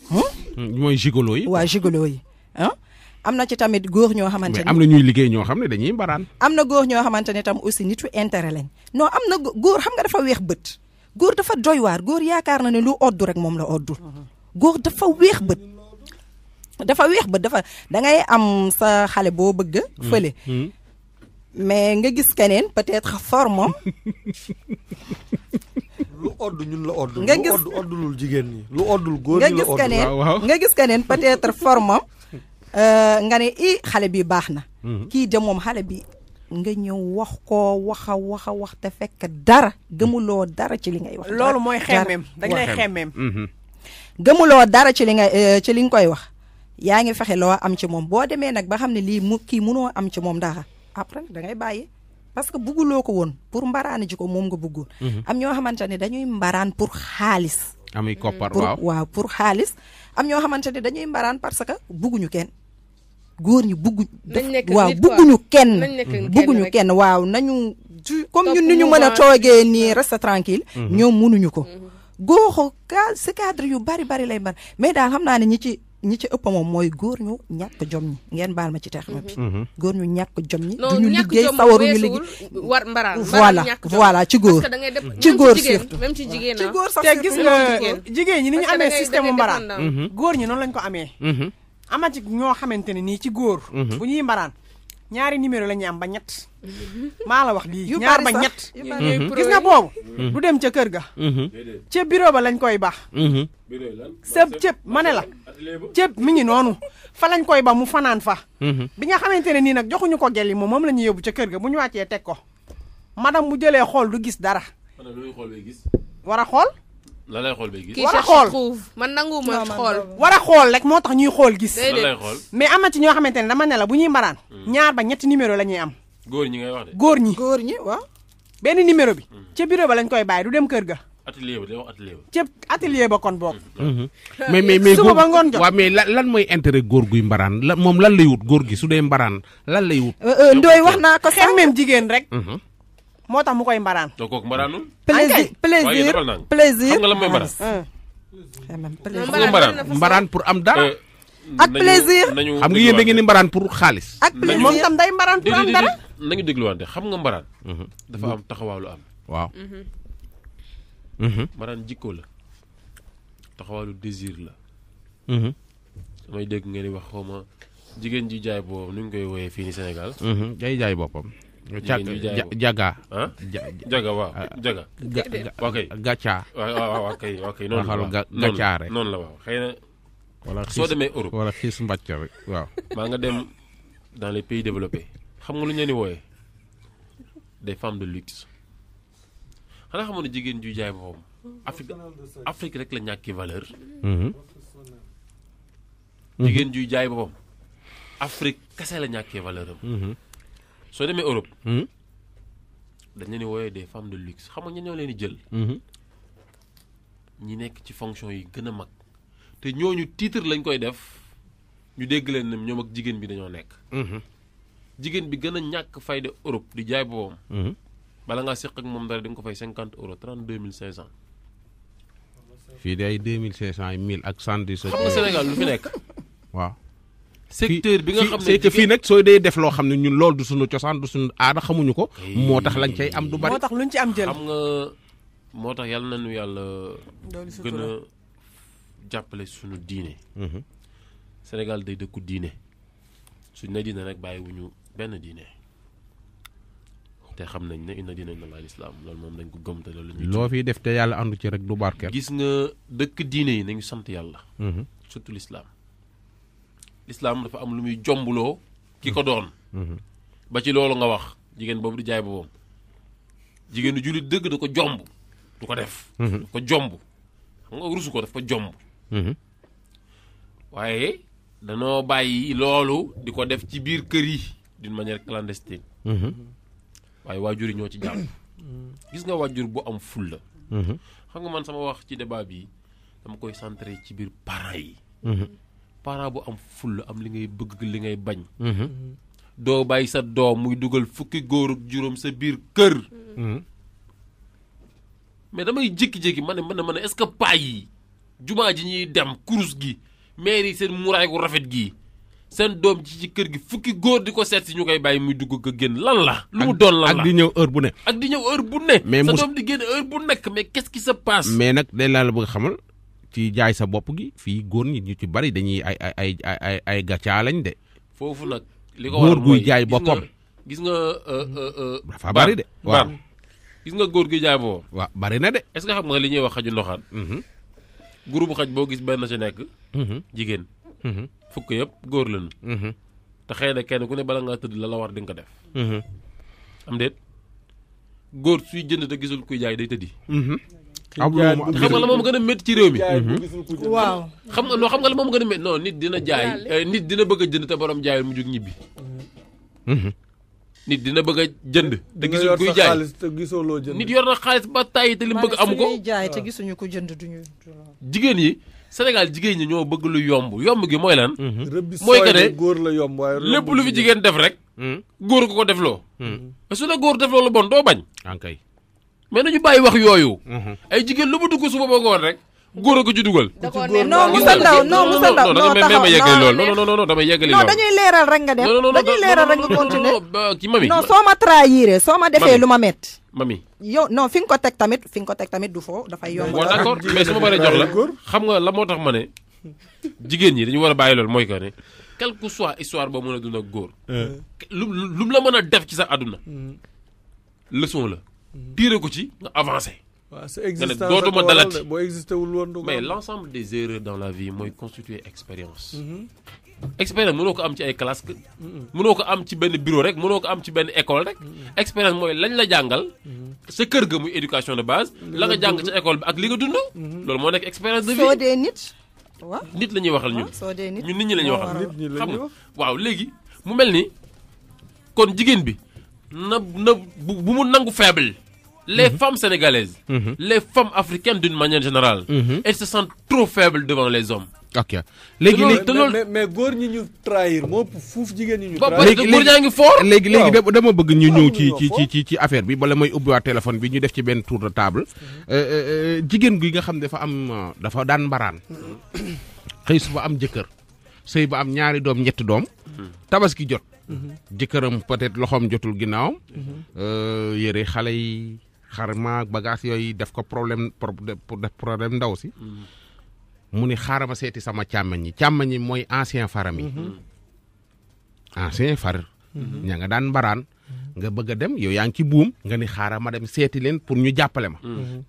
Hmm? mooy gigolo yi. waa gigolo yi ah? am na ci tamit góor ñoo xamante ne am na ñuy liggéey ñoo xam ne dañuy mbaraan am na góor ñoo xamante ne tam aussi nitu intere lañ non am na góor xam nga dafa weex bët góor dafa doy góor yaakaar na ne lu oddu rek moom la oddu góor dafa weex bët dafa weex bët dafa da am sa xale boo bëgg fële hmm, hmm. nga gis keneen peut-être forme lu odd ñun la odd nga gis jigéen ñi lu góor ñi la odd nga gis keneen nga gis Eh, nga ne i xale bi baax na mhm. kii de moom xale bi nga ñëw wax ko waxa waxa wax te fekk dara gëmuloo dara ci li ngay wax loolu mooy xemmeem dañ lay xemmeem mhm. gëmuloo dara ci li nga eh, ci li nga koy wax yaa ngi fexe loo am ci moom boo demee nag ba xam ne lii mu kii munoo am ci moom dara après da ngay bàyyi parce que bugguloo ko woon pour mbaraane ji ko moom nga mhm. am ñoo xamante ne dañuy mbaraan pour xaalis amuy koppar waaw waaw pour xaalis am ñoo xamante ne dañuy mbaraan parce que bugguñu kenn góor ñi bugguñ. waaw bugguñu kenn. bugguñu kenn waaw nañu. comme ñun ni ñu mën a toogee nii reste tranquille mhm. ñoom mënuñu ko. Mhm. góoxu ka si cadre yu bari bari lay mën mais daal xam naa ne ñi ci ñi ci ëpp moom mooy góor ñu ñàkk jom ñi ngeen baal ma ci teex ma bi mhm. góor ñu ñàkk jom ñi ñu liggéey sawaruñu liggéey war mbaraan voilà voilà ci góor ci góor surtout même ci jigéen ci ah. góor sax te gis nga jigéen ñi ni ñu amee système mbaraan góor ñi noonu lañ ko amee amati ñoo xamante ne nii ci góor. Mhm. bu ñuy mbaraan ñaari numéro la am ba ñett. maa la wax lii ñaar ba ñett. Mhm. gis nga boobu. Mhm. du dem ca kër ga. ca bureau ba lañ koy baax. sëb cëb ma ne la. cëb mi ngi noonu fa lañ koy ba mu fanaan fa. bi nga xamante ne nii nag joxuñu ko gel moom moom la ñuy yóbbu ca kër ga bu ñu wàccee teg ko. madame bu jëlee xool du gis dara. war a xool. la lay xool war a xool kii trouve man nangu ma xool. war a xool rek moo tax ñuy xool gis. mais am na ci ñoo xamante ne dama ne la bu ñuy mbaraan. Hmm. ñaar ba ñetti numéro la ñuy am. góor ñi ngay wax de. góor ñi góor ñi waaw. benn numéro bi. Hmm. ca bureau ba lañ koy bàyyi du dem kër ga. atelier ba day wax atelier ba. kon bokk. Hmm. mais mais mais góor waaw mais lan mooy intérêt góor guy mbaraan la moom lan lay wut góor gi su dee mbaraan lan lay wut. Euh, euh, ndooy wax naa ko sax même jigéen rek. moo tax mu koy mbaraan. doo kooku mbaraanul. plaisir plaisir plaisir xam nga mbaraan. Ah. Eh, mbaraan pour am dara. Euh, ak plaisir xam nga yéen da ngeen di mbaraan pour xaalis. ak plaisir moom tam day mbaraan pour am dara. nañu dégluwante xam nga mbaraan. Mhm. dafa am taxawaalu am. waaw. Mhm. Mhm. mbaraan jikko la. taxawaalu désir la. damay dégg ngeen di wax xaw jigéen ji jaay boppam nu ñu koy woyee fii ni Sénégal. day jaay boppam. jaga jaga jaga waaw jaga waaw kay gàccaa waaw waaw kay waaw kay noonu la gàccaare noonu la waaw xëy na wala soo demee Europe wala xiis mbàcc rek waaw maa nga dem dans les pays développés xam nga lu ñu leen di wooyee des femmes de luxe xanaa xamoon ne jigéen ju jaay boppam Afrique Afrique rek la ñàkki valeur mhm. jigéen juy jaay boppam Afrique kese la ñàkkee valeur am mhm. soo demee Europe. Hmm? dañ leen di woowee des femmes de luxe xam nga ñun ñoo leen di jël. Hmm. ñi nekk ci fonction yi gën a mag. te ñooñu titre lañ koy def ñu dégg leen ne ñoom ak jigéen bi dañoo nekk. Hmm. jigéen bi gën a ñàkk fayda Europe di jaay boobam. bala ngaa seq ak moom dara di nga ko fay cinquante euros trente deux mille cinq cent. fii day deux mille cinq cent mille ak cent dix. xam nga Sénégal lu fi nekk. waaw. secteur bi nga xam ne c'est que fii nag sooy dee def loo xam ne ñun loolu du suñu cosaan du suñu aada xamuñu ko. Eh. moo tax lañ cay am du bari. moo tax luñ ci am jël xam nga moo tax yàlla nañu yàlla. gën a diine. Mhm. Sénégal day dëkku diine suñ na diine rek bàyyiwuñu benn diine te xam nañ ne inna diine na lislaam lool moom dañ ko gëm te loolu. loo fiy def te yàlla àndu ci rek du barkeel. gis nga dëkk diine yi nañu sant yàlla. Mhm. surtout lislaam l'islam dafa am lu muy kikodon, ki ko doon ba ci loolu nga wax jigéen boobu di jaay boobam jigéenu jullit dëgg da ko jombu. du ko def mhm. da ko jomb xam nga rusu ko daf ko jomb mhm. waaye danoo bàyyi loolu di ko def ci biir kër yi d'une manière clandestine mhm. waaye waajur yi ñoo ci gis nga waajur bu am fulla xam nga man sama wax ci débat bi dama koy centré ci biir parents yi parent bu am ful am li ngay bëgg li ngay bañ mhm. doo bàyyi sa doom muy dugal fukki góor ak juróom sa biir kër mhm. mais damay jékki-jékki ma ne ma ne ma ne est-ce que paa yi juma ji ñuy dem kurus gi maire yi seen muraay gu rafet gi seen doom ci ci kër gi fukki góor di ko seet si ñu muy dugg ko génn lan la lu mu doon lan la ak di ñëw heure bu ne ak di ñëw heure bu ne sa doom di génn heure bu nekk mais qu'est-ce qui se passe mais nag day laa la xamal ci jaay sa bopp gi fii góor ñi ñu ci bari dañuy ay ay ay ay ay gàccaa lañ de. foofu nag li ko góor guy jaay boppam gis nga euh, euh, euh, dafa bari de. waaw gis nga góor guy jaay boppam. waaw bari na de. est-ce que xam nga li ñuy wax xaju ndoxaan. Mm-hmm. groupe xaj boo gis benn si nekk. Mm-hmm. jigéen. Mm-hmm. fukk yëpp góor lañu. te xëy na kenn ku ne bala ngaa tëdd la la war di ko def. am déet góor suy jënd te gisul kuy jaay day tëddi. am xam nga la moom gën a métti ci réew mi. Mhm. waaw. xam nga non xam nga la moom gën a métti noonu nit dina jaay euh, nit dina bëgg a jënd te borom jaayul mu jóg ñibbi. Mhm. nit dina bëgg a jënd. te gisul kuy gisoo loo jënd. nit yor na xaalis ba tàyyi te li bëgg am ko jaay te ah. gisuñu ko jënd duñu. jigéen yi Sénégal jigéen ñi ñoo bëgg lu yomb yomb gi mooy lan. Mhm. mooy que ne góor la yomb waaye lépp lu fi jigéen def rek. góor ko ko def loo. su la góor def loolu bon doo bañ. Ah, mais nañu bàyyi wax yooyu. Mhm. ay jigéen lu mu dugg suba ba ngoon rek. góor a ko ci dugal. da koo nee non Moussa Ndao non Moussa Ndao non taxaw non non non non damay yeggali lool. non dañuy leeral rek nga def dañuy soo ma trahiré soo ma defee ma métti. yow non fi nga ko teg tamit fi nga ko teg tamit du foo dafay yomb. bon d'accord mais su ma paree jox xam nga la moo tax ma ne jigéen ñi dañu war a bàyyi lool mooy que ne quelle que soit histoire boo mën a dund góor. Euh. lu lu la mën a def ci sa àdduna mm. leçon la. tiire mhm. ko ci nga avancé. waaw sa mais l'ensemble des erreurs dans la vie moy constituer expérience. Mhm. expérience mënoo ko am ci ay classe mhm. mënoo ko am ci ben bureau rek mënoo ko am ci ben école rek. expérience moy lañ la jangal sa kër ga muy éducation de base. la nga jang ci école bi ak li nga dund. loolu mo nek expérience de vie soo dee nit. waaw nit la waxal ñun. ñun nit ñi la ñuy waxal. xam nga waaw légui mu melni kon jigen bi faible. les mhm. femmes sénégalaises. Mhm. les femmes africaines d'une manière générale. Mhm. elles se sentent trop faibles devant les hommes. ok mais ñu trahir nous jëkkëram peut-être loxoom jotul ginnaawam. Euh, yëre xale yi xar ma bagage yooyu def ko problème pour def problème ndaw si. mu ni xaaral ma seeti sama càmmañ yi càmmañ yi mooy ancien faram yi. ancien far. ñaa nga daan baraan nga bëgg a dem yow yaa ngi ci buum nga ni xaaral ma dem seeti leen pour ñu jàppale ma.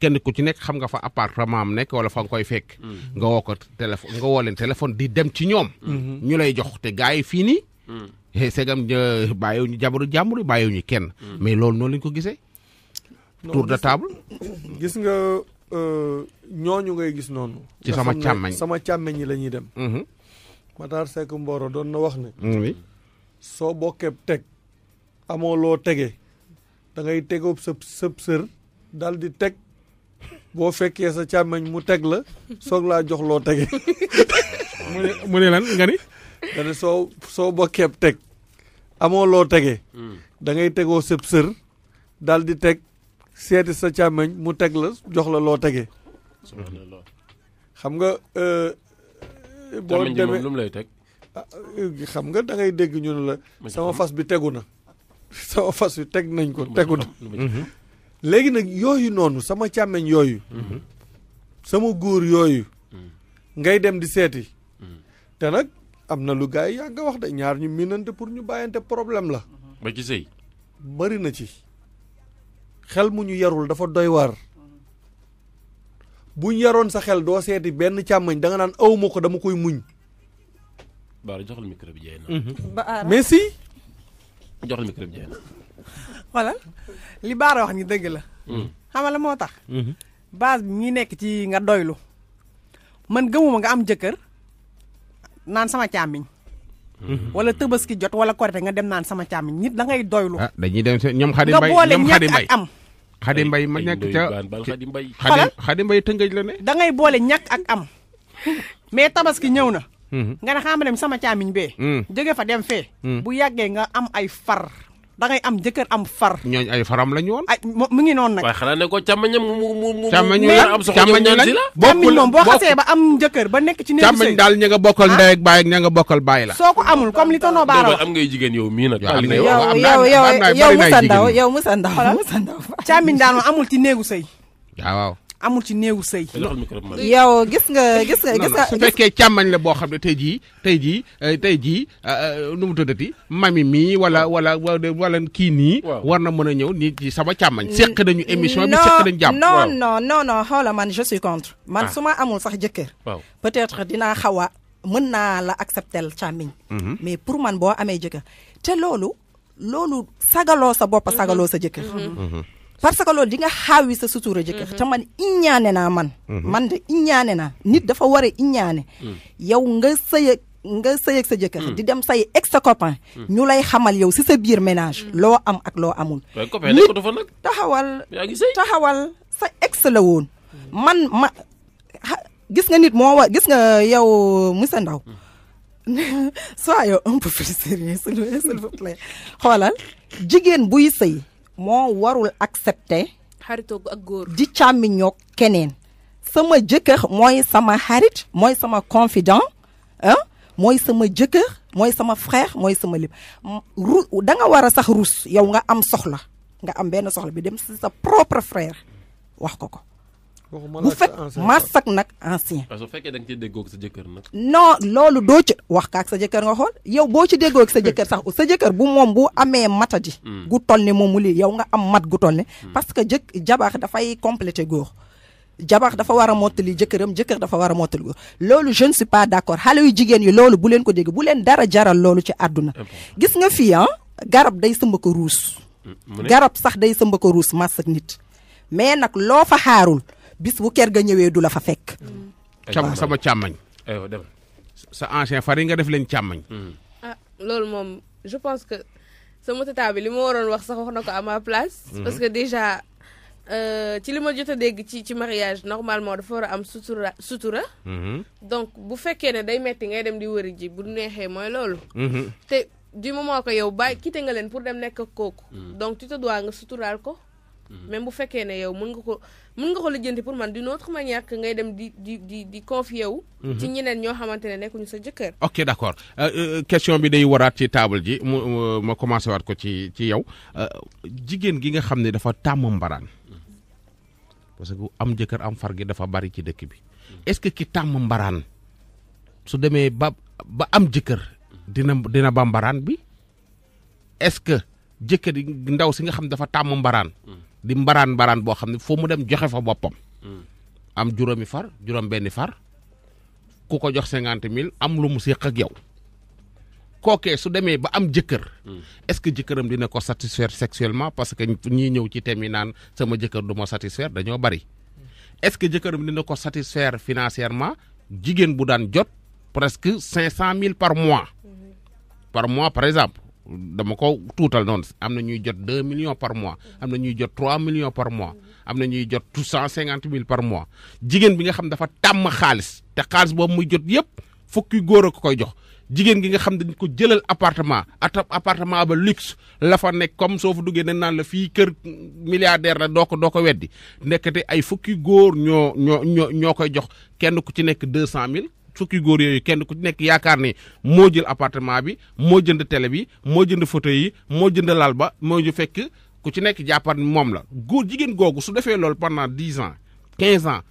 kenn ku ci nekk xam nga fa appartement am nekk wala fa nga koy fekk. nga woo ko téléphone nga woo leen téléphone di dem ci ñoom. ñu lay jox te gars fii nii. segam eh, bàyyiwu ñu jabaru jàmbur bàyyiwu ñu kenn. Mm. mais loolu noonu lañ ko gisee. tour de table. gis nga euh, ñooñu ngay gis noonu. ci sama càmmeñ sama càmmeñ yi la ñuy dem. Mm-hmm. Matar Seck Mboro doon na wax ne. soo bokkee teg amoo loo tege dangay ngay tegoob sëb sëb sër daal di teg boo fekkee sa càmmeñ mu teg la soog laa jox loo tege. mu ne mu ne lan nga ni. da ne soo soo bokkeeb teg amoo loo tege. Hmm. dangay tegoo sëb sër daal di teg seeti sa càmmeñ mu teg la jox la loo tege. xam nga. Euh, boo demee lu lay teg. Ah, euh, xam nga da dégg ñu ne la. sama fas bi tegu na. sama fas bi teg nañ ko tegu na. léegi nag yooyu noonu sama càmmeñ yooyu. Hmm. sama góor yooyu. Hmm. ngay dem di seeti. te nag. amna lu gars yi yàgg wax de ñaar ñu minante pour ñu bayante problème la. ba ci sey bari na ci xel mu ñu yarul dafa doy bu ñu yaron sa xel do seeti ben chamagn da nga nan aw ma ko dama koy muñ. ra joxal micro bi jeyna mhm. ba ara merci joxal micro bi jeyna wala li baara wax ni deug la. Mhm. xamala moo mhm. base bi ñi nekk ci nga doylu man gëmuma nga am jëkkeur naan sama càmmiñ. wala tëbaski jot wala korite nga dem naan sama càmmiñ nit dangay ngay doylu. ah dañuy dem ñoom Xadi Mbay ñoom Xadi Mbay am. Xadi Mbay ma nekk ca Xadi Mbay tëngëj la ne. da ngay boole ñàkk ak am mais tabaski ñëw na. Mhm. nga ne xam dem sama càmmiñ bee. Mhm. jóge fa dem fee. Mhm. bu yàggee nga am ay far. dangay am jëkkër am far. ñooñ ay faram lañu woon. ay mu ngi noonu nag. waaye xanaa ne ko càmmañam mu mu mu mu. càmmañu la am soxna ñoom ñoom la. bokkul am jëkkër ba nekk ci. néegu sëy càmmañ daal ña nga bokkal ndey ak baay nga bokkal baay la. soo ko amul comme li tonton Baara wax. am ngay jigéen yow mii nag. yow yow yow yow Moussa Ndaw yow Moussa Ndaw. càmmañ daal amul ci néegu sëy waaw amul ci néewu sëy yow gis nga gis nga su fekkee càmmañ la boo xam ne tey jii tey jii euh, tey jii euh, euh, nu mu tuddati mami mii wala wala wala kii nii war na mën a ñëw nii ci sama càmmañ seq nañu émission bi seq nañu jàmm non non non non xoola man je suis contre man ah. su ma amul sax jëkkër peut-être dinaa xaw mën naa la acceptel càmmiñ mhm. mais pour man boo amee jëkkër te loolu loolu sagaloo sa bopp sagaloo sa jëkkër mhm. Mhm. parce que loolu di nga xaawi sa sutura jëkkër mhm. te man iñaane naa man mhm. man de iñaane naa nit dafa war a iñaane mhm. yow nga sëy nga sëy ak sa jëkkër di dem say ex sa copain ñu lay xamal yow si sa biir ménage loo am ak loo amul nit taxawal taxawal sa ex la woon man ma gis nga nit moo war gis nga yow monsieur Ndaw sois yow un peu plus sérieux s'il vous plaît xoolal jigéen buy sëy moo warul accepter. xaritoo ko ak góor di càmmiñoo keneen. sama jëkkër mooy sama xarit mooy sama confident ah mooy sama jëkkër mooy sama frère mooy sama lépp ru da nga war a sax ruus yow nga am soxla nga am benn soxla bi dem si sa propre frère wax ko ko. bu fekk masak nag ancien. parce que bu fekkee da nga cee déggoo ak sa jëkkër nag. non loolu doo ci wax kaak sa jëkkër nga xool yow boo ci déggoo ak sa jëkkër sax sa jëkkër bu moom bu amee matadi. Hmm. gu toll ne moom mu lii yow nga am mat gu toll ne. Hmm. parce que jëkk jabax dafay complété góor. jabar dafa war a mottali jëkkëram jëkkër dafa war a mottali góor loolu je ne pas d' accord xale yu jigéen yi loolu bu leen ko dégg bu leen dara jaral loolu ci àdduna. Eh gis nga fii ah garab day sëmba ko ruus. Hmm, garab sax day sëmba ko ruus masak nit. mais nag loo fa xaarul bis bu ker ga ñëwee du la fa fekk. Mm. cham sama càmmañ. aywa dem sa ancien far nga def leen càmmañ. Mm. ah lool mom je pense que sama tata bi li mo waron wax sax wax nako à ma place. Mm-hmm. parce que déjà euh, ci li ma jot a dégg ci ci mariage normalement dafa war a am sutura sutura. Mm-hmm. donc bu fekkee ne day metti ngay dem di wëri ji bu neexee mooy loolu. Mm-hmm. te du moment que yow bay quitté nga leen pour dem nekk kooku. Mm. donc tu te dois nga suturaal ko. Mhm. même bu fekkee ne yow mën nga ko mën nga ko lijjanti pour man d'une autre manière que ngay dem di di di di confier wu. Mhm. ci ñeneen ñoo xamante ne nekkuñu sa jëkkër. ok d' accord euh, euh, euh, question bi day waraat ci table ji mu ma commencé waat ko ci ci yow jigéen gi nga xam ne dafa tàmm mbaraan parce que am jëkkër am far gi dafa bari ci dëkk bi mhm. est ce que ki tàmm mbaraan su demee ba ba am jëkkër dina dina ba mbaraan bi est ce que jëkkër ndaw si nga xam dafa tàmm mbaraan di mbaran mbaraan bo xamni fo mu dem joxe fa bopam hmm. am juromi far jurom ben far ku ko jox 50000 am lu mu séq ak yow kookee su demee ba am jëkkër. Hmm. est-ce que jëkkëram dina ko satisfaire sexuellement parce que ñi ñëw ci thème naan sama jëkkër duma satisfaire dañu bari. Hmm. est-ce que jëkkëram dina ko satisfaire financièrement jigen bu daan jot presque 500000 par mois. par mois par exemple. dama ko tuutal noonu am na ñuy jot deux million par mois am na ñuy jot trois million par mois am na jot tout cent cinquante mille par mois jigéen bi nga xam dafa tàmm xaalis te xaalis boobu muy jot yëpp fukki góor a ko koy jox jigéen gi nga xam dañ ko jëlal appartement ata appartement ba luxe la fa comme soo fa duggee ne naan la fii kër milliardaire la doo ko doo ko weddi nekkate ay fukki góor ñoo ñoo ñoo ñoo koy jox kenn ku ci nekk deux cent mille fukki góor yooyu kenn ku ci nekk yaakaar ni moo jël appartement bi moo jënd télé bi moo jënd fauteuil yi moo jënd laal ba moo ñu fekk ku ci nekk jàppar moom la góor jigéen googu su defee loolu pendant dix ans quinze ans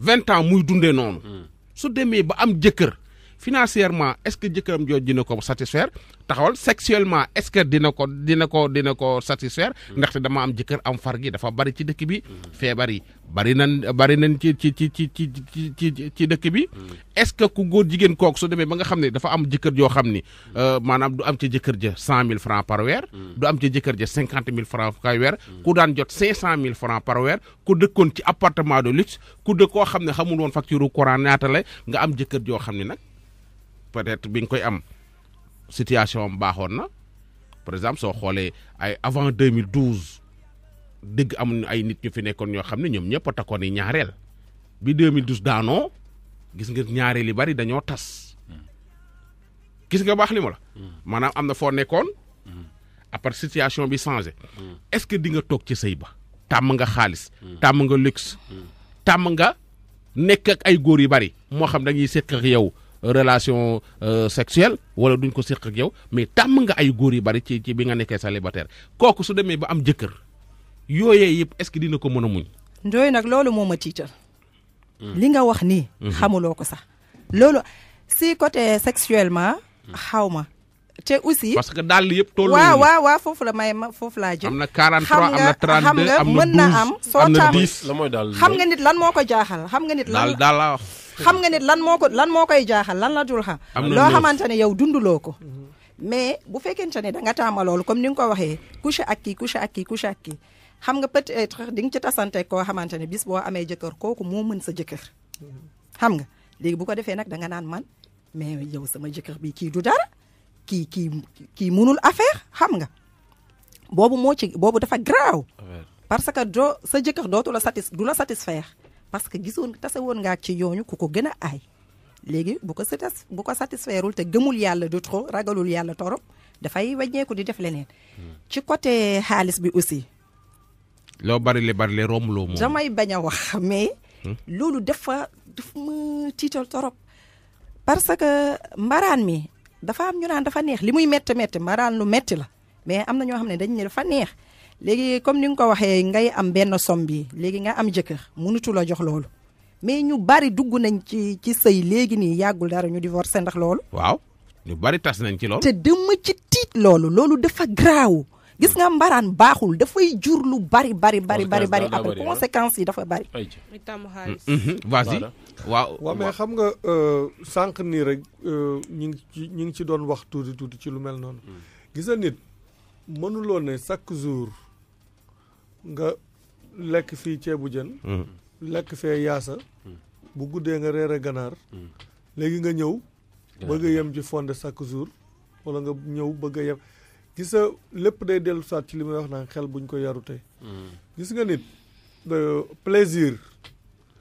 vingt ans muy dundee noonu hmm. su demee ba am jëkkër financièrement est-ce que jëkkëram jooj dina ko satisfaire taxawal sexuellement est-ce que dina ko dina ko dina ko satisfaire hmm. ndaxte dama am jëkkër am far gi dafa bari ci dëkk bi hmm. feebar yi bari nan bari nañ ci ci ci ci ci ci ci dëkk bi hmm. est-ce que ku góor jigéen kook su demee ba nga xam ne dafa am jëkkër joo xam ni hmm. euh, maanaam du am ci jëkkër ja cent mille francs par weer hmm. du am ci jëkkër ja cinquante mille francs par weer ku daan jot cinq cent mille francs par weer ku dëkkoon ci appartement de luxe ku dëkk koo xam ne xamuloon woon facture courant ñaata la nga am jëkkër joo xam ni nag peut-être bi nga koy am situation am baaxoon na par exemple soo xoolee ay avant 2012 dëgg am ay nit ñu fi nekkoon ñoo xam ne ñoom ñëpp a takkoon yi ñaareel bi 2012 daanoo gis nga ñaareel yi bari dañoo tas gis nga baax li ma la. maanaam am na foo nekkoon. à part bi changé. est-ce que di nga toog ci sëy ba. tàmm nga xaalis. tàmm nga luxe. tàmm nga nekk ak ay góor yu bari. moo xam dañuy séq ak yow euh, relation euh, sexuelle wala duñ ko séq ak yow mais tàmm nga ay góor yu bari ci ci bi nga nekkee célibataire kooku su demee ba am jëkkër. yooyee yëpp est dina ko mën a muñ. ndooy nag loolu moo ma tiital. li nga wax nii. Mhm. xamuloo ko sax loolu si côté sexuellement. Mhm. xaw ma te aussi. parce que daal yëpp tolloo waaw waaw waaw foofu la may ma foofu laa jël. am na 43 am na 32 am na 12 xam mën na am. soo taam xam nga nit lan moo ko jaaxal xam nga nit. lan daal la wax. nit lan moo ko lan moo koy jaaxal lan la dul xam. loo xamante ne yow dunduloo ko. Mhm. mais bu fekkente ne da nga taama loolu comme ni nga ko waxee couche ak kii couche ak kii couche ak kii. xam nga peut-être di nga ci tasante koo xamante ne bis boo amee jëkkër kooku moo mën sa jëkkër. xam nga léegi bu ko defee nag da nga naan man mais yow sama jëkkër bi kii du dara kii kii kii mënul affaire xam nga boobu moo ci boobu dafa graaw. parce que doo sa jëkkër dootu la satis du la satisfaire parce que gisoon tase woon nga ci yooñu ku ko gën a aay léegi bu ko satis bu ko satisfairul te gëmul yàlla du trop ragalul yàlla torop dafay wàññeeku di def leneen. Hmm. ci côté xaalis bi aussi. loo bari le bari le romb loo moom. damay bañ a wax mais. Hmm? loolu dafa dafa ma tiital torop. parce que mbaraan mi dafa am ñu naan dafa neex li muy métti métti mbaraan lu métti la mais am na ñoo xam ne dañ ne dafa neex léegi comme ni nga ko waxee ngay am benn somme bi léegi nga am jëkkër mënutu la jox loolu mais ñu bari dugg nañ ci ci sëy léegi nii yàggul dara ñu divorcé ndax loolu. waaw ñu bari tas nañ ci loolu. te dama ci tiit loolu loolu dafa garaaw gis nga mbaraan baaxul dafay jur lu bari bari bari bari bari après conséquences yi dafa bari mm, mm, mm. vas-y waaw waaw mais xam nga euh, sànq nii rek euh, ñu ngi ci ñu ngi ci doon wax tuuti tuuti ci lu mel noonu gisal nit mënuloo ne chaque jour nga lekk fii ceebu jën lekk fee yaasa bu guddee nga reere ganaar léegi nga ñëw bëgg yem ci fonde chaque jour wala nga ñëw bëgg yem gis nga lépp day dellu soit ci li may wax naan xel bu ñu ko yarute hmm. gis nga nit plesir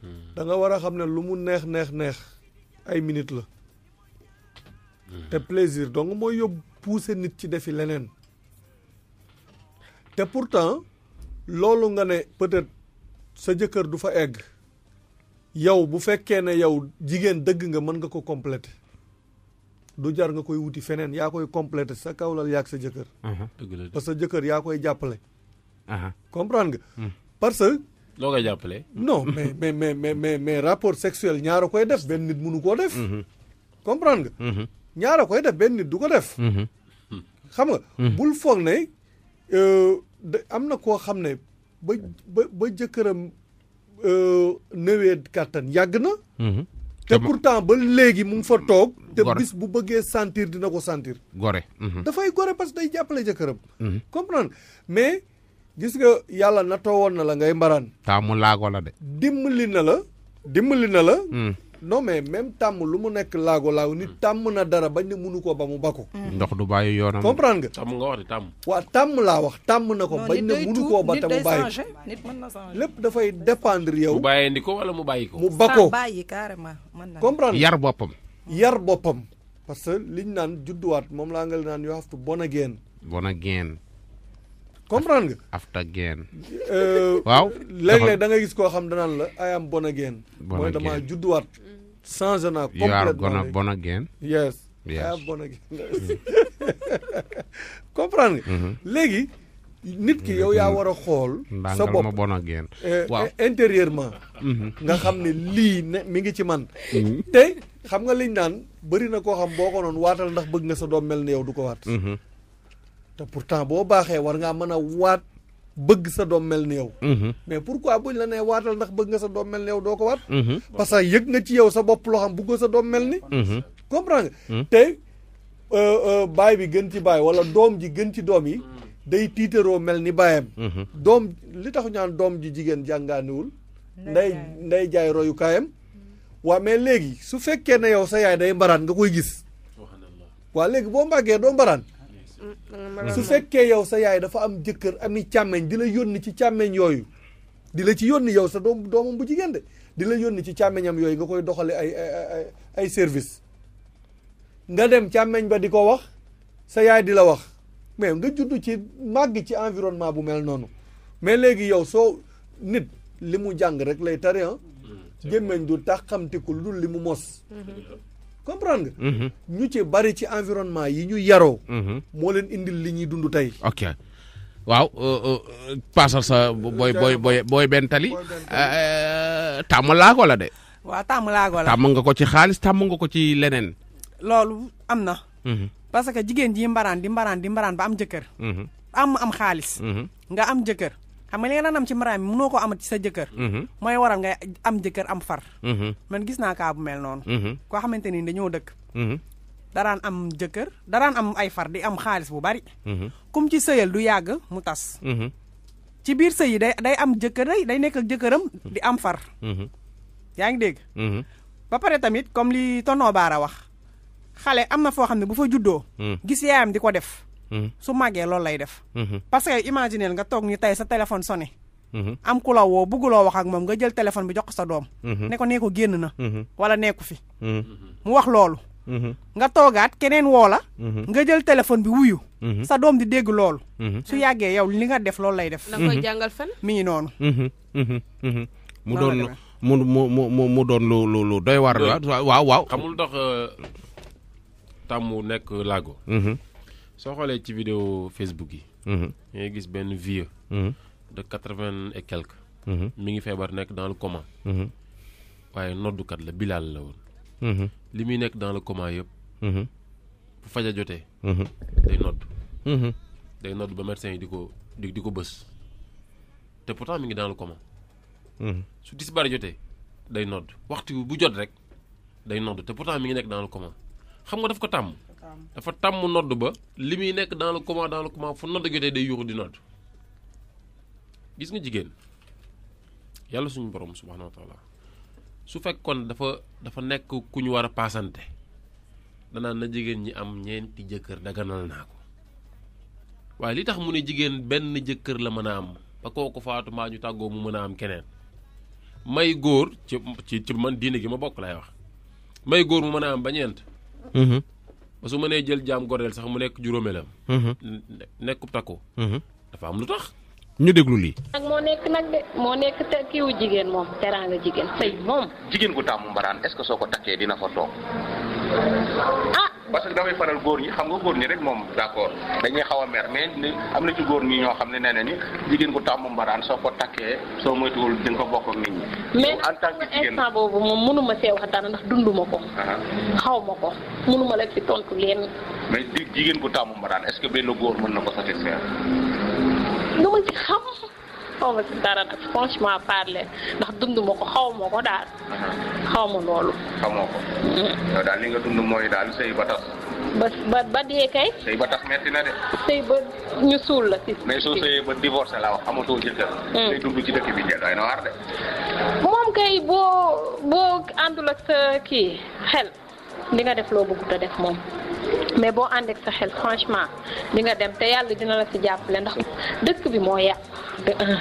hmm. da nga war a xam ne lu mu neex neex neex ay minutes la hmm. te plaisir donc mooy yóbbu pousser nit ci defi leneen te pourtant loolu nga ne peut-être sa jëkkër du fa egg yow bu fekkee ne yow jigéen dëgg nga mën nga ko compléter du jar nga koy wuti feneen yaa koy complété sa kaw lal yaag sa jëkkër. Uh-huh. parce que jëkkër yaa koy jàppale. Uh-huh. comprendre nga. Hmm. parce que. loo koy jàppale. non mais mais mais mais mais mais rapport sexuel ñaara koy def benn nit munu koo def. Uh-huh. comprendre nga. ñaara koy def benn nit du ko def. xam nga. Hmm. bul foog ne euh, am na koo xam ne ba ba ba jëkkëram euh, néewee kàttan yàgg na. te temps ba léegi mu ngi fa toog. te bis bu bëggee sentir dina ko sentir. gore. Mhm. dafay gore parce que day jàppale jëkkëram. Mhm. comprendre mais gis nga yàlla natoo woon na la ngay mbaraan. taamu laago la de. dimbali na la dimbali na la. Mhm. non mais même tàmm lu mu nekk laago laago nit hmm. tàmm na dara bañ ne munu ko ba mu bako hmm. ndox du bàyyi yoonam comprendre nga. tàmm nga wax de tàmm. waa tàmm laa wax tàmm na ko bañ ne munu koo ba te mu bàyyi ko lépp dafay dépendre yow. mu bàyyee ndi ko wala mu bàyyi ko. mu bakoo bàyyi carrément mën na comprendre yar boppam. yar boppam parce que liñ naan judduwaat moom laa nga naan you have to born again. a again. comprendre nga after gain euh, waaw léeg-léeg da nga gis koo xam danaan la I am born again mooy dama judduwaat changé naa complètement born again yes I am born again comprendre nga mm-hmm. léegi nit ki yow ya war a xool sa bopp bon again euh, waaw intérieurement mm-hmm. nga xam ne lii ne mi ngi ci man mm-hmm. te xam nga liñ naan bëri na koo xam boo ko noon ndax bëgg nga sa doom mel ne yow du ko waat te pourtant boo baaxee war ngaa mën a waat bëgg sa doom mel ni yow. Mhm. mais pourquoi buñ la nee waatal ndax bëgg nga sa doom mel ni yow doo ko waat. Mhm. parce que yëg nga ci yow sa bopp loo xam bëggoo sa doom mel ni. Mhm. comprendre nga. te euh, euh, baay bi gën ci baay wala doom ji gën ci doom yi. day tiitaroo mel ni baayam. doom li taxu ñaan doom ji jigéen jàngaaniwul. nday nday jaay royu kaayam. waa mais léegi su fekkee ne yow sa yaay day mbaraan nga koy gis. waa léegi boo mbàggee doo mbaraan. su fekkee yow sa yaay dafa am jëkkër am ni càmmeñ di la yónni ci càmmeñ yooyu di la ci yónni yow sa doom doomam bu jigéen de di la yónni ci càmmeñam yooyu nga koy doxale ay ay ay service nga dem càmmeñ ba di ko wax sa yaay di la wax mais nga juddu ci màgg ci environnement bu mel noonu mais léegi yow soo nit li mu jàng rek lay tari ah. mm. gémmeñ du tax xamtiku lu li mu mos mm-hmm. comprendre nga. Mhm. ñu ci bari ci environnement yi ñu yaroo. Mhm. moo leen indil li ñuy dund tey. ok waaw euh, euh, paasal sa booy booy booy booy benn tàmm laago la de. waaw tàmm laago la tàmm nga ko ci xaalis tàmm nga ko ci leneen. loolu am na. Mhm. parce que jigéen ji mbaraan di mbaraan di mbaraan ba am jëkkër. am am xaalis. nga am jëkkër. xam nga li am ci maraam mi mënoo ko am ci sa jëkkër mhm. mooy waral ngay am jëkkër am far mhm. man gis naa kaa bu mel noonu mhm. koo xamante ni dañoo dëkk daraan am jëkkër daraan am ay far di am xaalis bu bari kum ci sëyal du yàgg mu tas ci biir sëy yi day day am jëkkër day day nekk jëkkëram di am far yaa ngi dégg ba pare tamit comme li tonoo baara wax xale am na foo xam ne bu fa juddoo gis yaayam di ko def Mm-hmm. su màggee loolu lay def. Mm-hmm. parce que imagineel nga toog ñu tey sa téléphone sonné. Mm-hmm. am ku la woo bugguloo wax ak moom nga jël téléphone bi jox ko sa doom. ne ko nee ko génn na. wala nekku fi. mu wax loolu. nga toogaat keneen woo la. jël téléphone bi wuyu. sa doom di dégg loolu. su yàggee yow li nga def loolu lay def. na koy jàngal fan. mi ngi doon mu mu waaw waaw xamul ndox euh, nekk laago. soo xoolee ci vidéo Facebook yi. Mhm. gis vieux. Mhm. de 80 et quelque. Mhm. mi ngi dans le coma. waaye noddukat la la dans le coma yëpp. bu faja jotee. day nodd. day nodd ba médecin yi di pourtant mi dans le coma. su jotee day nodd waxtu bu jot rek day pourtant mi ngi dans le coma dafa tàmm nodd ba li muy nekk dans le comment dans le comment fu nodd jotee day yuuxu di nodd gis nga jigéen yàlla suñu borom subhanahu wa taala su fekkoon dafa dafa nekk ku ñu war a paasante danaan na jigéen ñi am ñeenti jëkkër daganal naa ko waaye li tax mu ne jigéen benn jëkkër la mën a am ba kooku faatu ñu tàggoo mu mën am keneen may góor ci ci ci man diine gi ma bokk lay wax may góor mu mën am ba ñeent mm-hmm. ba su mënee jël jaam goreel sax mu nekk juróomeelam. Mhm. nekkub takku. Mhm. dafa am lu tax. ñu déglu lii. nag moo nekk nag de moo nekk te kiiwu jigéen moom teraanga jigéen sëy moom. jigéen gu taamu mbaraan est soo ko takkee dina fa toog. Ah, parce que damay faral góor ñi xam nga góor ñi rek moom d'accord dañuy xaw a mer mais ni am na ci góor ñi ñoo xam ne nee na ni jigéen ku tàmm mbaraan soo ko takkee soo moytuwul di nga ko bokk tant que jigéen instant boobu moom ma ah. ko mënuma la ci tontu leen. mais di jigéen ku tàmm mbaraan est-ce que benn góor mën na ko satisfaire. lu ma ci xam. xaw ma si dara nag franchement parler ndax dund ma ko xaw ma ko daal. xaw ma loolu. xaw ma ko. Mm. daal li nga dund mooy daal sëy ba tas. ba ba ba dee kay. sëy ba tas metti na de. sëy ba ñu suul la si. mais soo sëyee ba divorcé la wax amatoo jëkkër. day mm. dund ci dëkk bi njëkk ay na waar de. moom kay boo boo àndul kii xel. li nga def loo bëggut a def moom mais boo ànd sa xel franchement di nga dem te yàlla dina la si jàppale ndax dëkk bi moo yàq de un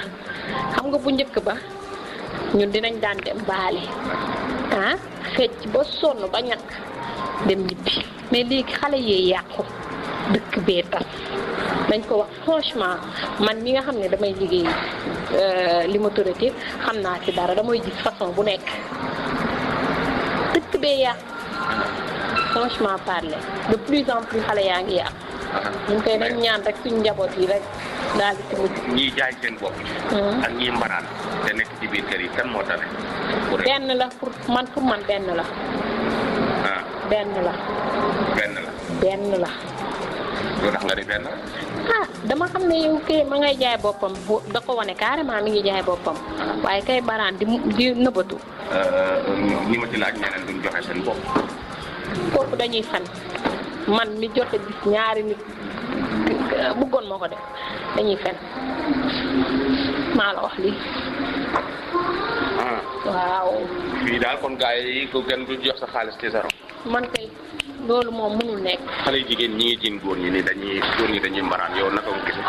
xam nga bu njëkk ba ñun dinañ daan dem baale ah fecc ba sonn ba ñàkk dem ñibbi mais léegi xale yee yàqu dëkk bee tas dañ ko wax franchement man mi nga xam ne damay liggéey euh, li ma xam naa ci dara damay gis façon bu nekk dëkk bee yàqu franchement parler de plus en plus xale yaa ngi yàq. ñu koy dañ ñaan rek suñu njaboot yi rek daal di si mujj. ñii jaay seen bopp. Hmm. ak ñii mbaraan te nekk ci biir kër yi kan moo tax benn la pour man pour man benn la. Ah. benn la. benn la. benn la. loolu tax nga di benn dama xam ne yow kii ma ngay jaay boppam da ko wane carrément mi ngi jaay boppam waaye kay baraan di di nëbbatu. ñi eh, ma ci laaj ñeneen duñ joxe seen bopp. kooku dañuy fan man mi jote gis ñaari nit bëggoon ma ko def dañuy fen maa la wax lii. Ah. waaw. fii daal kon gars yi ko gën du jox sa xaalis ci zéro. man kay loolu moom mënul nekk. xale yu jigéen ñi ngi jiin góor ñi nii dañuy góor ñi dañuy mbaraan yow naka nga gisee.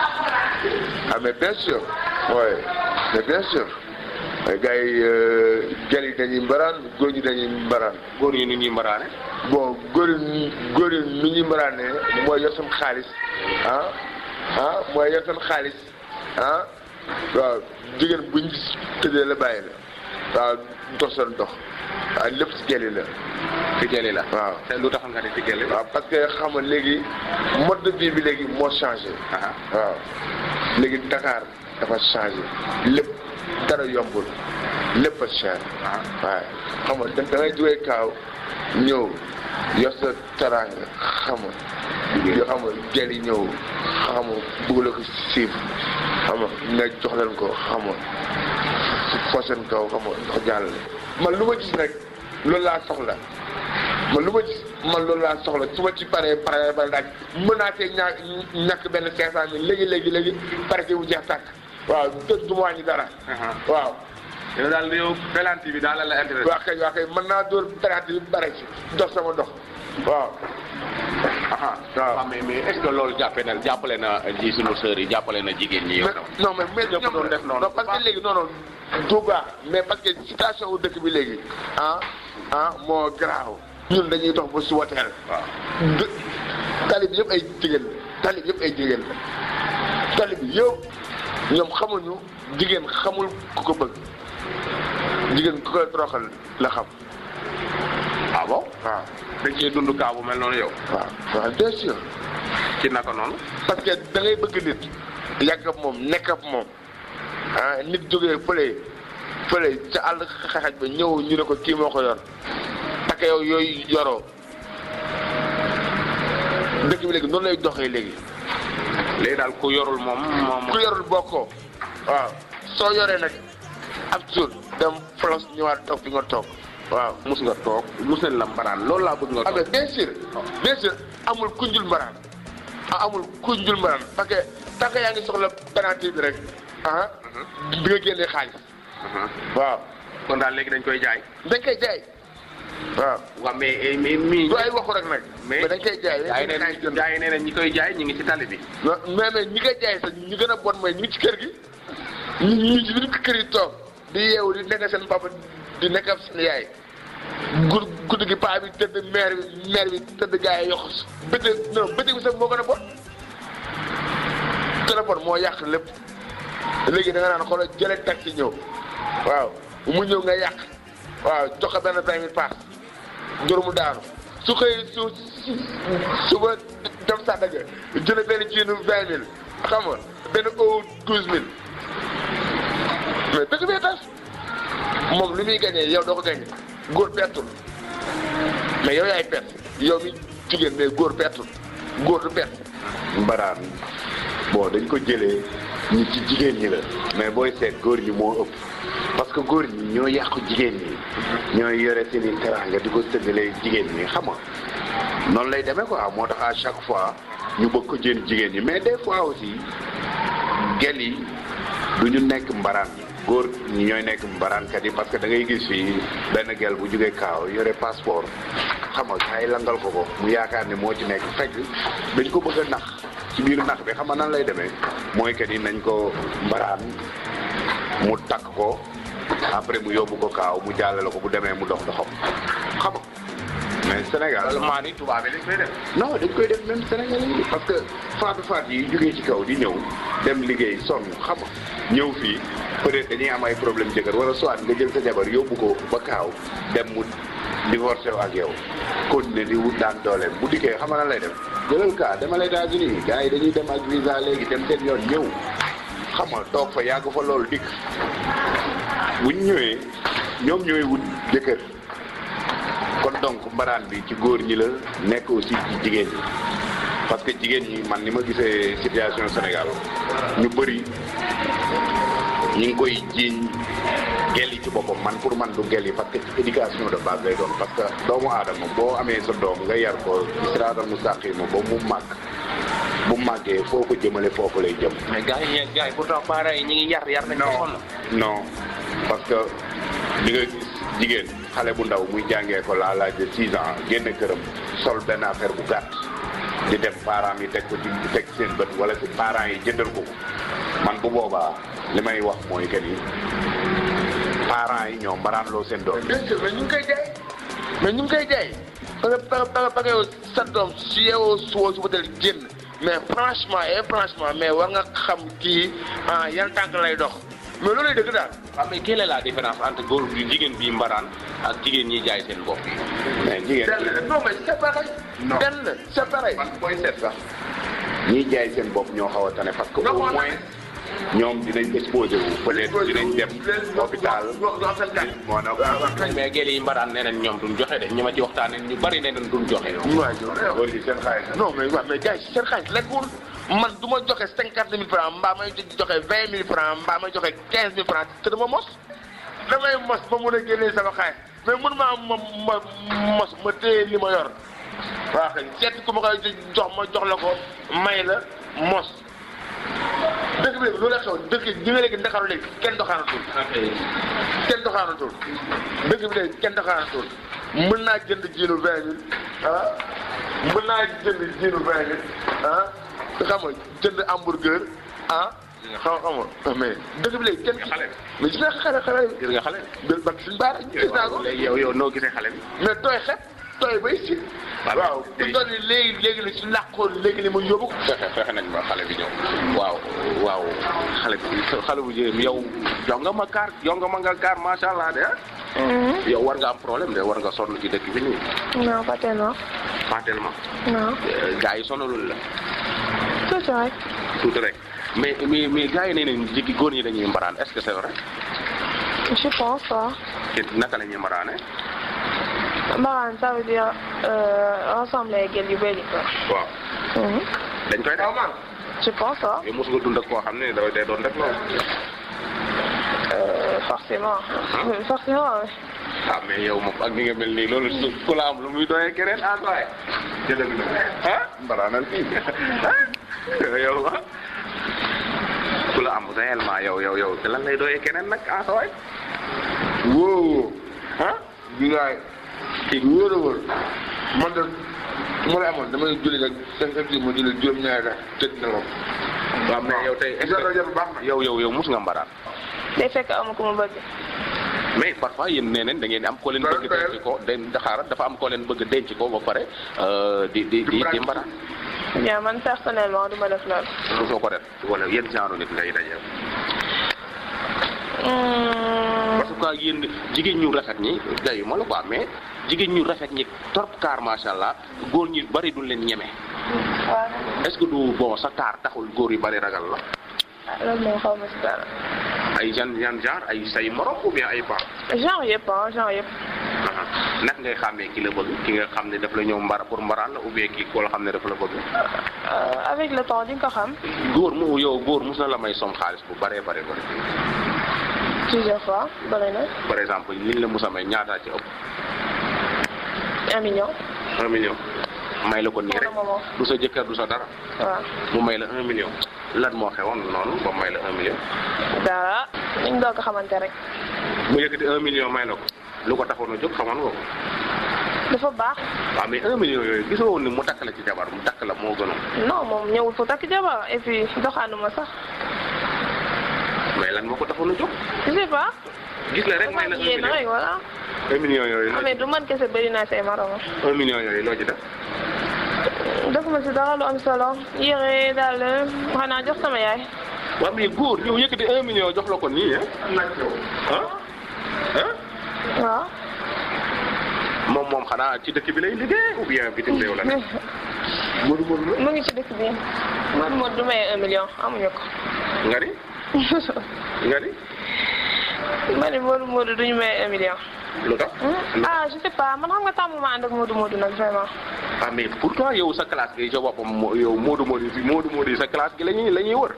ah mais bien sûr oui mais bien gel euh, yi dañuy mbaraan góor ñi dañuy mbaraan. góor ñi ni ñuy mbaraane. bon góor ñi góor ñi ni ñuy mbaraanee mooy yor xaalis ah ah mooy yor xaalis ah waaw jigéen buñ tëddee la bàyyi la waaw. dosal dox lépp si gelle la si gelle la waaw te lu tax nga ne si gelle waaw parce que xam nga léegi mode de vie bi léegi moo changé waaw léegi Dakar dafa changé lépp dara yombul lépp a changé waaw xam nga da ngay jógee kaaw ñëw yor sa taraanga xama yoo xama jëli ñëw xama bëgg la ko siif xama nga jox leen ko xama fosen kaw xama jox jàllale man lu ma gis rek loolu laa soxla man lu ma gis man loolu laa soxla su ma ci paree pare pare daaj mën naa see ñaa benn cinq cent léegi léegi léegi pare ci bu jeex waaw dë ma wàññi dara waaw yow daal di yow pelanti bi daal la la intéressé. waaw kay waaw kay mën naa dóor pelanti bi bare ci dox sama dox waaw. ah mais mais est loolu jàppee nal jàppale na euh, ji sunu sœurs yi jàppale na jigéen ñi yow. non mais mais ñoom doon def noonu. parce que léegi non non mais parce que situation wu dëkk bi léegi ah ah moo garaaw. ñun dañuy tox ba suba teel. waaw tali bi yëpp ay jigéen la yëpp ay jigéen la yëpp ñoom xamuñu jigéen xamul ku ko bëgg. jigéen ku koy toroxal la xam. ah bon waaw. dañ cee dund kaa bu mel noonu yow. waaw waaw bien sûr. ci naka noonu. parce que bëgg nit. yàgg ak moom nekk ak moom ah, nit jógee fële fële ca àll xaxaj ba ñëw ñu ne ko kii moo ko yor parce que yow yooyu yoroo dëkk bi léegi noonu lay doxee léegi. léegi daal ku yorul moom. moom ku yorul bokkoo waaw soo yoree nag. absurde dem France ñëwaat toog fi nga toog. waaw mus nga toog mus nañ la mbaraan loolu laa bëgg nga toog. Ah, bien sûr bien sûr amul kunjul mbaraan ah amul kunjul mbaraan parce que tant yaa ngi soxla penalty bi rek ah di nga génnee xaalis. Mhm. waaw kon daal léegi dañ koy jaay. dañ koy jaay. waaw waaw mais eh, mais mii. du ay waxu rek nag. mais dañ koy jaay jaay nee na ñi koy jaay ñu ngi ci tali bi. mais mais ñi koy jaay sax ñi gën a bon mooy ñi ci kër gi ñi ñi ci biir kër yi toog. di yeewu di nekk seen papa di nekk ak seen yaay gur guddi gi paa bi tëdd mère bi mère bi tëdd gaa yi yokk bëte non bëte bi moo gën a bon téléphone moo yàq lépp léegi da nga naan xoolal jëlee ci ñëw waaw mu ñëw nga yàq waaw jox ko benn vingt mille paas njur daanu su xëyee su suba dem Sandaga jëlee benn jiinu vingt mille xam benn eau douze mille. mais dëgg bee tas moom lu muy gagné yow doo ko gagné góor pertul mais yow yaay perte yow mi jigéen mais góor pertul góor du perte. mbaraan bon dañ ko jëlee ñi ci jigéen ñi la mais booy seet góor ñi moo ëpp parce que góor ñi ñoo yàqu jigéen ñi ñooy yore seen i teraanga di ko sëggalee jigéen ñi xam nga noonu lay demee quoi moo tax à chaque fois ñu bëgg ko jënd jigéen ñi mais des fois aussi gel yi du ñu nekk mbaraan góor ñooy nekk mbaraankat yi parce que da ngay gis fii benn gel bu jugee kaaw yore passeport xam nga kaay langal ko ko mu yaakaar ne moo ci nekk fekk dañ ko bëgg nax ci biir nax bi xam nga nan lay demee mooy kat yi nañ ko mbaraan mu takk ko après mu yóbbu ko kaaw mu jàllale ko bu demee mu dox doxam xam mais Sénégal parlement ni tubaab yi lañ koy def. non dañ koy def même Sénégal yi parce que faatu faat yi jógee ci kaw di ñëw dem liggéey sonn xam nga ñëw fii peut-être dañuy am ay problème jëkkër wala soit nga jël sa jabar yóbbu ko ba kaaw dem mu divorcé wu ak yow continuer di wut daan doole bu dikkee xam na lay def jëlal kaa demal États-Unis gars yi dañuy dem ak visa léegi dem seen yoon ñëw xam nga toog fa yàgg fa loolu dikk ñu ñëwee ñoom ñooy wut jëkkër. kon donc mbaraan bi ci góor ñi la nekk aussi ci jigéen ñi parce que jigéen ñi man ni ma gisee situation Sénégal ñu bëri ñu ngi koy jiiñ gel yi ci boppam man pour man du gel yi parce que ci éducation de base lay doon parce que doomu aadama boo amee sa doom nga yar ko ci siraatal mustaqiima ba mu màgg bu màggee foo ko jëmale foofu lay jëm. mais gars yi gars ñu ngi yar yar nañ ko. non parce que di nga gis jigéen. xale bu ndaw muy jàngee ko laa laaj de six ans génne këram sol benn affaire bu gàtt di dem parents yi teg ko ci teg seen bët wala si parents yi jëndal ko man bu boobaa li may wax mooy que ni parents yi ñoom baraanloo seen doom. bien sûr mais ñu ngi koy jaay mais ñu ngi koy jaay parce que doom su yeewoo suba suba teel mais franchement et eh, franchement mais war nga xam kii ah, yan tànk lay dox. mais loolu dëgg daal. waaw mais quelle est la différence entre góor bi jigéen bi mbaraan ak jigéen ñi jaay seen bopp yi. mais jigéen benn non mais c'est pareil. non benn c'est pareil. man booy seet sax ñiy jaay seen bopp ñoo xaw a tane parce que au moins. ñoom dinañ exposé wu. peut-être dinañ dem hôpital. moo tax mais gel yi mbaraan nee nañ ñoom duñ joxe de ñi ma ci waxtaanee ñu bari nee nañ duñ joxe. waaw góor yi seen xaalis. non mais man du ma joxe cinquante mille franc mbaa may joxe vingt mille franc mbaa may joxe quinze mille franc te dama mos damay mos ma mun a génnee sama xaalis mais mun maa ma ma mos ma yor waaw kay seet ku ma ma la ko may la mos dëkk loolu la xew dëkk nga léegi Ndakaaru léegi kenn doxaanatul ah, kenn doxaanatul dëkk bi léegi kenn doxaanatul mën naa jënd jiinu vingt mille ah mën naa jënd jiinu vingt mille ah te xam nga jënd hamburger ah. xaw xaw mais dëgg bi léegi kenn mais gis nga xale xale. gis nga xale. ba suñu yow yow noo gisee xale bi. mais tooy xet. tooy bay si waaw bu doon léegi léegi la su léegi la mu yóbbu fexe nañ ma xale bi ñëw waaw waaw xale bi xale bu jëm yow jonga ma kaar jonga ma nga kaar masha allah de ah. mm-hmm. yow war nga am problème de war nga sonn ci dëkk bi nii non pas tellement pas tellement non eh, gars yi sonalul la tout rek tout rek mais mais mais gars yi nee nañ góor ñi dañuy mbaraan est ce que vrai je pense pas naka la ñuy mbaraane eh? maanaam sa veut dire ensemble ay gel yu bëri quoi. waaw. dañ koy def. je pense waaw. yow mos nga dund ak koo xam ne day doon def loolu. Euh, forcément. forcément. ah mais yow moom ak ni nga mel nii loolu su ku la am lu muy doyee keneen ah doye. jëlee bi ah mbaraanal fii ah yow ah. ku la am réellement yow yow yow te lan lay doyee ci wóor a wóor man de mu la amoon dama julli rek cinq heures mu julli juróom ñaari rek tëdd na moom waaw mais yow tey jarajab baax na yow yow yow mus nga mbaraan day fekk amu ko mu bëgg mais parfois yéen nee neen da ngeen am leen bëgg denc ko dafa am leen bëgg denc ko ba pare euh, di di di di mbaraan yaa man personnellement du ma def loolu soo ko def wala yéen genre nit ngay dajal parce que yéen jigéen ñu rafet ñi dayuma la quoi mais jigéen ñu rafet ñi trop kaar macha allah góor ñi bari du leen ñeme. est-ce que du bon sa taar taxul góor yu bari ragal la. ay jan jan genre ay say morom ou ay paa. genre yëpp ah yëpp. naka ngay xàmmee ki la bëgg ki nga xam ne daf la ñëw mbara pour mbaraan la ou bien kii xam ne daf la bëgg. Euh, avec le temps di nga ko xam. góor mu yow góor mos na la may som xaalis bu baree bare bare. plusieurs bare par exemple liñ la mos a may ñaata ci ëpp. un million. un million. may la ko nii rek du sa jëkkër du sa dara. waaw mu may la un million. lan moo xewoon noonu ba may la un million. dara niñ doog a xamante rek. mu yëkkati un million may la ko lu ko taxoon a jóg xamoon nga dafa baax. waaw mais un million yooyu gisoo woon mu takk la ci jabar mu takk la moo gënoon. non moom ñëwul fu takk jabar et puis doxaanuma sax. mais lan moo ko taxoon a jóg. je sais pas. gis la rek may la 1 rek wala. 1 million yooyu. amee du man kese bëri naa say maroom. 1 million yooyu loo ci def. defuma si dara lu am solo. yére daal xanaa jox sama yaay. waaw mais góor ñëw yëkkati 1 million jox la ko nii ah. naaj yow moom moom xanaa ci dëkk bi lay liggéey ou bien bitim la nekk. Modou Modou mu ngi ci dëkk bi Modou Modou du may 1 million amuñu nga ni. nga ni. ma ne Modou Modou du ñu may un million. lu tax. Hmm? ah je sais pas man xam nga tàmm ma ànd ak Modou Modou nag vraiment. ah mais pourtant yow sa classe gi sa boppam moo yow Modou Modou Modou sa classe gi la la ñuy wër.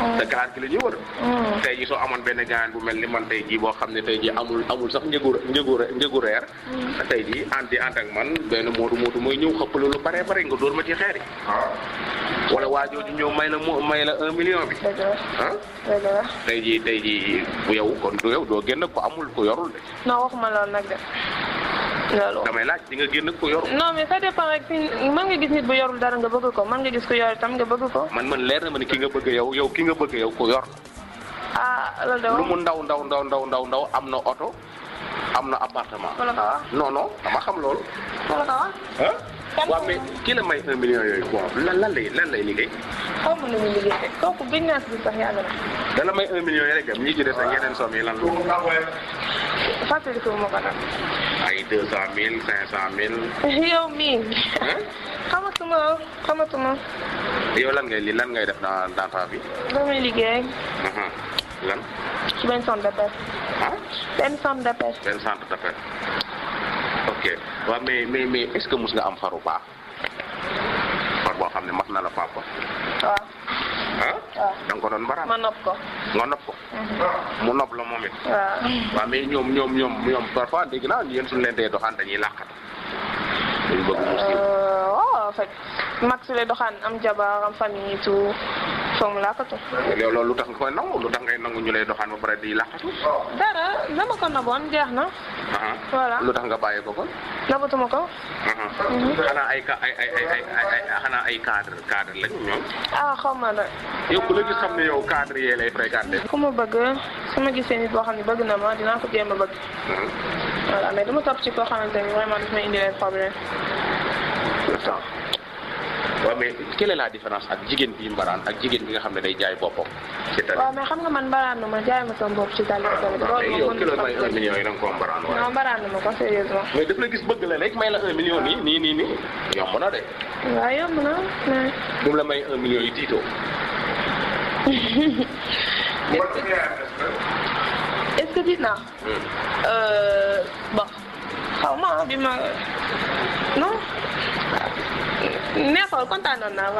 Hmm. sa gi la ñuy wër. Hmm. soo amoon benn gaan bu mel ni man tey jii boo xam ne tey jii amul amul sax njëgu njëgu njëgu reer. tey jii ànd di ànd man benn Modou Modou mooy ñëw xëpp lu bare bare nga door ma ci xeer wala waa jooju ñëw may la mu may la un million bi. dëgg la ah? dëgg kon du yow doo génn ko amul ko yorul de. non waxuma loolu nag de. loolu damay laaj di nga génn ko yor. non mais ça dépend rek si mën nga gis nit bu yorul dara nga bëgg ko man nga gis ko yor itam nga bëgg ko. man man leer na ma ki nga bëgg yow yow ki nga bëgg yow ko yor. ah loolu de lu mu ndaw ndaw ndaw ndaw ndaw ndaw am na oto am na appartement. non non dama xam loolu. wame kila may 1 million yooyu quoi lan lan lay lan lay liggéey xaw ma lu muy liggéey kooku biñ naa si sax yàgg na dala may 1 million yi rek am ñi ci des ak yeneen somme yi lan la fàttali ko ma ko nag ay 200 mille 500 mille yow mii xamatuma xamatuma yow lan ngay li lan ngay def dans dans ta vie damay liggéey lan ci benn centre d'appel ah benn centre d'appel benn centre d'appel waa waaw mais mais mais que mus nga am faru baax far boo xam ne mat na la papa. waaw. ah. waaw da nga ko nopp ko. nga nopp ko. Mhm. mu nopp la moom it. waaw. waaw ñoom ñoom ñoom ñoom parfois dégg naa yéen suñu leen dee doxaan dañuy làqat. Euh, oh, en kan, am jabar am famille et tout ngay ñu lay ba di dara dama ko jeex na voilà nga ko nabatuma ko ay ay ay ah yow yow cadre lay fréquenté bëgg nit bëgg na ma ko bëgg voilà jëlee problème. tout ak jigéen bi mbaraan jigéen bi xam ne day jaay boppam. ci na ma jaay ma sama bopp ci tali. Ah, da nga koo mbaraan waaye. non mbaraan na ma ko sérieusement. mais nii nii nii nii yomb na de. waaw yomb na mais. million yi tiitoo. est que tiit naa. Hmm. Euh, bon. xawma bi ma non naa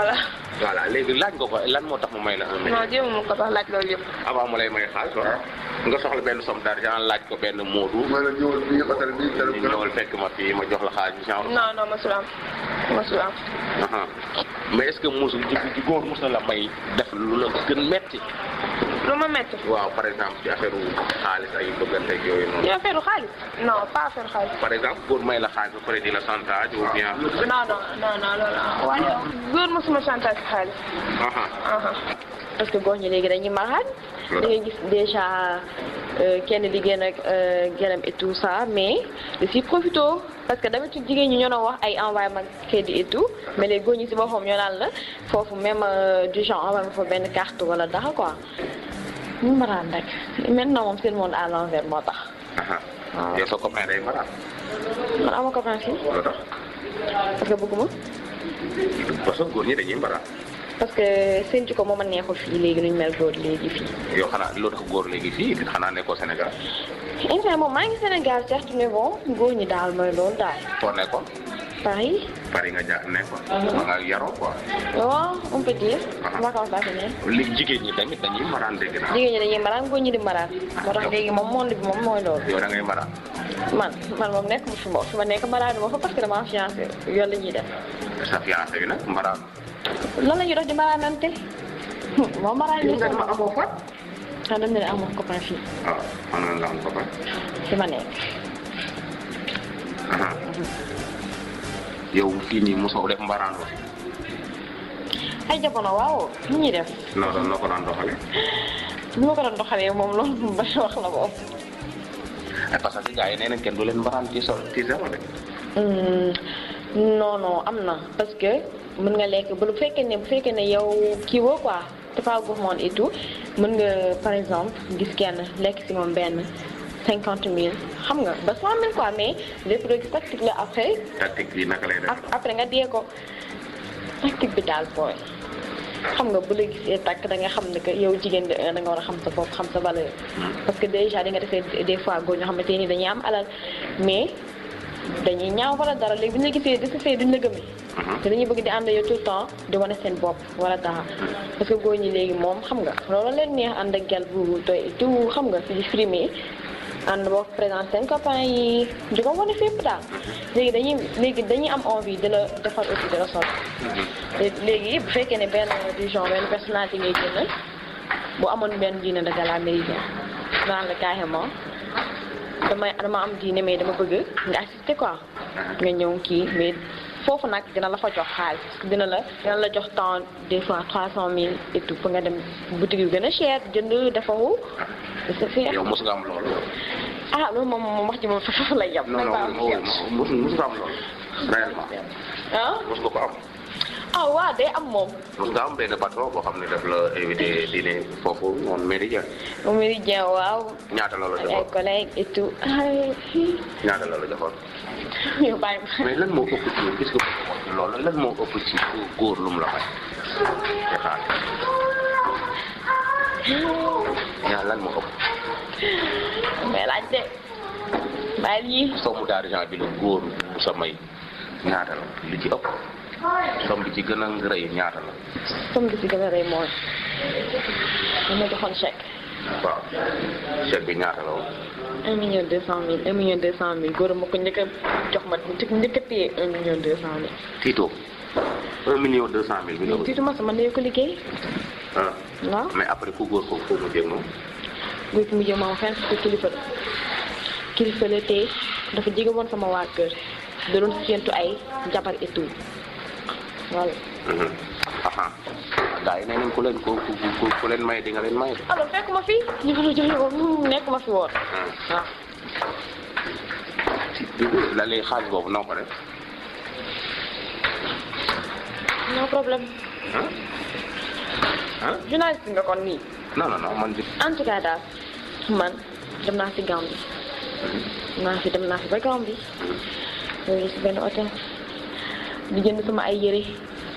voilà. léegi laaj nga ko lan moo tax mu may la. non jéem mu ko sax laaj loolu yëpp. avant mu lay may xaalis nga soxla benn somme d'argent laaj ko benn moodu. ma ne ñëwal fii hôtel bi ñu ñëwal fekk ma fii ma jox la xaalis bi. non non mosul am mosul am. mais est-ce que mosul ji góor mosul la may def lu la gën lu ma métti. waaw par exemple ci affaire xaalis ay bëggante ak yooyu noonu. ci affaire xaalis non pas affaire xaalis. par exemple góor may la xaalis ba pare di la chantage ou bien. non non non non loolu ah. waaye góor mosuma chantage xaalis. parce que góor ñi léegi dañuy maraat da gis déjà euh, kenn di génn ak euh, gëlëm et mais da ciy parce que d'habitude jigéen ñi ñoo wax ay envoyé ma crédit et tout mais ñi si boppam ñoo la foofu même euh, du genre envoyé ma fa benn carte wala dara quoi ñu maraat nag maintenant moom seen monde à l'envers moo tax. parce que bëgguma. parce que góor ñi dañuy maraat. parce que seen ko moo ma neexul fii léegi nuñ mel góor léegi fii. yow xanaa loo tax góor léegi fii xanaa nekkoo Sénégal. Eh, instant moom maa Sénégal certes mais bon góor ñi daal mooy loolu daal. foo nekkoon. Paris. Paris ah. oh, ah. jigéen ñi tamit dañuy maraan dégg naa. jigéen ñi dañuy ah, moom mooy loolu. yow da ngay man moom nekk fi ma fi ma nekk maraan ma fa parce que dama fiancé yoon la ñuy def. sa fiancé bi nag maraan. lan la ñuy dox di maraanante. moom maraanante yow nga dama amoo fa. ah dama ne la amoo copain fii. Ah, am copain. fi ma mhm. yow fii nii mosoo def ñuy def. non non noo ko daan doxalee. ni ma ko doon doxalee moom loolu ba wax la ko. ay eh, parce que gars yi nee na kenn du leen mbaraan ci sol ci zéro de. Mm, non non am na parce que. mën nga lekk ba lu fekkee ne bu fekkee ne yow kii woo quoi te pas gourmand et tout mën nga par exemple gis kenn lekk si moom benn cinquante mille xam nga ba cent mille quoi mais lépp léegi tactique la après. tactique bi après nga dee ko tactique bi daal booy. xam nga bu la gisee tàkk da nga xam ne que yow jigéen da nga war xam sa bopp xam sa valeur. Hmm. parce que déjà di nga defee des fois góor ñoo xamante ni dañuy am alal mais. dañuy ñaaw wala dara léegi bu ñu la gisee de ce fait duñ te dañuy bëgg di ànd yow tout temps di wane seen bopp wala dara. Uh-huh. parce que góor ñi léegi moom xam nga loolu leen neex ànd a gel bu doy du xam nga di frimer ànd boo présent seen copain yi di ko wane fépp daal. Uh-huh. léegi dañuy léegi dañuy am envie de la defar aussi de la sol. Uh-huh. léegi bu fekkee ne benn du genre benn personnalité ngay génn bu amoon benn diine de gala américain naan la carrément. dama dama am diine mais dama bëgg nga assister quoi nga ñëw kii mais foofu nag dina la fa jox xaalis dina la dina la jox temps des fois trois cent mille et tout nga dem boutique yu gën a jënd defaru yow mos nga am loolu ah loolu moom moom wax ji moom foofu lay yem mos nga am loolu réellement ah mos nga ko am ah waaw day am moom. moom daa am benn patron boo xam ne daf la invité dîner foofu noonu Méridien. Méridien waaw. ñaata la la joxoon ay collègues et tout. ñaata la la joxoon. mais lan moo ëpp ci gis nga moo ëpp lu la may. te xaalis. yaa lan moo ëpp. mais laajte. bàyyi lii. soo mu la góor mu sa may ñaata la lu ci ëpp. tomb bi ci gën a rëy ñaata la. tomb bi ci gën a rëy mooy li ma joxoon chèque. waaw bi ñaata la woon. un million deux cent mille un million deux cent mille góor a jox ma un million deux cent mille. bi nga ko tiito ma sama ndey ko liggéey. ah waaw mais après ku góor ko foo mu jéem moom. góor ki mu jéem si kilifa kilifa la te dafa jege woon sama waa kër da doon séentu ay jabar et voilà. gaa yi nee nañ ku leen ku ku ku leen may di nga leen fekk ah, ma fi nekk ma fi woon. waaw. Uh-huh. la lay xaaj boobu noo ko def. no problème. ah. ah journaliste nga kon nii. non non non man bi. man dem naa fi Gambie. Uh-huh. naa fi dem naa fi ba Gambie. ñu uh-huh. si benn hôtel. di jënd sama ay yére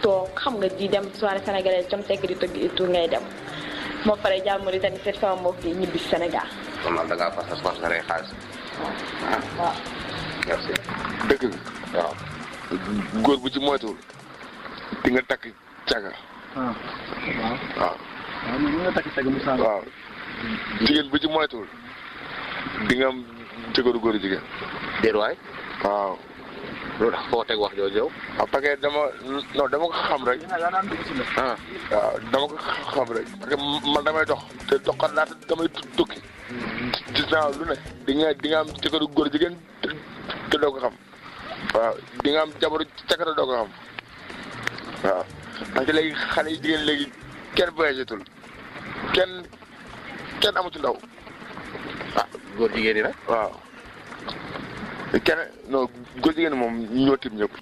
toog xam nga di dem soirée sénégalaise com sekk di tëgg di ngay dem ma pare jàll Mauritanie seet sama mbokk yi ñibbi Sénégal. kon da ngaa fas fas rey xaalis. merci. dëgg waaw. góor bu ci moytuwul di nga takk caga. Ah. waaw waaw. nga waaw. lu tax foo teg wax jooju yow. ah parce dama non dama ko xam rek. ah waaw dama ko xam rek. parce que man damay dox te doxal naa damay tukki. gis naa lu ne. di nga di nga am cakaru góor jigéen te doo ko xam. waaw nga am jabaru cakaru doo ko xam. waaw parce que léegi xale yi jigéen léegi kenn voyagetul kenn kenn amatu ndaw. ah góor jigéen yi nag waaw. keneen non góor moom ñoo tiim ñëpp.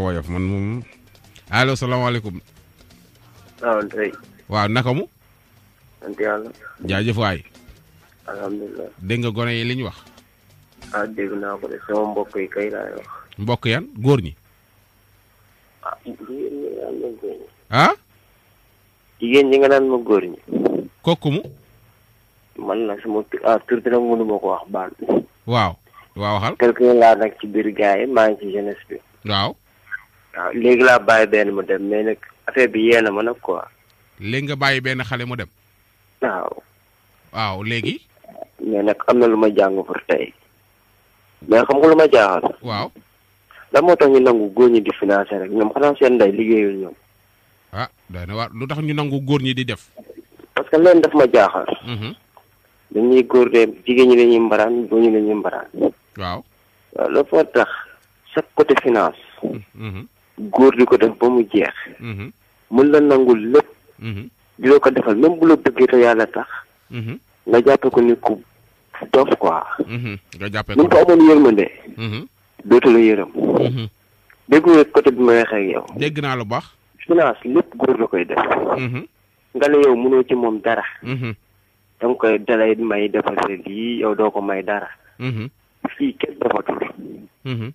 woyof man moom allo salaamaaleykum. waaw waaw naka mu. sant yàlla. dégg nga gone yi li ñu wax. ah dégg naa ko de sama kay laay wax. mbokk yan góor ñi. ah yi ñi nga naan ma góor ñi. ah. man la sama tur ah nag mënu ma ko wax baal. waaw. waaw waxal quelque laa nag ci biir gars yi maa ngi ci jeunesse bi waaw waaw léegi laa bàyyi benn mu dem mais nag affaire bi yee na ma nag quoi léegi nga bàyyi benn xale mu dem waaw waaw léegi mais nag am na lu ma jàng pour tey mais xam nga lu ma jaaxal waaw lan moo tax ñu nangu góor ñi di financer rek ñoom xanaa seen ndey liggéeyul ñoom ah doy na waar lu tax ñu nangu góor ñi di def parce que leen daf ma jaaxal mhm. dañuy góor de jigéen ñi lañuy mbaraan góor ñi lañuy mbaraan waaw waaw euh, la foo tax chaque côté finance mm-hmm. góor di ko def ba mu jeex mm-hmm. mën la nangul lépp mm-hmm. di la ko defal même bu la bëggee te yàlla tax nga jàppe ko ni ku dof quoi nga jàppe ko ni ko amoon yërmande dootu la yërëm dégg nga côté ma waxee ak dégg naa lu baax finance lépp góor la koy def nga ne yow mënoo ci moom dara danga koy dalay may defal lii yow doo ko may dara fii kenn dofatul mhm.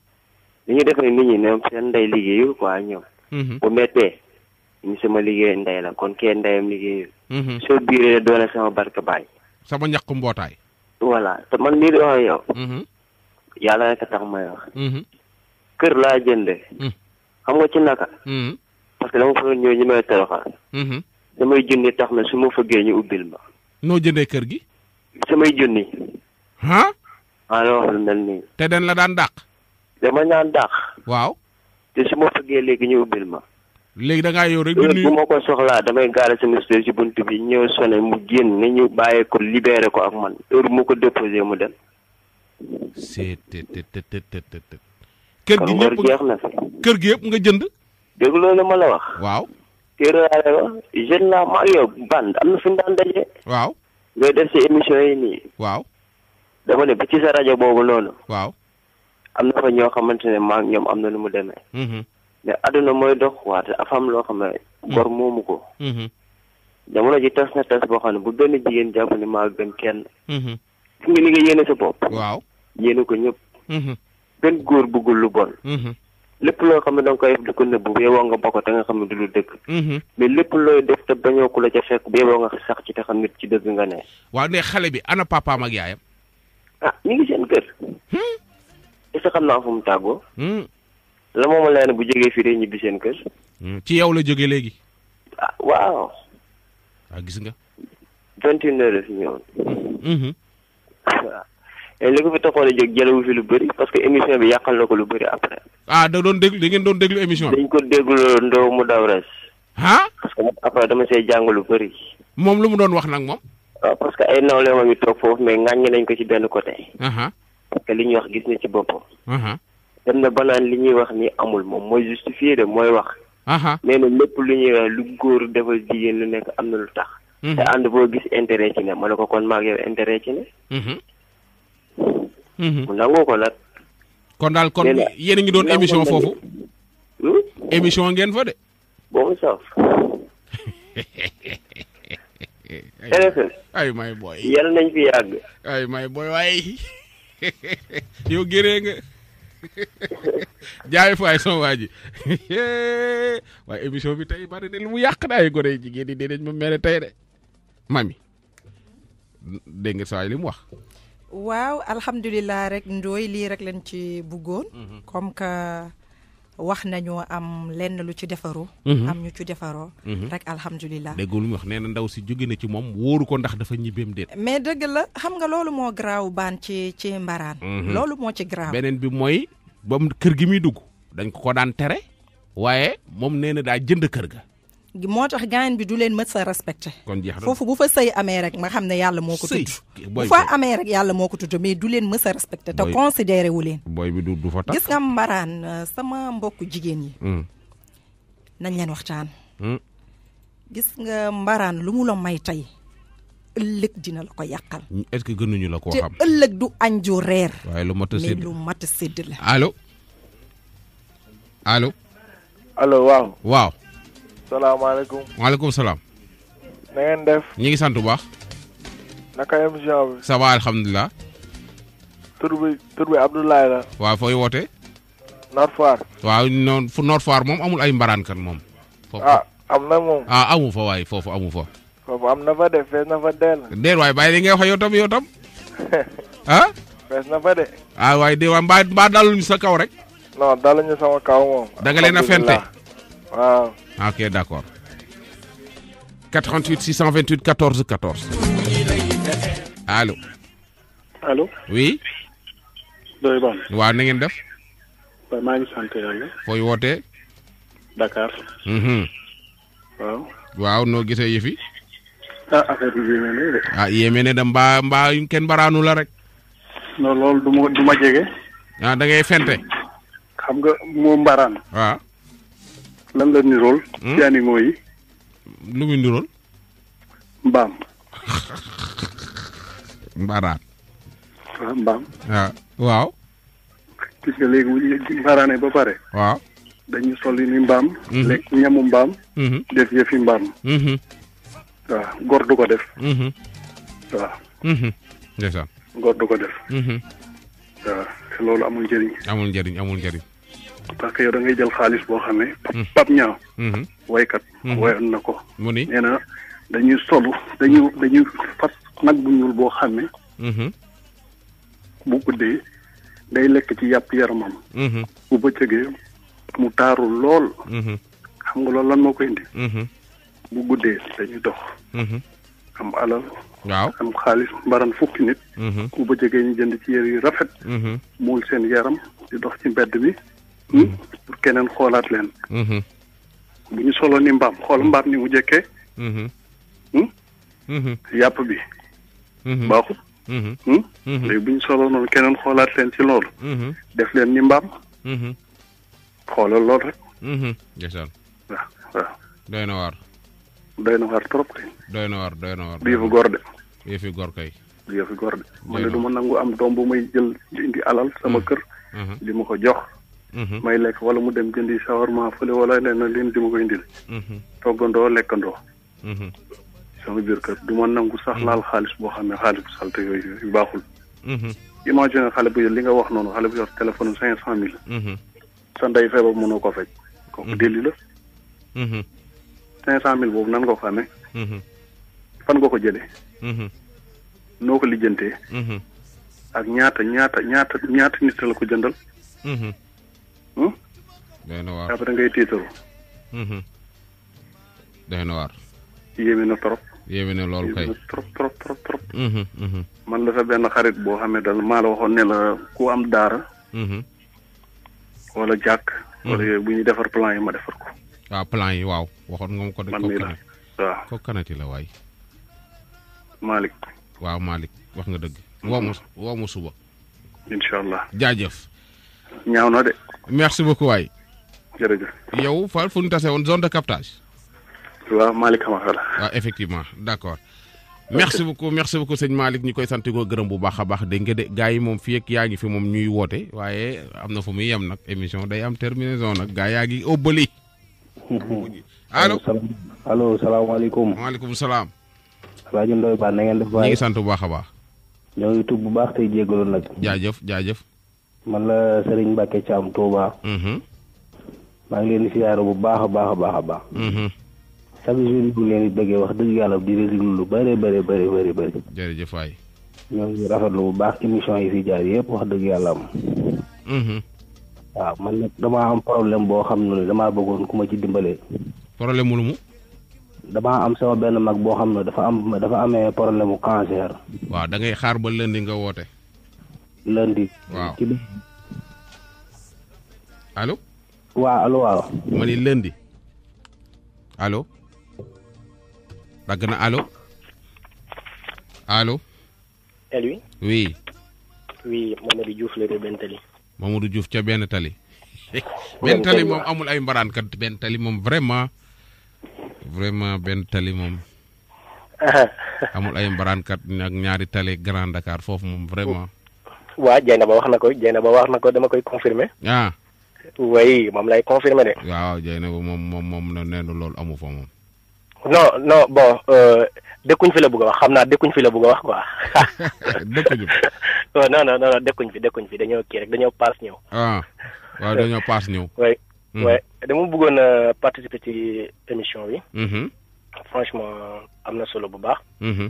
li ñu defee nit ñi ne seen ndey liggéeyul quoi ñoom mhm. bu mettee ñu sama liggéey ndey la kon kee ndeyam liggéeyul mhm. soo biiree doone sama barka baay sama ñàkk mbootaay voilà te man lii di wax yàlla rek a tax may wax kër laa jënde xam nga ci naka parce que dama fa ñëw ñu may toroxal samay junni tax na su ma fëggee ñu ubbil ma noo jëndee kër gi samay junni ah maa ngi wax lu mel nii. te den la daan dàq. dama ñaan dàq. waaw. te su ma bëggee léegi ñu ubbil ma. léegi da ngaa yow rek. bu ma ko soxlaa damay gaare sama spécial ci bunt bi ñëw sonné mu génn ne ñu bàyyee ko ko ak man heure bu ma ko déposé mu dem. kër gi ñëpp jeex na fi. kër gi yëpp nga jënd. dégg loolu ma la wax. waaw. kër laa wax jeune la maa yow band am na fu ñu daan daje. waaw. ngay def sa émission yi nii. waaw. dama ne bi ci sa rajo boobu noonu. waaw am na fa ñoo xamante ne maa ñoom am na nu mu demee. Mm-hmm. mais àdduna mooy dox waate afam loo xam ne gor mm-hmm. moomu ko. Mm-hmm. jamono ji tas na tas boo xam ne bu benn jigéen jàpp ne maa gën kenn. gis nga li nga sa bopp. waaw yéene ko ñëpp. benn góor bëggul lu bon. lépp loo xam ne koy def ko nëbbu bu yeboo nga bokk te nga xam ne du lu dëgg. mais lépp looy def te bañoo ku la ca fekk bu yeboo nga sax ci te xam nit ci dëgg nga ne. waaw ah ñu ngi seen kër. Hmm? est ce xam naa fu mu tàggoo. Hmm? la moom la bu jógee fii rek ñibbi seen kër. Hmm. ci yow la jógee léegi. ah waaw. ah gis nga. vingt une heures la ñëwoon. li ko fi taxoon a jóg jëlewu fi lu bëri parce que émission bi yàqal na ko lu bëri après. ah da doon déglu da ngeen doon déglu émission dañ ko déglu ndaw mu daw res. ah parce que après dama see jàng lu bëri. moom lu mu doon wax nag moom. waaw euh, parce que ay nawle a ngi toog foofu mais ŋàññi nañ ko ci benn côté. Uh-huh. parce que li ñuy wax gis na ci boppam. Uh-huh. dem na ba li ñuy wax ni amul moom mooy justifié de mooy wax. nee uh-huh. na lu ñuy wax lu góor lu nekk am na lu tax. te ànd gis intérêt ci ne ko kon maag yow intérêt ci ne. mu nangoo ko nag. kon daal kon yéen a doon émission foofu. Hmm? émission ngeen fa de. boo mu saaf. téléphone ay may booy yal nañ fi yàgg ay may booy waaye yow géree nga jaay faay sama waa ji waaye émission bi tey bari de mu yàq daay gone yi jigéen ñi dinañ ma mere tey de mami dégg nga li mu wax waaw alhamdulilah rek ndooy lii rek lañ ci buggoon mm-hmm. comme wax nañu am lenn lu ci defaru mhm. am ñu ci defaroo mhm. rek alhamdulilah dégg lu mu wax nee na ndaw si jóge na ci moom wóoru ko ndax dafa ñibbeem déet mais dégg la xam nga loolu moo garaaw baan ci ci mbaraan mhm. loolu moo ci garaaw beneen bi mooy ba kër gi muy dugg dañ ko ko daan tere waaye moom nee na daa jënd kër ga moo tax gaañ bi du leen mës a respecté. kon jeex foofu bu fa sëy amee rek ma xam ne yàlla moo ko tudd. bu fa amee rek yàlla moo ko tudd mais du leen mës a respecté. te considéré wu leen. booy bi du du fa tax gis nga mbaraan euh, sama mbokku jigéen yi. Mm. nañ leen waxtaan. Mm. gis nga mbaraan lu mu la may tey. ëllëg dina la ko yàqal. est-ce gënuñu la koo xam. te ëllëg du añ ju reer. lu mat a mat a sédd la. allo. allo. waaw. salaamaaleykum. maaleykum salaam. na ngeen def. ñu ngi sant bu baax. naka émission bi. ça va alhamdulilah. tur bi tur bi Abdoulaye la. wootee. Nord Foire. waaw noonu fu moom amul ay mbaraankan moom. foofu ah am na moom. ah amu fa waaye foofu amu fa. foofu am na fa de fees na fa dell. déet waaye bàyyi li ngay wax yow tam yow ah? fees na fa de. ah waaye de mbaa daluñu sa kaw rek. non daluñu sama kaw moom. da nga fente. ok d'accord 88 628 14 14 allo. allo oui. Doy Bane. waaw na ngeen def. waaw maa ngi sant yàlla. fooy wootee. Dakar. Mhm. waaw. waaw noo gisee yëfi. ah affaire bi yéeme de. ah yéeme ne de mbaa mbaa kenn baraanu la rek. non loolu du ma du ah da ngay fente. xam nga moo mbaraan. waaw. Ah lan la nirool. ci animaux yi. lu muy nirool. bam, wow, waaw mbaam. waaw ah, ah, waaw. gis nga léegi bu ñu mbaaraanee ba pare. waaw. dañu sol ni mbaam. Mhm. lekk ñamu mbaam. Mhm. def yëfi mbaam. waaw mhm. ah, góor du ko def. waaw. ndeysaan. góor du ko def. amul amul amul parce que yow da jël xaalis boo xam ne. Hmm. pap ñaaw. Hmm. waykat. Hmm. wayoon na ko. mu ni nee na dañuy solu dañuy dañuy fas nag bu ñuul boo xam ne. bu guddee day lekk ci yàpp yaramam. bu bëccëgee mu taaru lool. xam nga lool lan moo koy indi. bu guddee dañuy dox. am alal. waaw am xaalis mbaran fukki nit. bu bëccëgee ñu jënd ci yére yu rafet. muul seen yaram di dox ci mbedd bi. pour hmm? mm-hmm. keneen xoolaat leen mm-hmm. bu ñu solo ni mbaam xool mbaam ni mu jëkkee mm-hmm. hmm? yàpp bi baaxut hmm? léegi bu ñu solo noonu keneen xoolaat leen ci loolu def kay doy na waar doy na waar de de man ne du am doom bu may jël indi alal sama mm. kër li ma Mhm. may lekk wala mu dem jëndi shawarma fële wala leneen leen di ma koy indil. Mhm. toggandoo lekkandoo. Mhm. sama biir kër nangu sax laal xaalis boo xam ne xaalis bu salte yooyu yu baaxul. xale bu yor li nga wax noonu xale bu yor téléphone cinq cent mille. sa ndey feebar mënoo ko faj. kooku delli la. cinq cent mille boobu nan nga ko xamee. fan nga ko jëlee. noo ko lijjantee. ak ñaata ñaata ñaata ñaata nit la ko jëndal. Hmm? day na waar après ngay tiitaru. Mhm. na trop. yéeme na lool kay mhm, mhm. man la sa benn xarit boo xam ne maa la waxoon ne la ku am daara. wala jàkk. wala bu ñuy defar plan yi ma defar ko. waaw ah, plan yi waaw waxoon nga ma ko de. ko kanati la waay. Malick. waaw Malick wax nga dëgg. woo ma hmm. suba. incha allah jaajëf. ñaaw na de. merci beaucoup waay. yow vous fu ñu zone de captage. Ah, effectivement D'accord. merci beaucoup merci beaucoup Seigneur Malik. ñu koy sant gërëm bu de yi moom fii ak émission day am terminaison nag gars yaa ngi Allô. allo Salam. salaamaaleykum. maaleykum salaam. rajo salam. Ba ngi sant bu ngi bu man la Serigne Mbacke Thiam Touba. Mm-hmm. maa ngi leen di siyaare bu baax a baax a baax a baax. Mm-hmm. chaque jour bu leen di bëggee wax dëgg yàlla di leen déglu lu bëree bëri bëri bëri. jërëjëf waay. ñoo ngi rafetlu bu baax émission yi fi jaar yëpp wax dëgg yàlla am. Mm-hmm. waaw man nag damaa am problème boo xam ne damaa bëggoon ku ma ci dimbalee. problème mu lu mu. damaa am sama benn mag boo xam ne dafa am dafa amee problème mu cancer. waaw da ngay xaar ba leen lënd nga woote. lundi. waaw ci allo. waaw allo waaw. ma ni lundi. allo. dagg na allo. allo. Elwi. oui. oui Mamadou Diouf la de benn tali. Mamadou Diouf ca benn tali. benn tali amul ay mbaraan kat benn tali moom vraiment. vraiment benn tali amul ay mbaraan kat ak ñaari tali Grand Dakar foofu moom vraiment. waa Dieynaba wax na ko Dieynaba wax na ko dama koy confirmer ah. oui moom lay confirmer de. waaw Dieynaba moom moom moom na nee na loolu amu fa moom. non non bon euh, dëkkuñ fi la bëgg a wax xam naa dëkkuñ fi la bëgg a wax quoi. dëkkuñu fi. Oh, non fi dëkkuñ fi dañoo kii rek dañoo paas ñëw. ah waaw dañoo paas ñëw. oui hmm. dama bëggoon a euh, participer ci émission bi. Mm-hmm. franchement am na solo bu baax. Mm-hmm.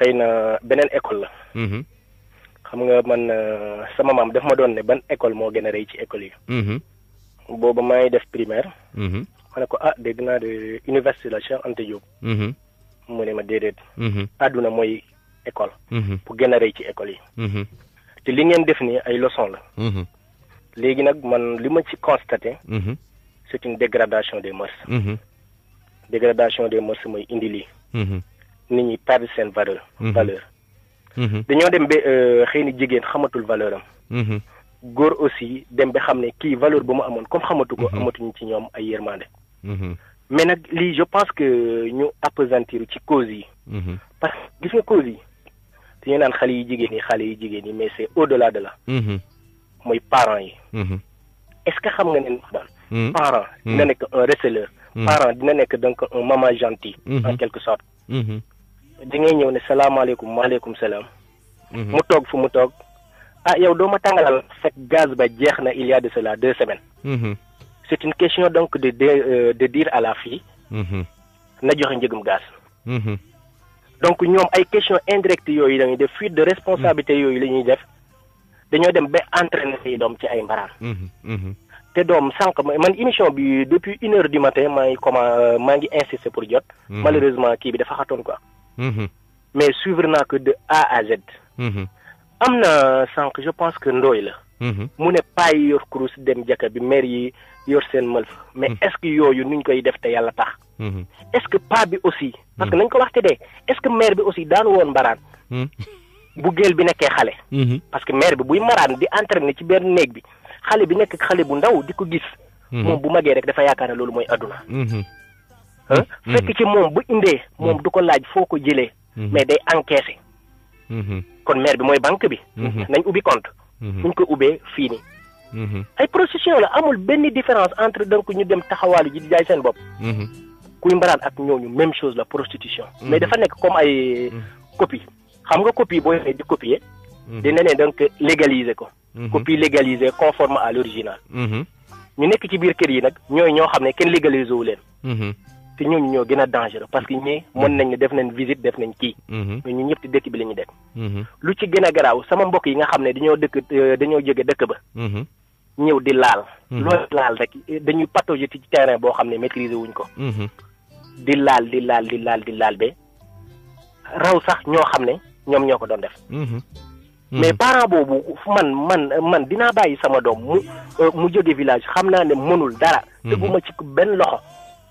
xëy na beneen école la. Mm-hmm. xam nga man euh, sama maam daf ma doon ne ban école moo gën a rëy ci école yi. Mhm. boobu maa def primaire. Mhm. ma ne ko ah dégg naa de université la Cheikh Anta Diop. Mhm. mu ne ma déedéet. àdduna mooy école. pour gën a rëy ci école yi. te li ngeen def nii ay leçon la. léegi nag man li ma ci constaté. c'est une dégradation des mœurs. dégradation de mœurs mooy indi lii. nit ñi perdre seen valeur. valeur. Mhm. dañoo dem ba euh, xëy na jigéen xamatul valeur am. Mhm. góor aussi dem be xam ne kii valeur bu mu amoon comme xamatu ko. Mhm. amatuñu ci ñoom ay yërmande. mais nag lii je pense que ñu appesantir ci cause yi. parce que gis nga cause yi dañu naan xale yi jigéen yi xale yi jigéen yi mais c'est au-delà de là. mooy parents yi. est-ce que xam nga ne daal. parent dina nekk un receleur. parent dina nekk donc un maman gentil. en quelque sorte. da ngay ñëw ne wa waaleykum salaam. Mhm. mu toog fu mu toog ah yow doo ma tàngalal fekk gaz ba jeex na il y a de cela deux semaines. Mhm. c'est une question donc de de euh, de dire à la fille. Mhm. na joxe njëgum gaz. donc ñoom ay question indirecte yooyu dañuy def fuite de responsabilité yooyu la ñuy def dañoo dem ba entraîner say doom ci ay mbaraan. te doom sànq man émission bi depuis une heure du matin maa ngi comment euh, maa ngi insister pour jot. malheureusement kii bi dafa xatoon quoi. Mm-hmm. mais suivre naa de A à Z. Mm-hmm. am na sànq je pense que ndooy la. Mm-hmm. mu ne paa yi yor kurus dem jaka bi maire yi yor seen mël fa mais est-ce que yooyu nuñ koy def te yàlla tax. est-ce que paa bi aussi. parce que nañ ko waxte dee est-ce que maire bi aussi daan woon mbaraan. bu géel bi nekkee xale. parce que maire bi buy mbaraan di entraîner ci benn néeg bi xale bi nekk xale bu ndaw di ko gis. moom bu magee rek dafa yaakaar ne loolu mooy adduna. Mm-hmm. fekk ci moom bu indee moom mm-hmm. du ko laaj foo ko jëlee mm-hmm. mais day encaissé kon maire bi mooy banque bi nañ ubbi compte buñ ko ubbee fii nii ay procession la amul benn différence entre ko ñu dem taxawaalu ji di jaay seen bopp kuy mbaraan ak ñooñu même chose la prostitution mais dafa nekk comme ay copie xam nga copie booy di copier dina ne donc légaliser ko copie légalisée conforme à l'original ñu nekk ci biir kër yi nag ñooy ñoo xam ne kenn légaliser wu te ñooñu ñoo gën a dangereux parce que ñii mën nañ def nañ visite def nañ kii. mais mhm. ñun ñëpp dëkk bi la ñu mhm. lu ci gën a garaaw sama mbokk yi nga xam ne dañoo dëkk euh, dañoo jóge dëkk ba. Mhm. ñëw di laal. loolu laal rek euh, dañuy patauger ci terrain boo xam ne maîtriser wuñ ko. di laal di laal di laal di laal be raw sax ñoo xam ne ñoom ñoo ko doon def. mais parent boobu man man man dinaa bàyyi sama doom mu euh, mu jóge village xam naa ne mënul dara. teguma ci benn loxo.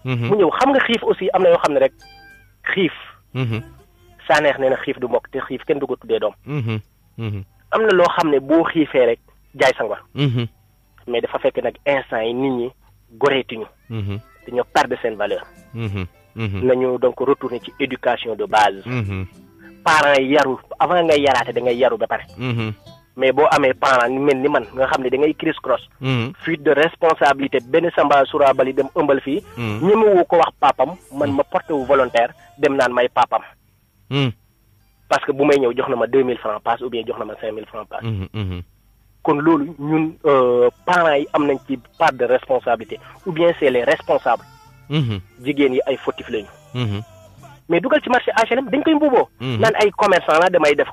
Mm-hmm. mu ñëw xam nga xiif aussi am na yoo xam ne rek xiif. Mm-hmm. saaneex nee na xiif du mbokk te xiif kenn du ko tuddee doom. Mm-hmm. am na loo xam ne boo xiifee rek jaay sa ngor. mais dafa fekk nag instant yi nit ñi goreetuñu. dañoo perdre seen valeur. nañu donc retourner ci éducation de base. parents yi yaru avant ngay yaraate da ngay yaru ba pare. mais boo amee parent ñu mel ni man nga xam ne da ngay criss cross. Mm. fuite de responsabilité benn Samba Surabali dem ëmbal fii. Mm. ñemewu ko wax papam man mm. ma porté wu volontaire dem naan may papam. parce que bu may ñëw jox na ma deux mille francs passe ou bien jox na ma cinq mille francs passe. Mm-hmm, mm-hmm. kon loolu ñun euh, parents yi am nañ ci part de responsabilité ou bien c'est les responsables. Mm-hmm. jigéen yi ay fautif lañu. mais dugal ci marché HLM dañ koy mbuuboo. naan ay commerçant la damay def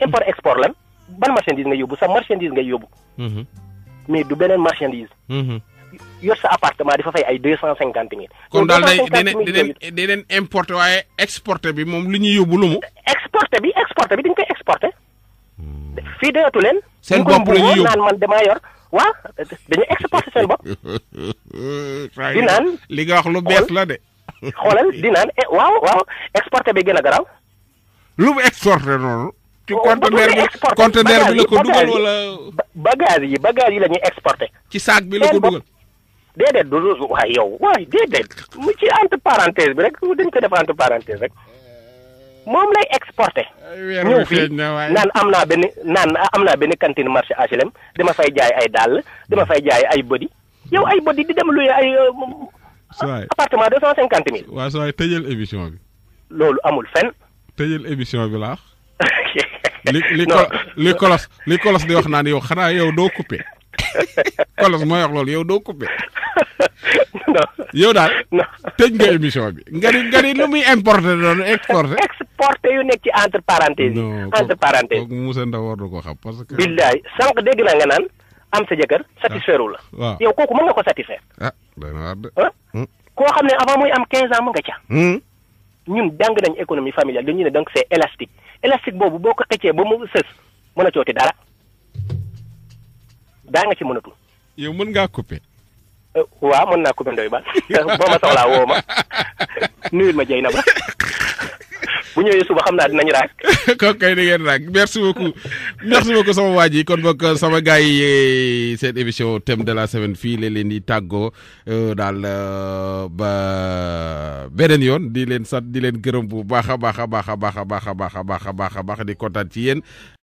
import export lan ban marchandise ngay yóbbu sa marchandise ngay yóbbu. Mhm. mais du beneen marchandise. Mhm. yor sa appartement di fa fay ay deux cent cinquante mille. kon daal day dinañ dinañ importer waaye exporter bi moom li ñuy yóbbu lu mu. exporter bi exporter bi dañ koy exporter. Hmm. fii dayatu leen. seen bopp la ñuy yóbbu yor. waa dañuy exporter seen bopp. di naan lu bees la di naan waaw bi gën a garaaw. lu mu exporter noonu. ci oh, conteneur bi conteneur la ko dugal wala. bagage yi bagage yi lañuy ñuy exporté. ci saak bi la ko dugal. déedéet du waay yow waay déedéet mu ci entre parenthèse bi rek dañ ko def entre parenthèse rek moom lay exporté. ñëw naan am naa benn naan am naa benn cantine marché HLM dama fay jaay ay dàll dama fay jaay ay bëdi yow ay bëdi di dem luy ay. Euh, appartement de cent cinquante mille. waaw sooy tëjal émission bi. loolu amul fenn. tëjal émission bi laax. li li li kolos di wax naan yow xanaa yow doo coupé kolos mooy wax loolu yow doo coupé yow daal tëj nga émission bi nga ni nga ni lu muy importer doon exporter exporter yu nekk ci entre parenthèses entre parenthèses kooku Moussa Ndaw war ko xam parce que billaay sànq dégg naa nga naan am sa jëkkër satisfaire la ah, yow kooku mën nga ko satisfaire ah doy na waar de ah? hmm. koo xam ne avant muy am 15 ans mu nga ca hmm. ñun dang nañ économie familiale dañu ne donc c'est élastique élastique boobu boo ko xëccee ba mu sës mën a cooti dara daa nga ci mënatul. yow mën ngaa couper. Euh, waaw mën naa couper ndoy ba boo ma soxlaa woo ma nuyul ma jëy na ba. bu ñëwee suba xam naa dinañ raak. kooku kay di ngeen raak merci beaucoup merci beaucoup sama waa ji kon bokk euh, sama gars yi euh, seen émission thème de la semaine fii la leen di tàggoo euh, daal ba beneen yoon di leen sat di leen gërëm bu baax a baax a baax a baax a baax a baax a baax a baax di kontaan ci yéen.